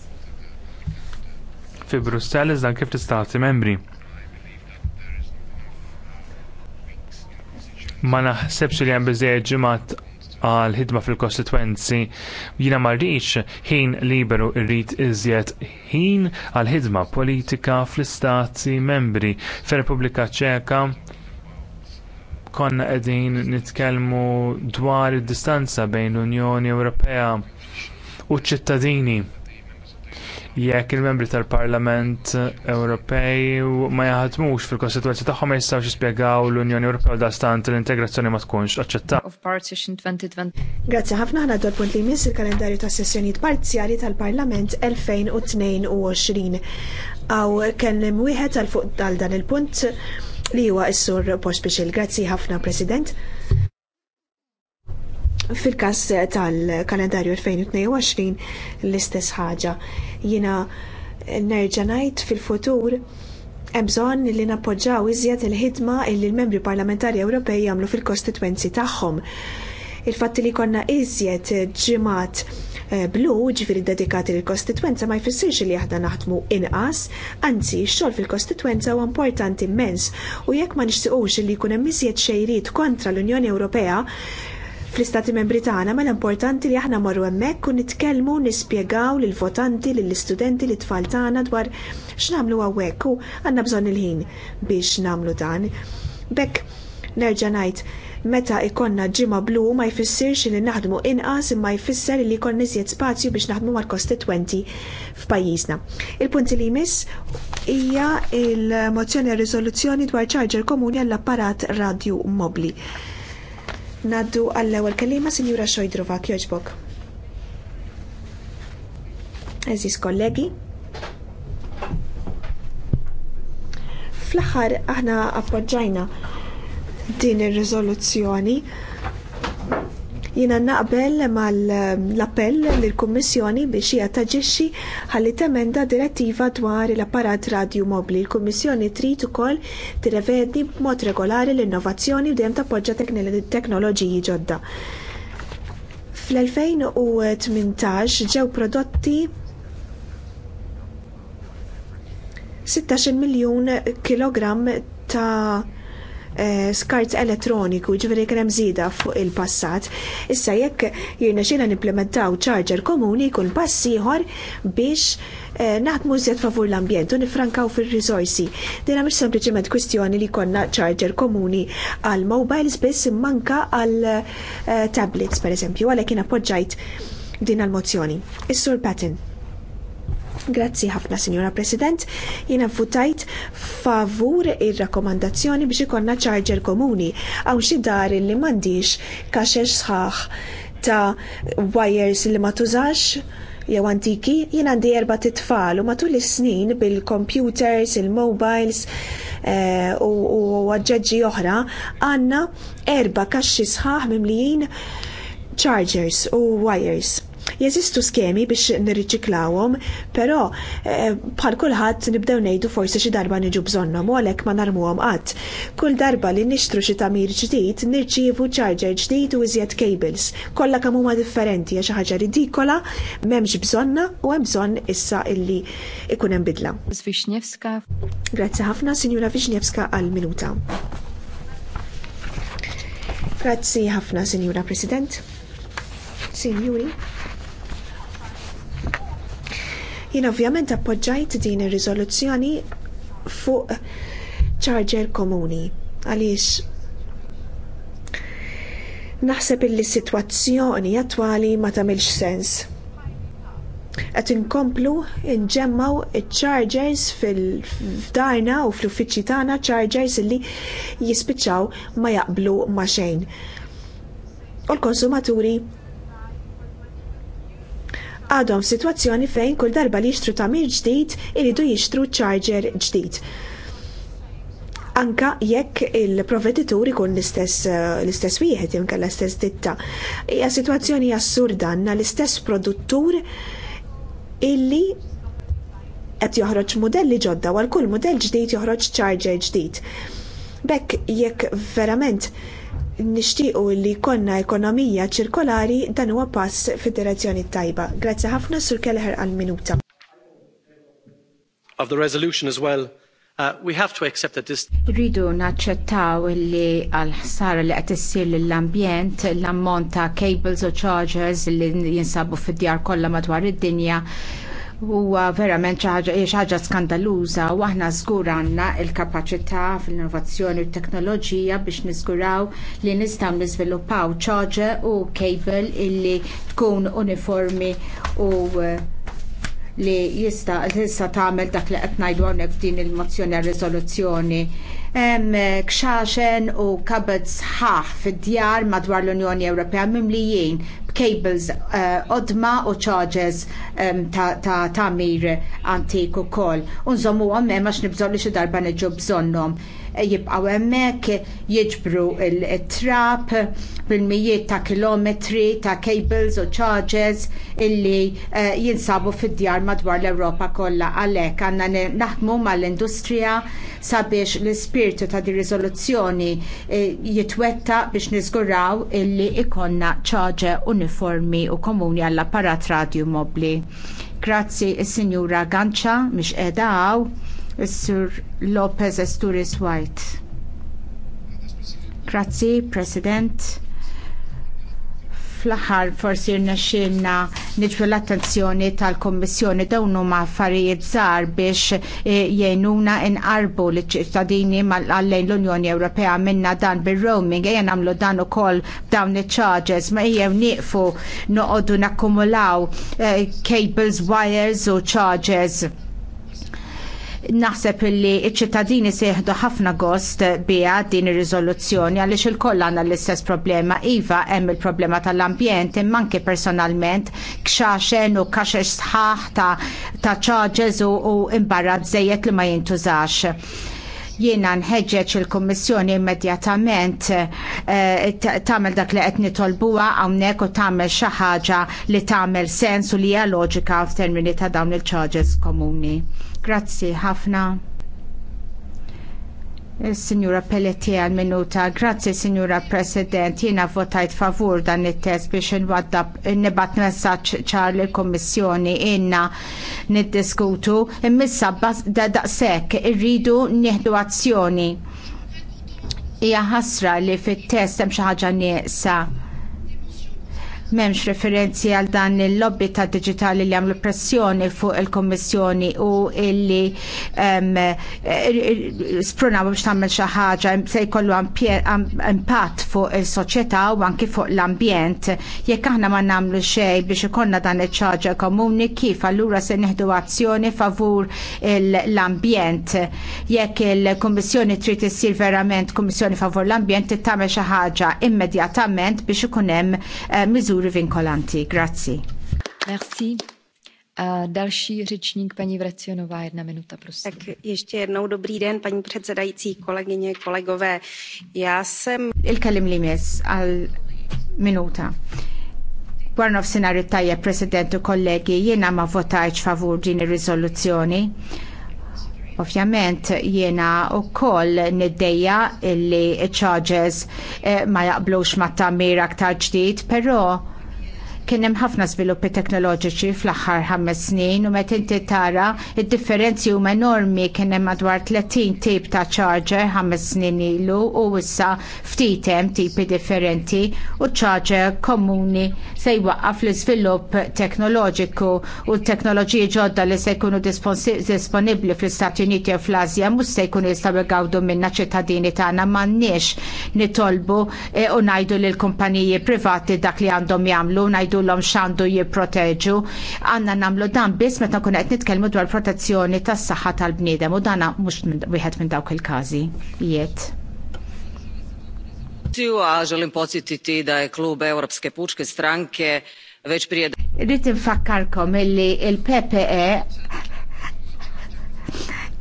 fi Brussell iżda kif l-istati membri. ma naħsebx li hemm biżejjed ġimgħat għal ħidma fil-kostituenzi jina marriċ ħin liberu irrit iżjed ħin għal ħidma politika fl-istati membri fil-Repubblika Ċeka konna qegħdin nitkellmu dwar id-distanza bejn l-Unjoni Ewropea u ċ ċittadini jekk il-membri tal-Parlament Ewropej ma jaħdmux fil-konstituenzi tagħhom ma jistgħux jispjegaw l-Unjoni Ewropea da stant l-integrazzjoni ma tkunx aċċettata. Grazzi ħafna ħana dwar punt li jmiss il-kalendarju ta' sessjonijiet parzjali tal-Parlament 2022. Aw kellem wieħed tal fuq tal dan il-punt li huwa s-sur Pospiċil. Grazzi ħafna, President fil każ tal-kalendarju 2022 l-istess ħaġa. Jiena nerġa' ngħid fil-futur hemm bżonn li nappoġġaw iżjed il-ħidma illi l-membri parlamentari Ewropej jagħmlu fil-kostitwenzi tagħhom. Il-fatt li konna iżjed ġimat eh, blu ġifiri dedikati l-kostitwenza ma jfissirx li aħna naħdmu inqas, anzi x-xogħol fil-kostitwenza huwa importanti immens u jekk ma nixtiqux li jkun hemm iżjed xejrid kontra l-Unjoni Ewropea fl-istati membri tagħna mela importanti li aħna marru hemmhekk u nitkellmu nispjegaw lil votanti lil istudenti li tfal tagħna dwar x'namlu hawnhekk u għandna bżonn il-ħin biex nagħmlu dan. Bekk nerġa' ngħid meta ikonna ġimma blu ma jfissirx li naħdmu inqas imma jfisser li jkollna iżjed spazju biex naħdmu mal-kostitwenti f'pajjiżna. Il-punti li jmiss hija il-mozzjoni riżoluzzjoni dwar ċarġer komuni għall-apparat radju mobli. Naddu għall-ewwel kelliema Sinjura Xojdrova kjoġbok. Eżis kollegi. Fl-aħħar aħna appoġġajna din ir-riżoluzzjoni Jina naqbel mal-appell ehm, l-Kommissjoni biex hija taġixxi ħalli temenda direttiva dwar l-apparat radju mobli. L-Kommissjoni trid ukoll tirrevedi b'mod regolari l-innovazzjoni u ta' poġġa teknoloġiji ġodda. Fl-2018 ġew prodotti 16 miljun kilogram ta' Eh, skart elettroniku ġveri krem zida fuq il-passat. Issa jekk jirna xina nimplementaw ċarġer komuni kun passiħor biex eh, naħt mużjet favur l-ambjent u nifrankaw fil-risorsi. Dina mux sempliciment kwistjoni li konna ċarġer komuni għal mobiles biss manka għal eh, tablets per eżempju, għalek jina poġġajt din għal-mozzjoni. Is-sur Patin. Grazzi ħafna, Sinjora President. jina futajt favur ir-rakkomandazzjoni biex ikonna ċarġer komuni għaw xi dar li m'għandix kaxex sħaħ ta' wires li ma tużax jew antiki, jien għandi erba titfal u matul is-snin bil-computers, il-mobiles eh, u għagġeġġi oħra, għanna erba kaxxi sħaħ mimlijin chargers u wires Jeżistu skemi biex nirriċiklawhom, però eh, bħal kulħadd nibdew ngħidu forsi xi darba niġu bżonnhom u għalhekk ma narmuhom qatt. Kull darba li nixtru xi tagħmir ġdid nirċievu charger ġdid u iżjed cables. Kollha kemm huma differenti għax ħaġa ridikola, m'hemmx bżonna u hemm bżonn issa illi ikun hemm bidla. Grazzi ħafna, Sinjura Vixniewska għal-minuta. Grazzi ħafna, Sinjura President. Sinjuri. Jien ovvjament appoġġajt din ir-riżoluzzjoni fuq charger komuni għaliex naħseb illi s-sitwazzjoni attwali ma tagħmilx sens. Qed inkomplu nġemmaw chargers fil-darna u fl-uffiċċji tagħna chargers illi jispiċċaw ma jaqblu ma' xejn. U l-konsumaturi għadhom situazzjoni fejn kull darba li jixtru tamir ġdid iridu jixtru charger ġdid. Anka jekk il-proveditur ikun l-istess eh, wieħed imkella l-istess ditta. Hija situazzjoni assurda għandna l-istess produttur illi qed joħroġ modelli ġodda għal kull modell ġdid joħroġ charger ġdid. Bekk jekk verament nixtiequ li jkollna ekonomija ċirkolari dan huwa pass fid-direzzjoni tajba. Grazzi ħafna sur Kelleher għall minuta Of the resolution as well, Uh, we have to accept that this Rridu naċċettaw li għal ħsara li qed issir lill-ambjent l-ammont ta' cables u chargers li jinsabu fid-djar kollha madwar id-dinja huwa verament xi ħaġa skandaluża u aħna żgur għandna l-kapaċità fl-innovazzjoni u t-teknoloġija biex niżguraw li nistgħu niżviluppaw ċaġa u kejbel illi tkun uniformi u uh, li jista jista tagħmel dak li qed ngħidu hawnhekk f'din il-mozzjoni għar-riżoluzzjoni. Hemm eh, kxaxen u kabed sħaħ fid-djar madwar l-Unjoni Ewropea mimlijin b'cables qodma eh, u charges eh, ta' tamir antik ukoll. Unżommu għom hemm għax nibżgħu li xi darba niġu bżonnhom jibqgħu hemmhekk jiġbru il-trap bil-mijiet ta' kilometri ta' cables u charges illi eh, jinsabu fid-djar madwar l-Ewropa kollha għalhekk għandna naħdmu mal-industrija sabiex l-ispirtu ta' di riżoluzzjoni eh, jitwetta biex niżguraw illi ikonna ċaġe uniformi u komuni għall-apparat radju mobbli. Grazzi is-Sinjura Ganċa mhix qiegħda Sur Lopez Esturis White. Grazzi, President. Fl-aħħar forsi rnexxilna niġbu l-attenzjoni tal-Kommissjoni dawn huma affarijiet żgħar biex eh, jgħinuna inqarbu l-ċittadini għallejn l-Unjoni Ewropea minna dan bir-roaming ejja nagħmlu dan ukoll b'dawn iċ-charges ma ejjew nieqfu noqogħdu nakkumulaw eh, cables, wires u charges naħseb illi iċ-ċittadini seħdu ħafna gost biha din ir-riżoluzzjoni għaliex il-koll għandna l-istess problema. Iva hemm il-problema tal-ambjent imma anke personalment kxaxen u kaxex sħaħ ta' ta' ċaġeż u mbarra żejjed li ma jintużax jiena nħeġġeġ il-Kommissjoni immedjatament eh, tagħmel dak li qed nitolbuha hawnhekk u tagħmel xi ħaġa li tagħmel sens u li hija loġika f'termini ta' dawn il-charges komuni. Grazzi ħafna. Signora Pelletti għal minuta, grazzi Signora President, Jiena votajt favur dan it test biex nibat messaċ ċar l kummissjoni inna niddiskutu, immissa daqshekk irridu nieħdu azzjoni. Hija ħasra li fit-test hemm xi ħaġa nieqsa M'hemmx referenzi għal dan il-lobby ta' digitali li għamlu pressjoni fuq il kummissjoni u illi um, sprunaw biex tagħmel xi ħaġa se jkollu impatt fuq is-soċjetà u anki fuq l-ambjent. Jekk aħna ma nagħmlu xejn biex ikollna dan iċ-ċaġa komuni kif allura se nieħdu azzjoni favur l-ambjent. Jekk il-Kummissjoni trid issir verament Kummissjoni favur l-ambjent tagħmel xi ħaġa immedjatament biex ikun hemm eh, miżuri miżuri vinkolanti. Grazzi. Merci. A další řečník, paní Vrecionová, jedna minuta, prosím. Tak ještě jednou dobrý den, paní předsedající, kolegyně, kolegové. Já jsem... Il-kellim li minuta. Warnof sinari tajja, president u kollegi, jiena ma votajċ favur din ir-riżoluzzjoni Ovvjament jiena wkoll n'iddeja illi charges eh, ma jaqblux mat ta'mir aktar ġdid, però Kien hemm ħafna sviluppi teknoloġiċi fl-aħħar ħames snin u meta inti tara id-differenzi huma enormi kien hemm madwar 30 tip ta' charger ħames snin ilu u issa ftit hemm tipi differenti u charger komuni se jwaqqaf l-iżvilupp teknoloġiku u t-teknoloġiji ġodda li se jkunu disponibbli fl-Istati Uniti u fl-Asja mhux se jkunu jistgħu jgawdu minna ċittadini tagħna m'għandniex nitolbu eh, u ngħidu lill kumpaniji privati dak li għandhom jagħmlu ngħidu jgħidu l xandu jipproteġu. Għanna nagħmlu dan biss meta nkun qed nitkellmu dwar protezzjoni tas-saħħa tal-bniedem u dana mhux wieħed minn dawk il-każi. Jiet. Želim da klub stranke Rrit infakkarkom illi il-PPE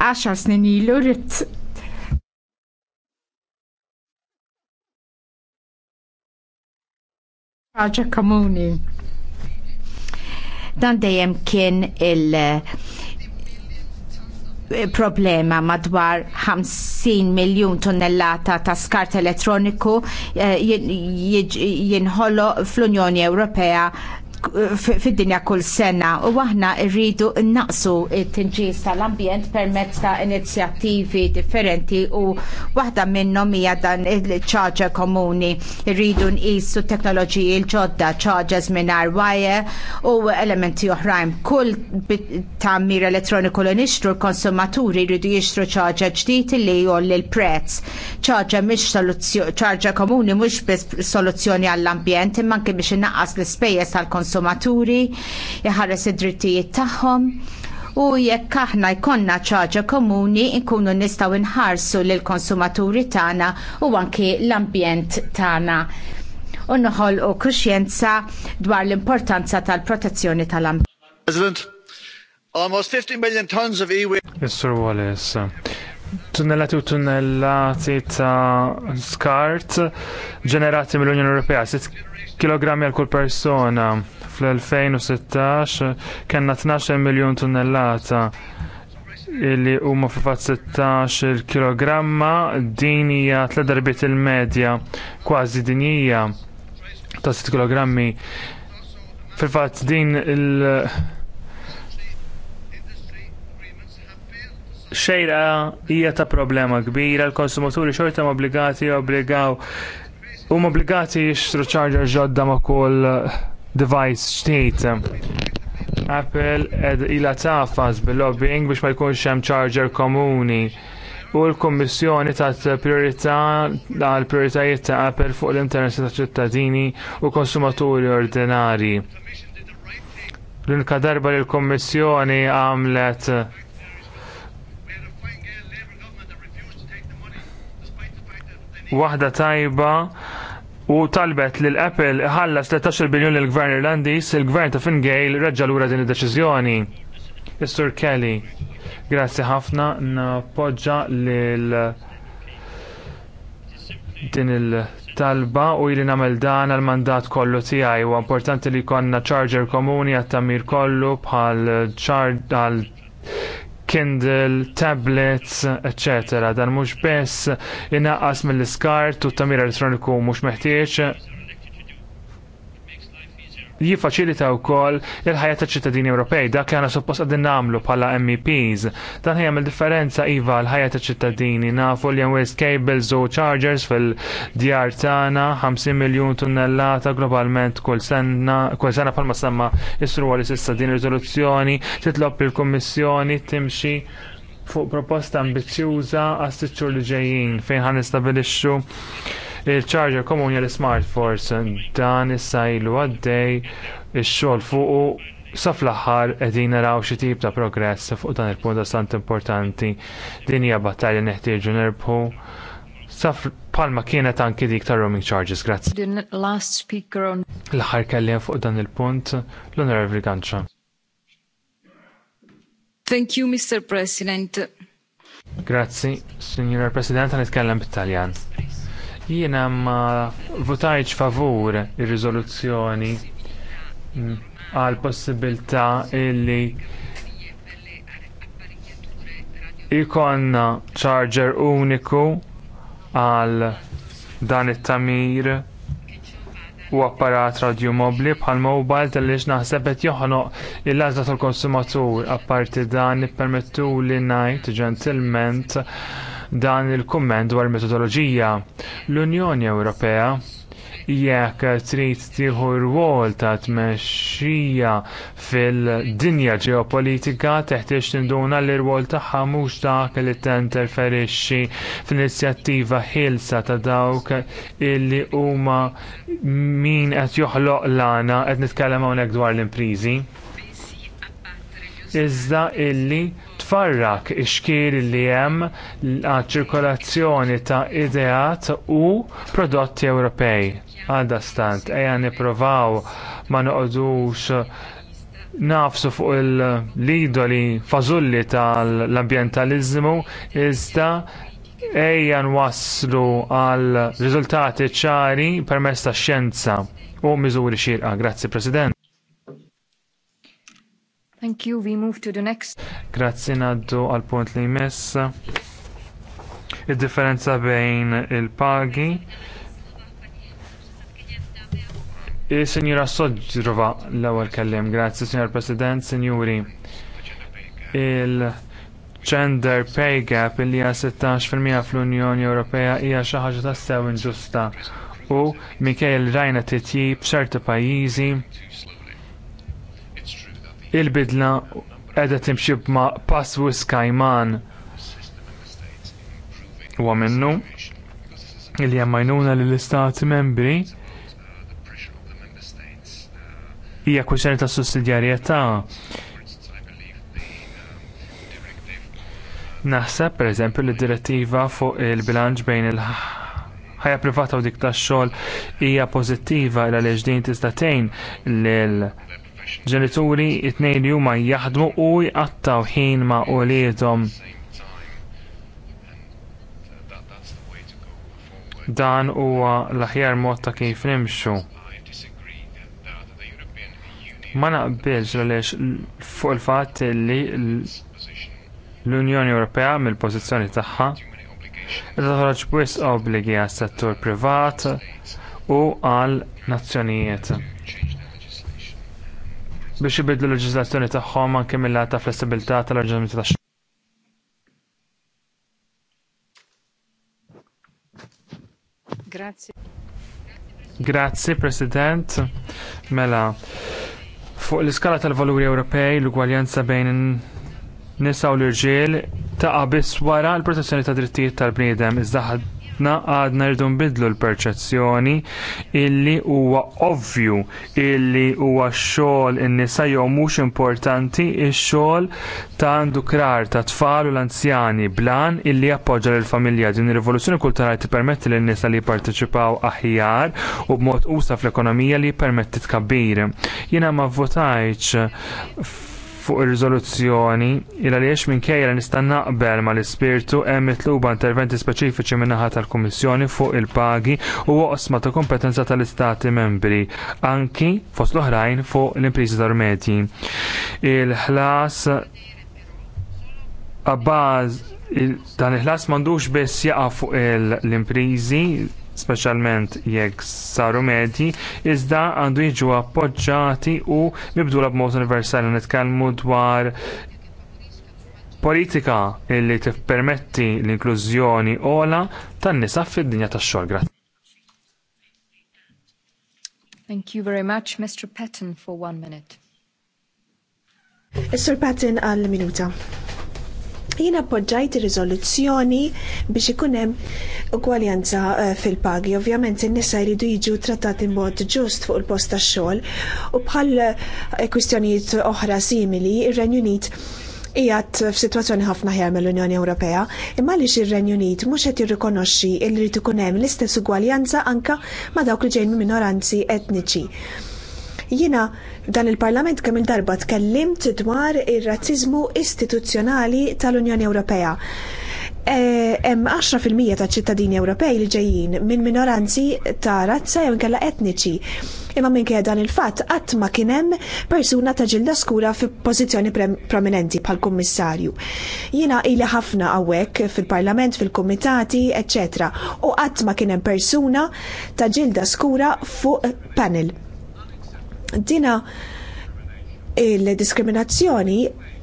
10 snin ilu rrit ħaġa komuni. Dan dejjem kien il- eh, problema madwar 50 miljun tonnellata ta' skart elettroniku eh, jinħolo fl-Unjoni Ewropea fid-dinja kull sena u aħna rridu naqsu it-tinġis tal-ambjent permezz ta' inizjattivi differenti u waħda minnhom hija dan il-ċaġa komuni. Rridu nqisu teknoloġiji l-ġodda ċaġas mingħajr wire u elementi oħrajn. Kull tagħmir elettroniku li nixtru l-konsumaturi rridu jixtru ċaġa ġdid li jolli l-prezz. ċaġa mhix ċaġa komuni mhux biss soluzzjoni għall-ambjent imma anke biex innaqqas l-ispejjeż tal-konsumaturi konsumaturi jħares id-drittijiet tagħhom u jekk aħna jkonna ċaġa komuni nkunu nistgħu nħarsu l konsumaturi tagħna u anki l-ambjent tagħna. U noħolqu kuxjenza dwar l-importanza tal-protezzjoni tal-ambjent. President, almost 50 million tons of e-waste. Mr. Wallace, tunnellati u tunnellati ta' skart ġenerati mill-Unjoni Ewropea kg għal kull persona. Fl-2016 kellna 12 miljun tunnellata illi huma fil 16 kg din hija tliet darbiet il-medja kważi hija. ta' 6 kg. Fil-fatt din il- xejra hija ta' problema kbira, l-konsumaturi xorta ma' obbligati obbligaw U obbligati jixtru charger ġodda ma' kull eh, device ġdid. Apple ed ila tafas bil-lobbying biex ma jkunx hemm charger komuni. U l-Kommissjoni tat priorità għal prioritajiet ta' Apple fuq l-interessi ta' ċittadini u konsumaturi ordinari. L-unika darba li l-Kommissjoni għamlet waħda tajba u talbet lil Apple ħallas 13 biljon lill gvern irlandis, il-gvern ta' Fingale reġġa lura din id-deċiżjoni. is Kelly, grazzi ħafna n-poġġa lil din il-talba u jili namel dan għal mandat kollu tiegħi u importanti li konna charger komuni għat-tamir kollu bħal Kindle, tablets, etc. Dan mhux biss inaqqas mill-iskart u t-tamir elettroniku mhux meħtieġ jiffaċilita wkoll il-ħajja ta' ċittadini Ewropej, dak li għana suppost għadin nagħmlu bħala MEPs. Dan ħajja differenza iva l-ħajja ta' ċittadini, nafu li hemm waste cables u chargers fil-djar tagħna 50 miljun tunnellata globalment kull sena, kull sena palma semma jisru għal sissa din rizoluzzjoni titlob il-Kummissjoni timxi fuq proposta ambizzjuża għas li ġejjin fejn ħan nistabilixxu il-charger komuni għall-smart force dan issa ilu għaddej ix-xogħol fuqu sa l aħħar qegħdin naraw xi tip ta' progress fuq dan il-punt stant importanti din hija battalja neħtieġu nirbħu sa palma kienet anki dik ta' roaming charges, grazzi. last speaker on. L-aħħar kellem fuq dan il-punt l-Onorevoli Ganċa. Thank you, Mr. President. Grazzi, Signor President, għan itkellem bit-Taljan. Jiena ma votajċ favur ir-riżoluzzjoni għal possibilità illi ikonna charger uniku għal dan it-tamir u apparat radju mobbli bħal mobile tal-lix naħseb qed joħnoq il-għażla tal-konsumatur apparti dan ippermettu li ngħid ġentilment dan il-kumment dwar metodoloġija. L-Unjoni Ewropea jekk trid tieħu rwol ta' tmexxija fil-dinja ġeopolitika teħtieġ tinduna r rwol tagħha mhux dak li tinterferixxi fl-inizjattiva ħilsa ta' dawk illi huma min qed joħloq lana qed nitkellem hawnhekk dwar l-imprizi. Iżda illi tfarrak ix-xkil li hemm għal ċirkolazzjoni ta' ideat u prodotti Ewropej. Għadda stant, ejja niprovaw ma noqogħdux nafsu fuq il-lidoli fażulli tal-ambientalizmu iżda ejja nwasslu għal riżultati ċari permezz tax xjenza u miżuri xirqa. Grazzi President. Thank you, we move to the next. Grazzi naddu għal punt li jmiss. Id-differenza bejn il-pagi. Signora Soġrova l-ewwel kellim. grazzi Signor President, Sinjuri. Il- gender pay gap illi hija 16% fl-Unjoni Ewropea hija xi ħaġa sew inġusta u minkejja rajna titjib b'ċerti pajjiżi il-bidla qiegħda timxi ma' pass u skajman. Huwa minnu li hemm għajnuna lill istati membri hija kwistjoni ta' sussidjarjetà. Naħseb pereżempju li d direttiva fuq il-bilanċ bejn il ħajja privata u dik tax-xogħol hija pożittiva għaliex din tista' tgħin lil ġenituri it-nejn li huma jaħdmu u jqattaw ħin ma' ulietom. Dan huwa l-aħjar mod ta' kif nimxu. Ma naqbilx għaliex fuq il-fatt li l-Unjoni Ewropea mill-pożizzjoni tagħha qed toħroġ wisq obbligi għas-settur privat u għal nazzjonijiet biex ibidlu l-leġizlazzjoni tagħhom anke mill ta' flessibilità tal-arġamenti tax. Grazie. Grazzi, President. Mela, fuq l-iskala tal-valuri Ewropej, l-ugwaljanza bejn nisa u l-irġiel ta' qabis wara l-protezzjoni ta' drittijiet tal-bniedem iżda f'waqtna għadna rridu nbidlu l-perċezzjoni illi huwa ovvju illi huwa xogħol in-nisa jew mhux importanti x-xogħol ta' krar ta' tfal u l-anzjani blan illi appoġġa lill familja din ir-rivoluzzjoni kulturali tippermetti lin-nisa li jipparteċipaw aħjar u b'mod usa fl-ekonomija li jippermetti tkabbir. Jiena ma votajtx fuq ir-riżoluzzjoni il għaliex minkejja li nista' naqbel mal-ispirtu hemm mitluba interventi speċifiċi min-naħa tal-Kummissjoni fuq il-pagi u waqsma ta' kompetenza tal-Istati membri, anki fost l-oħrajn fuq l-impriżi dormeti. Il-ħlas għabbaż dan il-ħlas mandux biss jaqa' fuq l-imprizi speċjalment jekk saru medji, iżda għandu jiġu appoġġjati u mibdula b'mod universali nitkellmu dwar politika li tippermetti l-inklużjoni ola tan-nisa fid-dinja tax-xogħol. Thank you very much, Mr. Patton, for one minute. Patton minuta. Jien appoġġajt riżoluzzjoni biex ikun hemm ugwaljanza eh, fil-pagi. Ovvjament in-nisa jridu jiġu trattati mod ġust fuq il-post tax-xogħol u bħal eh, kwistjonijiet oħra simili ir-Renju Unit f-situazzjoni ħafna ħjar mill-Unjoni Ewropea, imma li ir-Renju Unit mhux qed jirrikonoxxi li rid ikun hemm l-istess ugwaljanza anka ma' dawk li ġejn minoranzi etniċi. Jina, dan il-Parlament kemm il-darba tkellimt dwar ir-razzizmu istituzzjonali tal-Unjoni Ewropea. E, hemm 10% ta' ċittadini Ewropej li ġejjin minn minoranzi ta' razza jew inkella etniċi. Imma minn dan il-fatt qatt ma kien hemm persuna ta' ġilda skura fi pożizzjoni prominenti bħal kummissarju. Jiena ili ħafna hawnhekk fil-Parlament, fil-Kumitati, eċċetera, u qatt ma kien hemm persuna ta' ġilda skura fuq panel Dina il-diskriminazzjoni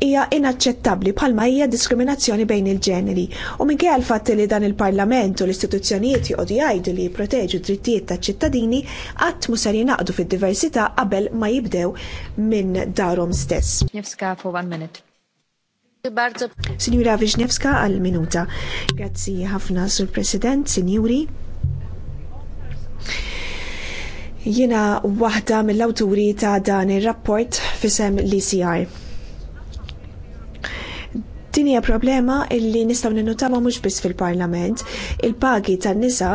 hija inaċċettabbli bħalma hija diskriminazzjoni bejn il-ġeneri. U minkej għal fatt li dan il-Parlament u l-istituzzjonijiet joqogħdu jgħidu li jipproteġu drittijiet taċ-ċittadini qatt mhux ser jingħaqdu fid-diversità qabel ma jibdew minn darhom stess. Nifska for Sinjura Viġnevska għal minuta. Grazzi ħafna sur President, Sinjuri. Jina waħda mill-awturi ta' dan ir-rapport fisem l-ICR. Din hija problema illi nistgħu ninnutawha mhux biss fil-Parlament, il-pagi tan-nisa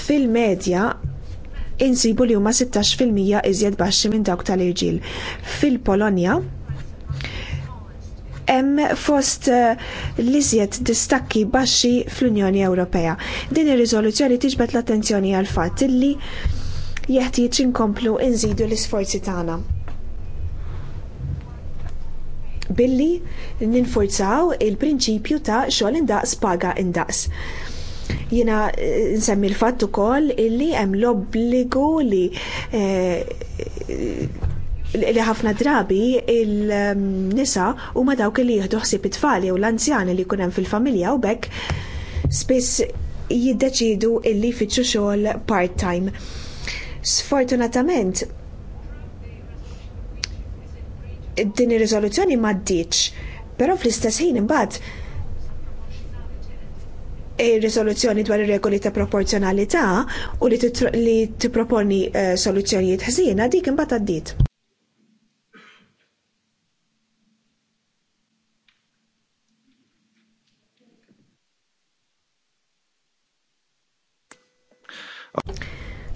fil-medja insibu li huma 16% iżjed baxxi minn dawk tal-irġiel. Fil-Polonja, hemm fost eh, l-iżjed distakki baxxi fl-Unjoni Ewropea. Din ir-riżoluzzjoni tiġbed l-attenzjoni għal fatt illi jeħtieġ inkomplu nżidu l-isforzi tagħna. Billi ninfurzaw il-prinċipju ta' xogħol indaqs paga indaqs Jiena eh, nsemmi l-fatt ukoll illi hemm l-obbligu li eh, li ħafna drabi il-nisa huma dawk li jieħdu ħsieb it-tfal jew l-anzjani li jkun hemm fil-familja u bekk spiss jiddeċidu illi jfittxu xogħol part-time Sfortunatament, din ir-riżoluzzjoni ma ddiċ, però fl-istess ħin imbagħad ir-riżoluzzjoni dwar ir-regoli ta' proporzjonalità u li tipproponi eh, soluzzjonijiet ħżiena dik imbagħad għaddiet.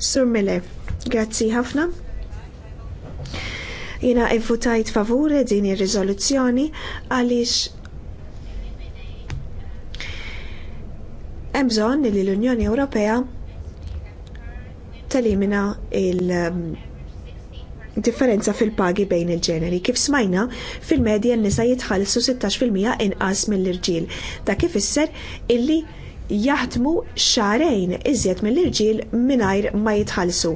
Sur Miller, grazzi ħafna. Jina votajt favur din ir-riżoluzzjoni għaliex hemm bżonn li l-Unjoni Ewropea telimina il- um, differenza fil-pagi bejn il-ġeneri. Kif smajna, fil-medja n-nisa jitħallsu 16% inqas mill-irġiel. Ta' kif isser illi jaħdmu xarejn iżjed mill-irġiel mingħajr ma jitħallsu.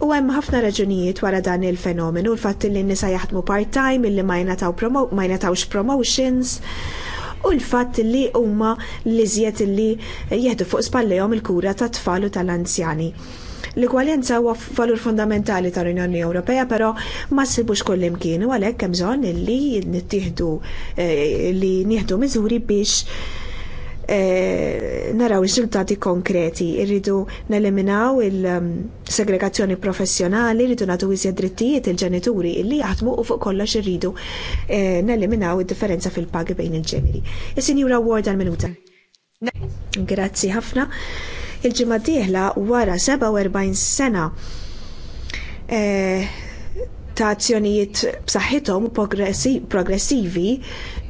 U hemm ħafna raġunijiet wara dan il-fenomenu, l-fatt li n-nisa jaħdmu part-time, illi ma jnatawx promotions, u l-fatt li huma li żjed li jieħdu fuq spallejhom il-kura ta' tfal u tal-anzjani. L-igwaljenza huwa valur fundamentali tal-Unjoni Ewropea, però ma ssibux kull imkien u għalhekk hemm bżonn li nittieħdu eh, li nieħdu miżuri biex Eh, naraw riżultati konkreti, irridu neliminaw il-segregazzjoni um, professjonali, irridu nagħtu iżjed drittijiet il-ġenituri illi jaħdmu u fuq kollox irridu eh, neliminaw id-differenza fil-pagi bejn il-ġeneri. Is-Sinjura Ward għal-minuta. Grazzi ħafna. Il-ġimgħa dieħla wara 47 sena eh, ta' azzjonijiet b'saħħithom progressivi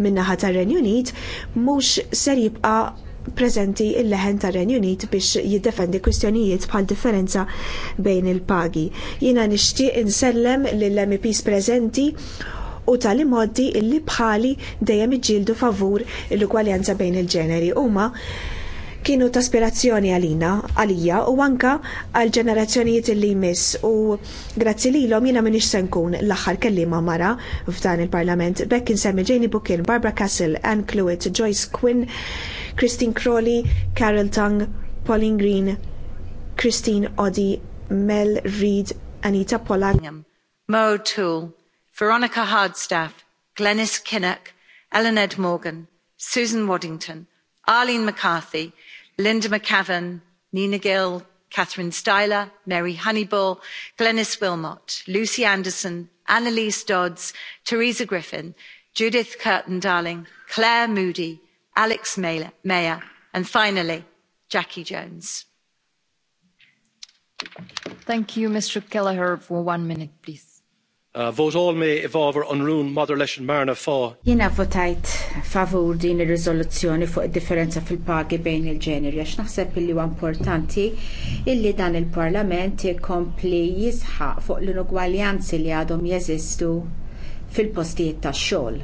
min-naħa tar-Renju Unit mhux ser jibqa' preżenti l leħen tar renju Unit biex jiddefendi kwistjonijiet bħal differenza bejn il-pagi. Jiena nixtieq insellem lill-MPs preżenti u tal-imoddi li bħali dejjem iġġieldu favur l-ugwaljanza bejn il-ġeneri huma kienu ta' għalina, għalija u anka għal ġenerazzjonijiet li jmiss u grazzi l-om jina minix se nkun l-aħħar kelliema mara f'dan il-Parlament. Bekk insemmi Janie Bukin, Barbara Castle, Anne Cluett, Joyce Quinn, Christine Crowley, Carol Tung, Pauline Green, Christine Oddi, Mel Reed, Anita Polagam, Mo Toole, Veronica Hardstaff, Glenys Kinnock, Eleanor Ed Morgan, Susan Waddington, Arlene McCarthy, Linda McCavan, Nina Gill, Catherine Styler, Mary Honeyball, Glenis Willmott, Lucy Anderson, Annalise Dodds, Teresa Griffin, Judith Curtin Darling, Claire Moody, Alex Mayer, and finally, Jackie Jones. Thank you, Mr. Kelleher, for one minute, please. Uh, all me evolver unrun mother leshen marna fa. Jina votajt favur din il-rizoluzzjoni fuq id differenza fil-pagi bejn il-ġeneri, għax naħseb li huwa importanti illi dan il-parlament jikompli jisħaq fuq l-inugwaljanzi li għadhom jeżistu fil-postijiet tax xogħol.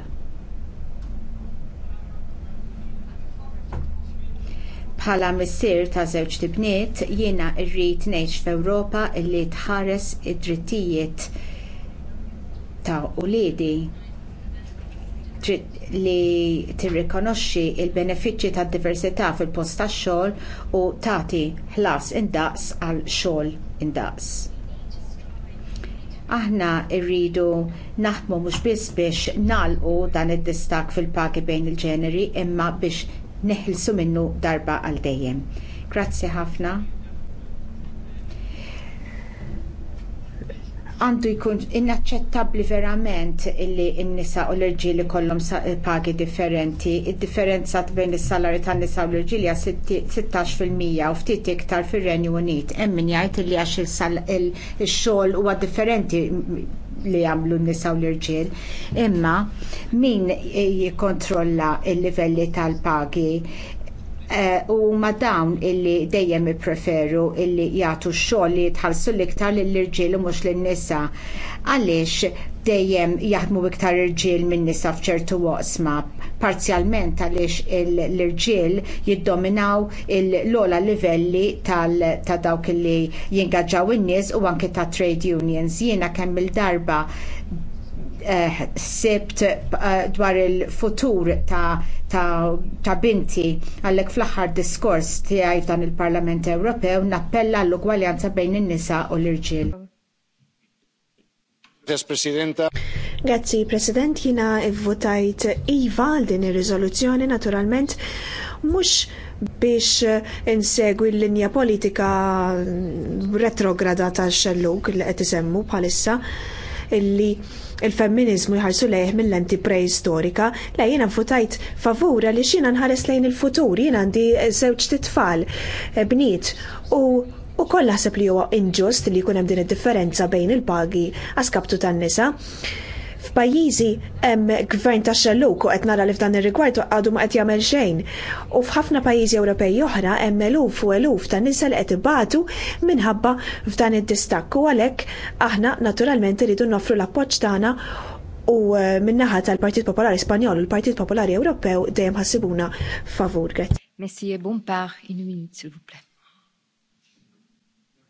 bħala missier ta' żewġ tibniet jiena rrid ngħix f'Ewropa li tħares id-drittijiet ta' u li tirrikonoxxi l benefiċċji tad diversità fil-post tax-xogħol u tagħti ħlas indaqs għal xogħol indaqs. Aħna rridu naħdmu mhux biss biex nagħlqu dan id-distak fil-pagi bejn il-ġeneri imma biex neħilsu minnu darba għal dejjem. Grazzi ħafna. għandu jkun inaċċettabbli verament illi n-nisa u l irġiel ikollhom eh, pagi differenti. Id-differenza bejn is-salari tan-nisa u l hija 16% u ftit iktar fir-Renju Unit. Hemm min jgħid illi għax ix xogħol huwa differenti li jagħmlu n-nisa u l-irġiel. Imma min eh, jikkontrolla l livelli tal-pagi Eh, u ma dawn illi dejjem preferu illi jagħtu x-xogħol li jitħallsu l-iktar lill-irġiel u mhux lin-nisa. Għaliex dejjem jaħdmu iktar irġiel minn nisa f'ċertu waqsma, parzjalment għaliex l-irġiel jiddominaw l-ola livelli ta' dawk illi jingaġġaw in-nies u anke ta' trade unions. Jiena kemm il-darba Eh, sibt eh, dwar il-futur ta' binti għallek fl-aħħar diskors tiegħi f'dan il-Parlament Ewropew nappella għall-ugwaljanza bejn in-nisa u l-irġiel. Grazzi, President, jina votajt iva għal din ir-riżoluzzjoni naturalment mhux biex insegwi l-linja politika retrograda ta' xelluk li qed isemmu bħalissa illi il-femminizmu jħarsu lejh mill-lenti preistorika, la jiena nfutajt favura li xina nħares lejn il-futur, jiena għandi żewġ titfal, eh, bniet, u U koll naħseb li huwa inġust li jkun hemm din id-differenza bejn il-pagi għaskabtu tan-nisa pajjiżi hemm gvern ta' xelluk u qed nara li f'dan ir-rigward għadu ma qed jagħmel xejn. U f'ħafna pajjiżi Ewropej oħra hemm eluf u eluf ta' nisa li qed ibatu minħabba f'dan id-distakk u għalhekk aħna naturalment iridu noffru l-appoġġ tagħna u eh, minnaħa tal-Partit Popolari Spanjol u l-Partit Popolari Ewropew dejjem ħassibuna favur. Messie Bumpar, une minute, s'il vous plaît.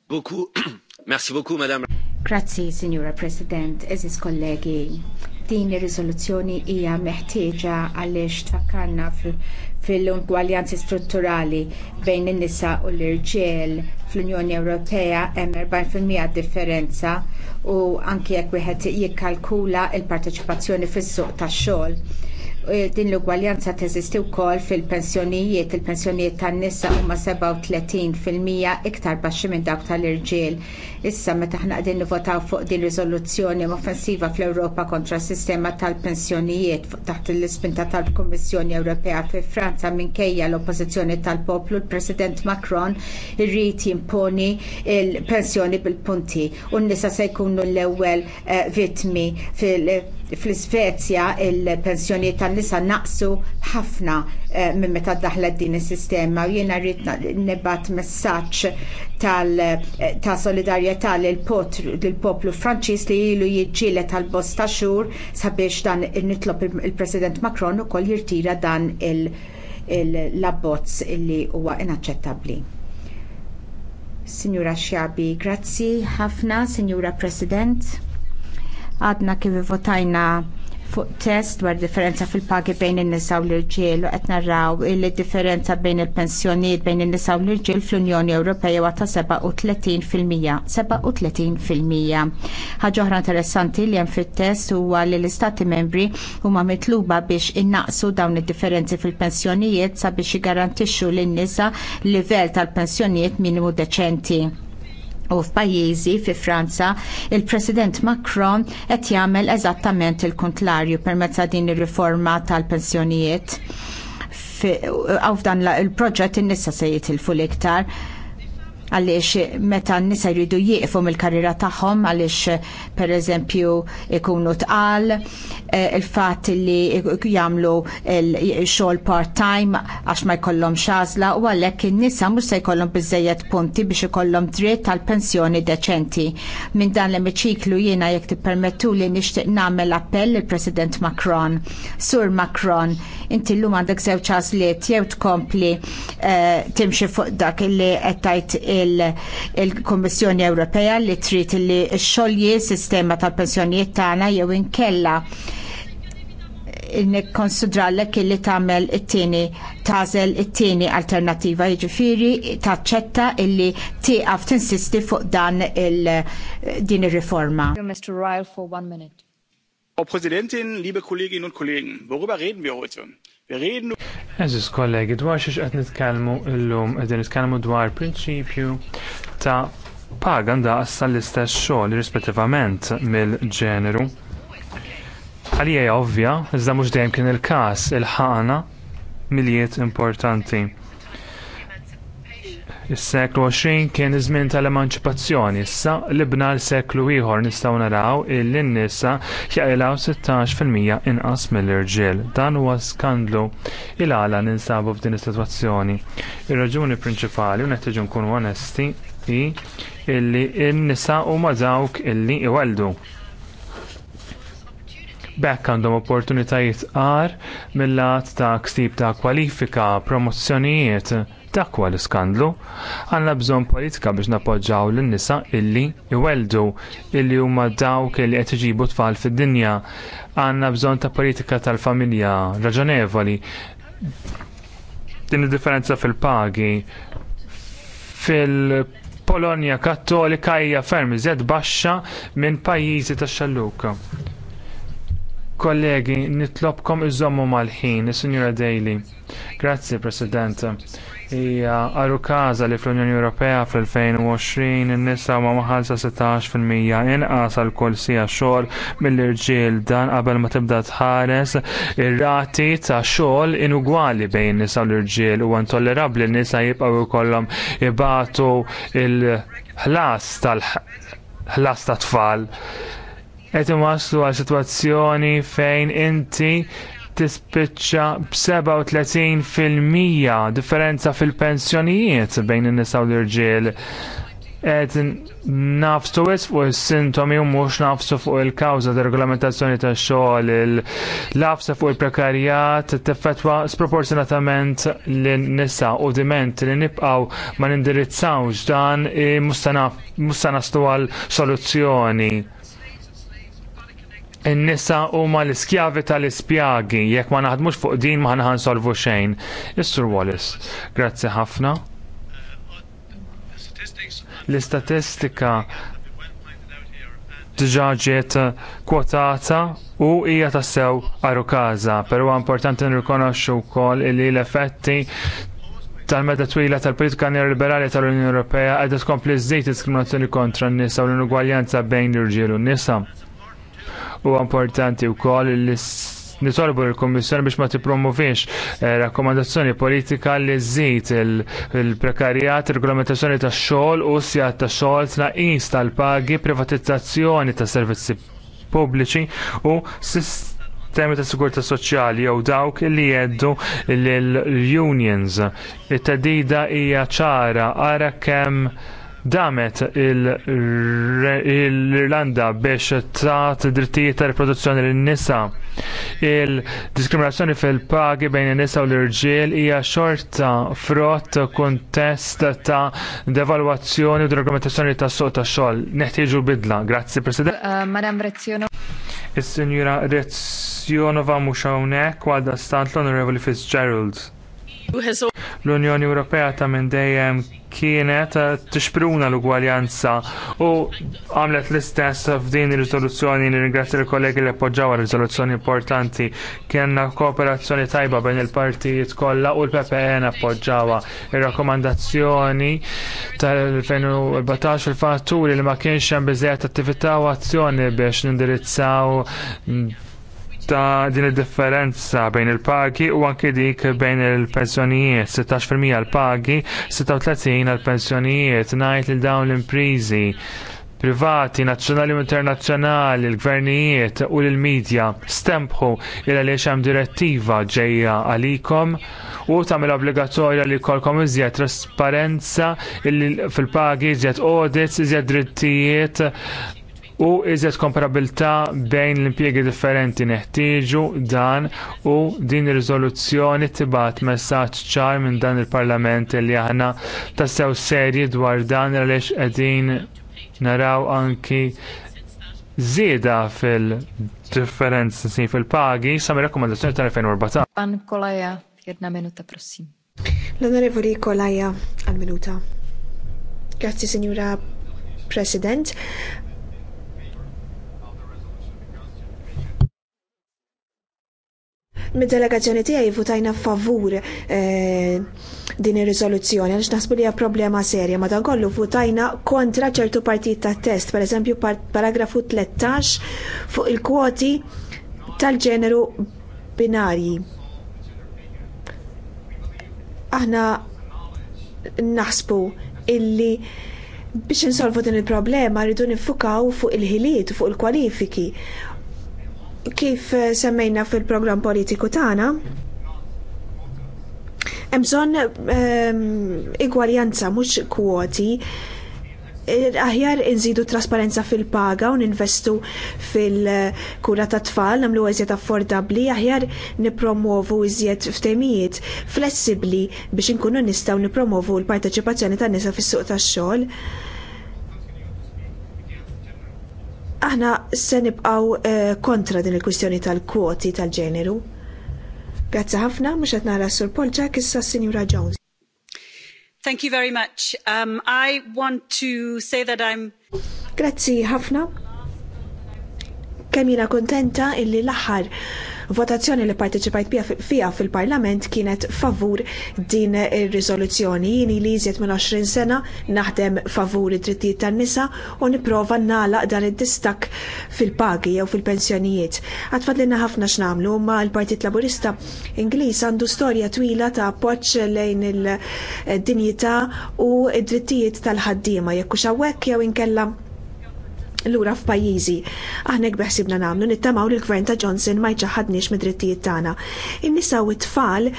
Beaucoup, Merci beaucoup, Madame. Grazzi, Signora President, eżis kollegi. Din ir-riżoluzzjoni hija meħtieġa għaliex takkanna fil-ungwaljanzi strutturali bejn in-nisa u l-irġiel fl-Unjoni Ewropea hemm 40% differenza u anke jekk wieħed jikkalkula l parteċipazzjoni fis-suq tax-xogħol e, din l-ugwaljanza teżisti wkoll fil-pensjonijiet, il-pensjonijiet tan-nisa huma 37% iktar baxxi minn dawk tal-irġiel. Issa meta aħna qegħdin nivotaw fuq din riżoluzzjoni offensiva fl-Ewropa kontra s-sistema tal-pensjonijiet taħt l-ispinta tal-Kummissjoni Ewropea fi Franza minkejja l-oppożizzjoni tal-poplu l-President Macron irrid jimponi l pensjoni bil-punti u n-nisa se jkunu l-ewwel eh, vittmi fl-Svezja il-pensjoni tan-nisa naqsu ħafna eh, minn meta daħlet din is-sistema u jiena rrid nibgħat messaġġ Eh, ta' solidarjetà lill poplu Franċiż li ilu jiġġieled tal bosta xhur sabiex dan nitlob il-President Macron ukoll jirtira dan l-abbozz li huwa inaċċettabbli. Signora Xjabi, grazzi ħafna, Signora President. Għadna kif votajna fuq test dwar differenza fil-pagi bejn in-nisa u l-irġiel u qed narraw li differenza bejn il-pensjonijiet bejn in-nisa u l-irġiel fl-Unjoni Ewropea huwa ta' 37%. 37%. Ħaġa oħra interessanti li hemm fit-test huwa li l-Istati membri huma mitluba biex innaqsu dawn id-differenzi fil-pensjonijiet sabiex jiggarantixxu lin-nisa livell tal-pensjonijiet minimu deċenti U f'pajjiżi fi Franza il-President Macron qed jagħmel eżattament il-kontlarju permezz din ir-riforma tal-pensjonijiet. Għaw f'dan il-proġett in-nisa se jitilfu l-iktar għaliex meta n-nisa jridu jieqfu mill-karriera tagħhom għaliex pereżempju ikunu tqal eh, il-fatt li jagħmlu xogħol part-time għax ma jkollhom xażla u għalhekk in-nisa mhux se jkollhom biżejjed punti biex ikollhom dritt għal pensjoni deċenti. Minn dan l-emiċiklu jiena jekk tippermettu li nixtieq nagħmel appell il-President Macron. Sur Macron, inti llum għandek żewġ għażliet jew tkompli eh, timxi fuq dak li qed tgħid il-Kommissjoni il Ewropea li trid li xogħli sistema tal-pensjonijiet tagħna jew inkella nikkonsidra nikkonsidralek illi tagħmel it-tieni tażel it-tieni alternattiva jiġifieri taċċetta illi tieqaf tinsisti fuq dan il din ir-riforma. Mr. Ryle for one minute. Frau Präsidentin, liebe Kolleginnen und Kollegen, worüber reden wir heute? Eżis kollegi, dwar xiex qed nitkellmu llum għedin nitkellmu dwar prinċipju ta' paga ndaqs tal-istess xogħol rispettivament mill-ġeneru. Għalija ovvja, iżda mhux dejjem kien il-każ il-ħana miljiet importanti. Is-seklu 20 kien iż-żmien tal-emanċipazzjoni, issa libna l-seklu ieħor nistgħu naraw illi n-nisa jaqilgħu 16% inqas mill-irġiel. Dan huwa skandlu il għala ninsabu f'din is-sitwazzjoni. Ir-raġuni prinċipali u neħtieġu nkunu onesti hi illi n-nisa huma dawk illi iweldu bekk għandhom opportunitajiet għar mill-lat ta' ksib ta' kwalifika, promozzjonijiet, Dak huwa l-iskandlu. Għandna bżonn politika biex napoġġaw lin-nisa illi iweldu illi huma dawk li qed iġibu tfal fid-dinja. Għandna bżonn ta' politika tal-familja raġonevoli. Din id-differenza fil-pagi fil Polonja Kattolika hija ferm iżjed baxxa minn pajjiżi tax-xalluka. Kollegi, nitlobkom iżommu mal-ħin, is-Sinjura Daly. Grazzi, President. Hija għaru kaza li fl-Unjoni Ewropea fl-2020 in-nisa ma maħalsa 16% inqas għal kull sija xogħol mill-irġiel dan qabel ma tibda tħares ir-rati ta' xogħol inugwali bejn nisa u l-irġiel huwa intollerabbli n-nisa jibqgħu jkollhom ibatu il-ħlas tal-ħlas tat-tfal qed iwasslu għal sitwazzjoni fejn inti tispiċċa b'37 fil-mija differenza fil-pensjonijiet bejn in-nisa u l-irġiel. Qed nafsu wisq fuq is-sintomi u mhux nafsu fuq il-kawża ta' regolamentazzjoni tax-xogħol, il lafsa fuq il-prekarjat tiffetwa sproporzjonatament lin-nisa u diment li nibqgħu ma nindirizzawx dan e mhux se naslu għal soluzzjoni in-nisa huma l-iskjavi tal-ispjagi, jekk ma naħdmux fuq din ma ħansolvu xejn. Is-Sur Wallis, grazzi ħafna. L-istatistika diġà ġiet kwotata u hija tassew għaru kaza, però importanti nirrikonoxxu wkoll li l-effetti tal-meta twila tal-politika neoliberali tal-Unjoni Ewropea għedha tkompli żżid diskriminazzjoni kontra n-nisa u l-inugwaljanza bejn l-irġiel u n-nisa. U importanti wkoll li nitolbu l kummissjoni biex ma tippromuvix eh, rakkomandazzjoni politika li żżid il-prekarjat, regolamentazzjoni tax xogħol u sjat tax xogħol tnaqis tal-pagi, privatizzazzjoni ta' servizzi pubbliċi u sistemi ta' sigurtà soċjali jew dawk li jeddu lill unions It-tedida hija ċara ara kemm damet l-Irlanda biex tat drittijiet ta' riproduzzjoni lin-nisa. Il-diskriminazzjoni fil-pagi bejn in-nisa u l-irġiel hija xorta frott kuntest ta' devalwazzjoni u d-argumentazzjoni tas suq tax-xogħol. Neħtieġu bidla. Grazzi President. Uh, Madam Rezzjono. Is-Sinjura Rezzjonova mhux hawnhekk għal stant l-Onorevoli Fitzgerald. L-Unjoni Ewropea ta' minn dejjem kienet tixpruna l-ugwaljanza u għamlet l-istess f'din ir-riżoluzzjoni nirringrazzja l-kollegi li appoġġaw riżoluzzjoni importanti. Kienna kooperazzjoni tajba bejn il-partijiet kollha u l-PPN e appoġġawha. il rakkomandazzjoni tal-2014 il-fatturi li ma kienx hemm biżejjed attività u azzjoni biex nindirizzaw ta' din id-differenza bejn il-pagi u anke dik bejn il-pensjonijiet, 16% għal-pagi, 36 għal-pensjonijiet, ngħid li dawn l-imprizi privati, nazzjonali u internazzjonali, l-gvernijiet u l-medja stempħu il għaliex hemm direttiva ġejja għalikom u tagħmel obbligatorja li jkollkom iżjed trasparenza fil-pagi, iżjed audits, iżjed drittijiet u iżet komparabilità bejn l impjiegi differenti neħtieġu dan u din ir-riżoluzzjoni tibgħat messaġġ ċar minn dan il-Parlament li aħna tassew serji dwar dan għaliex qegħdin naraw anki zieda fil-differenzi fil-pagi sa' rekomendazzjoni tal-2014. Pan Kolaja, jedna minuta, prossim. L-Onorevoli Kolaja, għal minuta. Grazzi, Signora President. mid-delegazzjoni tiegħi votajna favur eh, din ir-riżoluzzjoni għaliex naħsbu li hija problema serja madankollu votajna kontra ċertu partit tat test, pereżempju paragrafu 13 fuq il-kwoti tal-ġeneru binarji. Aħna naħsbu illi biex insolvu din il-problema rridu nifukaw fuq il-ħiliet u fuq il-kwalifiki Kif eh, semmejna fil-programm politiku tagħna, hemm bżonn ehm, igwaljanza mhux kwoti aħjar inżidu trasparenza fil-paga u ninvestu fil-kura ta' tfal, namlu għazjet affordabli, aħjar nipromovu iżjed ftemijiet flessibli biex inkunu nistaw nipromovu l-parteċipazzjoni ta' nisa fis-suq tax-xogħol. Aħna se nibqaw eh, kontra din il-kwistjoni tal-kwoti tal-ġeneru. Grazzi ħafna, mhux qed nara sur Polċak issa Sinjura Jones. Thank you very much. Um, I want to say that I'm Grazzi ħafna. Kemm kontenta illi l-aħħar Votazzjoni li parteċipajt fija fil-Parlament kienet favur din ir-riżoluzzjoni. Jini li jizjet minn 20 sena naħdem favur id-drittijiet tan-nisa u nipprova nagħlaq dan id-distak fil-pagi jew fil-pensjonijiet. Għatfadlinna ħafna x'namlu ma l-Partit Laburista Ingliż għandu storja twila ta' appoġġ lejn il-dinjità u id-drittijiet tal-ħaddiema jekk hux hawnhekk jew inkella lura f'pajjiżi. Aħna beħsibna nagħmlu nittamaw li l-gvern ta' Johnson ma jċaħadniex mid-drittijiet tagħna. In-nisa u t-tfal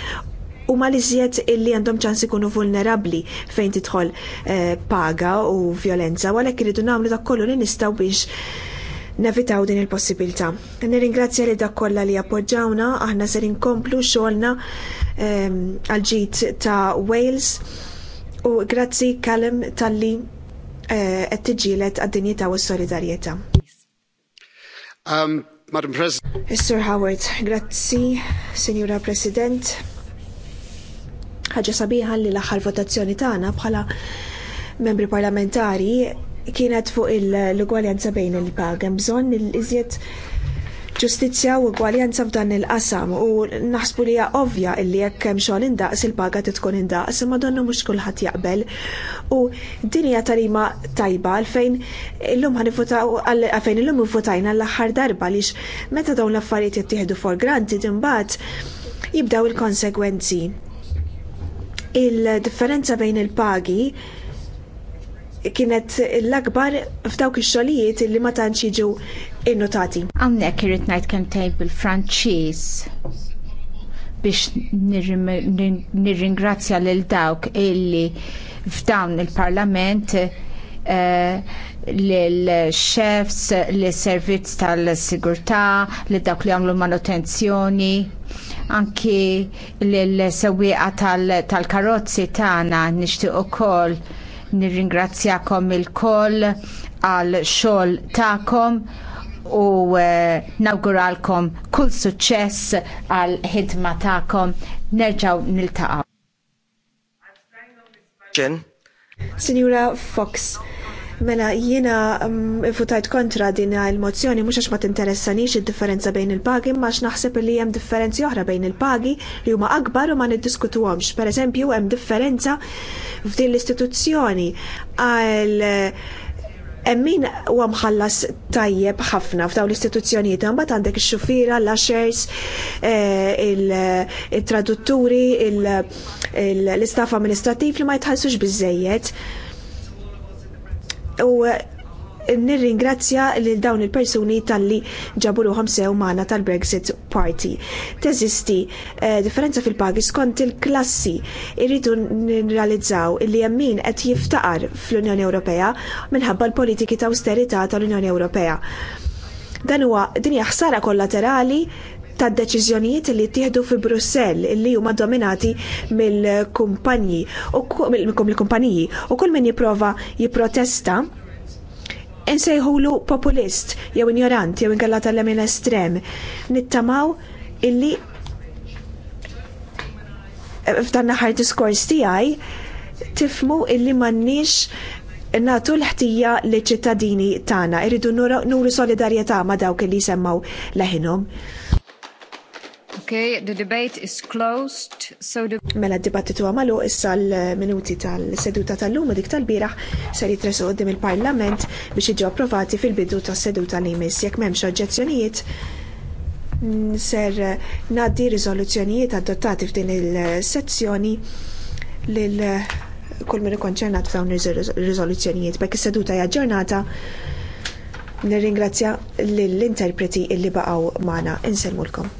u ma li zjed illi għandhom ċans ikunu vulnerabli fejn titħol eh, paga u violenza, għalek irridu namlu dak kollu li nistaw biex nevitaw din il-possibilità. Nirringrazzja li dak kollha li appoġġawna, aħna ser inkomplu xogħolna ehm, għal ġid ta' Wales u grazzi Kalem tal-li Eh, qed tiġielet għad-dinjità u s-solidarjetà. Um, Madam President. Sir Howard, grazzi, Signora President. Ħaġa sabiħa li l-aħħar votazzjoni tagħna bħala membri parlamentari kienet fuq l-ugwaljanza bejn il-pag. Hemm bżonn il-iżjed il pag hemm bżonn il iżjed il il iżjed ġustizzja u gwaljenza f'dan il-qasam u naħsbu li hija ovvja illi jekk hemm xogħol indaqs il-paga tkun indaqs imma donna mhux kulħadd jaqbel. U din hija tarima tajba għalfejn illum ħanifutaw għalfejn illum votajna l-aħħar darba lix meta dawn l-affarijiet jittieħdu for granted imbagħad jibdaw il-konsegwenzi. Il-differenza bejn il-pagi kienet l-akbar f'dawk ix-xogħlijiet li ma tantx jiġu innotati. Għamnek irrit najt kemtejn bil-Franċis biex nirringrazzja lil dawk illi f'dawn il-Parlament eh, l-chefs, l-servizz tal-sigurtà, l-dawk li għamlu manutenzjoni, anki l sewwieqa tal-karozzi tagħna nixtieq ukoll nirringrazzjakom ilkoll għal xogħol tagħkom u eh, nawguralkom kull suċċess għal ħidma tagħkom. Nerġaw niltaqgħu. Signora Fox, Mela, jiena mm, votajt kontra din il-mozzjoni mhux għax ma tinteressanix id-differenza bejn il-pagi, ma naħseb li hemm differenzi oħra bejn il-pagi li huma akbar u ma niddiskutuhomx. Pereżempju hemm differenza f'din l-istituzzjoni għal min huwa mħallas tajjeb ħafna f'daw l-istituzzjonijiet, imbagħad għandek ix-xufiera, l-ashers, eh, il-tradutturi, l-istaff amministrativ li ma jitħallsux bizzejiet. U nirringrazzja lil dawn il-persuni tal-li ġabu ruħom sew maħna tal-Brexit Party. Teżisti, eh, differenza fil-pagi skont il-klassi irridu nirrealizzaw li jemmin qed jiftaqar fl-Unjoni Ewropea minħabba l-politiki ta' austerità tal-Unjoni Ewropea. Dan huwa dinja ħsara kollaterali ta' deċiżjonijiet li tieħdu fi Brussell li huma dominati mill-kumpanji u mill-kumpaniji u kull min jipprova jipprotesta nsejħulu populist, jew ignorant, jew inkella tal-lemin estrem. Nittamaw illi eh, f'dan naħar diskors tiegħi tifmu illi m'għandniex natu l-ħtija li ċittadini tagħna, irridu nuru solidarjetà ma' dawk li semmaw leħinhom. Okay, the debate is closed. So the... Mela d-dibattitu għamalu issa l-minuti tal-seduta tal-lum u dik tal-biraħ ser jitresu għoddim il-parlament biex iġu approvati fil-bidu tas-seduta li jmiss. Jekk m'hemmx oġġezzjonijiet, ser naddi riżoluzzjonijiet adottati f'din il-sezzjoni lil kull min ikkonċernat f'dawn ir-riżoluzzjonijiet. Bekk is-seduta hija ġurnata nirringrazzja lill-interpreti illi baqgħu magħna. Inselmulkom.